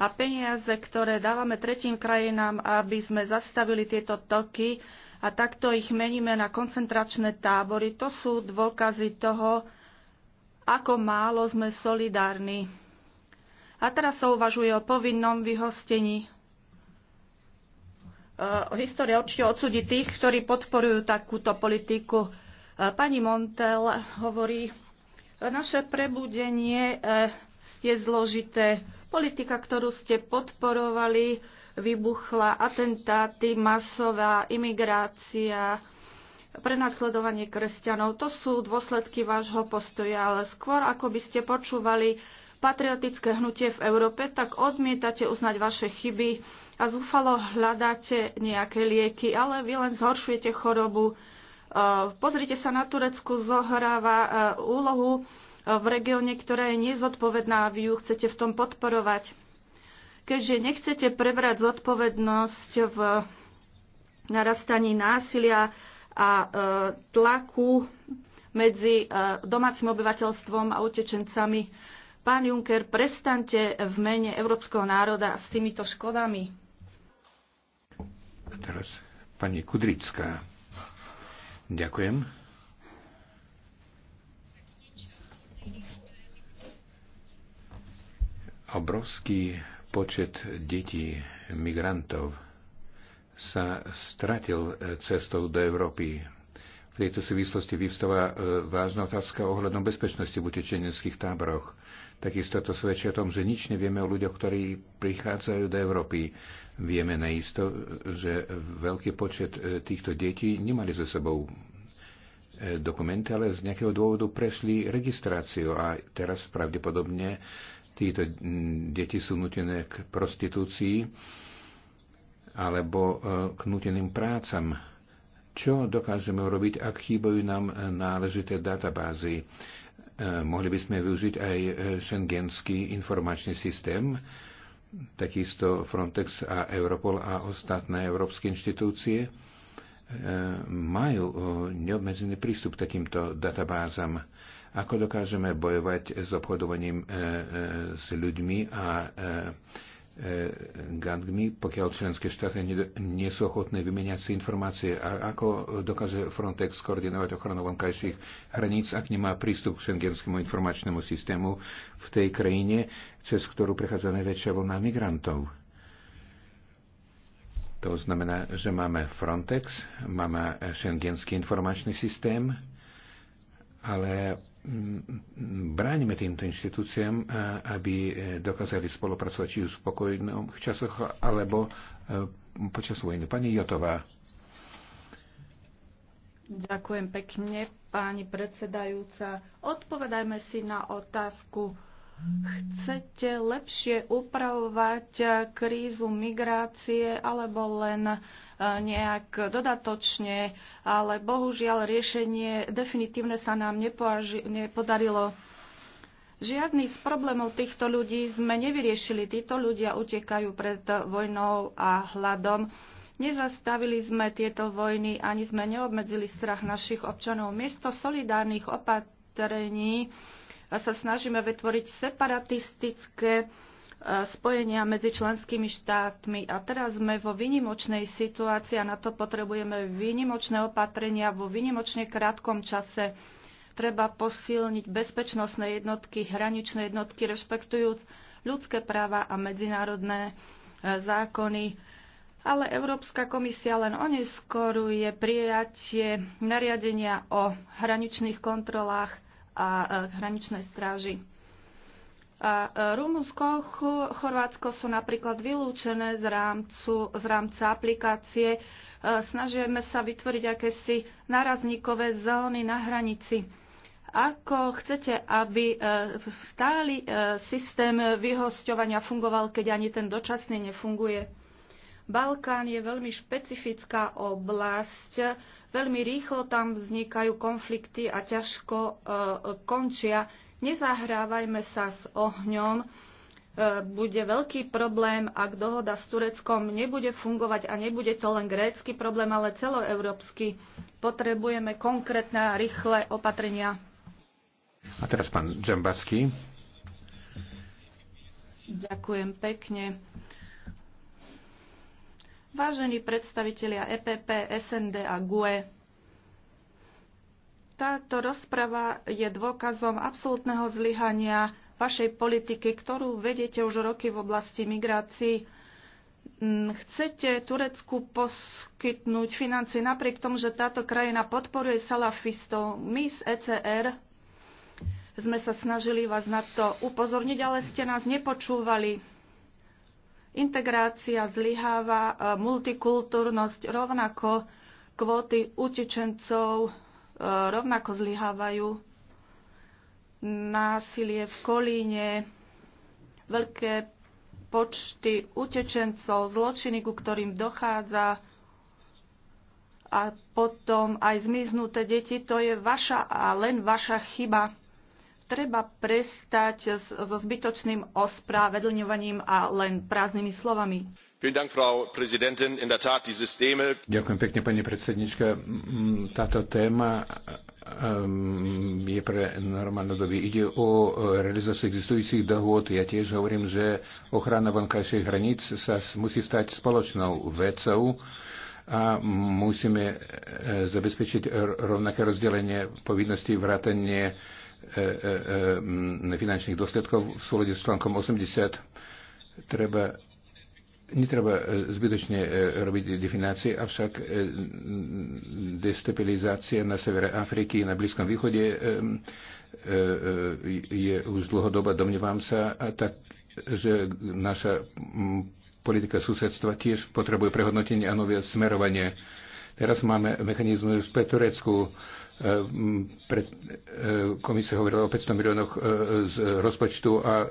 a peniaze, ktoré dávame tretím krajinám, aby sme zastavili tieto toky a takto ich meníme na koncentračné tábory, to sú dôkazy toho, ako málo sme solidárni. A teraz sa uvažuje o povinnom vyhostení. E, história určite odsudí tých, ktorí podporujú takúto politiku. E, pani Montel hovorí, naše prebudenie e, je zložité. Politika, ktorú ste podporovali, vybuchla atentáty, masová imigrácia, prenasledovanie kresťanov. To sú dôsledky vášho postoja, ale skôr ako by ste počúvali patriotické hnutie v Európe, tak odmietate uznať vaše chyby a zúfalo hľadáte nejaké lieky, ale vy len zhoršujete chorobu. E, pozrite sa na Turecku, zohráva e, úlohu v regióne, ktorá je nezodpovedná a vy ju chcete v tom podporovať. Keďže nechcete prebrať zodpovednosť v narastaní násilia a e, tlaku medzi e, domácim obyvateľstvom a utečencami, pán Juncker, prestante v mene európskeho národa s týmito škodami. A teraz pani Kudrická. Ďakujem. Obrovský počet detí, migrantov, sa stratil e, cestou do Európy. V tejto súvislosti vyvstáva e, vážna otázka ohľadom bezpečnosti v utečeneckých táboroch. Takisto to svedčí o tom, že nič nevieme o ľuďoch, ktorí prichádzajú do Európy. Vieme najisto, že veľký počet e, týchto detí nemali so sebou dokumenty, ale z nejakého dôvodu prešli registráciu a teraz pravdepodobne Títo deti sú nutené k prostitúcii alebo e, k nuteným prácam. Čo dokážeme urobiť, ak chýbajú nám náležité databázy? E, mohli by sme využiť aj e, šengenský informačný systém, takisto Frontex a Europol a ostatné európske inštitúcie majú neobmedzený prístup k takýmto databázam ako dokážeme bojovať s obchodovaním e, e, s ľuďmi a e, gangmi, pokiaľ členské štáty nie sú ochotné vymeniať si informácie. A ako dokáže Frontex koordinovať ochranu vonkajších hraníc, ak nemá prístup k šengenskému informačnému systému v tej krajine, cez ktorú prechádza najväčšia vlna migrantov? To znamená, že máme Frontex, máme šengenský informačný systém, ale Mm, bráňme týmto inštitúciám, aby e, dokázali spolupracovať či už v pokojných časoch, alebo e, počas vojny. Pani Jotová. Ďakujem pekne, pani predsedajúca. Odpovedajme si na otázku, Chcete lepšie upravovať eh, krízu migrácie alebo len eh, nejak dodatočne, ale bohužiaľ riešenie definitívne sa nám nepodarilo. Žiadny z problémov týchto ľudí sme nevyriešili. Títo ľudia utekajú pred vojnou a hladom. Nezastavili sme tieto vojny, ani sme neobmedzili strach našich občanov. Miesto solidárnych opatrení sa snažíme vytvoriť separatistické e, spojenia medzi členskými štátmi. A teraz sme vo vynimočnej situácii a na to potrebujeme vynimočné opatrenia vo vynimočne krátkom čase. Treba posilniť bezpečnostné jednotky, hraničné jednotky, rešpektujúc ľudské práva a medzinárodné e, zákony. Ale Európska komisia len oneskoruje prijatie nariadenia o hraničných kontrolách a e, hraničnej stráži. A e, Rumunsko, Chorvátsko sú napríklad vylúčené z, rámcu, z rámca aplikácie. E, snažíme sa vytvoriť akési narazníkové zóny na hranici. Ako chcete, aby stály systém vyhosťovania fungoval, keď ani ten dočasný nefunguje? Balkán je veľmi špecifická oblasť, Veľmi rýchlo tam vznikajú konflikty a ťažko e, končia. Nezahrávajme sa s ohňom. E, bude veľký problém, ak dohoda s Tureckom nebude fungovať a nebude to len grécky problém, ale celoeurópsky. Potrebujeme konkrétne a rýchle opatrenia. A teraz pán Džambaský. Ďakujem pekne. Vážení predstavitelia EPP, SND a GUE, táto rozprava je dôkazom absolútneho zlyhania vašej politiky, ktorú vedete už roky v oblasti migrácií. Mm, chcete Turecku poskytnúť financie napriek tomu, že táto krajina podporuje salafistov. My z ECR sme sa snažili vás na to upozorniť, ale ste nás nepočúvali Integrácia zlyháva, e, multikultúrnosť rovnako, kvóty utečencov e, rovnako zlyhávajú, násilie v Kolíne, veľké počty utečencov, zločiny, ku ktorým dochádza a potom aj zmiznuté deti, to je vaša a len vaša chyba treba prestať so zbytočným ospravedlňovaním a len prázdnymi slovami. Ďakujem pekne, pani predsednička. Mm, táto téma mm, je pre normálne doby. Ide o realizáciu existujúcich dohôd. Ja tiež hovorím, že ochrana vonkajších hraníc sa musí stať spoločnou vecou a musíme e, zabezpečiť rovnaké rozdelenie povinností vrátenie. E, e, e, finančných dôsledkov v súlade s článkom 80 treba Netreba zbytočne robiť definácie, avšak destabilizácia na severe Afriky, na Blízkom východe je už dlhodobá, domnievam sa, a tak, že naša politika susedstva tiež potrebuje prehodnotenie a nové smerovanie. Teraz máme mechanizmy v Turecku, Ehm, pred, ehm, komisia hovorila o 500 miliónoch e, z rozpočtu a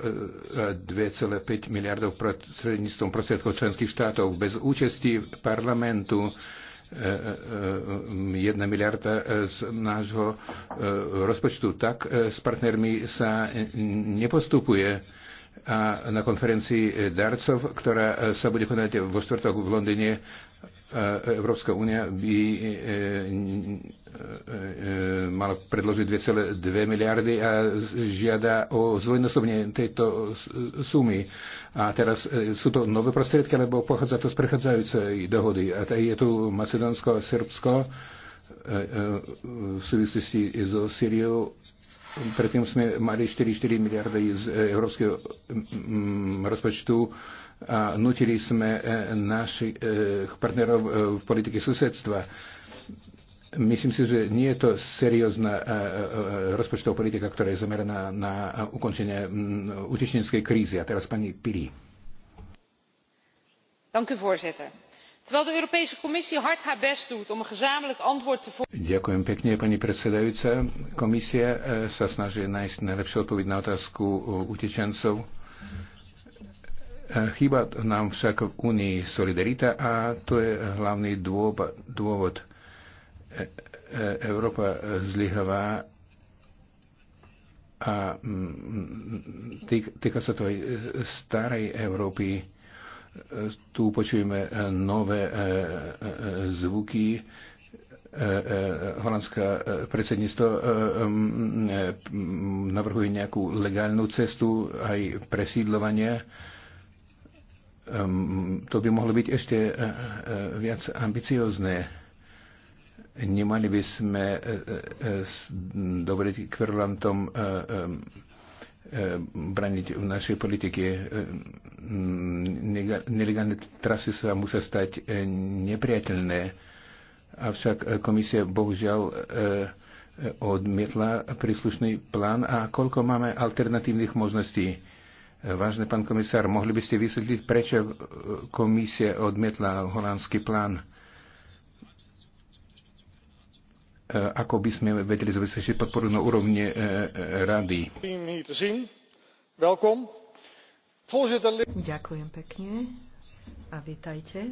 2,5 e, miliardov prostredníctvom prostriedkov členských štátov bez účasti parlamentu 1 e, miliarda z nášho rozpočtu. Tak s partnermi sa nepostupuje a na konferencii darcov, ktorá sa bude konať vo štvrtok v Londýne, E, Európska únia by e, e, mala predložiť 2,2 miliardy a žiada o zvojnosobne tejto sumy. A teraz sú to nové prostriedky, lebo pochádza to z prechádzajúcej dohody. A je tu Macedónsko a Srbsko v súvislosti so Syriou predtým sme mali 4,4 miliardy z európskeho rozpočtu a nutili sme e, našich e, partnerov e, v politike susedstva. Myslím si, že nie je to seriózna rozpočtová politika, ktorá je zameraná na ukončenie utečenskej krízy. A teraz pani Piri. Ďakujem pekne, pani predsedajúca. Komisia sa snaží nájsť najlepšiu odpoveď na otázku utečencov. Mm Chýba nám však v Unii solidarita a to je hlavný dôvod. E, e, Európa zlyhová a mm, týka sa to aj starej Európy. E, tu počujeme nové zvuky. Holandská predsedníctvo navrhuje nejakú legálnu cestu aj presídlovania Ehm, to by mohlo byť ešte e, e, viac ambiciozne. Nemali by sme e, dovoliť kverulantom braniť v našej politike. Ehm, nelegálne trasy sa musia stať nepriateľné, avšak komisia bohužiaľ odmietla príslušný plán a koľko máme alternatívnych možností Vážne pán komisár, mohli by ste vysvetliť, prečo komisia odmietla holandský plán? E, ako by sme vedeli zabezpečiť podporu na úrovni e, e, rady? Ďakujem pekne a vítajte.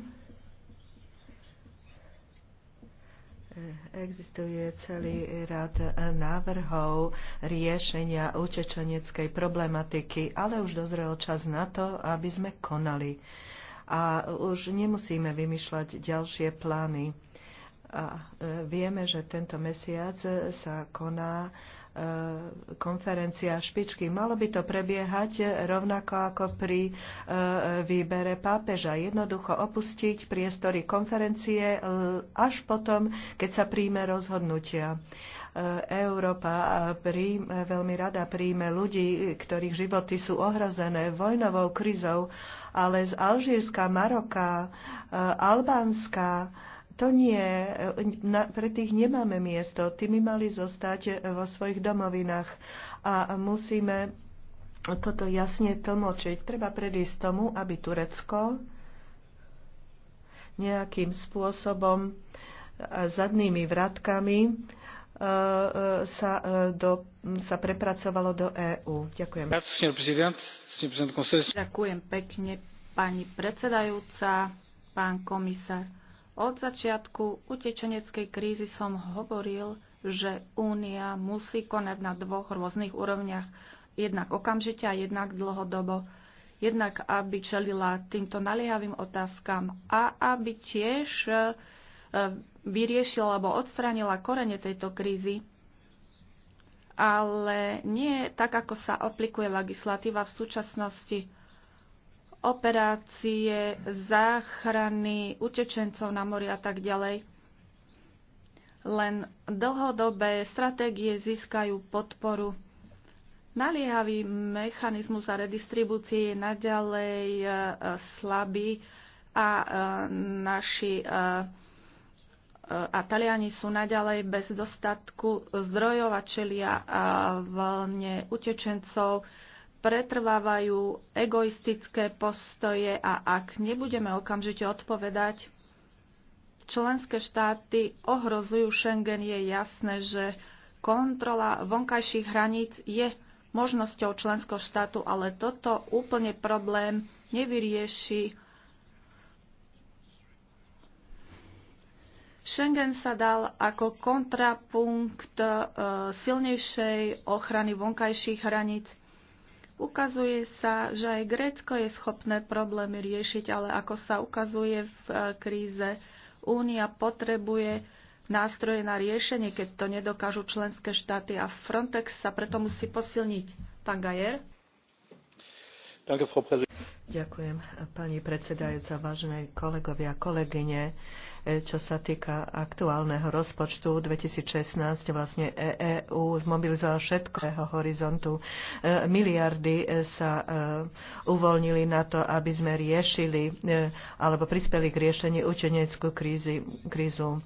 Existuje celý rad návrhov riešenia utečeneckej problematiky, ale už dozrel čas na to, aby sme konali. A už nemusíme vymýšľať ďalšie plány. A e, vieme, že tento mesiac sa koná E, konferencia špičky. Malo by to prebiehať rovnako ako pri e, výbere pápeža. Jednoducho opustiť priestory konferencie e, až potom, keď sa príjme rozhodnutia. Európa príjme, veľmi rada príjme ľudí, ktorých životy sú ohrozené vojnovou krizou, ale z Alžírska, Maroka, Albánska, to nie, na, pre tých nemáme miesto. Tí by mali zostať vo svojich domovinách a musíme toto jasne tlmočiť. Treba predísť tomu, aby Turecko nejakým spôsobom zadnými vratkami e, e, sa, e, do, sa prepracovalo do EÚ. Ďakujem. Ďakujem pekne, pani predsedajúca, pán komisár. Od začiatku utečeneckej krízy som hovoril, že Únia musí konať na dvoch rôznych úrovniach, jednak okamžite a jednak dlhodobo. Jednak, aby čelila týmto naliehavým otázkam a aby tiež e, vyriešila alebo odstránila korene tejto krízy ale nie tak, ako sa aplikuje legislatíva v súčasnosti operácie záchrany utečencov na mori a tak ďalej. Len dlhodobé stratégie získajú podporu. Naliehavý mechanizmus a redistribúcie je naďalej e, slabý a e, naši e, a Taliani sú naďalej bez dostatku zdrojov a čelia vlne utečencov pretrvávajú egoistické postoje a ak nebudeme okamžite odpovedať, členské štáty ohrozujú Schengen, je jasné, že kontrola vonkajších hraníc je možnosťou členského štátu, ale toto úplne problém nevyrieši. Schengen sa dal ako kontrapunkt e, silnejšej ochrany vonkajších hraníc Ukazuje sa, že aj Grécko je schopné problémy riešiť, ale ako sa ukazuje v e, kríze, Únia potrebuje nástroje na riešenie, keď to nedokážu členské štáty a Frontex sa preto musí posilniť. Pán Gajer? Ďakujem, pani predsedajúca, vážne kolegovia a kolegyne. E, čo sa týka aktuálneho rozpočtu 2016, vlastne EÚ e zmobilizoval všetkého horizontu. E, miliardy sa uvoľnili na to, aby sme riešili alebo prispeli k riešeniu učeneckú krízy, krízu.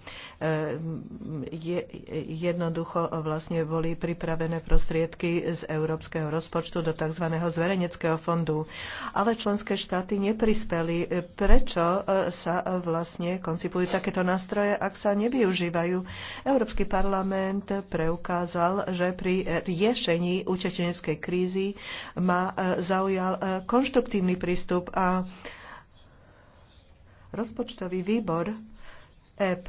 jednoducho vlastne boli pripravené prostriedky z európskeho rozpočtu do tzv. zverejneckého fondu, ale členské štáty neprispeli. Prečo sa vlastne koncipujú existujú takéto nástroje, ak sa nevyužívajú. Európsky parlament preukázal, že pri riešení utečeneckej krízy má e, zaujal e, konštruktívny prístup a rozpočtový výbor EP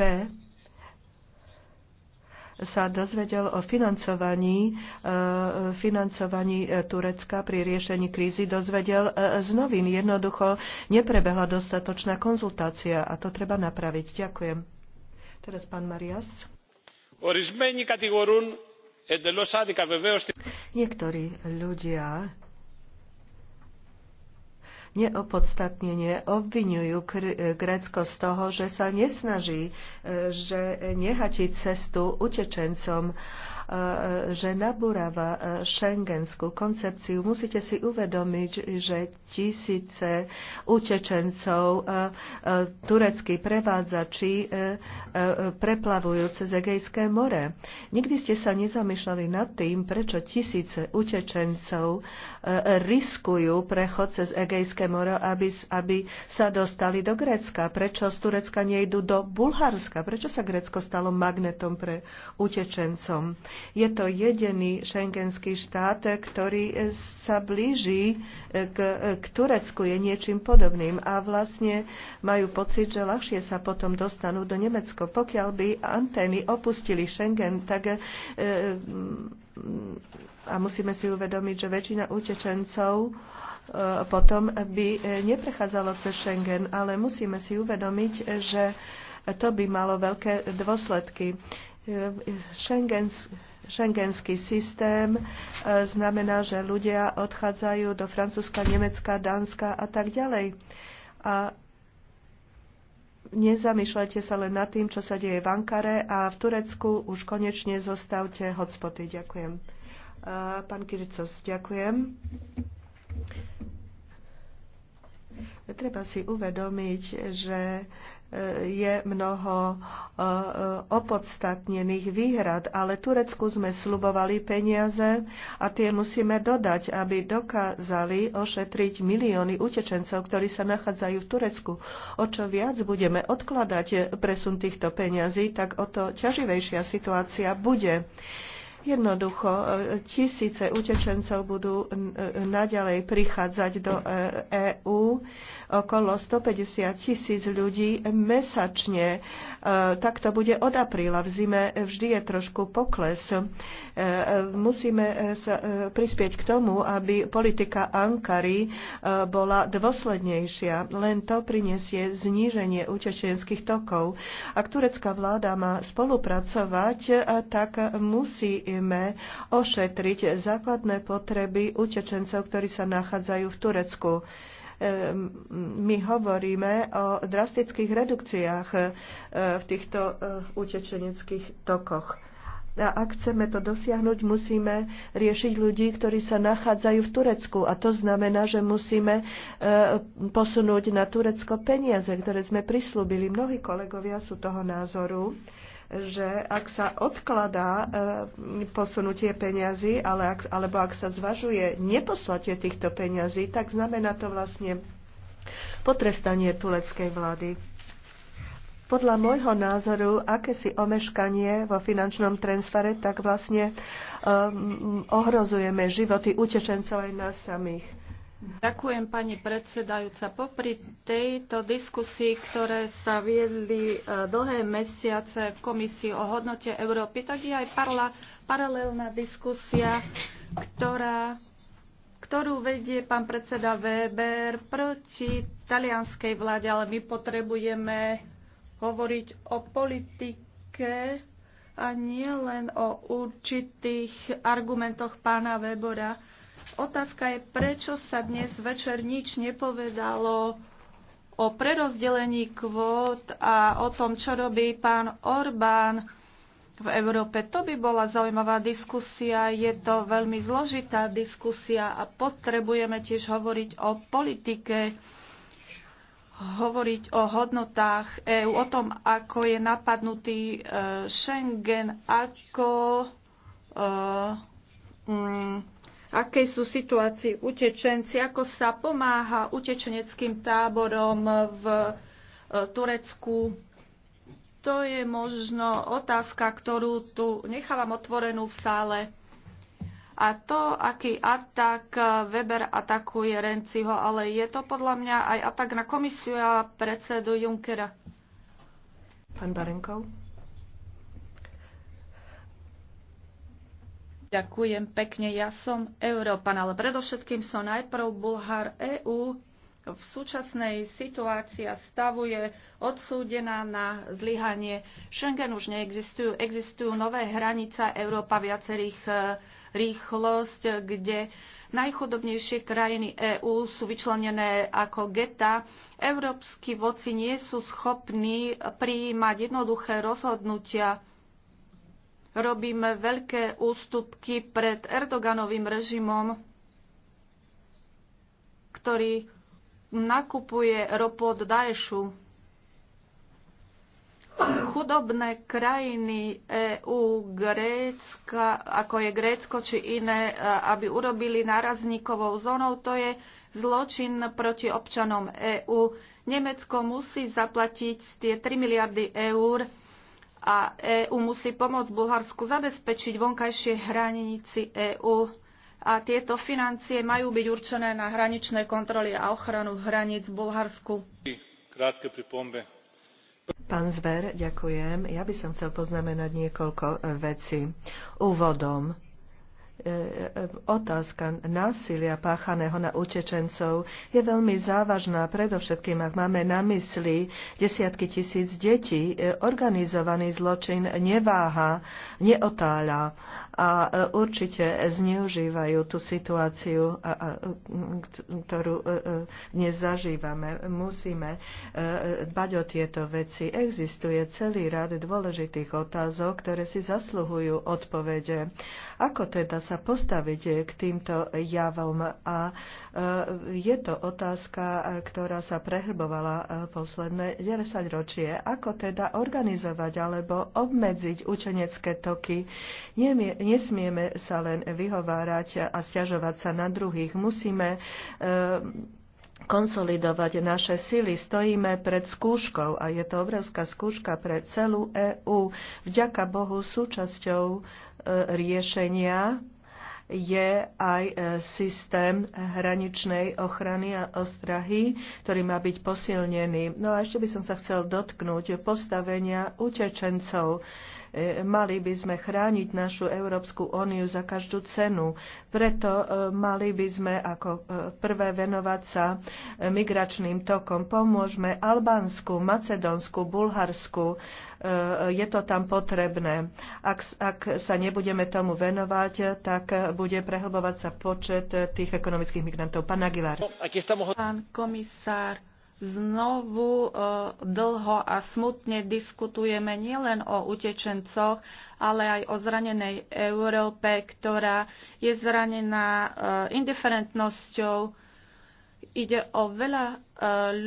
sa dozvedel o financovaní, eh, financovaní eh, Turecka pri riešení krízy, dozvedel eh, z novín. Jednoducho neprebehla dostatočná konzultácia a to treba napraviť. Ďakujem. Teraz pán Marias. Niektorí ľudia neopodstatnenie obvinujú Grécko z toho, že sa nesnaží, e, že nehatí cestu utečencom že nabúrava šengenskú eh, koncepciu. Musíte si uvedomiť, že tisíce utečencov, eh, eh, tureckí prevádzači preplavujú cez Egejské more. Nikdy ste sa nezamýšľali nad tým, prečo tisíce utečencov riskujú prechod cez Egejské more, aby, aby sa dostali do Grécka. Prečo z Turecka nejdú do Bulharska? Prečo sa Grécko stalo magnetom pre utečencom? Je to jediný šengenský štát, ktorý sa blíži k, k Turecku, je niečím podobným a vlastne majú pocit, že ľahšie sa potom dostanú do Nemecko. Pokiaľ by antény opustili Schengen, tak e, a musíme si uvedomiť, že väčšina utečencov e, potom by e, neprechádzalo cez Schengen, ale musíme si uvedomiť, že to by malo veľké dôsledky. Schengens, Schengenský systém e, znamená, že ľudia odchádzajú do Francúzska, Nemecka, Dánska a tak ďalej. A nezamýšľajte sa len nad tým, čo sa deje v Ankare a v Turecku už konečne zostavte hotspoty. Ďakujem. E, pán Kiricos, ďakujem. Treba si uvedomiť, že je mnoho eh, opodstatnených výhrad, ale Turecku sme slubovali peniaze a tie musíme dodať, aby dokázali ošetriť milióny utečencov, ktorí sa nachádzajú v Turecku. O čo viac budeme odkladať presun týchto peniazí, tak o to ťaživejšia situácia bude. Jednoducho, eh, tisíce utečencov budú eh, naďalej prichádzať do EÚ e okolo 150 tisíc ľudí mesačne. E, tak to bude od apríla. V zime vždy je trošku pokles. E, e, musíme sa prispieť k tomu, aby politika Ankary bola dôslednejšia. Len to prinesie zníženie utečenských tokov. Ak turecká vláda má spolupracovať, tak musíme ošetriť základné potreby utečencov, ktorí sa nachádzajú v Turecku. Ehm, my hovoríme o drastických redukciách e, v týchto e, utečeneckých tokoch. A ak chceme to dosiahnuť, musíme riešiť ľudí, ktorí sa nachádzajú v Turecku. A to znamená, že musíme e, posunúť na Turecko peniaze, ktoré sme prislúbili. Mnohí kolegovia sú toho názoru, že ak sa odkladá e, posunutie peňazí, ale ak, alebo ak sa zvažuje neposlatie týchto peňazí, tak znamená to vlastne potrestanie tuleckej vlády. Podľa môjho názoru, akési omeškanie vo finančnom transfere, tak vlastne um, ohrozujeme životy utečencov aj nás samých Ďakujem, pani predsedajúca. Popri tejto diskusii, ktoré sa viedli e, dlhé mesiace v komisii o hodnote Európy, tak je aj parla, paralelná diskusia, ktorá, ktorú vedie pán predseda Weber proti talianskej vláde, ale my potrebujeme hovoriť o politike a nielen o určitých argumentoch pána Webera Otázka je, prečo sa dnes večer nič nepovedalo o prerozdelení kvót a o tom, čo robí pán Orbán v Európe. To by bola zaujímavá diskusia. Je to veľmi zložitá diskusia a potrebujeme tiež hovoriť o politike, hovoriť o hodnotách EÚ, o tom, ako je napadnutý e, Schengen, ako. Uh, mm, akej sú situácii utečenci, ako sa pomáha utečeneckým táborom v e, Turecku. To je možno otázka, ktorú tu nechávam otvorenú v sále. A to, aký atak Weber atakuje Renciho, ale je to podľa mňa aj atak na komisiu a predsedu Junckera. Pán Barenkov. Ďakujem pekne. Ja som Európan, ale predovšetkým som najprv Bulhár EÚ. V súčasnej situácii stavuje, stavu je odsúdená na zlyhanie. Schengen už neexistujú. Existujú nové hranice Európa viacerých e, rýchlosť, kde najchudobnejšie krajiny EÚ sú vyčlenené ako geta. Európsky voci nie sú schopní prijímať jednoduché rozhodnutia robíme veľké ústupky pred Erdoganovým režimom, ktorý nakupuje ropu od Daešu. Chudobné krajiny EÚ, Grécka, ako je Grécko či iné, aby urobili nárazníkovou zónou, to je zločin proti občanom EÚ. Nemecko musí zaplatiť tie 3 miliardy eur a EÚ musí pomôcť Bulharsku zabezpečiť vonkajšie hranici EÚ a tieto financie majú byť určené na hraničné kontroly a ochranu hraníc v Bulharsku. Krátke pripombe. Pán Zver, ďakujem. Ja by som chcel poznamenať niekoľko e, vecí. Úvodom E, e, otázka násilia páchaného na utečencov je veľmi závažná, predovšetkým ak máme na mysli desiatky tisíc detí. E, organizovaný zločin neváha, neotáľa a e, určite zneužívajú tú situáciu, ktorú e, e, dnes zažívame. Musíme dbať o tieto veci. Existuje celý rad dôležitých otázok, ktoré si zasluhujú odpovede. Ako teda sa postaviť k týmto javom? A je to otázka, ktorá sa prehrbovala posledné 10 ročie. Ako teda organizovať alebo obmedziť učenecké toky? Nie, Nesmieme sa len vyhovárať a stiažovať sa na druhých. Musíme eh, konsolidovať naše sily. Stojíme pred skúškou a je to obrovská skúška pre celú EÚ. Vďaka Bohu súčasťou eh, riešenia je aj eh, systém hraničnej ochrany a ostrahy, ktorý má byť posilnený. No a ešte by som sa chcel dotknúť postavenia utečencov. E, mali by sme chrániť našu Európsku úniu za každú cenu. Preto e, mali by sme ako e, prvé venovať sa migračným tokom. Pomôžme Albánsku, Macedónsku, Bulharsku. Je to tam potrebné. Ak, ak sa nebudeme tomu venovať, tak bude prehlbovať sa počet tých ekonomických migrantov. Pán Aguilar. Pán komisár, znovu e, dlho a smutne diskutujeme nielen o utečencoch, ale aj o zranenej Európe, ktorá je zranená e, indiferentnosťou. Ide o veľa e,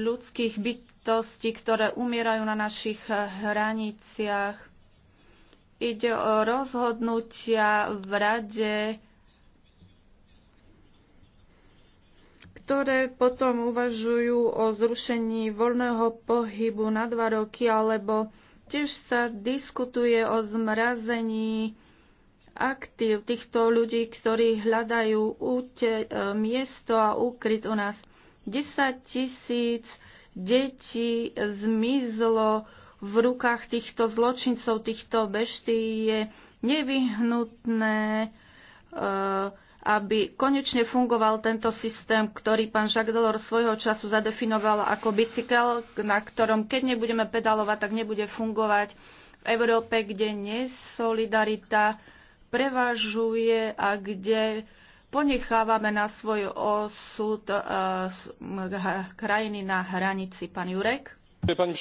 ľudských bytostí, ktoré umierajú na našich hraniciach. Ide o rozhodnutia v rade, ktoré potom uvažujú o zrušení voľného pohybu na dva roky, alebo tiež sa diskutuje o zmrazení aktív týchto ľudí, ktorí hľadajú úte, e, miesto a úkryt u nás. 10 tisíc detí zmizlo v rukách týchto zločincov, týchto beští je nevyhnutné uh, aby konečne fungoval tento systém, ktorý pán Jacques Delors svojho času zadefinoval ako bicykel, na ktorom keď nebudeme pedalovať, tak nebude fungovať v Európe, kde nesolidarita prevažuje a kde ponechávame na svoj osud eh, krajiny na hranici. Pán Jurek? Pani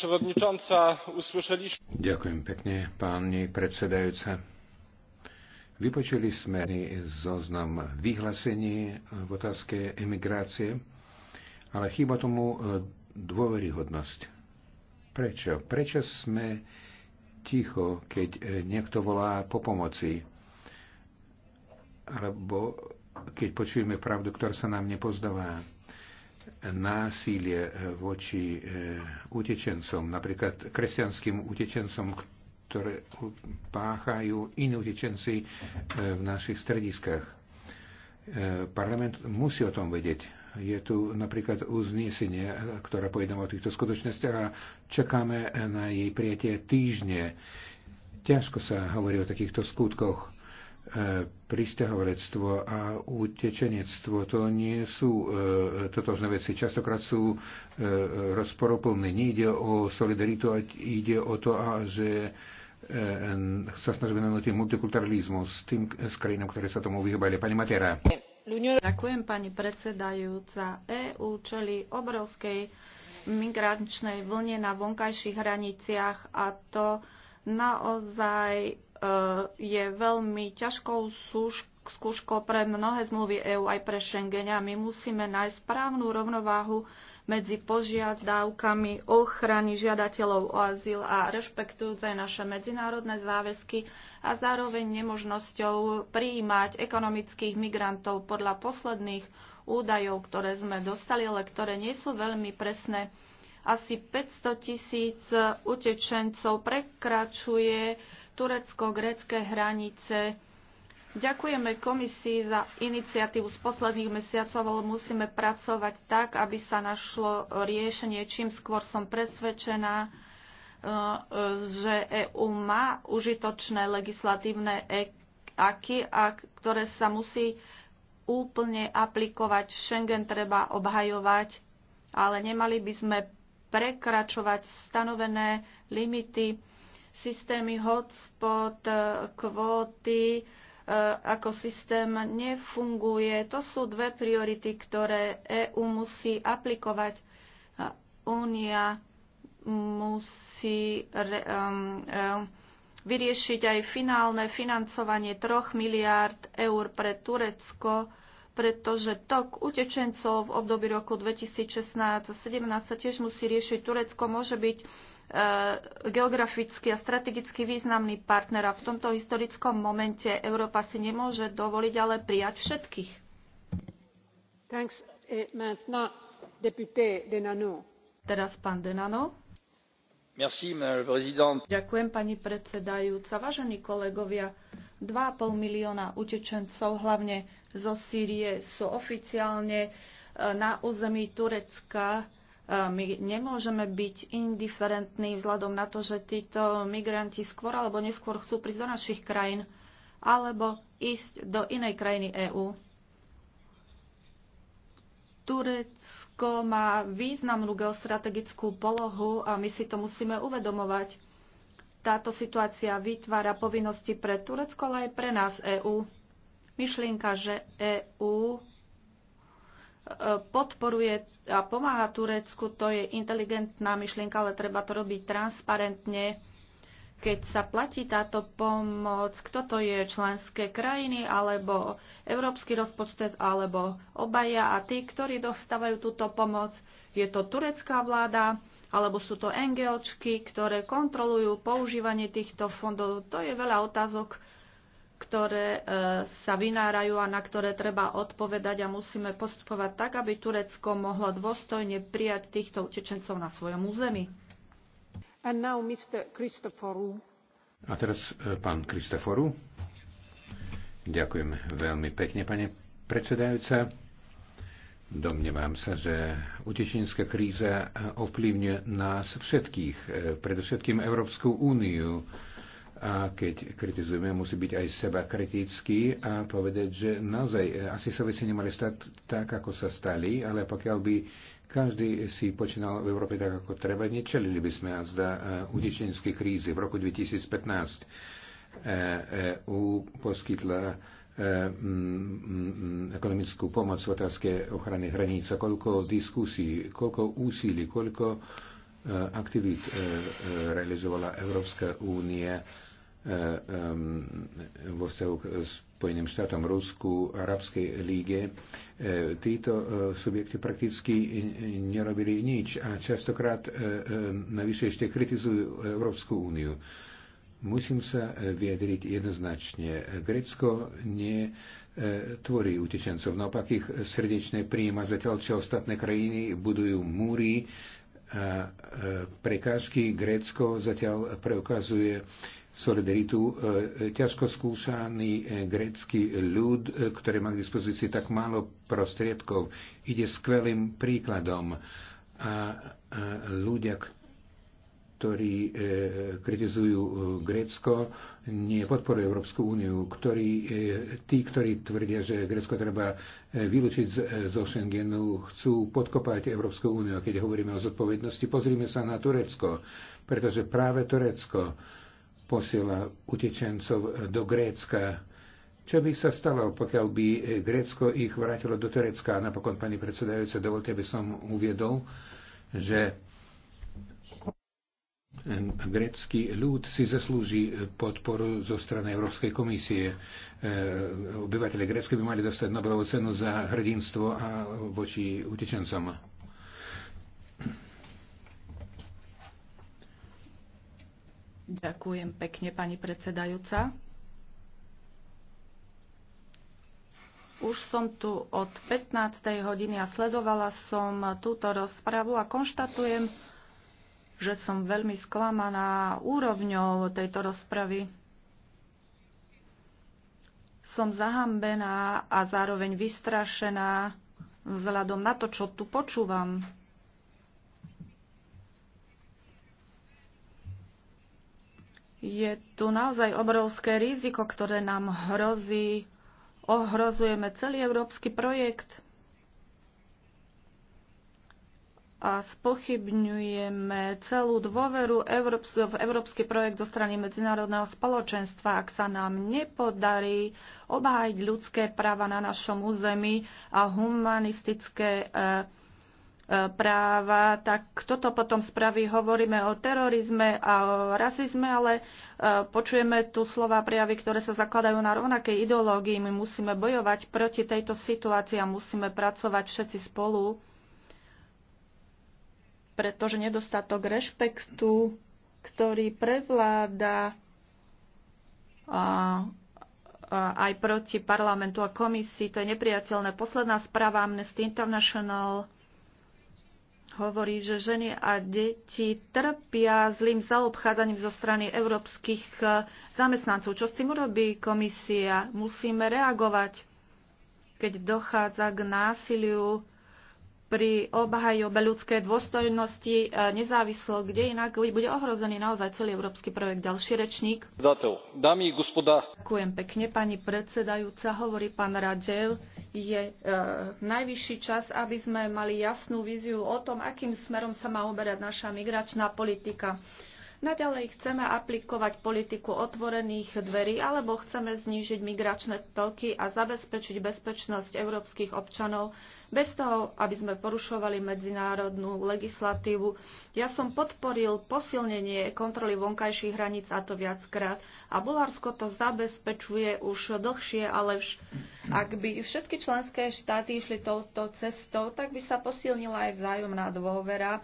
Ďakujem pekne, pani predsedajúca Vypočuli sme zoznam vyhlásení v otázke emigrácie, ale chýba tomu e, dôveryhodnosť. Prečo? Prečo sme ticho, keď e, niekto volá po pomoci? Alebo keď počujeme pravdu, ktorá sa nám nepozdáva, Násilie e, voči utečencom, napríklad kresťanským utečencom, ktoré páchajú iní utečenci e, v našich strediskách. E, parlament musí o tom vedieť. Je tu napríklad uznesenie, ktorá pojedná o týchto skutočnostiach a čakáme na jej prijatie týždne. Ťažko sa hovorí o takýchto skutkoch e, pristahovalectvo a utečenectvo to nie sú e, totožné veci. Častokrát sú e, rozporoplné. Nie ide o solidaritu, ide o to, a že e, sa snažíme nanútiť multikulturalizmus tým eh, s krajinám, ktoré sa tomu vyhýbali. Pani Matera. Ďakujem, pani predsedajúca. EU čeli obrovskej migračnej vlne na vonkajších hraniciach a to naozaj eh, je veľmi ťažkou skúškou pre mnohé zmluvy EÚ aj pre Schengenia. My musíme nájsť správnu rovnováhu medzi požiadavkami ochrany žiadateľov o azyl a rešpektujúce naše medzinárodné záväzky a zároveň nemožnosťou prijímať ekonomických migrantov podľa posledných údajov, ktoré sme dostali, ale ktoré nie sú veľmi presné. Asi 500 tisíc utečencov prekračuje turecko-grécké hranice Ďakujeme komisii za iniciatívu z posledných mesiacov, ale musíme pracovať tak, aby sa našlo riešenie. Čím skôr som presvedčená, e, že EÚ má užitočné legislatívne aky, a ktoré sa musí úplne aplikovať. Schengen treba obhajovať, ale nemali by sme prekračovať stanovené limity, systémy hotspot, kvóty, E, ako systém nefunguje. To sú dve priority, ktoré EÚ musí aplikovať. Únia musí re, um, um, vyriešiť aj finálne financovanie 3 miliárd eur pre Turecko, pretože tok utečencov v období roku 2016-2017 sa tiež musí riešiť. Turecko môže byť E, geograficky a strategicky významný partner a v tomto historickom momente Európa si nemôže dovoliť ale prijať všetkých. Thanks. Eh, Teraz pán Denano. Merci, Ďakujem, pani predsedajúca. Vážení kolegovia, 2,5 milióna utečencov, hlavne zo Sýrie, sú oficiálne e, na území Turecka my nemôžeme byť indiferentní vzhľadom na to, že títo migranti skôr alebo neskôr chcú prísť do našich krajín alebo ísť do inej krajiny EÚ. Turecko má významnú geostrategickú polohu a my si to musíme uvedomovať. Táto situácia vytvára povinnosti pre Turecko, ale aj pre nás EÚ. Myšlienka, že EÚ podporuje a pomáha Turecku, to je inteligentná myšlienka, ale treba to robiť transparentne. Keď sa platí táto pomoc, kto to je, členské krajiny alebo európsky rozpočet alebo obaja a tí, ktorí dostávajú túto pomoc, je to turecká vláda alebo sú to NGOčky, ktoré kontrolujú používanie týchto fondov. To je veľa otázok, ktoré e, sa vynárajú a na ktoré treba odpovedať a musíme postupovať tak, aby Turecko mohlo dôstojne prijať týchto utečencov na svojom území. And now Mr. Christoforu. A teraz e, pán Kristoforu. Ďakujem veľmi pekne, pani predsedajúca. Domnievam sa, že utečenská kríza e, ovplyvňuje nás všetkých, predovšetkým Európsku úniu a keď kritizujeme, musí byť aj seba kritický a povedať, že naozaj e, asi sa veci nemali stať tak, ako sa stali, ale pokiaľ by každý si počínal v Európe tak, ako treba, nečelili by sme azda zda e, utečenskej krízy. V roku 2015 EU e poskytla mm, mm, ekonomickú pomoc v otázke ochrany hraníc. Koľko diskusí, koľko úsilí, koľko aktivít realizovala Európska únia E, vo vzťahu k Spojeným štátom, Rusku, Arabskej líge. E, títo e, subjekty prakticky nerobili nič a častokrát navyše ešte kritizujú Európsku úniu. Musím sa vyjadriť jednoznačne. Grécko nie tvorí utečencov, naopak ich srdečné príjima, zatiaľ čo ostatné krajiny budujú múry a prekážky. Grécko zatiaľ preukazuje solidaritu e, e, ťažko skúšaný e, grécky ľud, ktorý má k dispozícii tak málo prostriedkov, ide skvelým príkladom. A ľudia, ktorí kritizujú Grécko, nepodporujú Európsku úniu. Ktorí, tí, ktorí tvrdia, že Grécko treba vylúčiť zo Schengenu, chcú podkopať Európsku úniu. A keď hovoríme o zodpovednosti, pozrime sa na Turecko, pretože práve Turecko posiela utečencov eh, do Grécka. Čo by sa stalo, pokiaľ by eh, Grécko ich vrátilo do Turecka? A napokon, pani predsedajúce, dovolte, aby som uviedol, že grécky ľud si zaslúži eh, podporu zo strany Európskej komisie. Obyvateľe Grécka by mali dostať Nobelovú cenu za hrdinstvo a voči utečencom. Ďakujem pekne, pani predsedajúca. Už som tu od 15. hodiny a sledovala som túto rozpravu a konštatujem, že som veľmi sklamaná úrovňou tejto rozpravy. Som zahambená a zároveň vystrašená vzhľadom na to, čo tu počúvam. Je tu naozaj obrovské riziko, ktoré nám hrozí. Ohrozujeme celý európsky projekt a spochybňujeme celú dôveru v európsky projekt zo strany medzinárodného spoločenstva, ak sa nám nepodarí obhájiť ľudské práva na našom území a humanistické eh, práva, tak kto to potom spraví? Hovoríme o terorizme a o rasizme, ale e, počujeme tu slova prejavy, ktoré sa zakladajú na rovnakej ideológii. My musíme bojovať proti tejto situácii a musíme pracovať všetci spolu, pretože nedostatok rešpektu, ktorý prevláda a aj proti parlamentu a komisii. To je nepriateľné. Posledná správa Amnesty International hovorí, že ženy a deti trpia zlým zaobchádzaním zo strany európskych eh, zamestnancov. Čo s tým urobí komisia? Musíme reagovať, keď dochádza k násiliu pri obhajobe ľudskej dôstojnosti e, nezávislo, kde inak bude ohrozený naozaj celý európsky projekt. Ďalší rečník. Dámy, gospoda. Ďakujem pekne, pani predsedajúca, hovorí pán radel. Je e, najvyšší čas, aby sme mali jasnú víziu o tom, akým smerom sa má uberať naša migračná politika. Naďalej chceme aplikovať politiku otvorených dverí alebo chceme znížiť migračné toky a zabezpečiť bezpečnosť európskych občanov bez toho, aby sme porušovali medzinárodnú legislatívu. Ja som podporil posilnenie kontroly vonkajších hraníc a to viackrát a Bulharsko to zabezpečuje už dlhšie, ale vš- ak by všetky členské štáty išli touto cestou, tak by sa posilnila aj vzájomná dôvera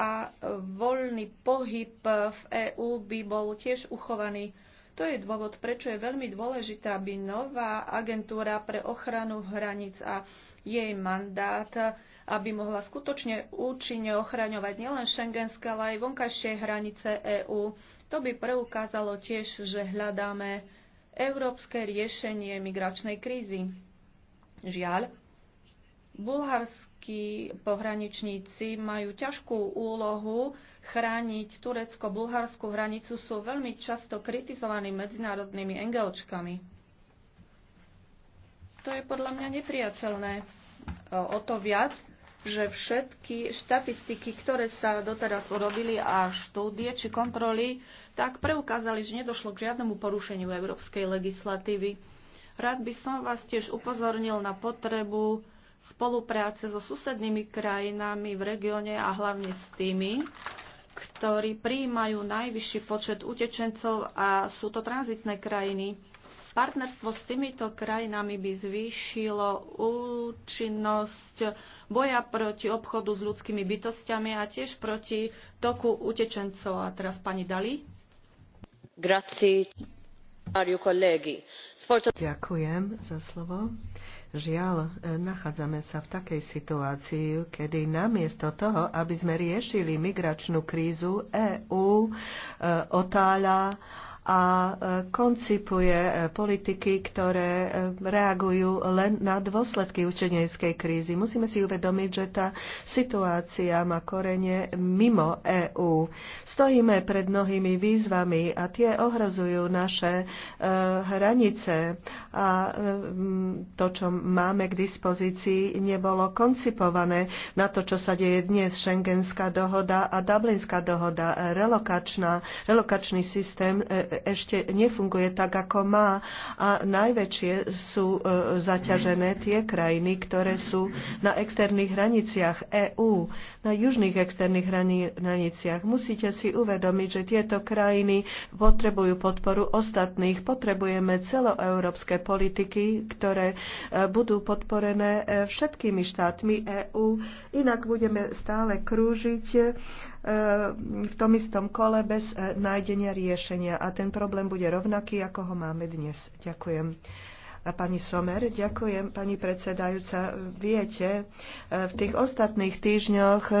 a voľný pohyb v EÚ by bol tiež uchovaný. To je dôvod, prečo je veľmi dôležitá, aby nová agentúra pre ochranu hraníc a jej mandát, aby mohla skutočne účinne ochraňovať nielen šengenské, ale aj vonkajšie hranice EÚ. To by preukázalo tiež, že hľadáme európske riešenie migračnej krízy. Žiaľ, Bulharskí pohraničníci majú ťažkú úlohu chrániť turecko-bulharskú hranicu, sú veľmi často kritizovaní medzinárodnými NGOčkami. To je podľa mňa nepriateľné. O to viac, že všetky štatistiky, ktoré sa doteraz urobili a štúdie či kontroly, tak preukázali, že nedošlo k žiadnemu porušeniu európskej legislatívy. Rád by som vás tiež upozornil na potrebu spolupráce so susednými krajinami v regióne a hlavne s tými, ktorí prijímajú najvyšší počet utečencov a sú to tranzitné krajiny. Partnerstvo s týmito krajinami by zvýšilo účinnosť boja proti obchodu s ľudskými bytostiami a tiež proti toku utečencov. A teraz pani Dali. Grazie. Ďakujem za slovo Žiaľ, e, nachádzame sa v takej situácii, kedy namiesto toho, aby sme riešili migračnú krízu, EÚ e, otáľa a e, koncipuje e, politiky, ktoré e, reagujú len na dôsledky učenejskej krízy. Musíme si uvedomiť, že tá situácia má korene mimo EÚ. Stojíme pred mnohými výzvami a tie ohrozujú naše hranice a to, čo máme k dispozícii, nebolo koncipované na to, čo sa deje dnes. Schengenská dohoda a Dublinská dohoda, relokačná, relokačný systém ešte nefunguje tak, ako má. A najväčšie sú e, zaťažené tie krajiny, ktoré sú na externých hraniciach EÚ, na južných externých hraniciach. Musíte si uvedomiť, že tieto krajiny potrebujú podporu ostatných. Potrebujeme celoeurópske politiky, ktoré e, budú podporené e, všetkými štátmi EÚ. Inak budeme stále krúžiť E, v tom istom kole bez e, nájdenia riešenia. A ten problém bude rovnaký, ako ho máme dnes. Ďakujem. A pani Somer, ďakujem, pani predsedajúca. Viete, e, v tých ostatných týždňoch e, e,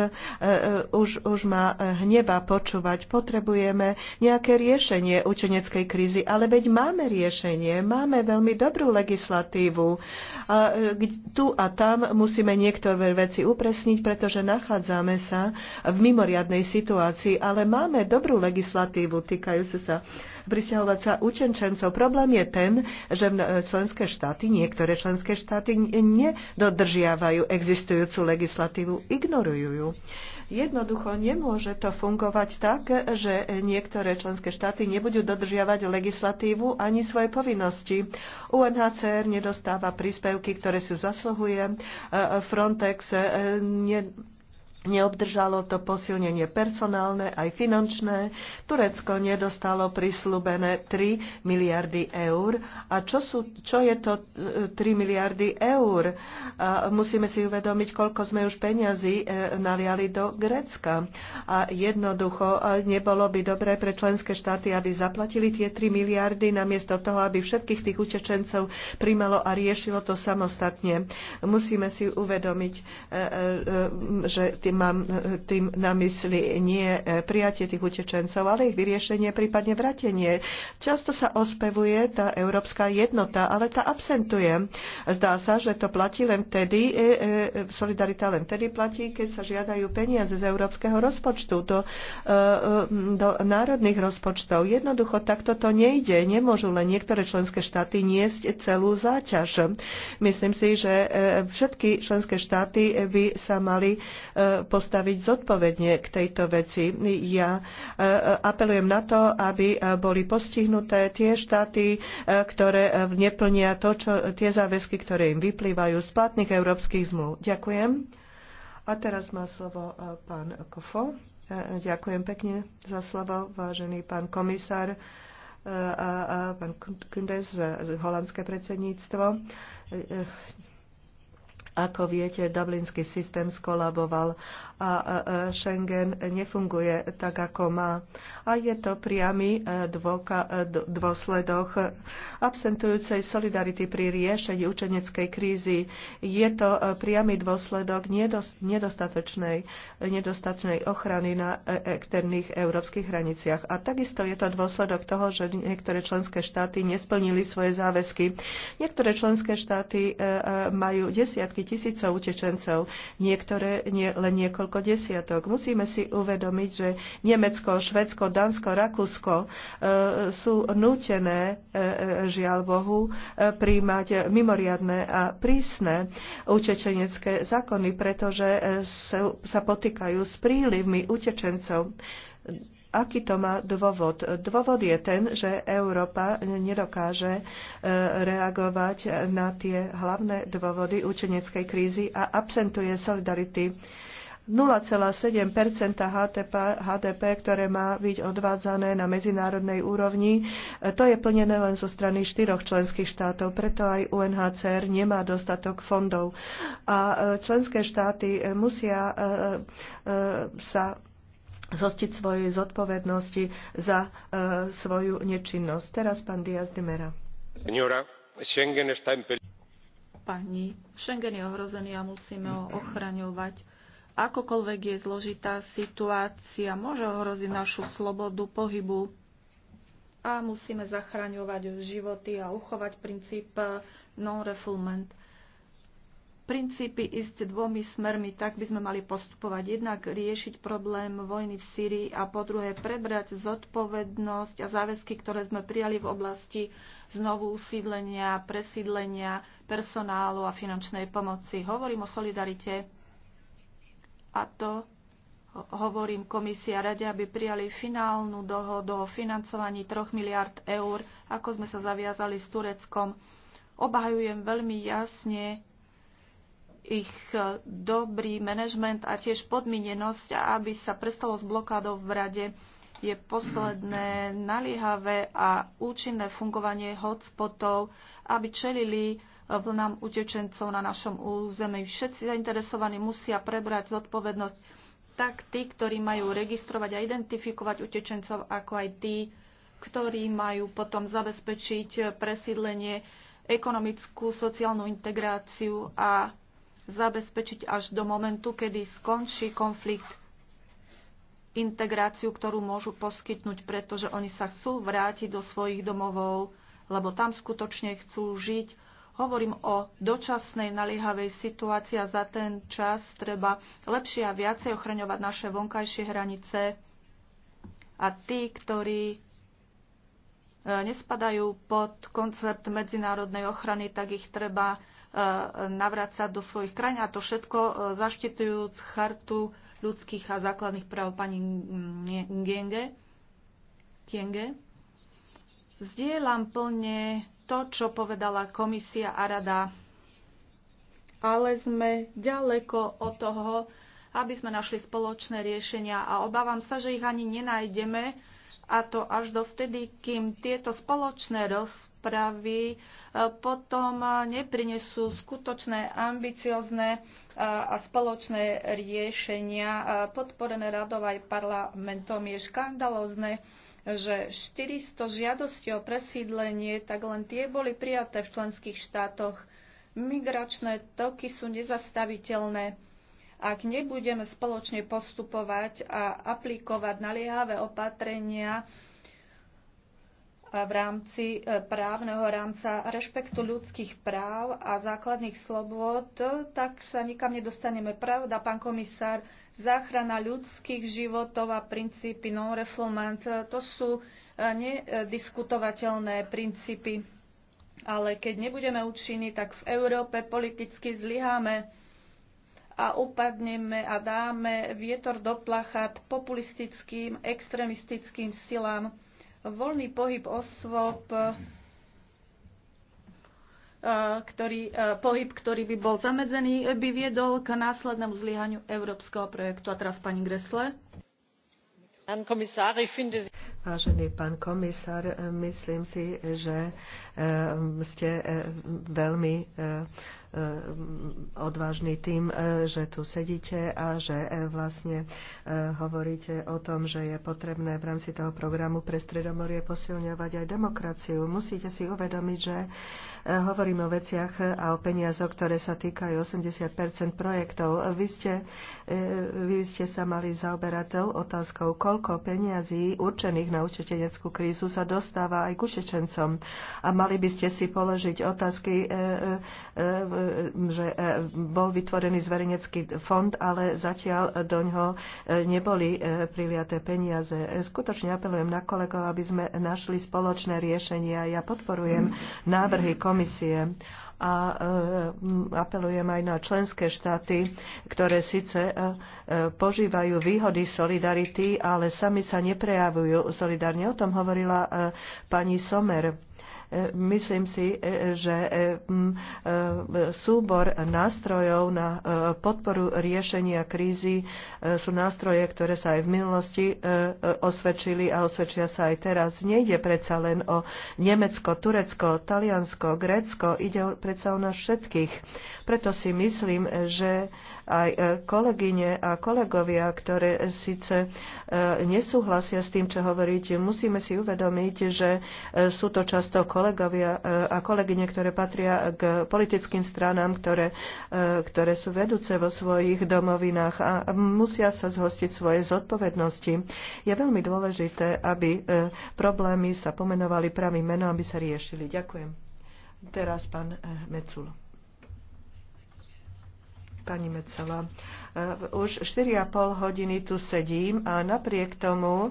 už, už ma hneba počúvať. Potrebujeme nejaké riešenie učeneckej krízy, ale veď máme riešenie, máme veľmi dobrú legislatívu. A tu a tam musíme niektoré veci upresniť, pretože nachádzame sa v mimoriadnej situácii, ale máme dobrú legislatívu týkajúcu sa pristahovať sa učenčencov. Problém je ten, že členské štáty, niektoré členské štáty nedodržiavajú existujúcu legislatívu, ignorujú ju. Jednoducho nemôže to fungovať tak, že niektoré členské štáty nebudú dodržiavať legislatívu ani svoje povinnosti. UNHCR nedostáva príspevky, ktoré si zasluhuje. E, Frontex e, Neobdržalo to posilnenie personálne aj finančné. Turecko nedostalo prislúbené 3 miliardy eur. A čo, sú, čo je to 3 e, miliardy eur? A musíme si uvedomiť, koľko sme už peniazy e, naliali do Grécka. A jednoducho e, nebolo by dobré pre členské štáty, aby zaplatili tie 3 miliardy, namiesto toho, aby všetkých tých utečencov primalo a riešilo to samostatne. Musíme si uvedomiť, že tie tým mám tým na mysli nie e, prijatie tých utečencov, ale ich vyriešenie, prípadne vratenie. Často sa ospevuje tá európska jednota, ale tá absentuje. Zdá sa, že to platí len vtedy, e, e, solidarita len vtedy platí, keď sa žiadajú peniaze z európskeho rozpočtu do, do národných rozpočtov. Jednoducho takto to nejde. Nemôžu len niektoré členské štáty niesť celú záťaž. Myslím si, že všetky členské štáty by sa mali postaviť zodpovedne k tejto veci. Ja e, e, apelujem na to, aby e, boli postihnuté tie štáty, ktoré neplnia to, čo, tie záväzky, ktoré im vyplývajú z platných európskych zmluv. Ďakujem. A teraz má slovo pán Kofo. Ďakujem pekne za slovo, vážený pán komisár a, pán Kundes, holandské predsedníctvo. Ako viete, dublinský systém skolaboval a Schengen nefunguje tak, ako má. A je to priamy e, e, dôsledok absentujúcej solidarity pri riešení učeneckej krízy. Je to e, priamy dôsledok nedostatočnej, nedostatočnej ochrany na externých európskych hraniciach. A takisto je to dôsledok toho, že niektoré členské štáty nesplnili svoje záväzky. Niektoré členské štáty majú desiatky tisícov utečencov, niektoré nie, len niekoľko desiatok. Musíme si uvedomiť, že Nemecko, Švedsko, Dánsko, Rakúsko e, sú nútené, e, e žiaľ Bohu, e, príjmať mimoriadne a prísne utečenecké zákony, pretože e, sa potýkajú s prílivmi utečencov. Aký to má dôvod? Dôvod je ten, že Európa nedokáže e, reagovať na tie hlavné dôvody učeneckej krízy a absentuje solidarity. 0,7 HDP, HDP, ktoré má byť odvádzané na medzinárodnej úrovni, e, to je plnené len zo strany štyroch členských štátov, preto aj UNHCR nemá dostatok fondov. A e, členské štáty musia sa zhostiť svojej zodpovednosti za e, svoju nečinnosť. Teraz pán Diaz de Mera. Pani, Schengen je ohrozený a musíme ho ochraňovať. Akokoľvek je zložitá situácia, môže ohroziť našu slobodu pohybu a musíme zachraňovať životy a uchovať princíp non-refoulement princípy ísť dvomi smermi, tak by sme mali postupovať. Jednak riešiť problém vojny v Sýrii a po druhé prebrať zodpovednosť a záväzky, ktoré sme prijali v oblasti znovu usídlenia, presídlenia, personálu a finančnej pomoci. Hovorím o solidarite a to hovorím komisia rade, aby prijali finálnu dohodu o financovaní 3 miliard eur, ako sme sa zaviazali s Tureckom. Obhajujem veľmi jasne ich e, dobrý manažment a tiež podmienenosť, aby sa prestalo s blokádou v rade, je posledné naliehavé a účinné fungovanie hotspotov, aby čelili e, vlnám utečencov na našom území. Všetci zainteresovaní musia prebrať zodpovednosť tak tí, ktorí majú registrovať a identifikovať utečencov, ako aj tí, ktorí majú potom zabezpečiť e, presídlenie, ekonomickú, sociálnu integráciu a zabezpečiť až do momentu, kedy skončí konflikt integráciu, ktorú môžu poskytnúť, pretože oni sa chcú vrátiť do svojich domovov, lebo tam skutočne chcú žiť. Hovorím o dočasnej naliehavej situácii a za ten čas treba lepšie a viacej ochraňovať naše vonkajšie hranice a tí, ktorí e, nespadajú pod koncept medzinárodnej ochrany, tak ich treba navrácať do svojich krajín a to všetko e, zaštitujúc chartu ľudských a základných práv pani Kienge. Kienge. Zdieľam plne to, čo povedala komisia a rada, ale sme ďaleko od toho, aby sme našli spoločné riešenia a obávam sa, že ich ani nenájdeme a to až dovtedy, kým tieto spoločné rozpravy potom eh, neprinesú skutočné, ambiciozne eh, a spoločné riešenia eh, podporené radov aj parlamentom. Je škandalozne, že 400 žiadostí o presídlenie, tak len tie boli prijaté v členských štátoch. Migračné toky sú nezastaviteľné. Ak nebudeme spoločne postupovať a aplikovať naliehavé opatrenia, v rámci e, právneho rámca rešpektu ľudských práv a základných slobôd, tak sa nikam nedostaneme. Pravda, pán komisár, záchrana ľudských životov a princípy non-refoulement, e, to sú e, nediskutovateľné princípy. Ale keď nebudeme účinní, tak v Európe politicky zlyháme a upadneme a dáme vietor do plachát populistickým, extremistickým silám voľný pohyb osôb, e, ktorý, e, pohyb, ktorý by bol zamedzený, by viedol k následnému zlyhaniu európskeho projektu. A teraz pani Gresle. Vážený pán komisár, e, myslím si, že e, ste e, veľmi odvážny tým, že tu sedíte a že vlastne hovoríte o tom, že je potrebné v rámci toho programu pre Stredomorie posilňovať aj demokraciu. Musíte si uvedomiť, že hovoríme o veciach a o peniazoch, ktoré sa týkajú 80 projektov. Vy ste, vy ste sa mali zaoberať tou otázkou, koľko peniazí určených na učeteneckú krízu sa dostáva aj k učečencom. A mali by ste si položiť otázky, e, e, e, že bol vytvorený zverejnecký fond, ale zatiaľ do ňoho neboli priliaté peniaze. Skutočne apelujem na kolegov, aby sme našli spoločné riešenia. Ja podporujem návrhy komisie a e, apelujem aj na členské štáty, ktoré síce e, e, požívajú výhody solidarity, ale sami sa neprejavujú solidárne. O tom hovorila pani Somer Myslím si, e, že e, e, súbor nástrojov na podporu riešenia krízy sú nástroje, ktoré sa aj v minulosti osvedčili a osvedčia sa aj teraz. Nejde predsa len o Nemecko, Turecko, Taliansko, Grécko, ide predsa o nás všetkých. Preto si myslím, že aj e, kolegyne a kolegovia, ktoré síce e, nesúhlasia s tým, čo hovoríte, musíme si uvedomiť, že e, sú to často kolegovia a kolegyne, ktoré patria k politickým stranám, ktoré, ktoré sú vedúce vo svojich domovinách a musia sa zhostiť svoje zodpovednosti. Je veľmi dôležité, aby problémy sa pomenovali pravým menom, aby sa riešili. Ďakujem. Teraz pán Meculo pani Mecela. E, už 4,5 hodiny tu sedím a napriek tomu e,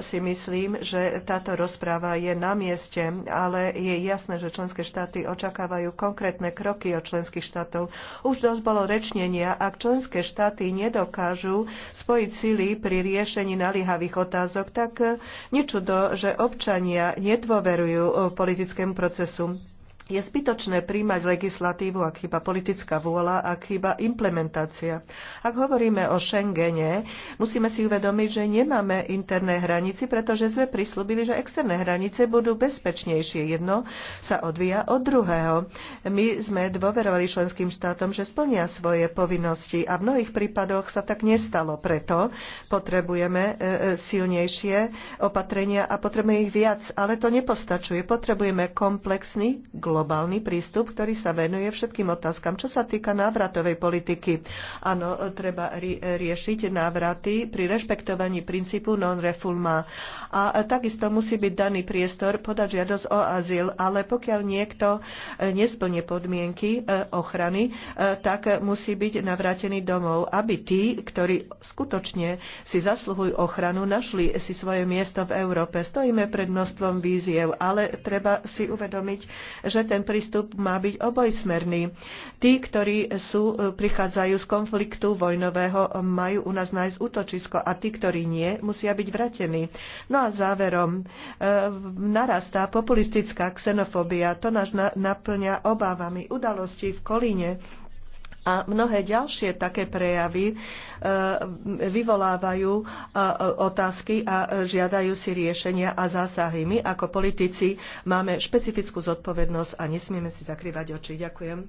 si myslím, že táto rozpráva je na mieste, ale je jasné, že členské štáty očakávajú konkrétne kroky od členských štátov. Už dosť bolo rečnenia, ak členské štáty nedokážu spojiť sily pri riešení naliehavých otázok, tak e, nečudo, že občania nedôverujú politickému procesu. Je zbytočné príjmať legislatívu, ak chýba politická vôľa, ak chyba implementácia. Ak hovoríme o Schengene, musíme si uvedomiť, že nemáme interné hranici, pretože sme prislúbili, že externé hranice budú bezpečnejšie. Jedno sa odvíja od druhého. My sme dôverovali členským štátom, že splnia svoje povinnosti a v mnohých prípadoch sa tak nestalo. Preto potrebujeme e, e, silnejšie opatrenia a potrebujeme ich viac, ale to nepostačuje. Potrebujeme komplexný globálny globálny prístup, ktorý sa venuje všetkým otázkam, čo sa týka návratovej politiky. Áno, treba riešiť návraty pri rešpektovaní princípu non-refulma. A takisto musí byť daný priestor podať žiadosť o azyl, ale pokiaľ niekto e, nesplne podmienky e, ochrany, e, tak musí byť navrátený domov, aby tí, ktorí skutočne si zasluhujú ochranu, našli si svoje miesto v Európe. Stojíme pred množstvom víziev, ale treba si uvedomiť, že ten prístup má byť obojsmerný. Tí, ktorí sú, e, prichádzajú z konfliktu vojnového, majú u nás nájsť útočisko a tí, ktorí nie, musia byť vratení. No a záverom, e, narastá populistická xenofóbia. To nás naplňa obávami udalostí v Kolíne a mnohé ďalšie také prejavy e, vyvolávajú e, otázky a žiadajú si riešenia a zásahy. My ako politici máme špecifickú zodpovednosť a nesmieme si zakrývať oči. Ďakujem.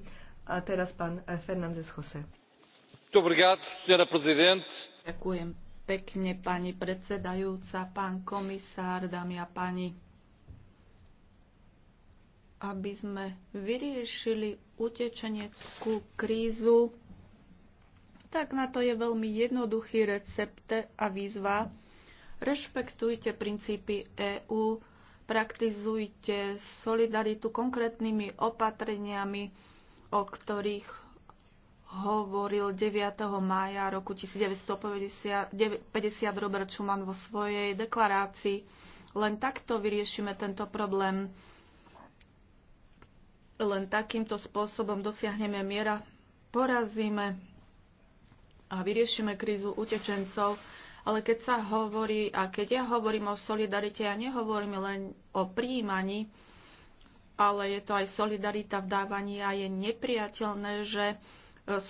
A teraz pán e, Fernández Jose. Ďakujem pekne, pani predsedajúca, pán komisár, dámy a páni aby sme vyriešili utečeneckú krízu, tak na to je veľmi jednoduchý recept a výzva. Rešpektujte princípy EÚ, praktizujte solidaritu konkrétnymi opatreniami, o ktorých hovoril 9. mája roku 1950 Robert Schuman vo svojej deklarácii. Len takto vyriešime tento problém. Len takýmto spôsobom dosiahneme miera, porazíme a vyriešime krízu utečencov. Ale keď sa hovorí, a keď ja hovorím o solidarite, ja nehovorím len o príjmaní, ale je to aj solidarita v dávaní a je nepriateľné, že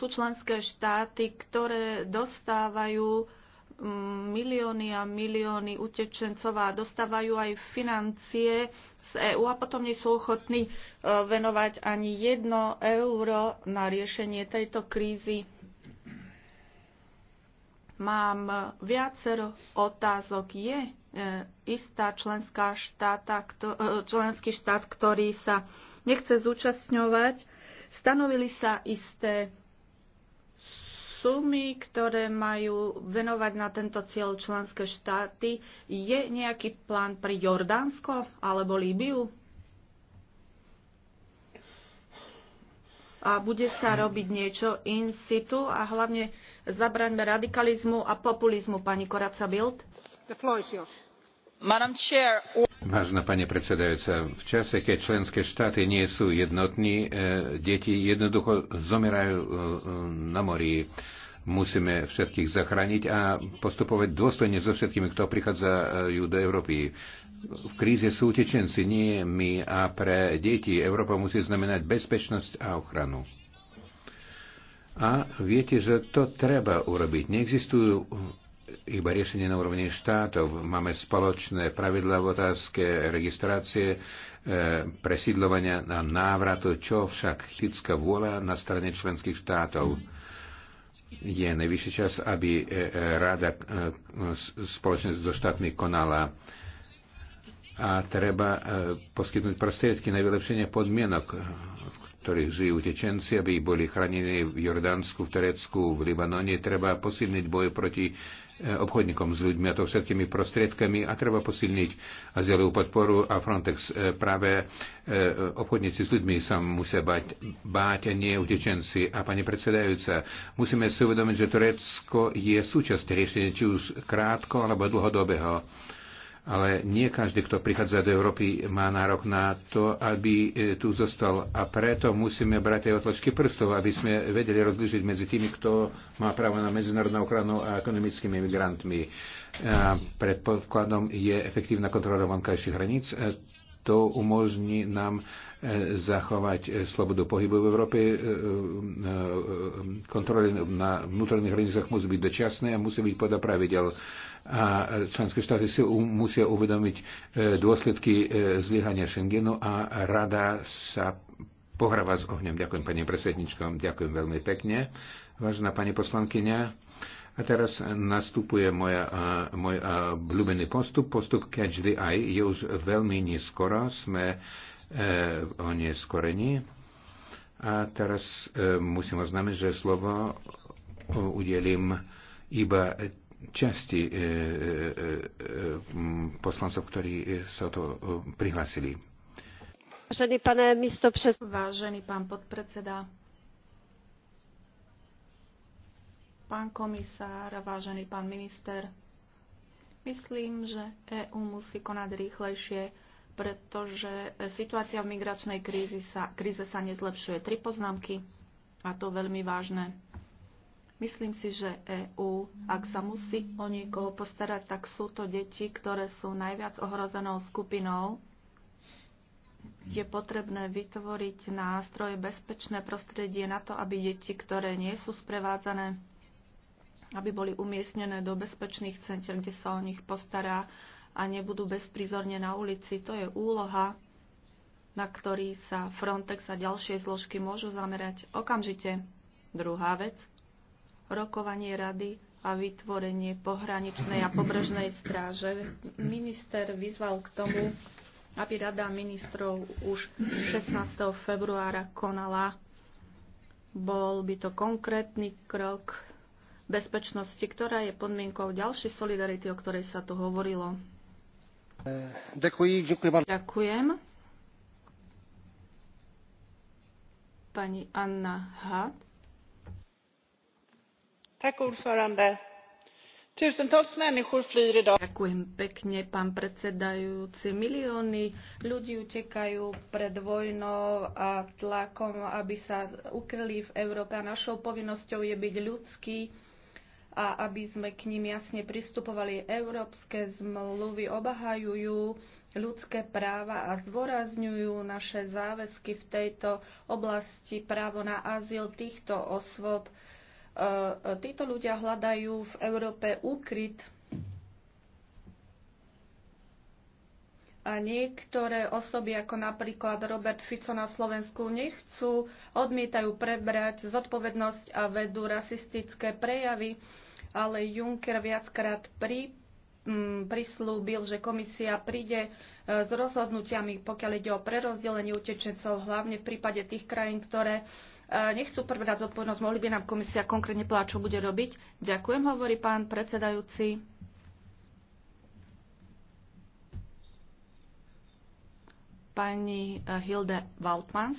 sú členské štáty, ktoré dostávajú milióny a milióny utečencov a dostávajú aj financie z EÚ a potom nie sú ochotní e, venovať ani jedno euro na riešenie tejto krízy. Mám viacero otázok. Je e, istá členská štáta, e, členský štát, ktorý sa nechce zúčastňovať. Stanovili sa isté sumy, ktoré majú venovať na tento cieľ členské štáty. Je nejaký plán pre Jordánsko alebo Líbiu? A bude sa robiť niečo in situ a hlavne zabraňme radikalizmu a populizmu, pani Koraca Bild. The floor is yours. Vážna pani predsedajúca, v čase, keď členské štáty nie sú jednotní, e, deti jednoducho zomierajú e, na mori. Musíme všetkých zachrániť a postupovať dôstojne so všetkými, kto prichádzajú do Európy. V kríze sú utečenci, nie my a pre deti. Európa musí znamenať bezpečnosť a ochranu. A viete, že to treba urobiť. Neexistujú iba riešenie na úrovni štátov. Máme spoločné pravidla v otázke registrácie, e, presídlovania na návratu, čo však chytská vôľa na strane členských štátov. Je najvyšší čas, aby e, e, rada spoločne so štátmi konala a treba poskytnúť prostriedky na vylepšenie podmienok v ktorých žijú utečenci, aby boli chránení v Jordánsku, v Terecku, v Libanone. Treba posilniť boj proti eh, obchodníkom s ľuďmi a to všetkými prostriedkami a treba posilniť azylovú podporu a Frontex. Eh, práve eh, obchodníci s ľuďmi sa musia bať, báť a nie utečenci. A pani predsedajúca, musíme si uvedomiť, že Turecko je súčasť riešenia či už krátko alebo dlhodobého ale nie každý, kto prichádza do Európy, má nárok na to, aby e, tu zostal. A preto musíme brať aj otlačky prstov, aby sme vedeli rozlížiť medzi tými, kto má právo na medzinárodnú ochranu a ekonomickými migrantmi. E, predpokladom je efektívna kontrola vonkajších hraníc. E, to umožní nám zachovať slobodu pohybu v Európe. Kontroly na vnútorných hranicách musí byť dočasné a musí byť podľa pravidel a členské štáty si um, musia uvedomiť e, dôsledky e, zliehania Schengenu a rada sa pohráva s ohňom. Ďakujem pani predsednička, ďakujem veľmi pekne. Vážená pani poslankyňa, a teraz nastupuje moja, a, môj obľúbený postup. Postup Catch the Eye je už veľmi neskoro. Sme e, o neskorení. A teraz e, musím oznámiť, že slovo e, udelím iba časti e, e, e, poslancov, ktorí sa to prihlásili. Vážený, pane místo pred... Vážený pán podpredseda, pán komisár, vážený pán minister, myslím, že EÚ musí konať rýchlejšie, pretože situácia v migračnej kríze sa, kríze sa nezlepšuje. Tri poznámky, a to veľmi vážne. Myslím si, že EÚ, ak sa musí o niekoho postarať, tak sú to deti, ktoré sú najviac ohrozenou skupinou. Je potrebné vytvoriť nástroje, bezpečné prostredie na to, aby deti, ktoré nie sú sprevádzané, aby boli umiestnené do bezpečných centier, kde sa o nich postará a nebudú bezprizorne na ulici. To je úloha, na ktorý sa Frontex a ďalšie zložky môžu zamerať okamžite. Druhá vec – rokovanie rady a vytvorenie pohraničnej a pobrežnej stráže. Minister vyzval k tomu, aby Rada ministrov už 16. februára konala. Bol by to konkrétny krok bezpečnosti, ktorá je podmienkou ďalšej solidarity, o ktorej sa tu hovorilo. Ďakujem. Ďakujem. Ďakujem. Pani Anna Hatz. Ďakujem pekne, pán predsedajúci. Milióny ľudí utekajú pred vojnou a tlakom, aby sa ukryli v Európe. A našou povinnosťou je byť ľudský a aby sme k ním jasne pristupovali. Európske zmluvy obahajujú ľudské práva a zdôrazňujú naše záväzky v tejto oblasti právo na azyl týchto osôb E, e, títo ľudia hľadajú v Európe úkryt A niektoré osoby, ako napríklad Robert Fico na Slovensku, nechcú, odmietajú prebrať zodpovednosť a vedú rasistické prejavy, ale Juncker viackrát pri, m, mm, prislúbil, že komisia príde e, s rozhodnutiami, pokiaľ ide o prerozdelenie utečencov, hlavne v prípade tých krajín, ktoré Eh, nechcú prebrať zodpovednosť, mohli by nám komisia konkrétne povedať, čo bude robiť. Ďakujem, hovorí pán predsedajúci. Pani eh, Hilde Waltmans.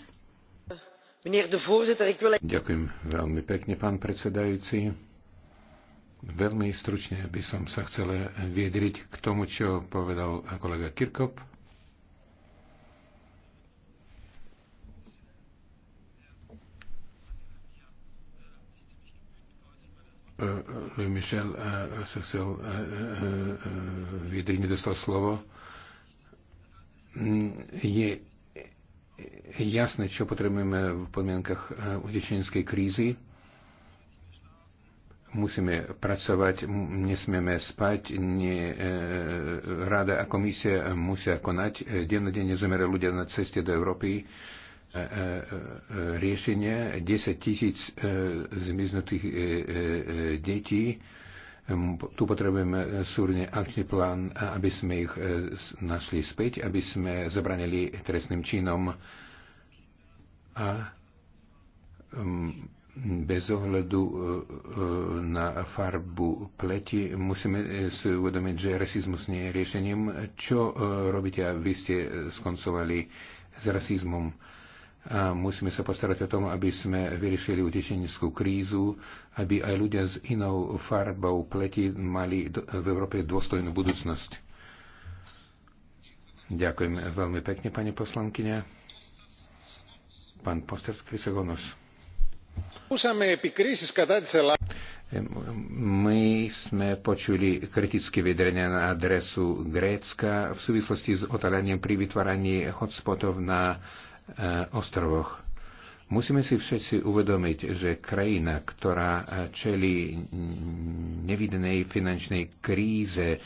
Ďakujem veľmi pekne, pán predsedajúci. Veľmi stručne by som sa chcela viedriť k tomu, čo povedal kolega Kirkop Louis e, e, e, Michel se chcel vyjadriť, nedostal slovo. Mm, je jasné, čo potrebujeme v podmienkach utečenskej krízy. Musíme pracovať, nesmieme spať, nie, rada a komisia musia konať. Dennodenne zomierajú ľudia na ceste do Európy E, e, e, riešenia 10 tisíc zmiznutých detí. Hm, tu potrebujeme súrne akčný plán, aby sme ich našli späť, aby sme zabranili trestným činom a hm, bez ohľadu na farbu pleti musíme si uvedomiť, že rasizmus nie je riešením. Čo robíte, aby ste skoncovali s rasizmom? a musíme sa postarať o tom, aby sme vyriešili utečeneckú krízu, aby aj ľudia s inou farbou pleti mali v Európe dôstojnú budúcnosť. Ďakujem veľmi pekne, pani poslankyňa. Pán Poster Krysogonos. My sme počuli kritické vydrenia na adresu Grécka v súvislosti s otáľaním pri vytváraní hotspotov na Eh, ostrovoch. Musíme si všetci uvedomiť, že krajina, ktorá eh, čeli nevidenej finančnej kríze, eh,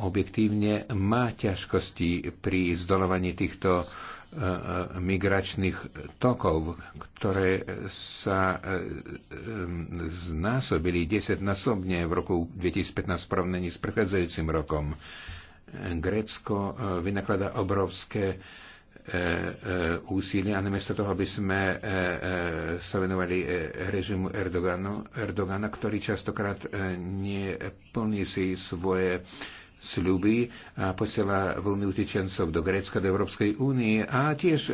objektívne má ťažkosti pri zdolovaní týchto migračných tokov, ktoré sa znásobili desetnásobne v roku 2015 v porovnaní s prechádzajúcim rokom. Grécko vynakladá obrovské E, e, úsilie a namiesto toho, aby sme e, sa venovali režimu Erdoganu, Erdogana, ktorý častokrát neplní si svoje sľuby a posiela vlny utečencov do Grécka, do Európskej únie a tiež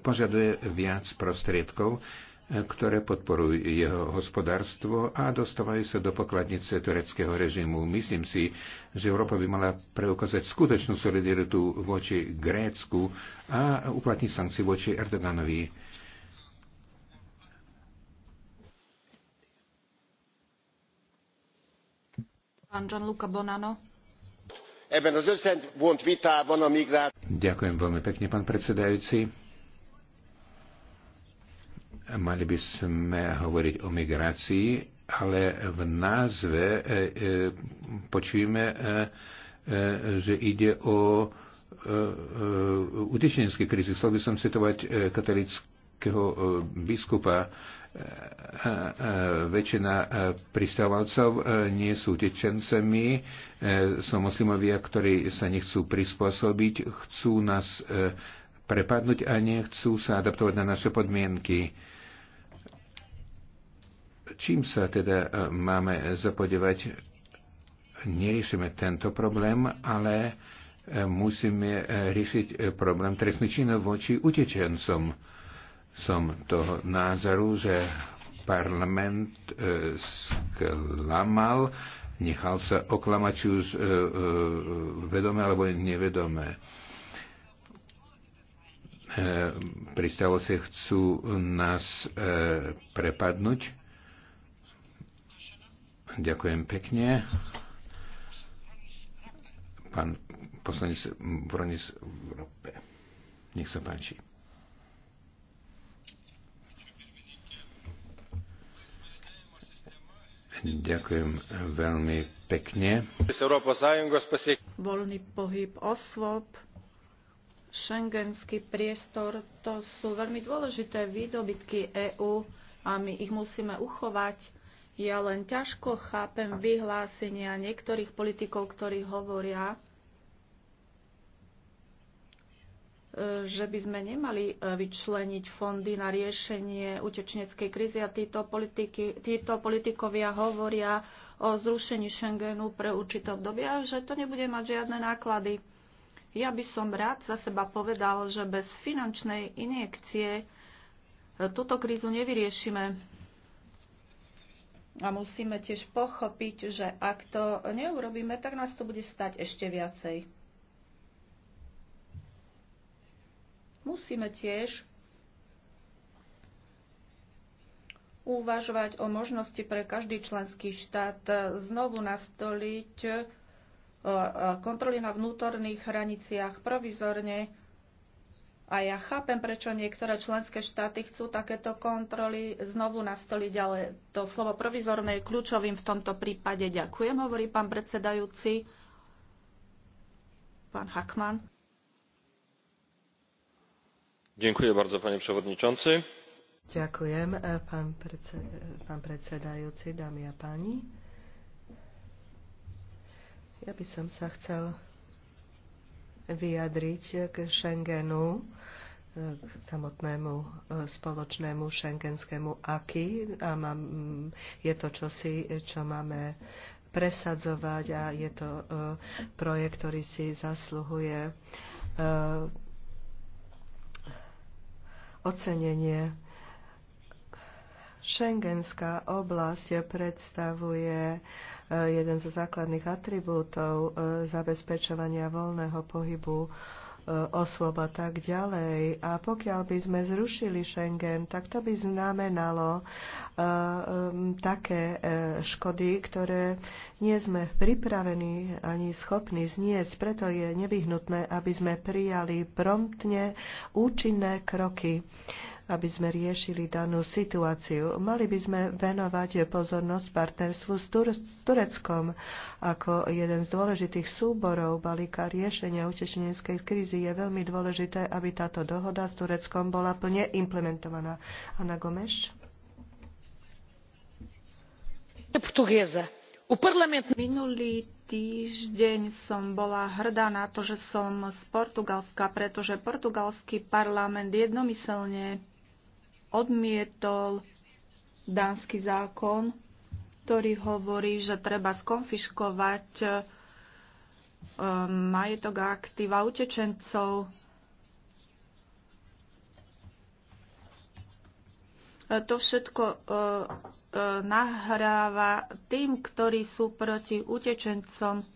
požaduje viac prostriedkov ktoré podporujú jeho hospodárstvo a dostávajú sa do pokladnice tureckého režimu. Myslím si, že Európa by mala preukázať skutočnú solidaritu voči Grécku a uplatniť sankcie voči Erdoganovi. Pán Gianluca Bonano. Ďakujem veľmi pekne, pán predsedajúci Mali by sme hovoriť o migrácii, ale v názve e, e, počujeme, e, že ide o utečenské krízy. Chcel by som citovať katolického biskupa. Väčšina pristávalcov nie sú utečencami, sú moslimovia, ktorí sa nechcú prispôsobiť, chcú nás prepadnúť a nechcú sa adaptovať na naše podmienky Čím sa teda e, máme zapodievať, Neriešime tento problém, ale e, musíme e, riešiť problém trestných činov voči utečencom. Som toho názoru, že parlament sklamal, nechal sa oklamať či už vedome alebo nevedome. sa chcú nás prepadnúť, Ďakujem pekne. Pán poslanec Bronis v Európe. Nech sa páči. Ďakujem veľmi pekne. Voľný pohyb osôb, šengenský priestor, to sú veľmi dôležité výdobytky EÚ a my ich musíme uchovať ja len ťažko chápem vyhlásenia niektorých politikov, ktorí hovoria, e, že by sme nemali e, vyčleniť fondy na riešenie utečneckej krízy a títo, politiky, títo politikovia hovoria o zrušení Schengenu pre určité obdobie a že to nebude mať žiadne náklady. Ja by som rád za seba povedal, že bez finančnej injekcie e, túto krízu nevyriešime. A musíme tiež pochopiť, že ak to neurobíme, tak nás to bude stať ešte viacej. Musíme tiež uvažovať o možnosti pre každý členský štát znovu nastoliť e, e, kontroly na vnútorných hraniciach provizorne a ja chápem, prečo niektoré členské štáty chcú takéto kontroly znovu nastoliť, ale to slovo provizorné je kľúčovým v tomto prípade. Ďakujem, hovorí pán predsedajúci. Pán Hakman. Ďakujem bardzo, pani przewodniczący. Ďakujem, e, pán, predse, e, pán predsedajúci, dámy a páni. Ja by som sa chcel vyjadriť k Schengenu k samotnému e, spoločnému šengenskému aký a mám, mm, je to čosi, čo máme presadzovať a je to e, projekt, ktorý si zasluhuje e, ocenenie. Schengenská oblasť predstavuje jeden zo základných atribútov zabezpečovania voľného pohybu E, osôb a tak ďalej. A pokiaľ by sme zrušili Schengen, tak to by znamenalo e, e, také škody, ktoré nie sme pripravení ani schopní zniesť. Preto je nevyhnutné, aby sme prijali promptne účinné kroky aby sme riešili danú situáciu. Mali by sme venovať pozornosť partnerstvu s, Tur- s Tureckom ako jeden z dôležitých súborov balíka riešenia utečeneckej krízy. Je veľmi dôležité, aby táto dohoda s Tureckom bola plne implementovaná. Anna Gomeš. Minulý týždeň som bola hrdá na to, že som z Portugalska, pretože portugalský parlament jednomyselne odmietol dánsky zákon, ktorý hovorí, že treba skonfiškovať e, majetok a aktíva utečencov. E, to všetko e, nahráva tým, ktorí sú proti utečencom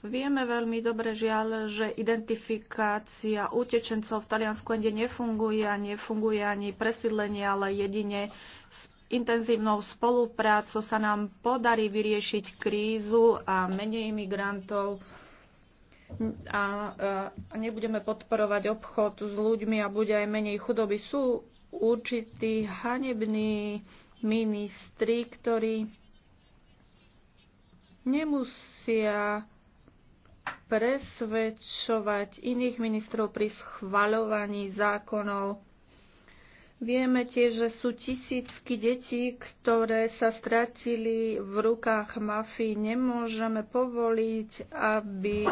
Vieme veľmi dobre žiaľ, že identifikácia utečencov v Taliansku ende nefunguje a nefunguje ani presídlenie, ale jedine s intenzívnou spoluprácou sa nám podarí vyriešiť krízu a menej imigrantov a, e, a nebudeme podporovať obchod s ľuďmi a bude aj menej chudoby. Sú určití hanební ministri, ktorí nemusia presvedčovať iných ministrov pri schvaľovaní zákonov. Vieme tiež, že sú tisícky detí, ktoré sa stratili v rukách mafii. Nemôžeme povoliť, aby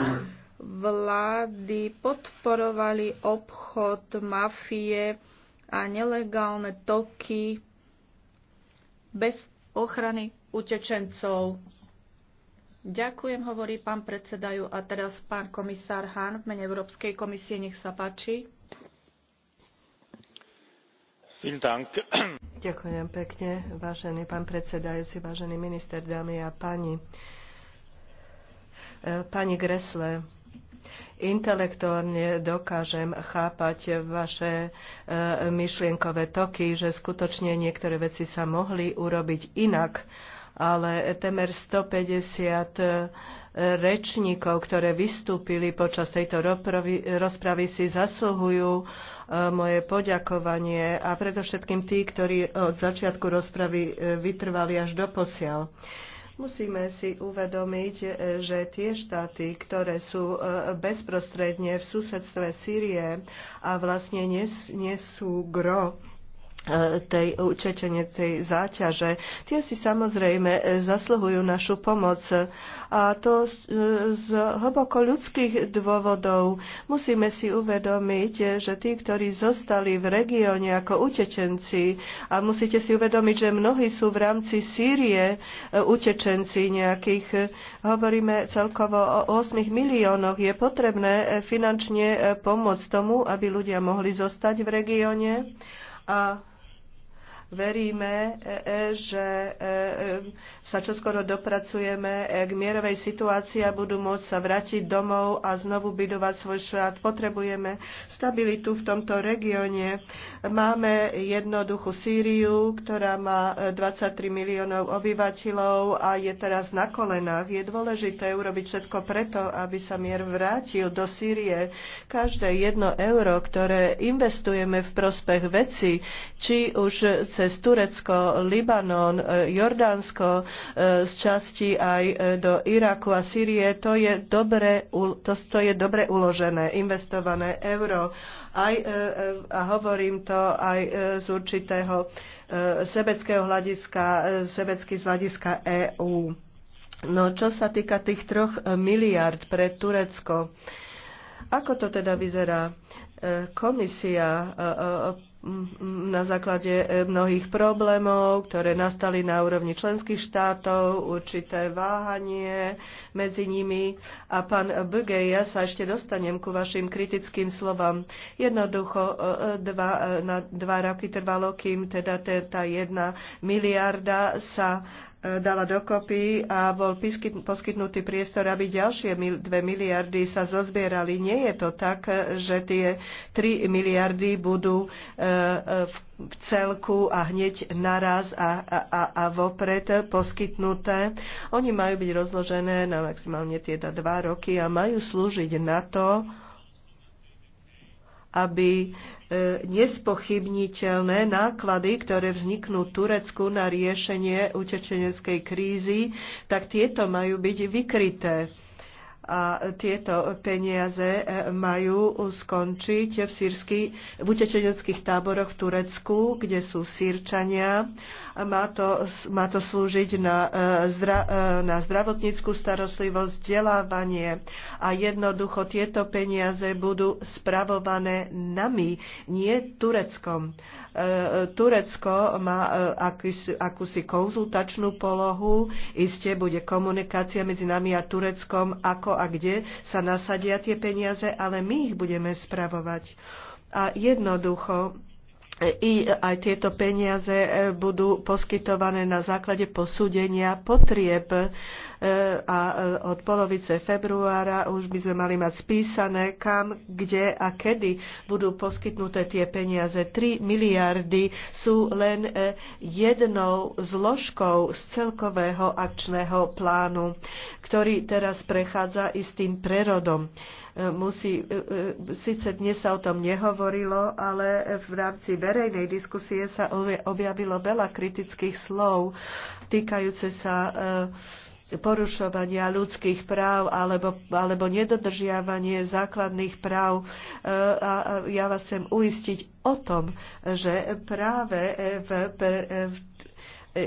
vlády podporovali obchod mafie a nelegálne toky bez ochrany utečencov. Ďakujem, hovorí pán predsedajú. A teraz pán komisár Hahn v mene Európskej komisie. Nech sa páči. Ďakujem pekne, vážený pán predsedajúci, vážený minister, dámy a páni. E, pani Gresle, intelektuálne dokážem chápať vaše e, myšlienkové toky, že skutočne niektoré veci sa mohli urobiť inak ale temer 150 e, rečníkov, ktoré vystúpili počas tejto rozpravy, si zasluhujú e, moje poďakovanie a predovšetkým tí, ktorí od začiatku rozpravy e, vytrvali až do posiaľ. Musíme si uvedomiť, že tie štáty, ktoré sú bezprostredne v susedstve Sýrie a vlastne nesú gro E, tej tej záťaže. Tie si samozrejme e, zasluhujú našu pomoc a to z, e, z hlboko ľudských dôvodov. Musíme si uvedomiť, že tí, ktorí zostali v regióne ako utečenci a musíte si uvedomiť, že mnohí sú v rámci Sýrie utečenci nejakých, hovoríme celkovo o 8 miliónoch, je potrebné finančne pomôcť tomu, aby ľudia mohli zostať v regióne a Veríme, e, e, že e, sa čoskoro dopracujeme k mierovej situácii a budú môcť sa vrátiť domov a znovu budovať svoj štát. Potrebujeme stabilitu v tomto regióne. Máme jednoduchú Sýriu, ktorá má 23 miliónov obyvateľov a je teraz na kolenách. Je dôležité urobiť všetko preto, aby sa mier vrátil do Sýrie. Každé jedno euro, ktoré investujeme v prospech veci, či už cez Turecko, Libanon, e, Jordánsko, e, z časti aj e, do Iraku a Sýrie. To je dobre, to, to je dobre uložené, investované euro. Aj, a hovorím to aj z určitého sebeckého hľadiska, sebecky z hľadiska EÚ. No, čo sa týka tých troch miliard pre Turecko, ako to teda vyzerá? Komisia na základe e, mnohých problémov, ktoré nastali na úrovni členských štátov, určité váhanie medzi nimi. A pán Böge, ja sa ešte dostanem ku vašim kritickým slovám. Jednoducho e, e, dva, na dva roky trvalo, kým teda tá jedna miliarda sa E, dala dokopy a bol poskytnutý priestor, aby ďalšie 2 miliardy sa zozbierali. Nie je to tak, že tie 3 miliardy budú e, e, v celku a hneď naraz a, a, a vopred poskytnuté. Oni majú byť rozložené na maximálne tie dva roky a majú slúžiť na to, aby e, nespochybniteľné náklady, ktoré vzniknú Turecku na riešenie utečeneckej krízy, tak tieto majú byť vykryté a tieto peniaze e, majú skončiť v, sírsky, v utečeneckých táboroch v Turecku, kde sú sírčania. Má to, má to slúžiť na, e, zdra, e, na zdravotníckú starostlivosť, vzdelávanie a jednoducho tieto peniaze budú spravované nami, nie Tureckom. Turecko má akúsi, akúsi konzultačnú polohu, iste bude komunikácia medzi nami a Tureckom, ako a kde sa nasadia tie peniaze, ale my ich budeme spravovať. A jednoducho i aj tieto peniaze e, budú poskytované na základe posúdenia potrieb e, a e, od polovice februára už by sme mali mať spísané, kam, kde a kedy budú poskytnuté tie peniaze. 3 miliardy sú len jednou zložkou z celkového akčného plánu, ktorý teraz prechádza istým prerodom musí, e, e, síce dnes sa o tom nehovorilo, ale v rámci verejnej diskusie sa objavilo veľa kritických slov týkajúce sa e, porušovania ľudských práv alebo, alebo nedodržiavanie základných práv. A ja vás chcem uistiť o tom, že práve v, v E, e,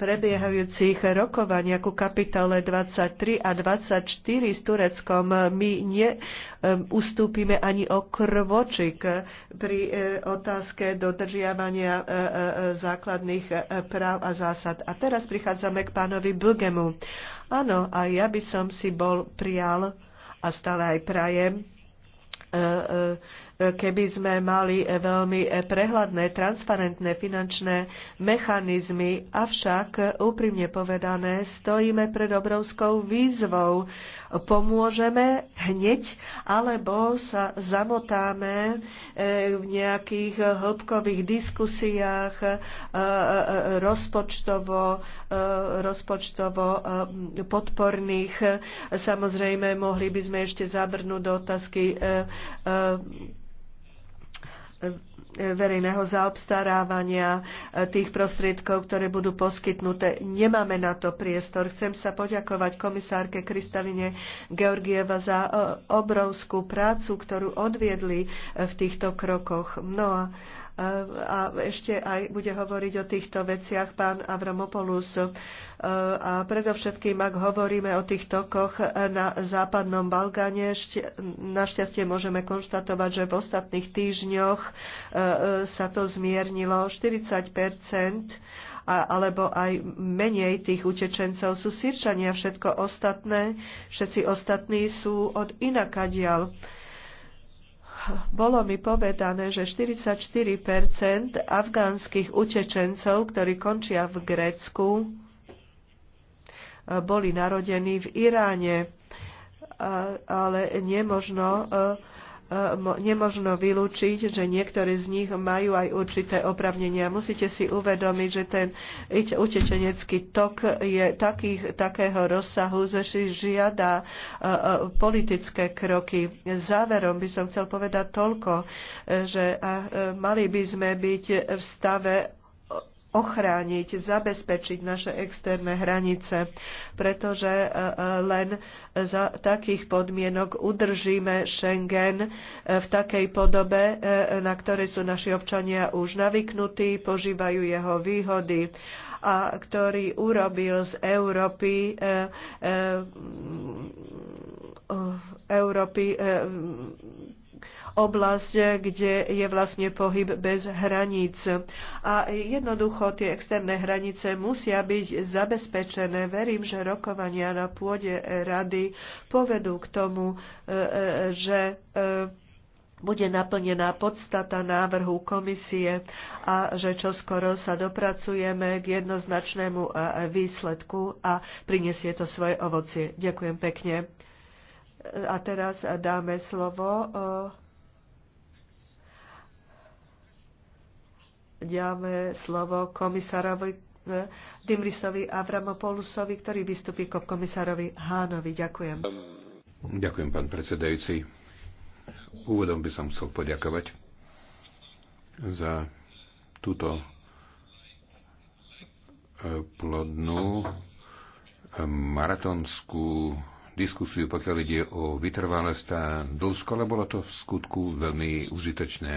prebiehajúcich rokovania ku kapitole 23 a 24 s Tureckom my neustúpime e, ani o krvočik pri otázke dodržiavania základných práv a zásad. A teraz prichádzame k pánovi Bugemu. Áno, a ja by som si bol prial a stále aj prajem keby sme mali e, veľmi e, prehľadné, transparentné finančné mechanizmy. Avšak, e, úprimne povedané, stojíme pred obrovskou výzvou. Pomôžeme hneď, alebo sa zamotáme v nejakých hĺbkových diskusiách rozpočtovo, rozpočtovo podporných. Samozrejme, mohli by sme ešte zabrnúť do otázky verejného zaobstarávania e, tých prostriedkov, ktoré budú poskytnuté. Nemáme na to priestor. Chcem sa poďakovať komisárke Kristaline Georgieva za e, obrovskú prácu, ktorú odviedli e, v týchto krokoch. No a a ešte aj bude hovoriť o týchto veciach pán Avramopoulos. E, a predovšetkým, ak hovoríme o tých tokoch na západnom Balgáne, našťastie môžeme konštatovať, že v ostatných týždňoch e, e, sa to zmiernilo 40 alebo aj menej tých utečencov sú sírčania, všetko ostatné, všetci ostatní sú od inakadial. dial bolo mi povedané, že 44 afgánskych utečencov, ktorí končia v Grécku, boli narodení v Iráne. Ale nemožno nemožno vylúčiť, že niektorí z nich majú aj určité opravnenia. Musíte si uvedomiť, že ten utečenecký tok je takých, takého rozsahu, že si žiada e, e, politické kroky. Záverom by som chcel povedať toľko, e, že mali by sme byť v stave ochrániť, zabezpečiť naše externé hranice, pretože e, e, len za takých podmienok udržíme Schengen e, v takej podobe, na ktorej sú naši občania už navyknutí, požívajú jeho výhody a ktorý urobil z Európy Európy oblasť, kde je vlastne pohyb bez hraníc. A jednoducho tie externé hranice musia byť zabezpečené. Verím, že rokovania na pôde rady povedú k tomu, e, e, že e, bude naplnená podstata návrhu komisie a že čoskoro sa dopracujeme k jednoznačnému výsledku a prinesie to svoje ovocie. Ďakujem pekne. A teraz dáme slovo eh, dáme slovo komisárovi eh, Dimrisovi Avramopoulosovi, ktorý vystupí ko komisárovi Hánovi. Ďakujem. Ďakujem, pán predsedajúci. Úvodom by som chcel poďakovať za túto eh, plodnú maratonskú diskusiu, pokiaľ ide o vytrvalosť a dĺžku, ale bolo to v skutku veľmi užitočné.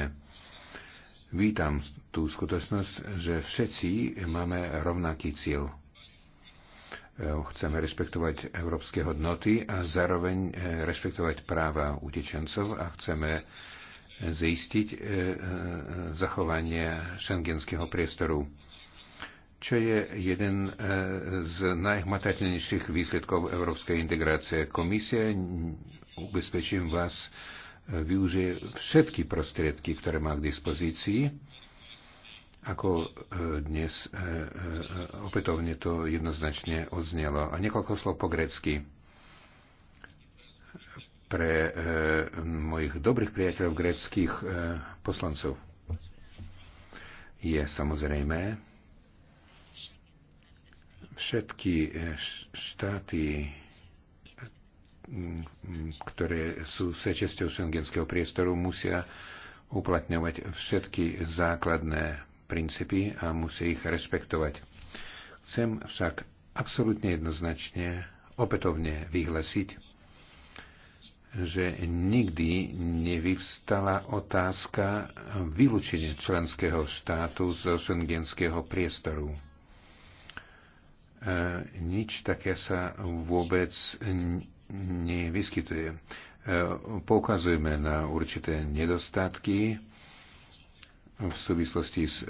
Vítam tú skutočnosť, že všetci máme rovnaký cieľ. Ehm, chceme rešpektovať európske hodnoty a zároveň ehm, rešpektovať práva utečencov a chceme ehm, zistiť zachovanie šengenského priestoru čo je jeden e, z najhmatateľnejších výsledkov európskej integrácie. Komisia, ubezpečím vás, e, využije všetky prostriedky, ktoré má k dispozícii. Ako e, dnes opätovne to jednoznačne odznelo. A niekoľko slov po grecky. Pre mojich dobrých priateľov greckých poslancov je samozrejme, Všetky eh, štáty, mm, ktoré sú sečestou šengenského priestoru, musia uplatňovať všetky základné princípy a musia ich rešpektovať. Chcem však absolútne jednoznačne opätovne vyhlasiť, že nikdy nevyvstala otázka vylúčenia členského štátu zo šengenského priestoru. E, nič také sa vôbec nevyskytuje. E, poukazujeme na určité nedostatky v súvislosti s e,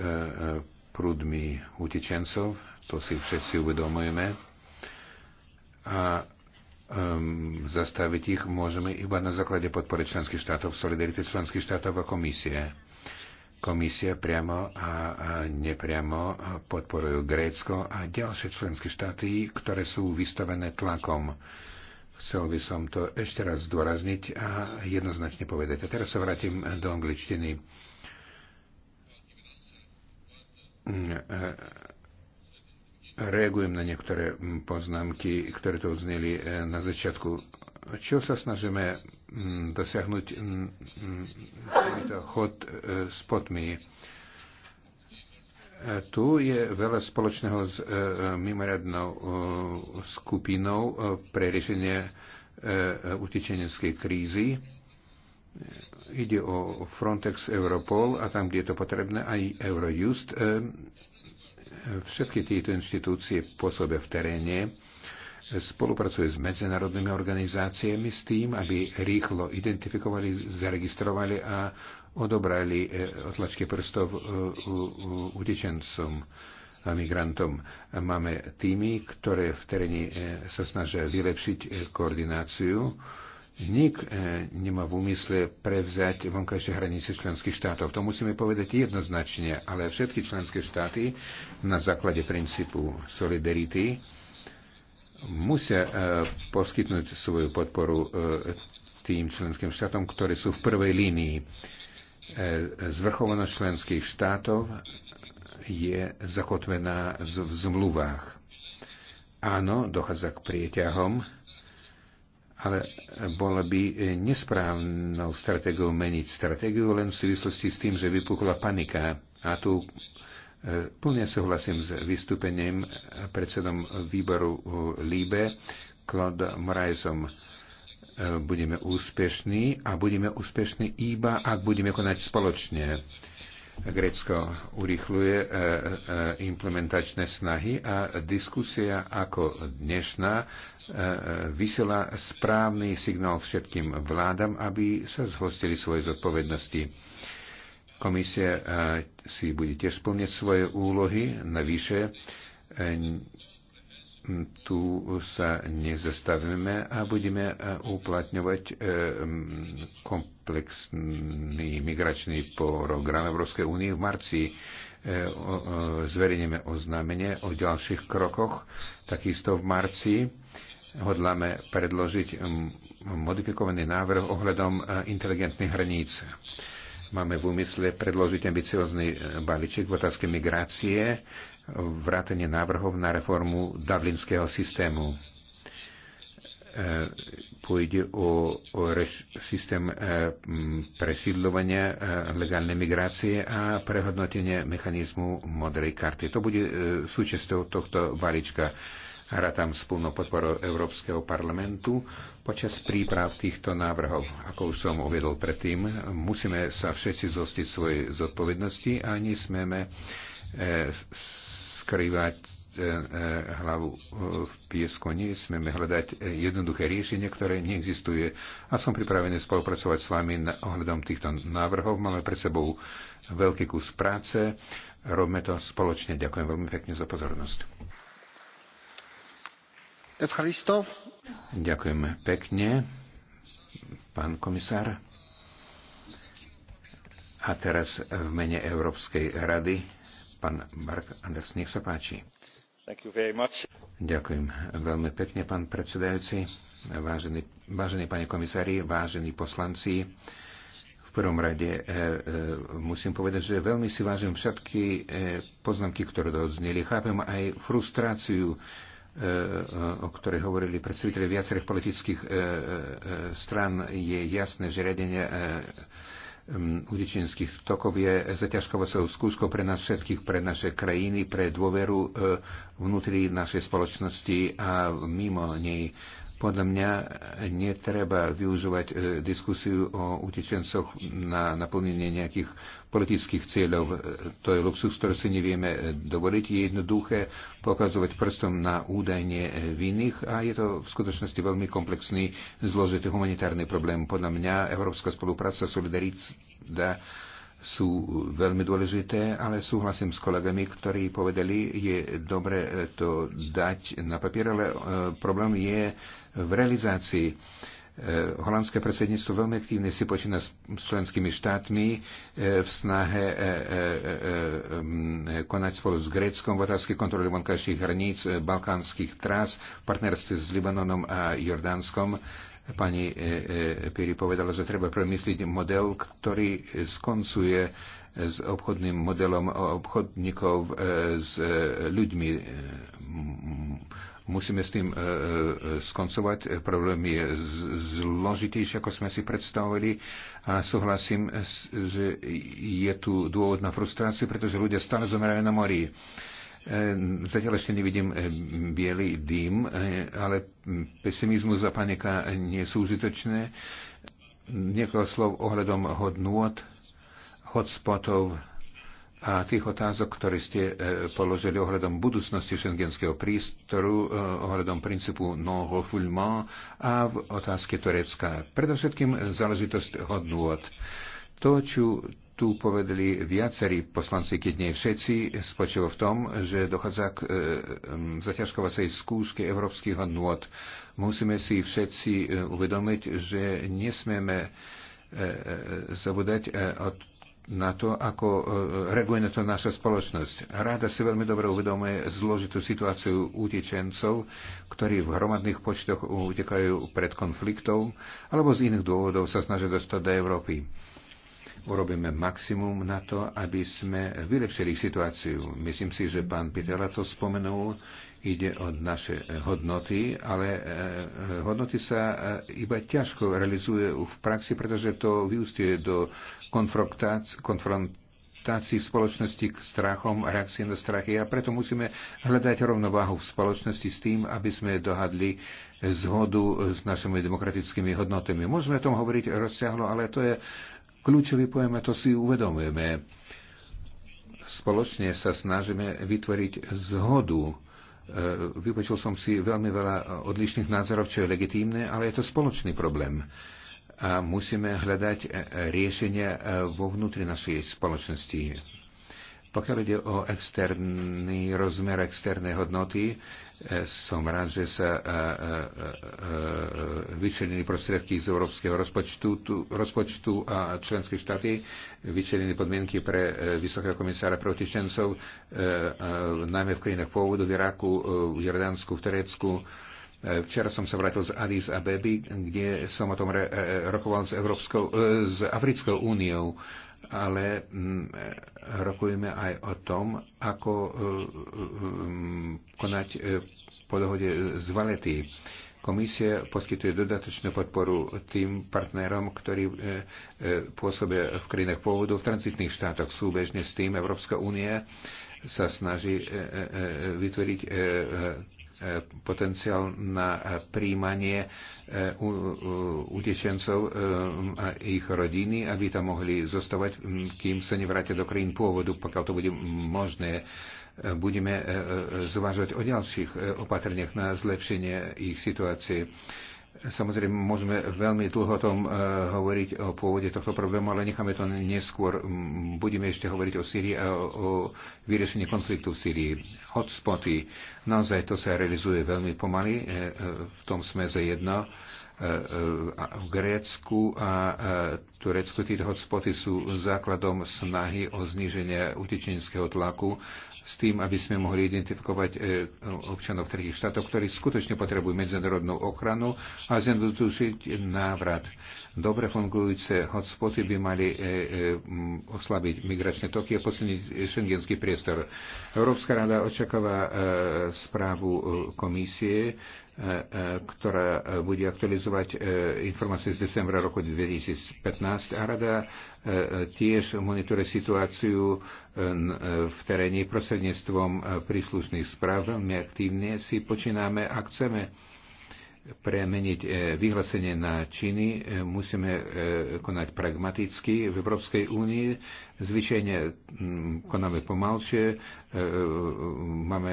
prúdmi utečencov, to si všetci uvedomujeme. A zastaviť ich môžeme iba na základe podpory členských štátov, solidarity členských štátov a komisie Komisia priamo a nepriamo podporujú Grécko a ďalšie členské štáty, ktoré sú vystavené tlakom. Chcel by som to ešte raz zdôrazniť a jednoznačne povedať. A teraz sa vrátim do angličtiny. Reagujem na niektoré poznámky, ktoré tu odzneli na začiatku čo sa snažíme mm, dosiahnuť mm, mm, chod e, s potmi? E, tu je veľa spoločného s e, mimoriadnou skupinou pre riešenie utečeneckej krízy. Ide o Frontex, Europol a tam, kde je to potrebné, aj Eurojust. Všetky tieto inštitúcie pôsobia v teréne spolupracuje s medzinárodnými organizáciami s tým, aby rýchlo identifikovali, zaregistrovali a odobrali e, otlačky prstov e, utečencom a migrantom. Máme týmy, ktoré v teréne e, sa snažia vylepšiť koordináciu. Nik nemá v úmysle prevzať vonkajšie hranice členských štátov. To musíme povedať jednoznačne, ale všetky členské štáty na základe princípu solidarity musia e, poskytnúť svoju podporu e, tým členským štátom, ktorí sú v prvej línii. E, zvrchovanosť členských štátov je zakotvená v zmluvách. Áno, dochádza k prieťahom, ale bola by nesprávnou stratégiou meniť stratégiu len v súvislosti s tým, že vypukla panika. A tu Plne súhlasím s vystúpením predsedom výboru Líbe, Claude Moraesom. E, budeme úspešní a budeme úspešní iba, ak budeme konať spoločne. Grécko urychluje e, e, implementačné snahy a diskusia ako dnešná vysiela správny signál všetkým vládam, aby sa zhostili svoje zodpovednosti. Komisia e, si bude tiež splňať svoje úlohy. Navyše, e, tu sa nezastavíme a budeme e, uplatňovať komplexný migračný program Európskej únie v marci zverejneme oznámenie o ďalších krokoch. Takisto v marci hodláme predložiť modifikovaný návrh ohľadom inteligentných hraníc. Máme v úmysle predložiť ambiciózny e, balíček v otázke migrácie, vrátenie návrhov na reformu dublinského systému. E, pôjde o, o reš, systém e, presídľovania legálnej migrácie a prehodnotenie mechanizmu modrej karty. To bude súčasťou tohto balíčka Rátam s plnou podporou Európskeho parlamentu počas príprav týchto návrhov. Ako už som uvedol predtým, musíme sa všetci zostiť svojej zodpovednosti a nesmieme e, skrývať e, e, hlavu v piesku. Nesmieme hľadať jednoduché riešenie, ktoré neexistuje. A som pripravený spolupracovať s vami na ohľadom týchto návrhov. Máme pred sebou veľký kus práce. Robme to spoločne. Ďakujem veľmi pekne za pozornosť. Ďakujeme pekne, pán komisár. A teraz v mene Európskej rady pán Mark Anders, nech sa páči. Ďakujem veľmi pekne, pán predsedajúci, vážení, vážení pani komisári, vážení poslanci. V prvom rade e, e, musím povedať, že veľmi si vážim všetky e, poznámky, ktoré dozneli. Chápem aj frustráciu E, e, o ktorej hovorili predstaviteľi viacerých politických e, stran, je jasné, že riadenie utečenských tokov je zaťažkovacou skúškou pre nás všetkých, pre naše krajiny, pre dôveru vnútri našej spoločnosti a mimo nej. Podľa mňa netreba využívať e, diskusiu o utečencoch na naplnenie nejakých politických cieľov. E, to je luxus, ktorý si nevieme e, dovoliť. Je jednoduché pokazovať prstom na údajne vinných a je to v skutočnosti veľmi komplexný, zložitý humanitárny problém. Podľa mňa európska spolupráca, solidarita sú veľmi dôležité, ale súhlasím s kolegami, ktorí povedali, je dobre to dať na papier, ale e, problém je v realizácii. E, holandské predsedníctvo veľmi aktívne si počína s členskými štátmi e, v snahe e, konať spolu s Gréckom v otázke kontroly vonkajších hraníc, balkánskych trás, v partnerstve s Libanonom a Jordánskom. Pani Piri povedala, že treba premyslieť model, ktorý skoncuje s obchodným modelom obchodníkov s ľuďmi Musíme s tým e, e, skoncovať. Problém je zložitejší, ako sme si predstavovali. A súhlasím, že je tu dôvod na frustráciu, pretože ľudia stále zomerajú na mori. E, zatiaľ ešte nevidím e, biely dym, e, ale pesimizmus a panika nie sú užitočné. Niekoľko slov ohľadom hodnôt, hotspotov, a tých otázok, ktoré ste e, položili ohľadom budúcnosti šengenského prístoru, e, ohľadom princípu non refoulement a v otázke Turecka. Predovšetkým záležitosť od To, čo tu povedali viacerí poslanci, keď nie všetci, spočíva v tom, že dochádza k e, zaťažkovacej skúške európskych hodnôt. Musíme si všetci e, uvedomiť, že nesmieme zabúdať, od na to, ako e, reaguje na to naša spoločnosť. Rada si veľmi dobre uvedomuje zložitú situáciu utečencov, ktorí v hromadných počtoch utekajú pred konfliktov alebo z iných dôvodov sa snažia dostať do Európy. Urobíme maximum na to, aby sme vylepšili situáciu. Myslím si, že pán Pitela to spomenul. Ide o naše e, hodnoty, ale e, e, hodnoty sa iba ťažko realizuje v praxi, pretože to vyústie do konfrontácií v spoločnosti k strachom, reakcie na strachy a preto musíme hľadať rovnováhu v spoločnosti s tým, aby sme dohadli zhodu s našimi demokratickými hodnotami. Môžeme o tom hovoriť rozsiahlo, ale to je kľúčový pojem a to si uvedomujeme spoločne sa snažíme vytvoriť zhodu E, vypočul som si veľmi veľa odlišných názorov, čo je legitímne, ale je to spoločný problém. A musíme hľadať e, riešenia e, vo vnútri našej spoločnosti. Pokiaľ ide o externý rozmer, externé hodnoty, e, som rád, že sa e, e, vyčlenili prostriedky z európskeho rozpočtu, tu, rozpočtu a členské štáty, vyčlenili podmienky pre vysokého komisára pre utečencov, najmä v krajinách pôvodu, v Iraku, v Jordánsku, v Terecku. Včera som sa vrátil z Addis Abeby, kde som o tom rokoval s, Európskou, s Africkou úniou ale mm, rokujeme aj o tom, ako e, e, mm, konať e, po dohode z Valety. Komisia poskytuje dodatočnú podporu tým partnerom, ktorí pôsobia v krajinách pôvodu, v tranzitných štátoch. Súbežne s tým Európska únia sa snaží vytvoriť potenciál na príjmanie e, utečencov e, a ich rodiny, aby tam mohli zostávať, kým sa nevrátia do krajín pôvodu, pokiaľ to bude možné. E, budeme zvážať o ďalších opatreniach na zlepšenie ich situácie. Samozrejme, môžeme veľmi dlho o tom e, hovoriť o pôvode tohto problému, ale necháme to neskôr. Budeme ešte hovoriť o Syrii a o vyriešení konfliktu v Syrii. Hotspoty. Naozaj to sa realizuje veľmi pomaly. E, e, v tom sme zajedno. V Grécku a Turecku tieto hotspoty sú základom snahy o zníženie utečenského tlaku s tým, aby sme mohli identifikovať e, občanov tretich štátov, ktorí skutočne potrebujú medzinárodnú ochranu a zjednodušiť návrat. Dobre fungujúce hotspoty by mali e, e, oslabiť migračné toky a posilniť šengenský priestor. Európska rada očakáva správu komisie ktorá e, bude aktualizovať e, informácie z decembra roku 2015 a rada e, tiež monitore situáciu v teréne prostredníctvom príslušných správ. Veľmi aktívne si počíname a chceme premeniť e, vyhlásenie na činy, e, musíme e, konať pragmaticky. V Európskej únii zvyčajne konáme pomalšie, máme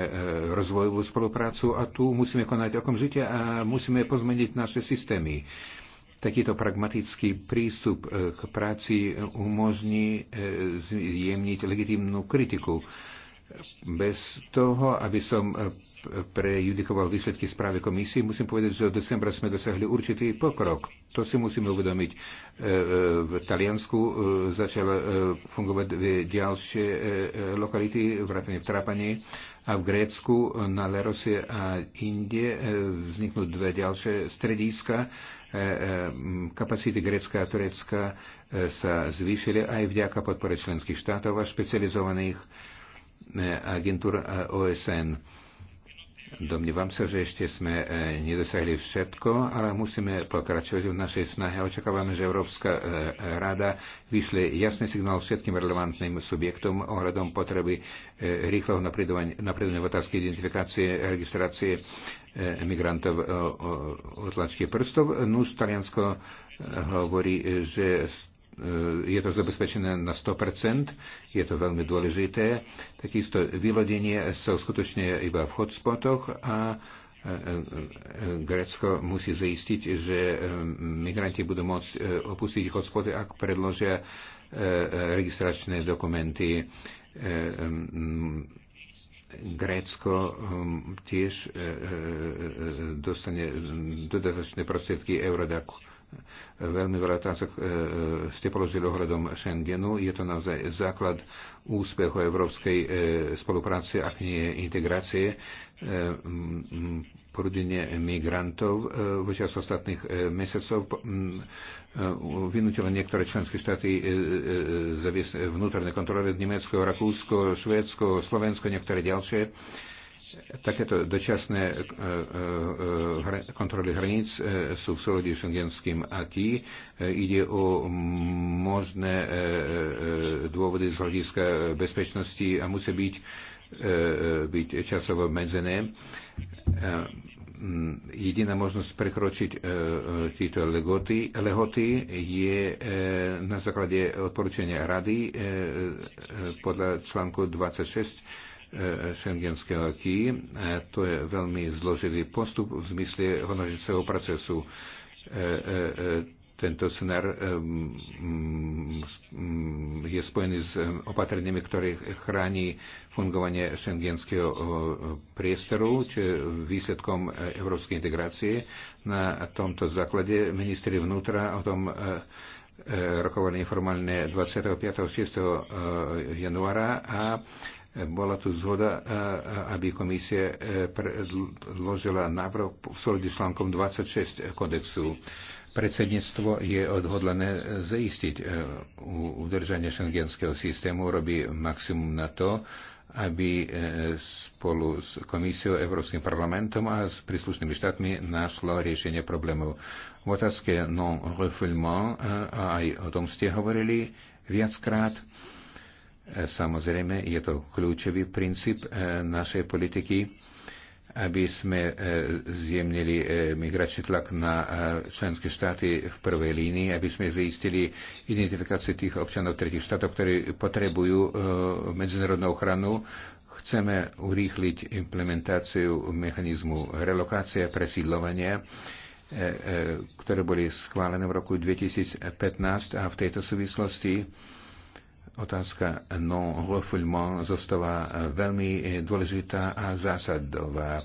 rozvojovú spoluprácu a tu musíme konať okamžite a musíme pozmeniť naše systémy. Takýto pragmatický prístup k práci umožní zjemniť legitimnú kritiku bez toho, aby som eh, prejudikoval výsledky správy komisie, musím povedať, že od decembra sme dosiahli určitý pokrok. To si musíme uvedomiť. Eh, eh, v Taliansku začala fungovať ďalšie lokality, vrátane v Trapani a v Grécku, na Lerose a Indie vzniknú dve ďalšie strediska. Kapacity Grécka a Turecka sa zvýšili aj vďaka podpore členských štátov a špecializovaných agentúr eh, OSN. Domnívam sa, že ešte sme eh, nedosahli všetko, ale musíme pokračovať v našej snahe. Očakávame, že Európska eh, rada vyšle jasný signál všetkým relevantným subjektom ohľadom potreby rýchleho napredovania v otázke identifikácie, registrácie migrantov o, o, o tlačke prstov. Nuž Taliansko hovorí, že E, je to zabezpečené na 100%, je to veľmi dôležité. Takisto vylodenie sa skutočne iba v hotspotoch a e, e, Grécko musí zaistiť, že migranti budú môcť opustiť hotspoty, ak predložia registračné dokumenty. Grécko tiež dostane dodatočné prostriedky Eurodacu Veľmi veľa otázok e, e, ste položili ohľadom Schengenu. Je to naozaj základ úspechu európskej e, spolupráce, ak nie integrácie, E, m, m, prúdenie migrantov e, počas ostatných e, mesiacov vynútilo niektoré členské štáty zaviesť vnútorné kontroly Nemecko, Rakúsko, Švédsko, Slovensko, niektoré ďalšie Takéto dočasné e, e, e, kontroly hraníc sú v súlade s šengenským aký. Ide o možné dôvody z hľadiska bezpečnosti a musí byť, byť časovo medzené. Jediná možnosť prekročiť e, tieto legoty, lehoty je e, na základe odporúčania rady e, e, podľa článku 26 E, šengenské aký. E, to je veľmi zložitý postup v zmysle honorenceho procesu. E, tento scenár je spojený s opatreniami, ktoré chrání fungovanie šengenského priestoru, čo je výsledkom európskej integrácie. Na tomto základe ministri vnútra o tom rokovali informálne 25. 6. januára a bola tu zhoda, e, e, aby komisia e, predložila návrh v súlade s článkom 26 kodexu. Predsedníctvo je odhodlané zaistiť udržanie šengenského systému, robí maximum na to, aby spolu s komisiou, Európskym parlamentom a s príslušnými štátmi našlo riešenie problémov. V otázke non-refoulement, aj o tom ste hovorili viackrát, E, samozrejme, je to kľúčový princíp e, našej politiky, aby sme e, zjemnili migračný tlak na členské štáty v prvej línii, aby sme zistili identifikáciu tých občanov tretich štátov, ktorí potrebujú medzinárodnú ochranu. Chceme urýchliť implementáciu mechanizmu relokácie a presídlovania ktoré boli schválené v roku 2015 a v tejto súvislosti Otázka non-refoulement zostáva veľmi e, dôležitá a zásadová. E,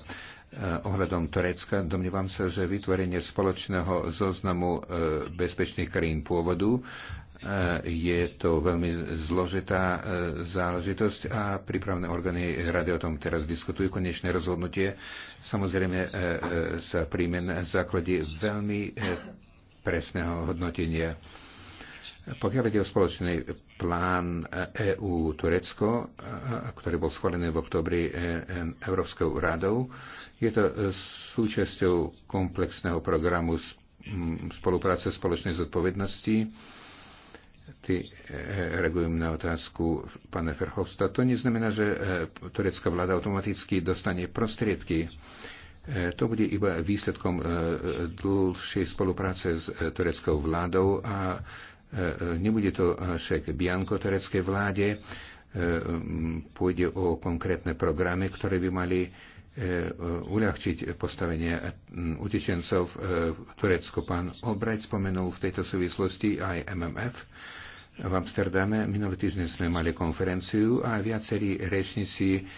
ohľadom Turecka domnievam sa, že vytvorenie spoločného zoznamu e, bezpečných krajín pôvodu je to veľmi zložitá záležitosť a prípravné orgány rady o tom teraz diskutujú. Konečné rozhodnutie samozrejme sa príjme na základe veľmi presného hodnotenia pokiaľ ide o spoločný plán EU-Turecko, e e, ktorý bol schválený v oktobri e, Európskou radou, je to súčasťou komplexného programu spolupráce spoločnej zodpovednosti. Ty reagujem na otázku pána Ferhovsta. To neznamená, že turecká vláda automaticky dostane prostriedky. To bude iba výsledkom dlhšej spolupráce s tureckou vládou a E, e, nebude to však Bianko tureckej vláde, e, pôjde o konkrétne programy, ktoré by mali uľahčiť postavenie utečencov v Turecku. Pán Obrať spomenul v tejto súvislosti aj MMF. V Amsterdame minulý týždeň sme mali konferenciu a viacerí rečníci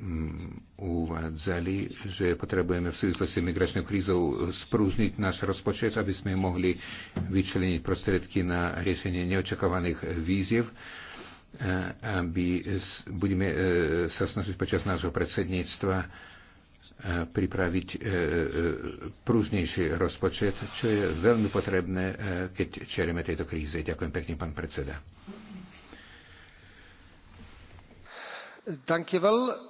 Mm, uvádzali, že potrebujeme v súvislosti s migračnou krízou sprúžniť náš rozpočet, aby sme mohli vyčleniť prostriedky na riešenie neočakávaných víziev e, aby budeme e, sa snažiť počas nášho predsedníctva e, pripraviť prúžnejší rozpočet, čo je veľmi potrebné, keď čerieme tejto kríze. Ďakujem pekne, pán predseda. Ďakujem.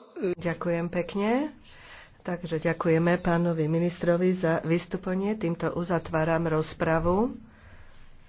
Ďakujem pekne. Takže ďakujeme pánovi ministrovi za vystúpenie. Týmto uzatváram rozpravu.